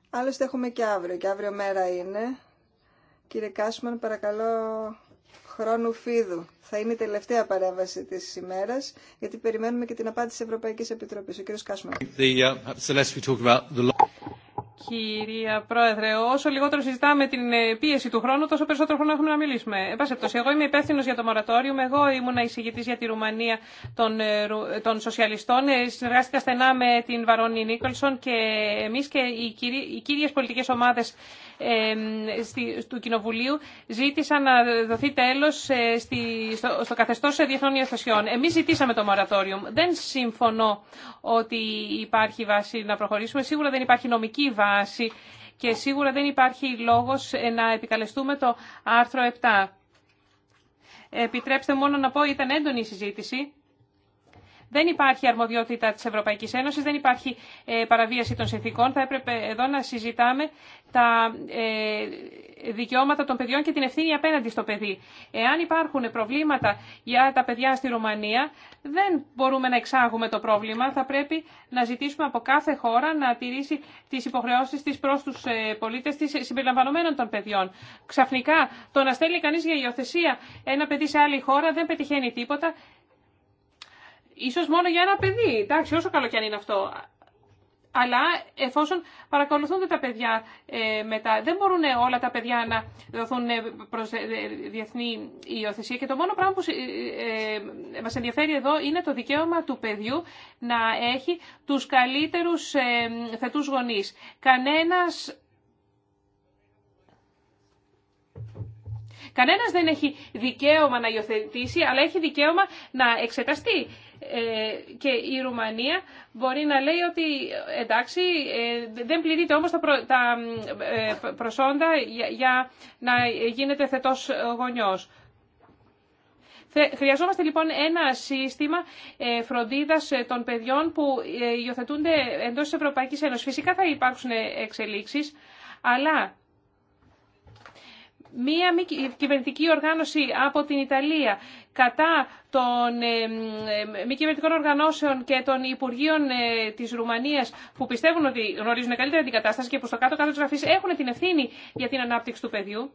Άλλωστε έχουμε και αύριο, και αύριο μέρα είναι. Κύριε Κάσμαν, παρακαλώ χρόνου φίδου. Θα είναι η τελευταία παρέμβαση τη ημέρα, γιατί περιμένουμε και την απάντηση τη Ευρωπαϊκή Επιτροπή. Ο κύριος Κάσμα. Uh, Κυρία Πρόεδρε, όσο λιγότερο συζητάμε την ε, πίεση του χρόνου, τόσο περισσότερο χρόνο έχουμε να μιλήσουμε. περιπτώσει, εγώ είμαι υπεύθυνο για το μορατόριο. Εγώ ήμουν εισηγητή για τη Ρουμανία των, ε, των Σοσιαλιστών. Ε, συνεργάστηκα στενά με την Βαρόνι Νίκολσον και εμεί και οι, κυρί, οι κύριε πολιτικέ ομάδε του Κοινοβουλίου ζήτησαν να δοθεί τέλος ε, στο, στο καθεστώς διεθνών υιοθεσιών. Εμείς ζητήσαμε το μορατόριο. Δεν συμφωνώ ότι υπάρχει βάση να προχωρήσουμε. Σίγουρα δεν υπάρχει νομική βάση και σίγουρα δεν υπάρχει λόγος ε, να επικαλεστούμε το άρθρο 7. Επιτρέψτε μόνο να πω, ήταν έντονη η συζήτηση. Δεν υπάρχει αρμοδιότητα τη Ευρωπαϊκή Ένωση, δεν υπάρχει ε, παραβίαση των συνθήκων. Θα έπρεπε εδώ να συζητάμε τα ε, δικαιώματα των παιδιών και την ευθύνη απέναντι στο παιδί. Εάν υπάρχουν προβλήματα για τα παιδιά στη Ρουμανία, δεν μπορούμε να εξάγουμε το πρόβλημα. Θα πρέπει να ζητήσουμε από κάθε χώρα να τηρήσει τι υποχρεώσει τη προ του ε, πολίτε τη συμπεριλαμβανομένων των παιδιών. Ξαφνικά, το να στέλνει κανεί για υιοθεσία ένα παιδί σε άλλη χώρα δεν πετυχαίνει τίποτα Ίσως μόνο για ένα παιδί, εντάξει, όσο καλό κι αν είναι αυτό. Αλλά εφόσον παρακολουθούνται τα παιδιά ε, μετά, δεν μπορούν όλα τα παιδιά να δοθούν ε, προς ε, διεθνή υιοθεσία και το μόνο πράγμα που ε, μας ενδιαφέρει εδώ είναι το δικαίωμα του παιδιού να έχει τους καλύτερους ε, θετούς γονείς. Κανένας Κανένα δεν έχει δικαίωμα να υιοθετήσει, αλλά έχει δικαίωμα να εξεταστεί. Ε, και η Ρουμανία μπορεί να λέει ότι εντάξει, ε, δεν πληρείται όμως τα, ε, προσόντα για, να γίνεται θετός γονιός. Χρειαζόμαστε λοιπόν ένα σύστημα φροντίδα των παιδιών που υιοθετούνται εντό τη Ευρωπαϊκή Ένωση. Φυσικά θα υπάρξουν εξελίξει, αλλά μία μη κυβερνητική οργάνωση από την Ιταλία κατά των ε, ε, μη κυβερνητικών οργανώσεων και των Υπουργείων ε, τη Ρουμανία, που πιστεύουν ότι γνωρίζουν καλύτερα την κατάσταση και που στο κάτω-κάτω τη γραφή έχουν την ευθύνη για την ανάπτυξη του παιδιού.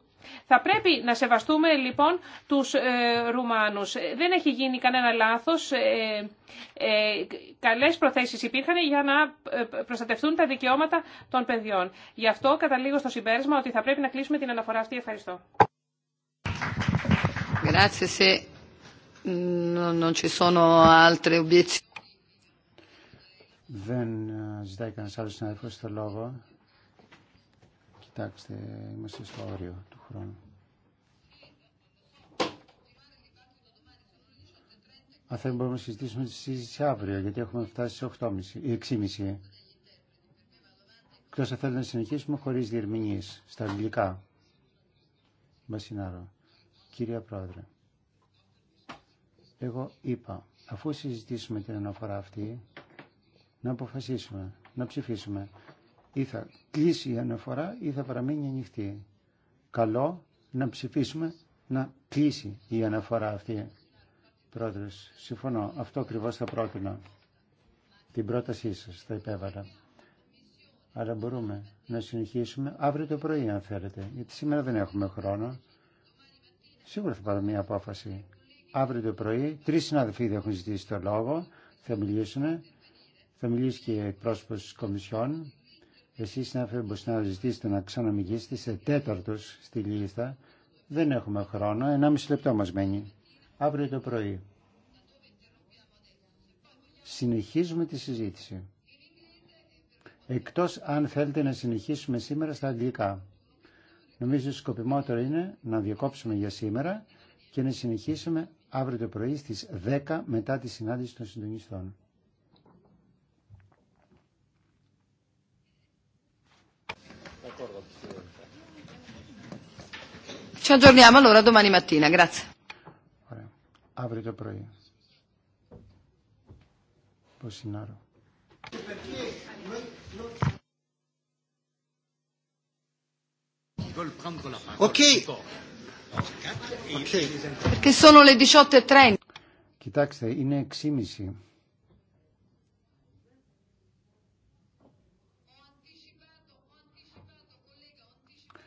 Θα πρέπει να σεβαστούμε λοιπόν τους ε, Ρουμάνους. Δεν έχει γίνει κανένα λάθος. Ε, ε, καλές προθέσεις υπήρχαν για να προστατευτούν τα δικαιώματα των παιδιών. Γι' αυτό καταλήγω στο συμπέρασμα ότι θα πρέπει να κλείσουμε την αναφορά αυτή. Ευχαριστώ. Grazie δεν ε, ζητάει κανένα άλλο συνάδελφο το λόγο. Κοιτάξτε, είμαστε στο όριο του χρόνου. Αν θέλουμε μπορούμε να συζητήσουμε τη συζήτηση αύριο, γιατί έχουμε φτάσει στις ή 6.30. Εκτό αν θέλουμε να συνεχίσουμε χωρί διερμηνεί, στα αγγλικά. Μπασινάρο. Κύριε Πρόεδρε. Εγώ είπα, αφού συζητήσουμε την αναφορά αυτή, να αποφασίσουμε, να ψηφίσουμε. Ή θα κλείσει η αναφορά ή θα παραμείνει ανοιχτή. Καλό να ψηφίσουμε να κλείσει η αναφορά αυτή. Πρόεδρος, συμφωνώ. Αυτό ακριβώ θα πρότεινα. Την πρότασή σας θα υπέβαλα. Αλλά μπορούμε να συνεχίσουμε αύριο το πρωί αν θέλετε. Γιατί σήμερα δεν έχουμε χρόνο. Σίγουρα θα πάρω μια απόφαση. Αύριο το πρωί τρει συνάδελφοι έχουν ζητήσει το λόγο. Θα μιλήσουν. Θα μιλήσει και η τη Κομισιόν. Εσείς συνάδελφοι μπορείτε να ζητήσετε να ξαναμιλήσετε σε τέταρτο στη λίστα. Δεν έχουμε χρόνο. ένα μισή λεπτό μας μένει. Αύριο το πρωί. Συνεχίζουμε τη συζήτηση. Εκτός αν θέλετε να συνεχίσουμε σήμερα στα αγγλικά. Νομίζω σκοπιμότερο είναι να διακόψουμε για σήμερα και να συνεχίσουμε αύριο το πρωί στις 10 μετά τη συνάντηση των συντονιστών. Ci aggiorniamo allora domani mattina, grazie. Avrei το πρωί. Possinaro. Ok, Perché sono le 18.30. E Κοιτάξτε, είναι 6.30.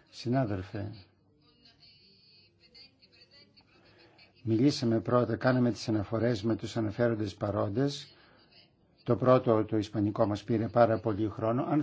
Συνάδελφε, μιλήσαμε πρώτα, κάναμε τις αναφορές με τους αναφέροντες παρόντες. Το πρώτο, το ισπανικό, μας πήρε πάρα πολύ χρόνο.